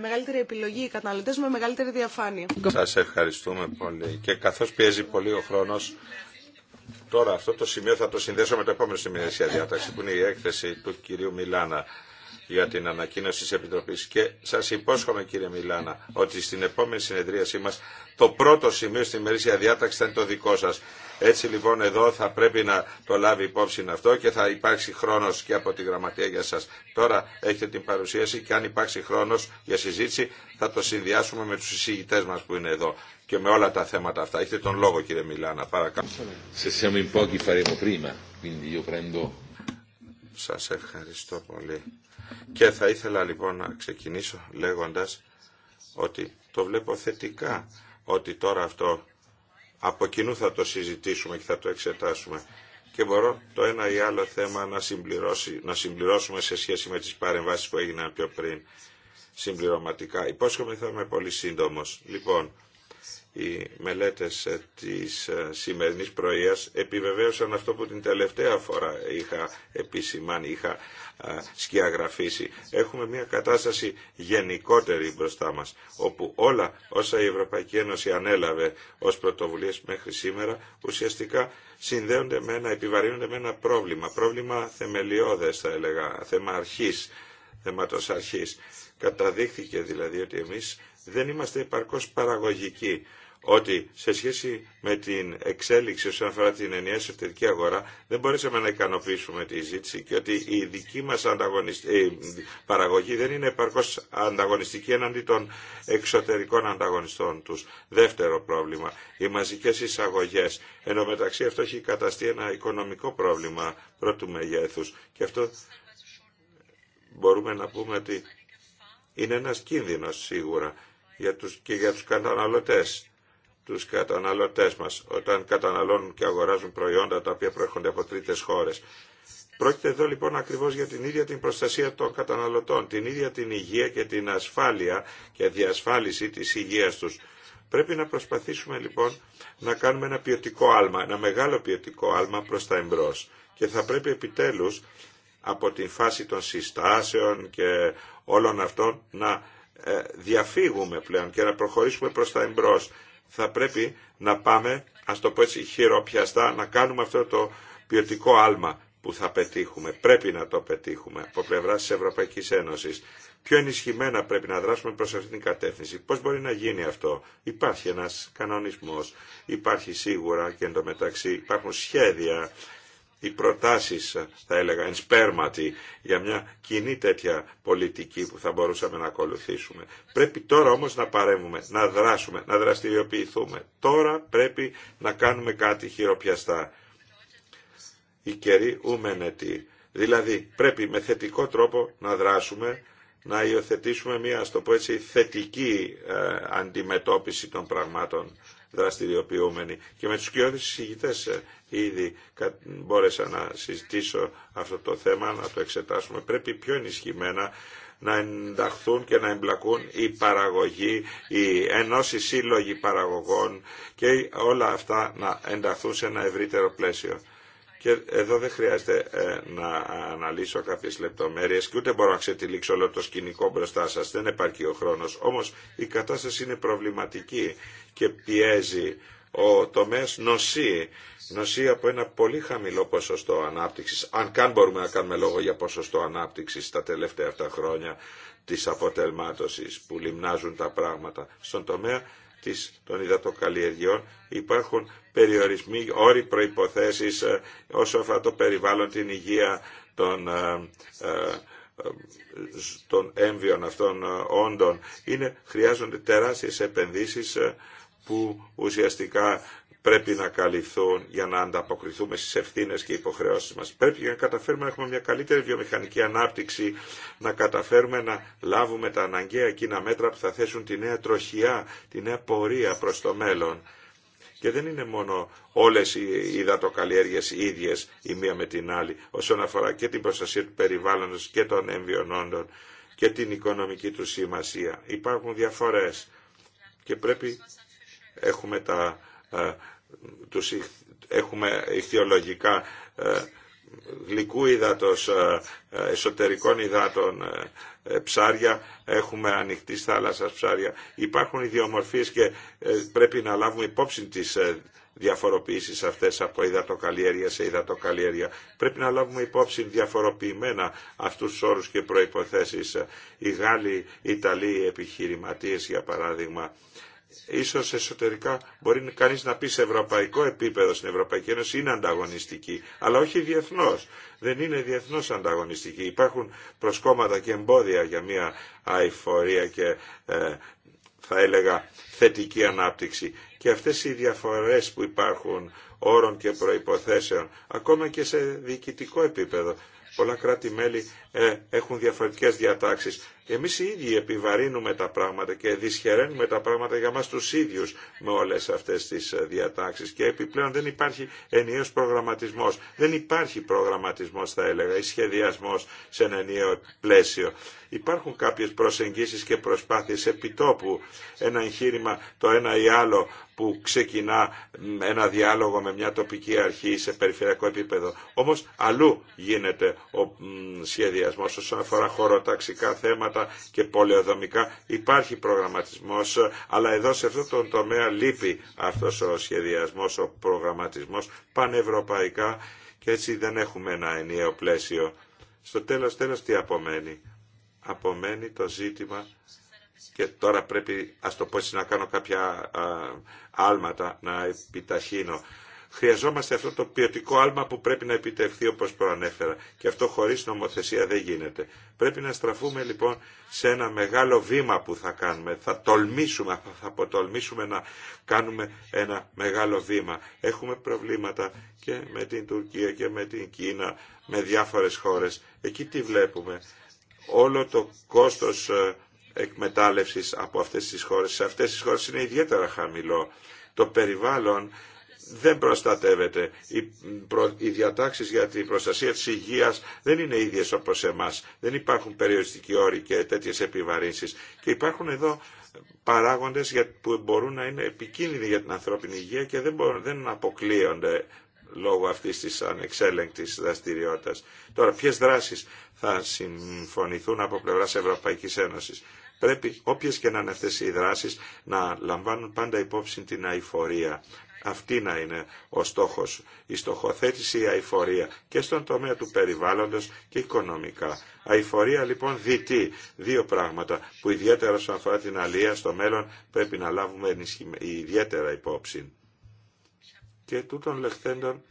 μεγαλύτερη επιλογή οι καταναλωτές με μεγαλύτερη διαφάνεια. Σας ευχαριστούμε πολύ και καθώς πιέζει πολύ ο χρόνος Τώρα αυτό το σημείο θα το συνδέσω με το επόμενο σημείο διάταξη που είναι η έκθεση του κυρίου Μιλάνα για την ανακοίνωση της Επιτροπής και σας υπόσχομαι κύριε Μιλάνα ότι στην επόμενη συνεδρίασή μας το πρώτο σημείο στην ημερήσια διάταξη θα είναι το δικό σας. Έτσι λοιπόν εδώ θα πρέπει να το λάβει υπόψη αυτό και θα υπάρξει χρόνος και από τη γραμματεία για σας. Τώρα έχετε την παρουσίαση και αν υπάρξει χρόνος για συζήτηση θα το συνδυάσουμε με τους εισηγητές μας που είναι εδώ και με όλα τα θέματα αυτά. Έχετε τον λόγο κύριε Μιλάνα, παρακαλώ. Σε σας ευχαριστώ πολύ. Και θα ήθελα λοιπόν να ξεκινήσω λέγοντας ότι το βλέπω θετικά ότι τώρα αυτό από κοινού θα το συζητήσουμε και θα το εξετάσουμε και μπορώ το ένα ή άλλο θέμα να, συμπληρώσει, να συμπληρώσουμε σε σχέση με τις παρεμβάσεις που έγιναν πιο πριν συμπληρωματικά. Υπόσχομαι θα είμαι πολύ σύντομος. Λοιπόν, οι μελέτες ε, της ε, σημερινής πρωίας επιβεβαίωσαν αυτό που την τελευταία φορά είχα επισημάνει, είχα ε, σκιαγραφίσει. Έχουμε μια κατάσταση γενικότερη μπροστά μας, όπου όλα όσα η Ευρωπαϊκή Ένωση ανέλαβε ως πρωτοβουλίες μέχρι σήμερα, ουσιαστικά συνδέονται με ένα, επιβαρύνονται με ένα πρόβλημα, πρόβλημα θεμελιώδες θα έλεγα, θέμα αρχής, θέματος αρχής. Καταδείχθηκε δηλαδή ότι εμείς δεν είμαστε υπαρκώς παραγωγικοί ότι σε σχέση με την εξέλιξη όσον αφορά την ενιαία εσωτερική αγορά δεν μπορέσαμε να ικανοποιήσουμε τη ζήτηση και ότι η δική μας η ε, παραγωγή δεν είναι επαρκώς ανταγωνιστική έναντι των εξωτερικών ανταγωνιστών τους. Δεύτερο πρόβλημα, οι μαζικές εισαγωγές. Ενώ μεταξύ αυτό έχει καταστεί ένα οικονομικό πρόβλημα πρώτου μεγέθους και αυτό μπορούμε να πούμε ότι είναι ένας κίνδυνος σίγουρα για τους, και για τους καταναλωτές τους καταναλωτές μας όταν καταναλώνουν και αγοράζουν προϊόντα τα οποία προέρχονται από τρίτες χώρες. Πρόκειται εδώ λοιπόν ακριβώς για την ίδια την προστασία των καταναλωτών, την ίδια την υγεία και την ασφάλεια και διασφάλιση της υγείας τους. Πρέπει να προσπαθήσουμε λοιπόν να κάνουμε ένα ποιοτικό άλμα, ένα μεγάλο ποιοτικό άλμα προς τα εμπρός. Και θα πρέπει επιτέλους από την φάση των συστάσεων και όλων αυτών να ε, διαφύγουμε πλέον και να προχωρήσουμε προς τα εμπρός θα πρέπει να πάμε, ας το πω έτσι χειροπιαστά, να κάνουμε αυτό το ποιοτικό άλμα που θα πετύχουμε, πρέπει να το πετύχουμε από πλευρά τη Ευρωπαϊκή Ένωση. Πιο ενισχυμένα πρέπει να δράσουμε προ αυτήν την κατεύθυνση. Πώ μπορεί να γίνει αυτό, Υπάρχει ένα κανονισμό, υπάρχει σίγουρα και εντωμεταξύ υπάρχουν σχέδια οι προτάσεις θα έλεγα σπέρματι για μια κοινή τέτοια πολιτική που θα μπορούσαμε να ακολουθήσουμε. Πρέπει τώρα όμως να παρέμβουμε, να δράσουμε, να δραστηριοποιηθούμε. Τώρα πρέπει να κάνουμε κάτι χειροπιαστά. Η καιρή ουμενετή. Δηλαδή πρέπει με θετικό τρόπο να δράσουμε, να υιοθετήσουμε μια, ας το πω έτσι, θετική ε, αντιμετώπιση των πραγμάτων δραστηριοποιούμενοι. Και με τους κοιόδης συζητητές ε, ήδη μπόρεσα να συζητήσω αυτό το θέμα, να το εξετάσουμε. Πρέπει πιο ενισχυμένα να ενταχθούν και να εμπλακούν οι παραγωγοί, οι ενώσεις σύλλογοι παραγωγών και όλα αυτά να ενταχθούν σε ένα ευρύτερο πλαίσιο. Και εδώ δεν χρειάζεται ε, να αναλύσω κάποιες λεπτομέρειες και ούτε μπορώ να ξετυλίξω όλο το σκηνικό μπροστά σας. Δεν επαρκεί ο χρόνος. Όμως η κατάσταση είναι προβληματική και πιέζει ο τομέας νοσεί. Νοσεί από ένα πολύ χαμηλό ποσοστό ανάπτυξης, αν καν μπορούμε να κάνουμε λόγο για ποσοστό ανάπτυξης τα τελευταία αυτά χρόνια της αποτελμάτωσης που λιμνάζουν τα πράγματα στον τομέα της, των υδατοκαλλιεργειών υπάρχουν περιορισμοί, όροι προϋποθέσεις ε, όσο αφορά το περιβάλλον, την υγεία των, ε, ε, των έμβιων αυτών όντων. Είναι, χρειάζονται τεράστιες επενδύσεις που ουσιαστικά πρέπει να καλυφθούν για να ανταποκριθούμε στις ευθύνες και υποχρεώσεις μας. Πρέπει να καταφέρουμε να έχουμε μια καλύτερη βιομηχανική ανάπτυξη, να καταφέρουμε να λάβουμε τα αναγκαία εκείνα μέτρα που θα θέσουν τη νέα τροχιά, τη νέα πορεία προς το μέλλον. Και δεν είναι μόνο όλες οι υδατοκαλλιέργειες οι ίδιες η μία με την άλλη, όσον αφορά και την προστασία του περιβάλλοντος και των εμβιονόντων και την οικονομική του σημασία. Υπάρχουν διαφορές και πρέπει έχουμε τα ε, τους έχουμε ηχθειολογικά ε, γλυκού υδάτος, ε, εσωτερικών υδάτων, ψάρια, έχουμε ανοιχτή θάλασσα ψάρια. Υπάρχουν ιδιομορφίες και πρέπει να λάβουμε υπόψη τις διαφοροποιήσεις αυτές από υδατοκαλλιέργεια σε υδατοκαλλιέργεια. Πρέπει να λάβουμε υπόψη διαφοροποιημένα αυτούς τους όρους και προϋποθέσεις. Οι Γάλλοι, οι Ιταλοί οι για παράδειγμα ίσως εσωτερικά μπορεί κανείς να πει σε ευρωπαϊκό επίπεδο στην Ευρωπαϊκή Ένωση είναι ανταγωνιστική, αλλά όχι διεθνώς. Δεν είναι διεθνώς ανταγωνιστική. Υπάρχουν προσκόμματα και εμπόδια για μια αηφορία και ε, θα έλεγα θετική ανάπτυξη. Και αυτές οι διαφορές που υπάρχουν όρων και προϋποθέσεων, ακόμα και σε διοικητικό επίπεδο, πολλά κράτη-μέλη ε, έχουν διαφορετικές διατάξεις. Εμείς οι ίδιοι επιβαρύνουμε τα πράγματα και δυσχεραίνουμε τα πράγματα για μας τους ίδιους με όλες αυτές τις ε, διατάξεις και επιπλέον δεν υπάρχει ενιαίος προγραμματισμός. Δεν υπάρχει προγραμματισμός θα έλεγα ή σχεδιασμός σε ένα ενιαίο πλαίσιο. Υπάρχουν κάποιες προσεγγίσεις και προσπάθειες επιτόπου ένα εγχείρημα το ένα ή άλλο που ξεκινά ένα διάλογο με μια τοπική αρχή σε περιφερειακό επίπεδο. Όμως αλλού γίνεται ο σχεδιασμός όσον αφορά χωροταξικά θέματα και πολεοδομικά. Υπάρχει προγραμματισμός, αλλά εδώ σε αυτό τον τομέα λείπει αυτός ο σχεδιασμός, ο προγραμματισμός πανευρωπαϊκά και έτσι δεν έχουμε ένα ενιαίο πλαίσιο. Στο τέλος, τέλος τι απομένει. Απομένει το ζήτημα και τώρα πρέπει, ας το πω έτσι, να κάνω κάποια άλματα, να επιταχύνω. Χρειαζόμαστε αυτό το ποιοτικό άλμα που πρέπει να επιτευχθεί όπως προανέφερα και αυτό χωρίς νομοθεσία δεν γίνεται. Πρέπει να στραφούμε λοιπόν σε ένα μεγάλο βήμα που θα κάνουμε. Θα τολμήσουμε, θα αποτολμήσουμε να κάνουμε ένα μεγάλο βήμα. Έχουμε προβλήματα και με την Τουρκία και με την Κίνα, με διάφορες χώρες. Εκεί τι βλέπουμε. Όλο το κόστος ε, εκμετάλλευσης από αυτές τις χώρες. Σε αυτές τις χώρες είναι ιδιαίτερα χαμηλό. Το περιβάλλον δεν προστατεύεται. Οι, προ... οι διατάξεις για την προστασία της υγείας δεν είναι ίδιες όπως εμάς. Δεν υπάρχουν περιοριστικοί όροι και τέτοιες επιβαρύνσεις. Και υπάρχουν εδώ παράγοντες που μπορούν να είναι επικίνδυνοι για την ανθρώπινη υγεία και δεν, δεν αποκλείονται λόγω αυτής της ανεξέλεγκτης δραστηριότητας. Τώρα, ποιες δράσεις θα συμφωνηθούν από πλευράς Ευρωπαϊκής Ένωσης. Πρέπει όποιες και να είναι αυτές οι δράσεις να λαμβάνουν πάντα υπόψη την αηφορία. Αυτή να είναι ο στόχος, η στοχοθέτηση, η αηφορία και στον τομέα του περιβάλλοντος και οικονομικά. Αηφορία λοιπόν διτή, δύο πράγματα που ιδιαίτερα όσον αφορά την αλία στο μέλλον πρέπει να λάβουμε ιδιαίτερα υπόψη. Και τούτων λεχθέντων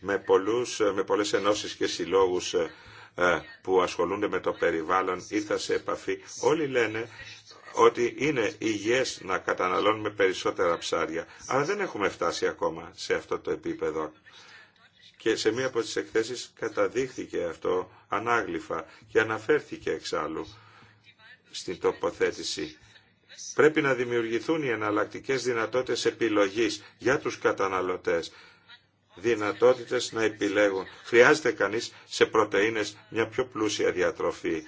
με, πολλούς, με πολλές ενώσεις και συλλόγους ε, ε, που ασχολούνται με το περιβάλλον ήρθα σε επαφή. Όλοι λένε ότι είναι υγιές να καταναλώνουμε περισσότερα ψάρια. Αλλά δεν έχουμε φτάσει ακόμα σε αυτό το επίπεδο. Και σε μία από τις εκθέσεις καταδείχθηκε αυτό ανάγλυφα και αναφέρθηκε εξάλλου στην τοποθέτηση. Πρέπει να δημιουργηθούν οι εναλλακτικέ δυνατότητες επιλογής για τους καταναλωτές. Δυνατότητες να επιλέγουν. Χρειάζεται κανείς σε πρωτεΐνες μια πιο πλούσια διατροφή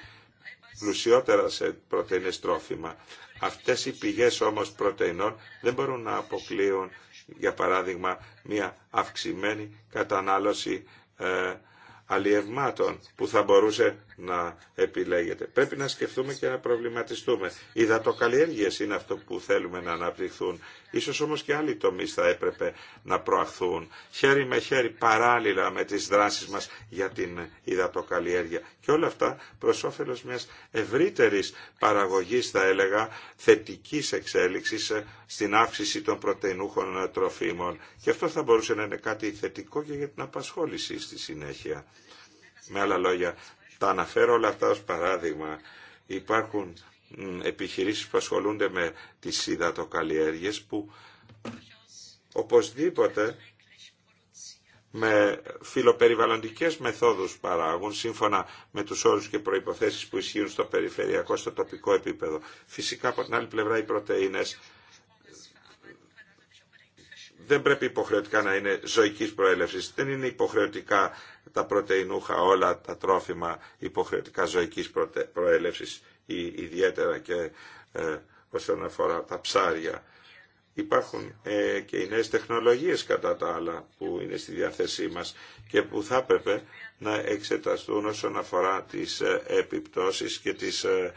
πλουσιότερα σε πρωτεΐνες τρόφιμα. Αυτές οι πηγές όμως πρωτεϊνών δεν μπορούν να αποκλείουν, για παράδειγμα, μια αυξημένη κατανάλωση ε, αλλιευμάτων που θα μπορούσε να επιλέγεται. Πρέπει να σκεφτούμε και να προβληματιστούμε. Οι δατοκαλλιέργειε είναι αυτό που θέλουμε να αναπτυχθούν. Ίσως όμως και άλλοι τομεί θα έπρεπε να προαχθούν. Χέρι με χέρι παράλληλα με τι δράσει μα για την υδατοκαλλιέργεια. Και όλα αυτά προ όφελο μια ευρύτερη παραγωγή, θα έλεγα θετική εξέλιξη ε, στην αύξηση των πρωτεϊνούχων ε, τροφίμων. Και αυτό θα μπορούσε να είναι κάτι θετικό και για την απασχόληση στη συνέχεια. Με άλλα λόγια, τα αναφέρω όλα αυτά ως παράδειγμα. Υπάρχουν επιχειρήσεις που ασχολούνται με τις υδατοκαλλιέργειες που οπωσδήποτε με φιλοπεριβαλλοντικές μεθόδους παράγουν σύμφωνα με τους όρους και προϋποθέσεις που ισχύουν στο περιφερειακό, στο τοπικό επίπεδο. Φυσικά από την άλλη πλευρά οι πρωτεΐνες δεν πρέπει υποχρεωτικά να είναι ζωικής προέλευσης. Δεν είναι υποχρεωτικά τα πρωτεϊνούχα όλα τα τρόφιμα υποχρεωτικά ζωικής προέλευσης ή ιδιαίτερα και ε, όσον αφορά τα ψάρια. Υπάρχουν ε, και οι νέες τεχνολογίες κατά τα άλλα που είναι στη διάθεσή μας και που θα έπρεπε να εξεταστούν όσον αφορά τις ε, επιπτώσεις και τις ε,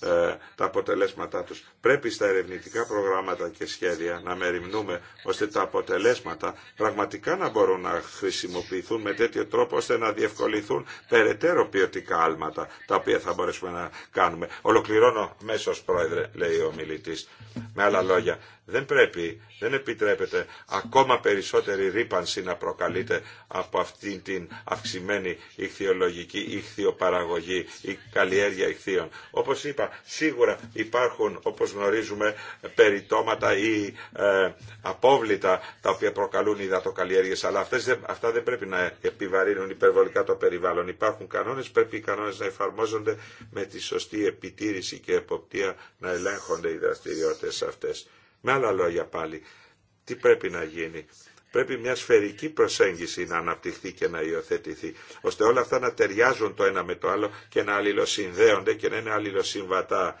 ε, τα αποτελέσματά τους. Πρέπει στα ερευνητικά προγράμματα και σχέδια να μεριμνούμε ώστε τα αποτελέσματα πραγματικά να μπορούν να χρησιμοποιηθούν με τέτοιο τρόπο ώστε να διευκολυθούν περαιτέρω ποιοτικά άλματα τα οποία θα μπορέσουμε να κάνουμε. Ολοκληρώνω μέσω πρόεδρε, λέει ο μιλητής. Με άλλα λόγια, δεν πρέπει, δεν επιτρέπεται ακόμα περισσότερη ρήπανση να προκαλείται από αυτήν την αυξημένη ηχθειολογική ηχθειοπαραγωγή ή καλλιέργεια ηχθείων. Όπως είπα, σίγουρα υπάρχουν, όπως γνωρίζουμε, περιτώματα ή ε, απόβλητα τα οποία προκαλούν υδατοκαλλιέργειες, αλλά αυτές, αυτά δεν πρέπει να επιβαρύνουν υπερβολικά το περιβάλλον. Υπάρχουν κανόνες, πρέπει οι κανόνες να εφαρμόζονται με τη σωστή επιτήρηση και εποπτεία να ελέγχονται οι δραστηριότητες αυτές. Με άλλα λόγια πάλι, τι πρέπει να γίνει. Πρέπει μια σφαιρική προσέγγιση να αναπτυχθεί και να υιοθετηθεί, ώστε όλα αυτά να ταιριάζουν το ένα με το άλλο και να αλληλοσυνδέονται και να είναι αλληλοσυμβατά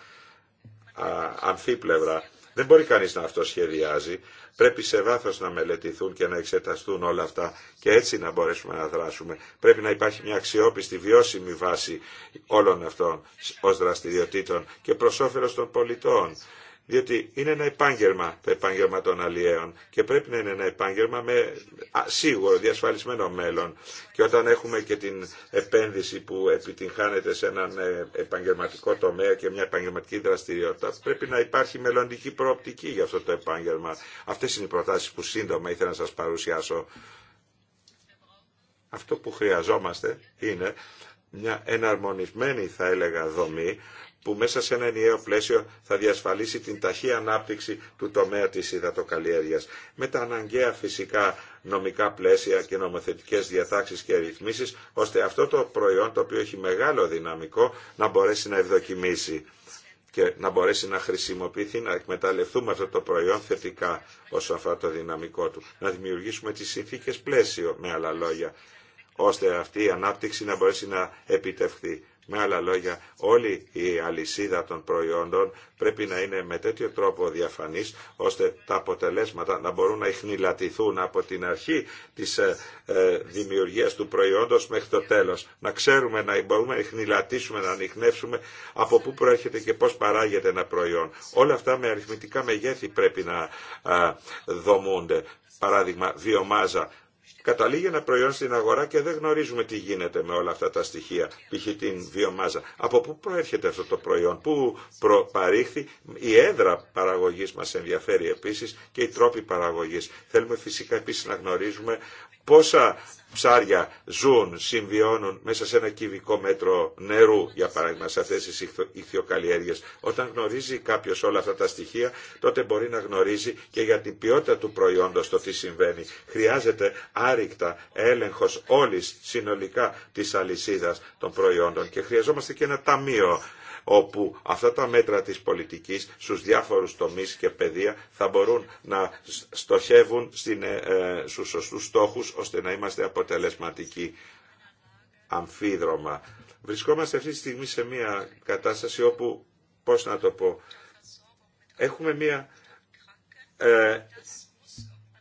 αμφίπλευρα. Δεν μπορεί κανείς να αυτό σχεδιάζει. Πρέπει σε βάθος να μελετηθούν και να εξεταστούν όλα αυτά και έτσι να μπορέσουμε να δράσουμε. Πρέπει να υπάρχει μια αξιόπιστη βιώσιμη βάση όλων αυτών ως δραστηριοτήτων και προς όφελος των πολιτών. Διότι είναι ένα επάγγελμα το επάγγελμα των αλλιέων και πρέπει να είναι ένα επάγγελμα με σίγουρο διασφαλισμένο μέλλον. Και όταν έχουμε και την επένδυση που επιτυγχάνεται σε έναν ε, επαγγελματικό τομέα και μια επαγγελματική δραστηριότητα, πρέπει να υπάρχει μελλοντική προοπτική για αυτό το επάγγελμα. Αυτές είναι οι προτάσει που σύντομα ήθελα να σα παρουσιάσω. Αυτό που χρειαζόμαστε είναι μια εναρμονισμένη θα έλεγα δομή που μέσα σε ένα ενιαίο πλαίσιο θα διασφαλίσει την ταχύ ανάπτυξη του τομέα της υδατοκαλλιέργειας. Με τα αναγκαία φυσικά νομικά πλαίσια και νομοθετικές διατάξεις και ρυθμίσεις, ώστε αυτό το προϊόν το οποίο έχει μεγάλο δυναμικό να μπορέσει να ευδοκιμήσει και να μπορέσει να χρησιμοποιηθεί, να εκμεταλλευτούμε αυτό το προϊόν θετικά όσο αφορά το δυναμικό του. Να δημιουργήσουμε τις συνθήκες πλαίσιο, με άλλα λόγια, ώστε αυτή η ανάπτυξη να μπορέσει να επιτευχθεί. Με άλλα λόγια, όλη η αλυσίδα των προϊόντων πρέπει να είναι με τέτοιο τρόπο διαφανής, ώστε τα αποτελέσματα να μπορούν να ειχνηλατηθούν από την αρχή της ε, ε, δημιουργίας του προϊόντος μέχρι το τέλος. Να ξέρουμε, να μπορούμε να ειχνηλατήσουμε, να ανοιχνεύσουμε από πού προέρχεται και πώς παράγεται ένα προϊόν. Όλα αυτά με αριθμητικά μεγέθη πρέπει να δομούνται. Παράδειγμα, βιομάζα καταλήγει ένα προϊόν στην αγορά και δεν γνωρίζουμε τι γίνεται με όλα αυτά τα στοιχεία, π.χ. την βιομάζα. Από πού προέρχεται αυτό το προϊόν, πού παρήχθη, η έδρα παραγωγή μα ενδιαφέρει επίση και οι τρόποι παραγωγή. Θέλουμε φυσικά επίση να γνωρίζουμε πόσα ψάρια ζουν, συμβιώνουν μέσα σε ένα κυβικό μέτρο νερού, για παράδειγμα, σε αυτές τις ηθιοκαλλιέργειες. Όταν γνωρίζει κάποιος όλα αυτά τα στοιχεία, τότε μπορεί να γνωρίζει και για την ποιότητα του προϊόντος το τι συμβαίνει. Χρειάζεται έλεγχος όλης συνολικά της αλυσίδας των προϊόντων και χρειαζόμαστε και ένα ταμείο όπου αυτά τα μέτρα της πολιτικής στους διάφορους τομείς και παιδεία θα μπορούν να στοχεύουν στην, σωστού ε, ε, στους στόχους ώστε να είμαστε αποτελεσματικοί αμφίδρομα. Βρισκόμαστε αυτή τη στιγμή σε μια κατάσταση όπου, πώς να το πω, έχουμε μια ε,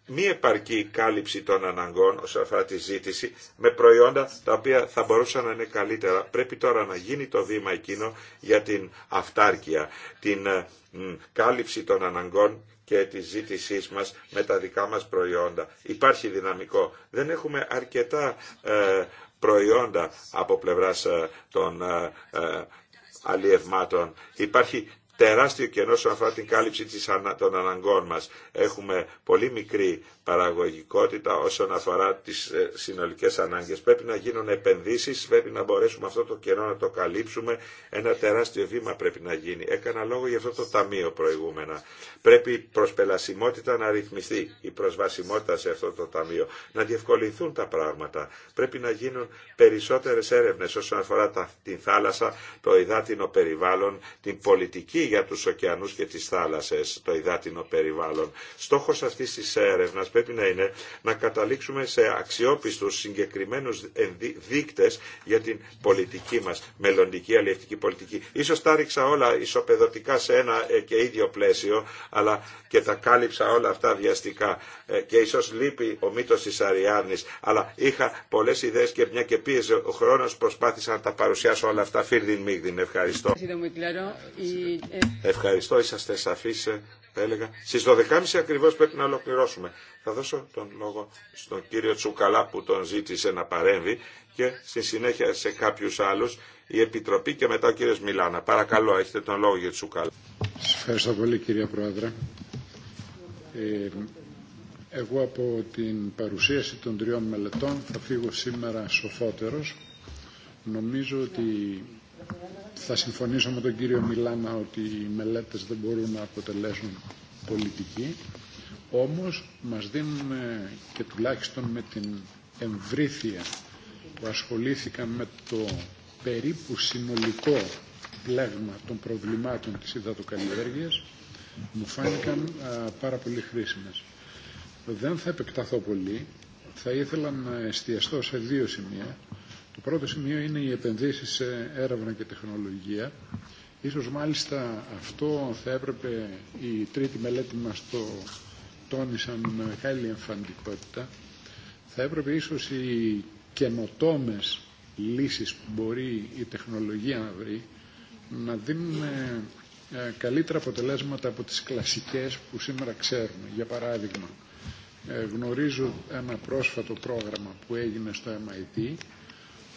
μη επαρκή κάλυψη των αναγκών όσον αφορά τη ζήτηση με προϊόντα τα οποία θα μπορούσαν να είναι καλύτερα. Πρέπει τώρα να γίνει το βήμα εκείνο για την αυτάρκεια, την ε, κάλυψη των αναγκών και τη ζήτησή μας με τα δικά μας προϊόντα. Υπάρχει δυναμικό. Δεν έχουμε αρκετά ε, προϊόντα από πλευράς ε, των αλλιευμάτων. Υπάρχει τεράστιο κενό όσον αφορά την κάλυψη των αναγκών μας. Έχουμε πολύ μικρή παραγωγικότητα όσον αφορά τις ε, συνολικές ανάγκες. Πρέπει να γίνουν επενδύσεις, πρέπει να μπορέσουμε αυτό το κενό να το καλύψουμε. Ένα τεράστιο βήμα πρέπει να γίνει. Έκανα λόγο για αυτό το ταμείο προηγούμενα. Πρέπει η προσπελασιμότητα να ρυθμιστεί, η προσβασιμότητα σε αυτό το ταμείο, να διευκολυνθούν τα πράγματα. Πρέπει να γίνουν περισσότερες έρευνες όσον αφορά την θάλασσα, το υδάτινο περιβάλλον, την πολιτική για τους ωκεανούς και τις θάλασσες, το υδάτινο περιβάλλον. Στόχος αυτής της έρευνας πρέπει να είναι να καταλήξουμε σε αξιόπιστους συγκεκριμένους δείκτες για την πολιτική μας, μελλοντική αλληλευτική πολιτική. Ίσως τα ρίξα όλα ισοπεδωτικά σε ένα ε, και ίδιο πλαίσιο, αλλά και τα κάλυψα όλα αυτά βιαστικά. Ε, και ίσως λείπει ο μύτος της Αριάννης, αλλά είχα πολλές ιδέες και μια και πίεζε ο χρόνος προσπάθησα να τα παρουσιάσω όλα αυτά φίρδιν μίγδιν. Ευχαριστώ. Ευχαριστώ, είσαστε σαφεί, θα έλεγα. Στι 12.30 ακριβώ πρέπει να ολοκληρώσουμε. Θα δώσω τον λόγο στον κύριο Τσουκαλά που τον ζήτησε να παρέμβει και στη συνέχεια σε κάποιους άλλου, η Επιτροπή και μετά ο κύριο Μιλάνα. Παρακαλώ, έχετε τον λόγο για Τσουκαλά. Σα ευχαριστώ πολύ κύριε Πρόεδρε. Ε, εγώ από την παρουσίαση των τριών μελετών θα φύγω σήμερα σοφότερος. Νομίζω ότι θα συμφωνήσω με τον κύριο Μιλάνα ότι οι μελέτες δεν μπορούν να αποτελέσουν πολιτική, όμως μας δίνουν ε, και τουλάχιστον με την εμβρήθεια που ασχολήθηκαν με το περίπου συνολικό πλέγμα των προβλημάτων της υδατοκαλλιέργειας, μου φάνηκαν ε, πάρα πολύ χρήσιμες. Δεν θα επεκταθώ πολύ, θα ήθελα να εστιαστώ σε δύο σημεία. Το πρώτο σημείο είναι οι επενδύσεις σε έρευνα και τεχνολογία. Ίσως μάλιστα αυτό θα έπρεπε η τρίτη μελέτη μας το τόνισαν με μεγάλη εμφαντικότητα. Θα έπρεπε ίσως οι καινοτόμες λύσεις που μπορεί η τεχνολογία να βρει να δίνουν ε, ε, καλύτερα αποτελέσματα από τις κλασικές που σήμερα ξέρουμε. Για παράδειγμα, ε, γνωρίζω ένα πρόσφατο πρόγραμμα που έγινε στο MIT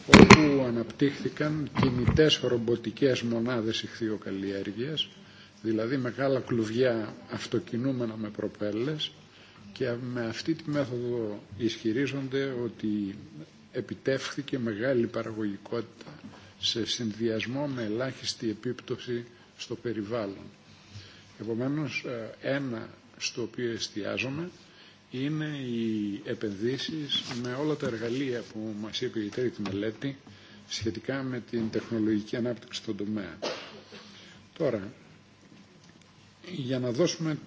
όπου αναπτύχθηκαν κινητές ρομποτικές μονάδες ηχθειοκαλλιέργειας, δηλαδή μεγάλα κλουβιά αυτοκινούμενα με προπέλες και με αυτή τη μέθοδο ισχυρίζονται ότι επιτεύχθηκε μεγάλη παραγωγικότητα σε συνδυασμό με ελάχιστη επίπτωση στο περιβάλλον. Επομένως, ε, ένα στο οποίο εστιάζομαι είναι οι επενδύσεις με όλα τα εργαλεία που μας είπε η τρίτη μελέτη σχετικά με την τεχνολογική ανάπτυξη στον τομέα. Τώρα, για να δώσουμε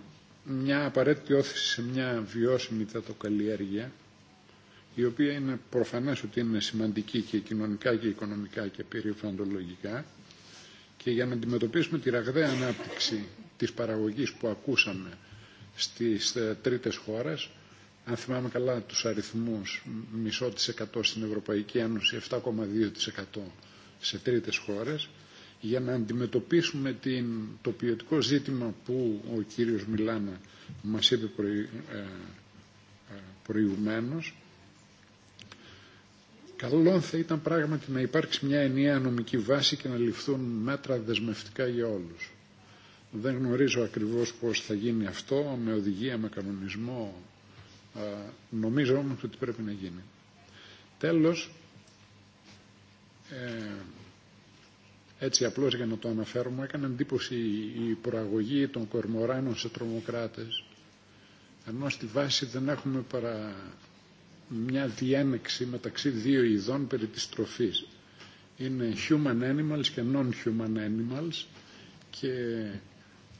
μια απαραίτητη όθηση σε μια βιώσιμη τατοκαλλιέργεια, η οποία είναι προφανές ότι είναι σημαντική και κοινωνικά και οικονομικά και περιφαντολογικά και για να αντιμετωπίσουμε τη ραγδαία ανάπτυξη της παραγωγής που ακούσαμε στις ε, τρίτες χώρες. Αν θυμάμαι καλά τους αριθμούς, μισό της εκατό στην Ευρωπαϊκή Ένωση, 7,2% σε τρίτες χώρες, για να αντιμετωπίσουμε την, το ποιοτικό ζήτημα που ο κύριος Μιλάνα μας είπε προη, ε, ε, προηγουμένως, καλό θα ήταν πράγματι να υπάρξει μια ενιαία νομική βάση και να ληφθούν μέτρα δεσμευτικά για όλους. Δεν γνωρίζω ακριβώς πώς θα γίνει αυτό, με οδηγία, με κανονισμό. Νομίζω όμως ότι πρέπει να γίνει. Τέλος, ε, έτσι απλώς για να το αναφέρω, μου έκανε εντύπωση η προαγωγή των κορμοράνων σε τρομοκράτες, ενώ στη βάση δεν έχουμε παρά μια διένεξη μεταξύ δύο ειδών περί της τροφής. Είναι human animals και non-human animals και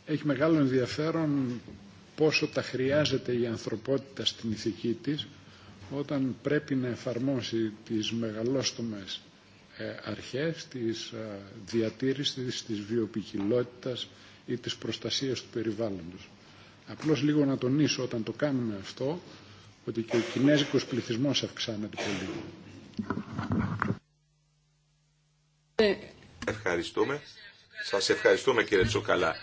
έχει μεγάλο ενδιαφέρον πόσο τα χρειάζεται η ανθρωπότητα στην ηθική της όταν πρέπει να εφαρμόσει τις μεγαλόστομες ε, αρχές της ε, διατήρησης της βιοποικιλότητας ή της προστασίας του περιβάλλοντος. Απλώς λίγο να τονίσω όταν το κάνουμε αυτό ότι και ο κινέζικος πληθυσμός αυξάνεται πολύ. Ευχαριστούμε. Σας ευχαριστούμε κύριε Τσουκαλά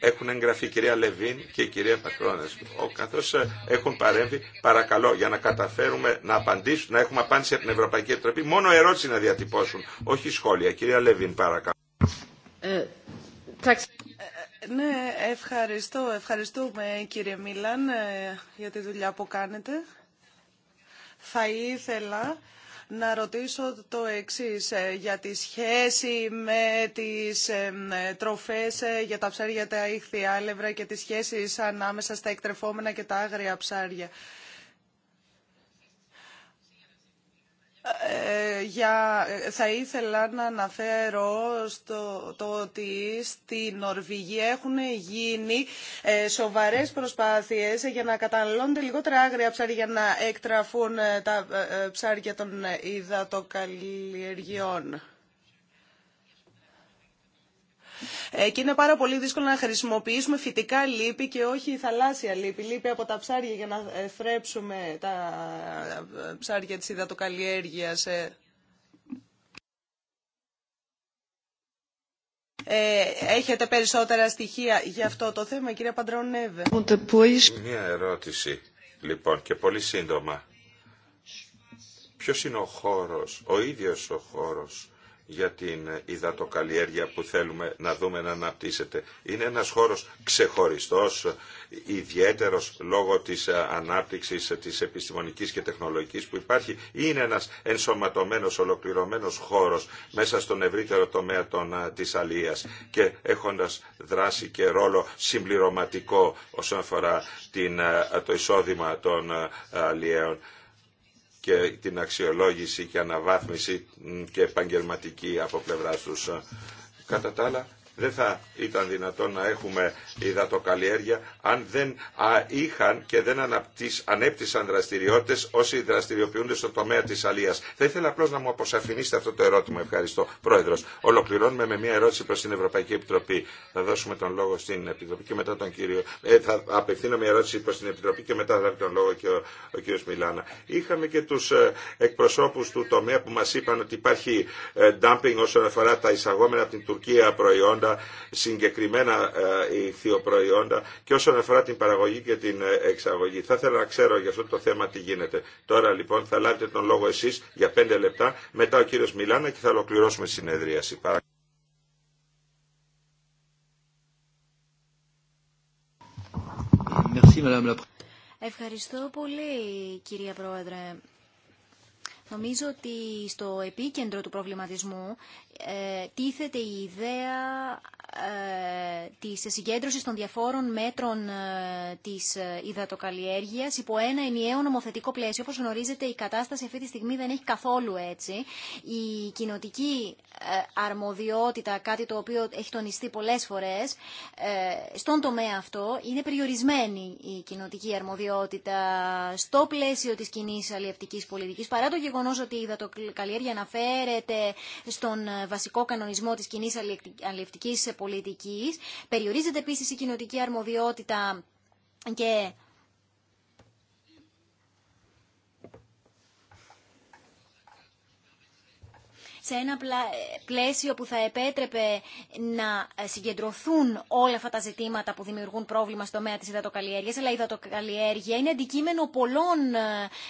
έχουν εγγραφεί η κυρία Λεβίν και η κυρία Πατρόνες. καθώ καθώς ε, έχουν παρέμβει, παρακαλώ, για να καταφέρουμε να απαντήσουν, να έχουμε απάντηση από την Ευρωπαϊκή Επιτροπή, μόνο ερώτηση να διατυπώσουν, όχι σχόλια. Κυρία Λεβίν, παρακαλώ. Ε, ε ναι, ευχαριστώ. Ευχαριστούμε κύριε Μίλαν ε, για τη δουλειά που κάνετε. Θα ήθελα να ρωτήσω το εξής ε, για τη σχέση με τις ε, ε, τροφές για τα ψάρια, τα ηχθιάλευρα και τις σχέσεις ανάμεσα στα εκτρεφόμενα και τα άγρια ψάρια. Ε, για, ε, θα ήθελα να αναφέρω στο, το ότι στη Νορβηγία έχουν γίνει ε, σοβαρές προσπάθειες για να καταναλώνται λιγότερα άγρια ψάρια για να εκτραφούν ε, τα ψάρια των υδατοκαλλιεργειών. Ε, και είναι πάρα πολύ δύσκολο να χρησιμοποιήσουμε φυτικά λίπη και όχι θαλάσσια λίπη, λίπη από τα ψάρια για να φρέψουμε ε, τα ε, ψάρια της υδατοκαλλιέργειας. έχετε περισσότερα στοιχεία για αυτό το θέμα, κυρία Παντρονέβε. Μία ερώτηση, λοιπόν, και πολύ σύντομα. Ποιος είναι ο χώρος, ο ίδιος ο χώρος για την υδατοκαλλιέργεια που θέλουμε να δούμε να αναπτύσσεται. Είναι ένας χώρος ξεχωριστός, ιδιαίτερος λόγω της ανάπτυξης της επιστημονικής και τεχνολογικής που υπάρχει. Είναι ένας ενσωματωμένος, ολοκληρωμένος χώρος μέσα στον ευρύτερο τομέα των, της αλίας και έχοντας δράση και ρόλο συμπληρωματικό όσον αφορά την, το εισόδημα των αλιαίων και την αξιολόγηση και αναβάθμιση και επαγγελματική από πλευρά τους. Κατά τα άλλα, δεν θα ήταν δυνατόν να έχουμε υδατοκαλλιέργεια αν δεν είχαν και δεν ανέπτυσαν δραστηριότητε όσοι δραστηριοποιούνται στο τομέα τη αλίας. Θα ήθελα απλώ να μου αποσαφηνίσετε αυτό το ερώτημα. Ευχαριστώ, Πρόεδρο. Ολοκληρώνουμε με μια ερώτηση προ την Ευρωπαϊκή Επιτροπή. Θα δώσουμε τον λόγο στην Επιτροπή και μετά τον κύριο... Ε, θα απευθύνω μια ερώτηση προ την Επιτροπή και μετά θα δώσει τον λόγο και ο, ο κύριος Μιλάνα. Είχαμε και τους ε, εκπροσώπου του τομέα που μα είπαν ότι υπάρχει ε, dumping όσον αφορά τα εισαγόμενα την Τουρκία προϊόντα συγκεκριμένα συγκεκριμένα ηθιοπροϊόντα και όσον αφορά την παραγωγή και την ε, εξαγωγή. Θα ήθελα να ξέρω για αυτό το θέμα τι γίνεται. Τώρα λοιπόν θα λάβετε τον λόγο εσείς για πέντε λεπτά, μετά ο κύριος Μιλάνα και θα ολοκληρώσουμε τη συνεδρίαση. Ευχαριστώ πολύ κυρία Πρόεδρε. Νομίζω ότι στο επίκεντρο του προβληματισμού ε, τίθεται η ιδέα ε, της συγκέντρωσης των διαφόρων μέτρων ε, της ε, υδατοκαλλιέργειας υπό ένα ενιαίο νομοθετικό πλαίσιο. Όπως γνωρίζετε η κατάσταση αυτή τη στιγμή δεν έχει καθόλου έτσι. Η κοινοτική ε, αρμοδιότητα, κάτι το οποίο έχει τονιστεί πολλές φορές, ε, στον τομέα αυτό είναι περιορισμένη η κοινοτική αρμοδιότητα στο πλαίσιο της κοινή αλλιευτικής πολιτικής, παρά το γεγονός ότι η υδατοκαλλιέργεια αναφέρεται στον ε, βασικό κανονισμό της κοινή αλλιευτικής πολιτικής, περιορίζεται επίσης η κοινοτική αρμοδιότητα και σε ένα πλαίσιο που θα επέτρεπε να ε, συγκεντρωθούν όλα αυτά τα ζητήματα που δημιουργούν πρόβλημα στο τομέα τη υδατοκαλλιέργεια. αλλά η υδατοκαλλιέργεια είναι αντικείμενο πολλών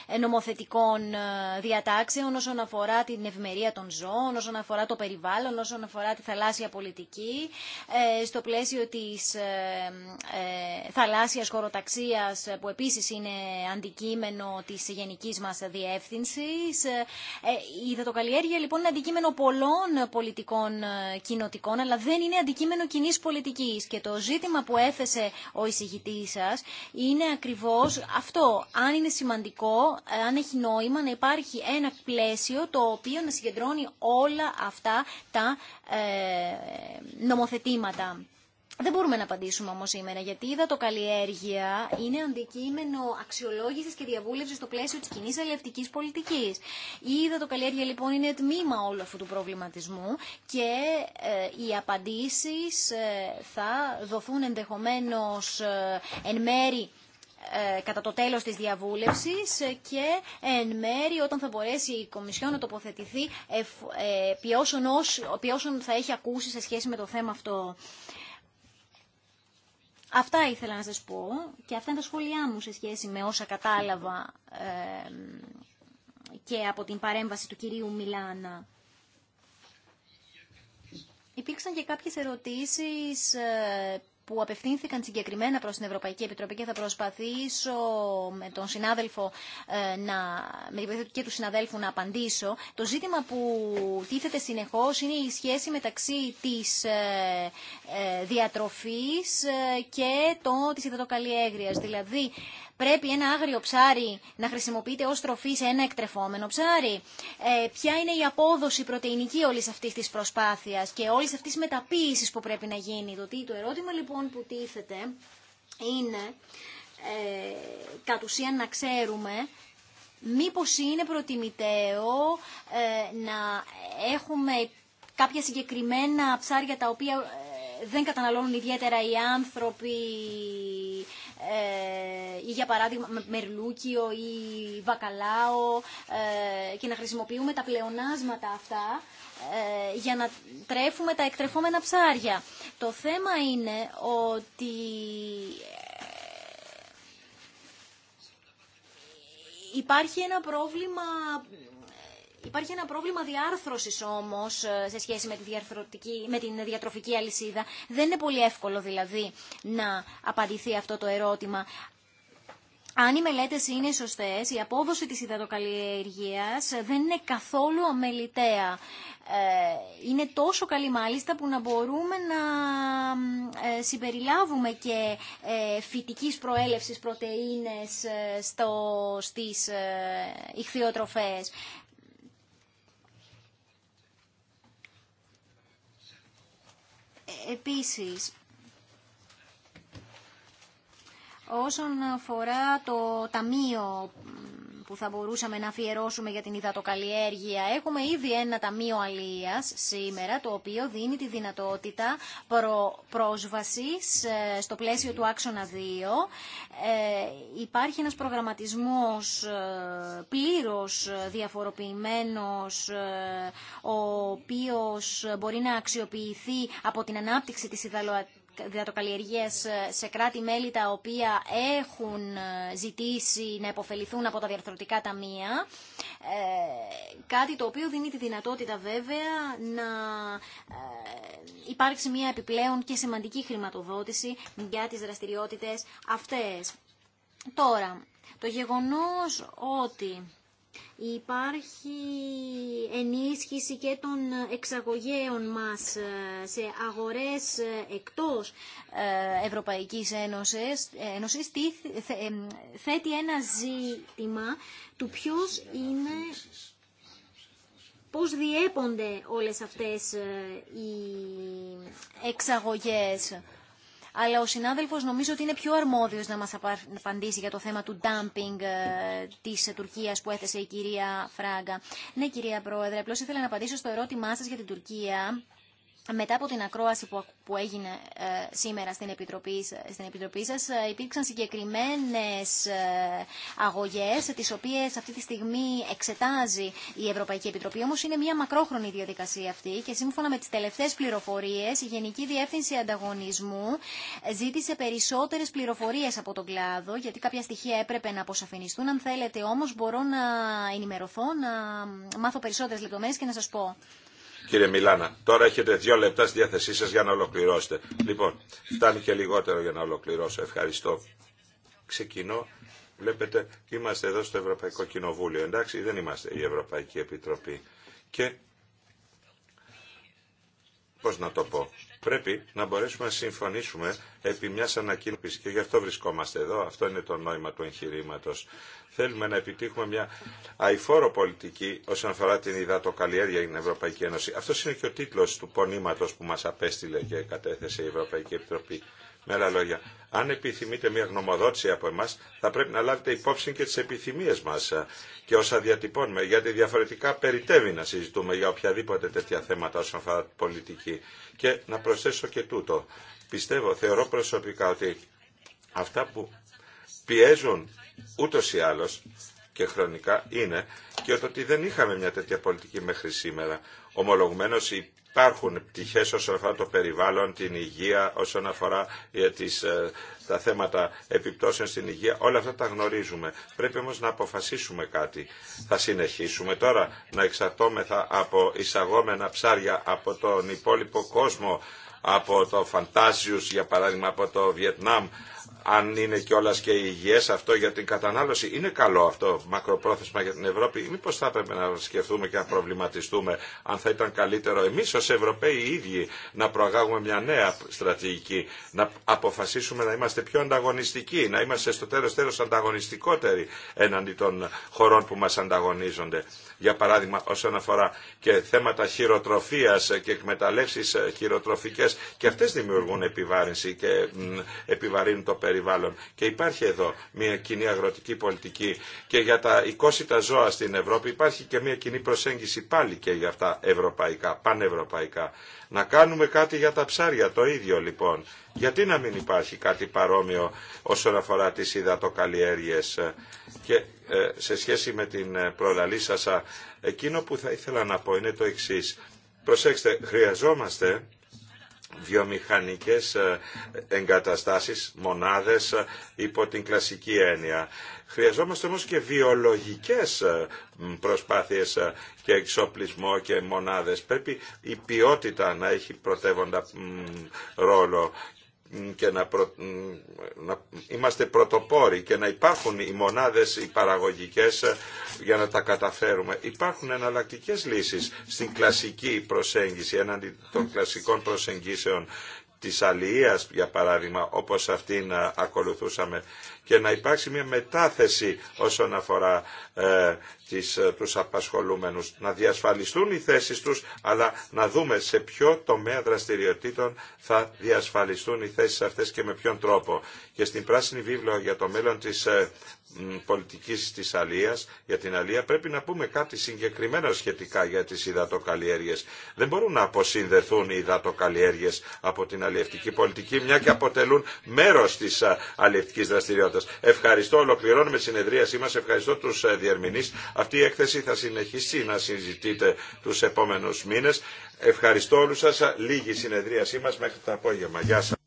ε, νομοθετικών ε, διατάξεων όσον αφορά την ευημερία των ζώων, όσον αφορά το περιβάλλον, όσον αφορά τη θαλάσσια πολιτική, στο πλαίσιο τη θαλάσσιας χωροταξίας που επίση είναι αντικείμενο τη γενική μα διεύθυνση. Η υδατοκαλλιέργεια λοιπόν είναι αντικείμενο πολλών πολιτικών ε, κοινοτικών, αλλά δεν είναι αντικείμενο κοινή πολιτική. Και το ζήτημα που έθεσε ο εισηγητή σα είναι ακριβώ αυτό. Αν είναι σημαντικό, αν έχει νόημα να υπάρχει ένα πλαίσιο το οποίο να συγκεντρώνει όλα αυτά τα ε, νομοθετήματα. Δεν μπορούμε να απαντήσουμε όμω σήμερα, γιατί είδα το καλλιέργεια είναι αντικείμενο αξιολόγησης και διαβούλευσης στο πλαίσιο τη κοινή αλληλευτική πολιτική. Είδα το καλλιέργεια λοιπόν είναι τμήμα όλου αυτού του προβληματισμού και ε, οι απαντήσεις ε, θα δοθούν ενδεχομένως ε, εν μέρη κατά το τέλος της διαβούλευσης και εν μέρη όταν θα μπορέσει η Κομισιό να τοποθετηθεί ποιόσον, θα έχει ακούσει σε σχέση με το θέμα αυτό. Αυτά ήθελα να σας πω και αυτά είναι τα σχόλιά μου σε σχέση με όσα κατάλαβα και από την παρέμβαση του κυρίου Μιλάνα. Υπήρξαν και κάποιες ερωτήσεις ε, που απευθύνθηκαν συγκεκριμένα προς την Ευρωπαϊκή Επιτροπή και θα προσπαθήσω με τον συνάδελφο ε, να, με τη βοήθεια και του συναδέλφου να απαντήσω. Το ζήτημα που τίθεται συνεχώς είναι η σχέση μεταξύ της ε, ε, διατροφής και το, της υδατοκαλλιέγριας. Δηλαδή πρέπει ένα άγριο ψάρι να χρησιμοποιείται ως τροφή σε ένα εκτρεφόμενο ψάρι. Ε, ποια είναι η απόδοση πρωτεϊνική όλης αυτής της προσπάθειας και όλης αυτής της μεταποίησης που πρέπει να γίνει. Το ερώτημα λοιπόν που τίθεται είναι ε, κατ' ουσίαν να ξέρουμε μήπως είναι προτιμητέο ε, να έχουμε κάποια συγκεκριμένα ψάρια τα οποία δεν καταναλώνουν ιδιαίτερα οι άνθρωποι ε, ή για παράδειγμα μερλούκιο ή βακαλάο ε, και να χρησιμοποιούμε τα πλεονάσματα αυτά ε, για να τρέφουμε τα εκτρεφόμενα ψάρια. Το θέμα είναι ότι υπάρχει ένα πρόβλημα Υπάρχει ένα πρόβλημα διάρθρωσης όμως ε, σε σχέση με, τη με την διατροφική αλυσίδα. Δεν είναι πολύ εύκολο δηλαδή να απαντηθεί αυτό το ερώτημα. Αν οι μελέτες είναι σωστές, η απόδοση της υδατοκαλλιεργίας δεν είναι καθόλου αμεληταία. Ε, είναι τόσο καλή μάλιστα που να μπορούμε να ε, συμπεριλάβουμε και φυτικής προέλευσης πρωτεΐνες στο, στις ηχθειοτροφές. Επίσης, όσον αφορά το Ταμείο που θα μπορούσαμε να αφιερώσουμε για την υδατοκαλλιέργεια. Έχουμε ήδη ένα ταμείο αλίας σήμερα, το οποίο δίνει τη δυνατότητα προ... πρόσβασης ε, στο πλαίσιο του άξονα 2. Ε, υπάρχει ένας προγραμματισμός ε, πλήρως διαφοροποιημένος, ε, ο οποίος μπορεί να αξιοποιηθεί από την ανάπτυξη της υδατοκαλλιέργεια ε, σε κράτη-μέλη τα οποία έχουν ε, ζητήσει να υποφεληθούν από τα διαρθρωτικά ταμεία. Ε, κάτι το οποίο δίνει τη δυνατότητα βέβαια να υπάρξει μια επιπλέον και σημαντική χρηματοδότηση για τις δραστηριότητες αυτές. Τώρα, το γεγονός ότι Υπάρχει ενίσχυση και των εξαγωγέων μας ε, σε αγορές ε, εκτός ε, Ευρωπαϊκής Ένωσης. Ένωσης τι, θέτει ένα ζήτημα του ποιος είναι, πώς διέπονται όλες αυτές οι εξαγωγές αλλά ο συνάδελφος νομίζω ότι είναι πιο αρμόδιος να μας απαντήσει για το θέμα του dumping ε, της ε, Τουρκίας που έθεσε η κυρία Φράγκα. Ναι κυρία Πρόεδρε, απλώς ήθελα να απαντήσω στο ερώτημά σας για την Τουρκία μετά από την ακρόαση που, έγινε ε, σήμερα στην Επιτροπή, ε, στην Επιτροπή σας, ε, υπήρξαν συγκεκριμένες αγωγές, τις οποίες αυτή τη στιγμή εξετάζει η Ευρωπαϊκή Επιτροπή. Όμως είναι μια μακρόχρονη διαδικασία αυτή και σύμφωνα με τις τελευταίες πληροφορίες, η Γενική Διεύθυνση Ανταγωνισμού ζήτησε περισσότερες πληροφορίες από τον κλάδο, γιατί κάποια στοιχεία έπρεπε να αποσαφινιστούν. Αν θέλετε όμως μπορώ να ενημερωθώ, να μάθω περισσότερες λεπτομέρειες και να σας πω. Κύριε Μιλάνα, τώρα έχετε δύο λεπτά στη διάθεσή σα για να ολοκληρώσετε. Λοιπόν, φτάνει και λιγότερο για να ολοκληρώσω. Ευχαριστώ. Ξεκινώ. Βλέπετε, είμαστε εδώ στο Ευρωπαϊκό Κοινοβούλιο. Εντάξει, δεν είμαστε η Ευρωπαϊκή Επιτροπή. Και, πώς να το πω, Πρέπει να μπορέσουμε να συμφωνήσουμε επί μια ανακοίνωση και γι' αυτό βρισκόμαστε εδώ. Αυτό είναι το νόημα του εγχειρήματο. Θέλουμε να επιτύχουμε μια αηφόρο πολιτική όσον αφορά την υδατοκαλλιέργεια για την Ευρωπαϊκή Ένωση. Αυτό είναι και ο τίτλο του πονήματο που μα απέστειλε και κατέθεσε η Ευρωπαϊκή Επιτροπή. Με άλλα λόγια, αν επιθυμείτε μια γνωμοδότηση από εμά, θα πρέπει να λάβετε υπόψη και τι επιθυμίε μα και όσα διατυπώνουμε, γιατί διαφορετικά περιτεύει να συζητούμε για οποιαδήποτε τέτοια θέματα όσον αφορά πολιτική. Και να προσθέσω και τούτο. Πιστεύω, θεωρώ προσωπικά ότι αυτά που πιέζουν ούτως ή άλλως και χρονικά είναι και ότι δεν είχαμε μια τέτοια πολιτική μέχρι σήμερα. Ομολογουμένω η αλλω και χρονικα ειναι και οτι δεν ειχαμε μια τετοια πολιτικη μεχρι σημερα ομολογουμενως η υπάρχουν πτυχές όσον αφορά το περιβάλλον, την υγεία, όσον αφορά ε, τις, ε, τα θέματα επιπτώσεων στην υγεία. Όλα αυτά τα γνωρίζουμε. Πρέπει όμως να αποφασίσουμε κάτι. Θα συνεχίσουμε τώρα να εξαρτώμεθα από εισαγόμενα ψάρια από τον υπόλοιπο κόσμο, από το Φαντάζιους για παράδειγμα, από το Βιετνάμ, αν είναι κιόλα και υγιέ αυτό για την κατανάλωση. Είναι καλό αυτό μακροπρόθεσμα για την Ευρώπη. Μήπως θα έπρεπε να σκεφτούμε και να προβληματιστούμε αν θα ήταν καλύτερο εμείς ως Ευρωπαίοι ίδιοι να προαγάγουμε μια νέα στρατηγική, να αποφασίσουμε να είμαστε πιο ανταγωνιστικοί, να είμαστε στο τέλο τέλο ανταγωνιστικότεροι έναντι των χωρών που μα ανταγωνίζονται για παράδειγμα όσον αφορά και θέματα χειροτροφίας ε, και εκμεταλλεύσεις ε, χειροτροφικές και αυτές δημιουργούν επιβάρυνση και επιβαρύνουν το περιβάλλον. Και υπάρχει εδώ μια κοινή αγροτική πολιτική και για τα τα ζώα στην Ευρώπη υπάρχει και μια κοινή προσέγγιση πάλι και για αυτά ευρωπαϊκά, πανευρωπαϊκά. Να κάνουμε κάτι για τα ψάρια, το ίδιο λοιπόν. Γιατί να μην υπάρχει κάτι παρόμοιο όσον αφορά τις υδατοκαλλιέργειες ε, και ε, σε σχέση με την ε, προλαλή σας, εκείνο που θα ήθελα να πω είναι το εξής. Προσέξτε, χρειαζόμαστε βιομηχανικές εγκαταστάσεις, μονάδες υπό την κλασική έννοια. Χρειαζόμαστε όμως και βιολογικές ε, προσπάθειες ε, και εξοπλισμό και μονάδες. Πρέπει η ποιότητα να έχει πρωτεύοντα ρόλο και να, να είμαστε πρωτοπόροι και να υπάρχουν οι μονάδες οι παραγωγικές ε, για να τα καταφέρουμε. Υπάρχουν εναλλακτικές λύσεις στην κλασική προσέγγιση, έναντι των κλασικών προσεγγίσεων της αλληλείας για παράδειγμα όπως αυτήν ε, ακολουθούσαμε και να υπάρξει μια μετάθεση όσον αφορά ε, τις, ε, τους απασχολούμενους. Να διασφαλιστούν οι θέσεις τους αλλά να δούμε σε ποιο τομέα δραστηριοτήτων θα διασφαλιστούν οι θέσεις αυτές και με ποιον τρόπο. Και στην Πράσινη Βίβλο για το μέλλον της ε, πολιτικής της αλίας, για την αλία, πρέπει να πούμε κάτι συγκεκριμένο σχετικά για τις υδατοκαλλιέργειες. Δεν μπορούν να αποσυνδεθούν οι υδατοκαλλιέργειες από την αλλιευτική πολιτική, μια και αποτελούν μέρος της αλλιευτικής δραστηριότητας. Ευχαριστώ, ολοκληρώνουμε τη συνεδρίασή μας, ευχαριστώ τους διερμηνείς. Αυτή η έκθεση θα συνεχίσει να συζητείτε τους επόμενους μήνες. Ευχαριστώ όλους σας. Λίγη συνεδρίασή μας μέχρι το απόγευμα. Γεια σας.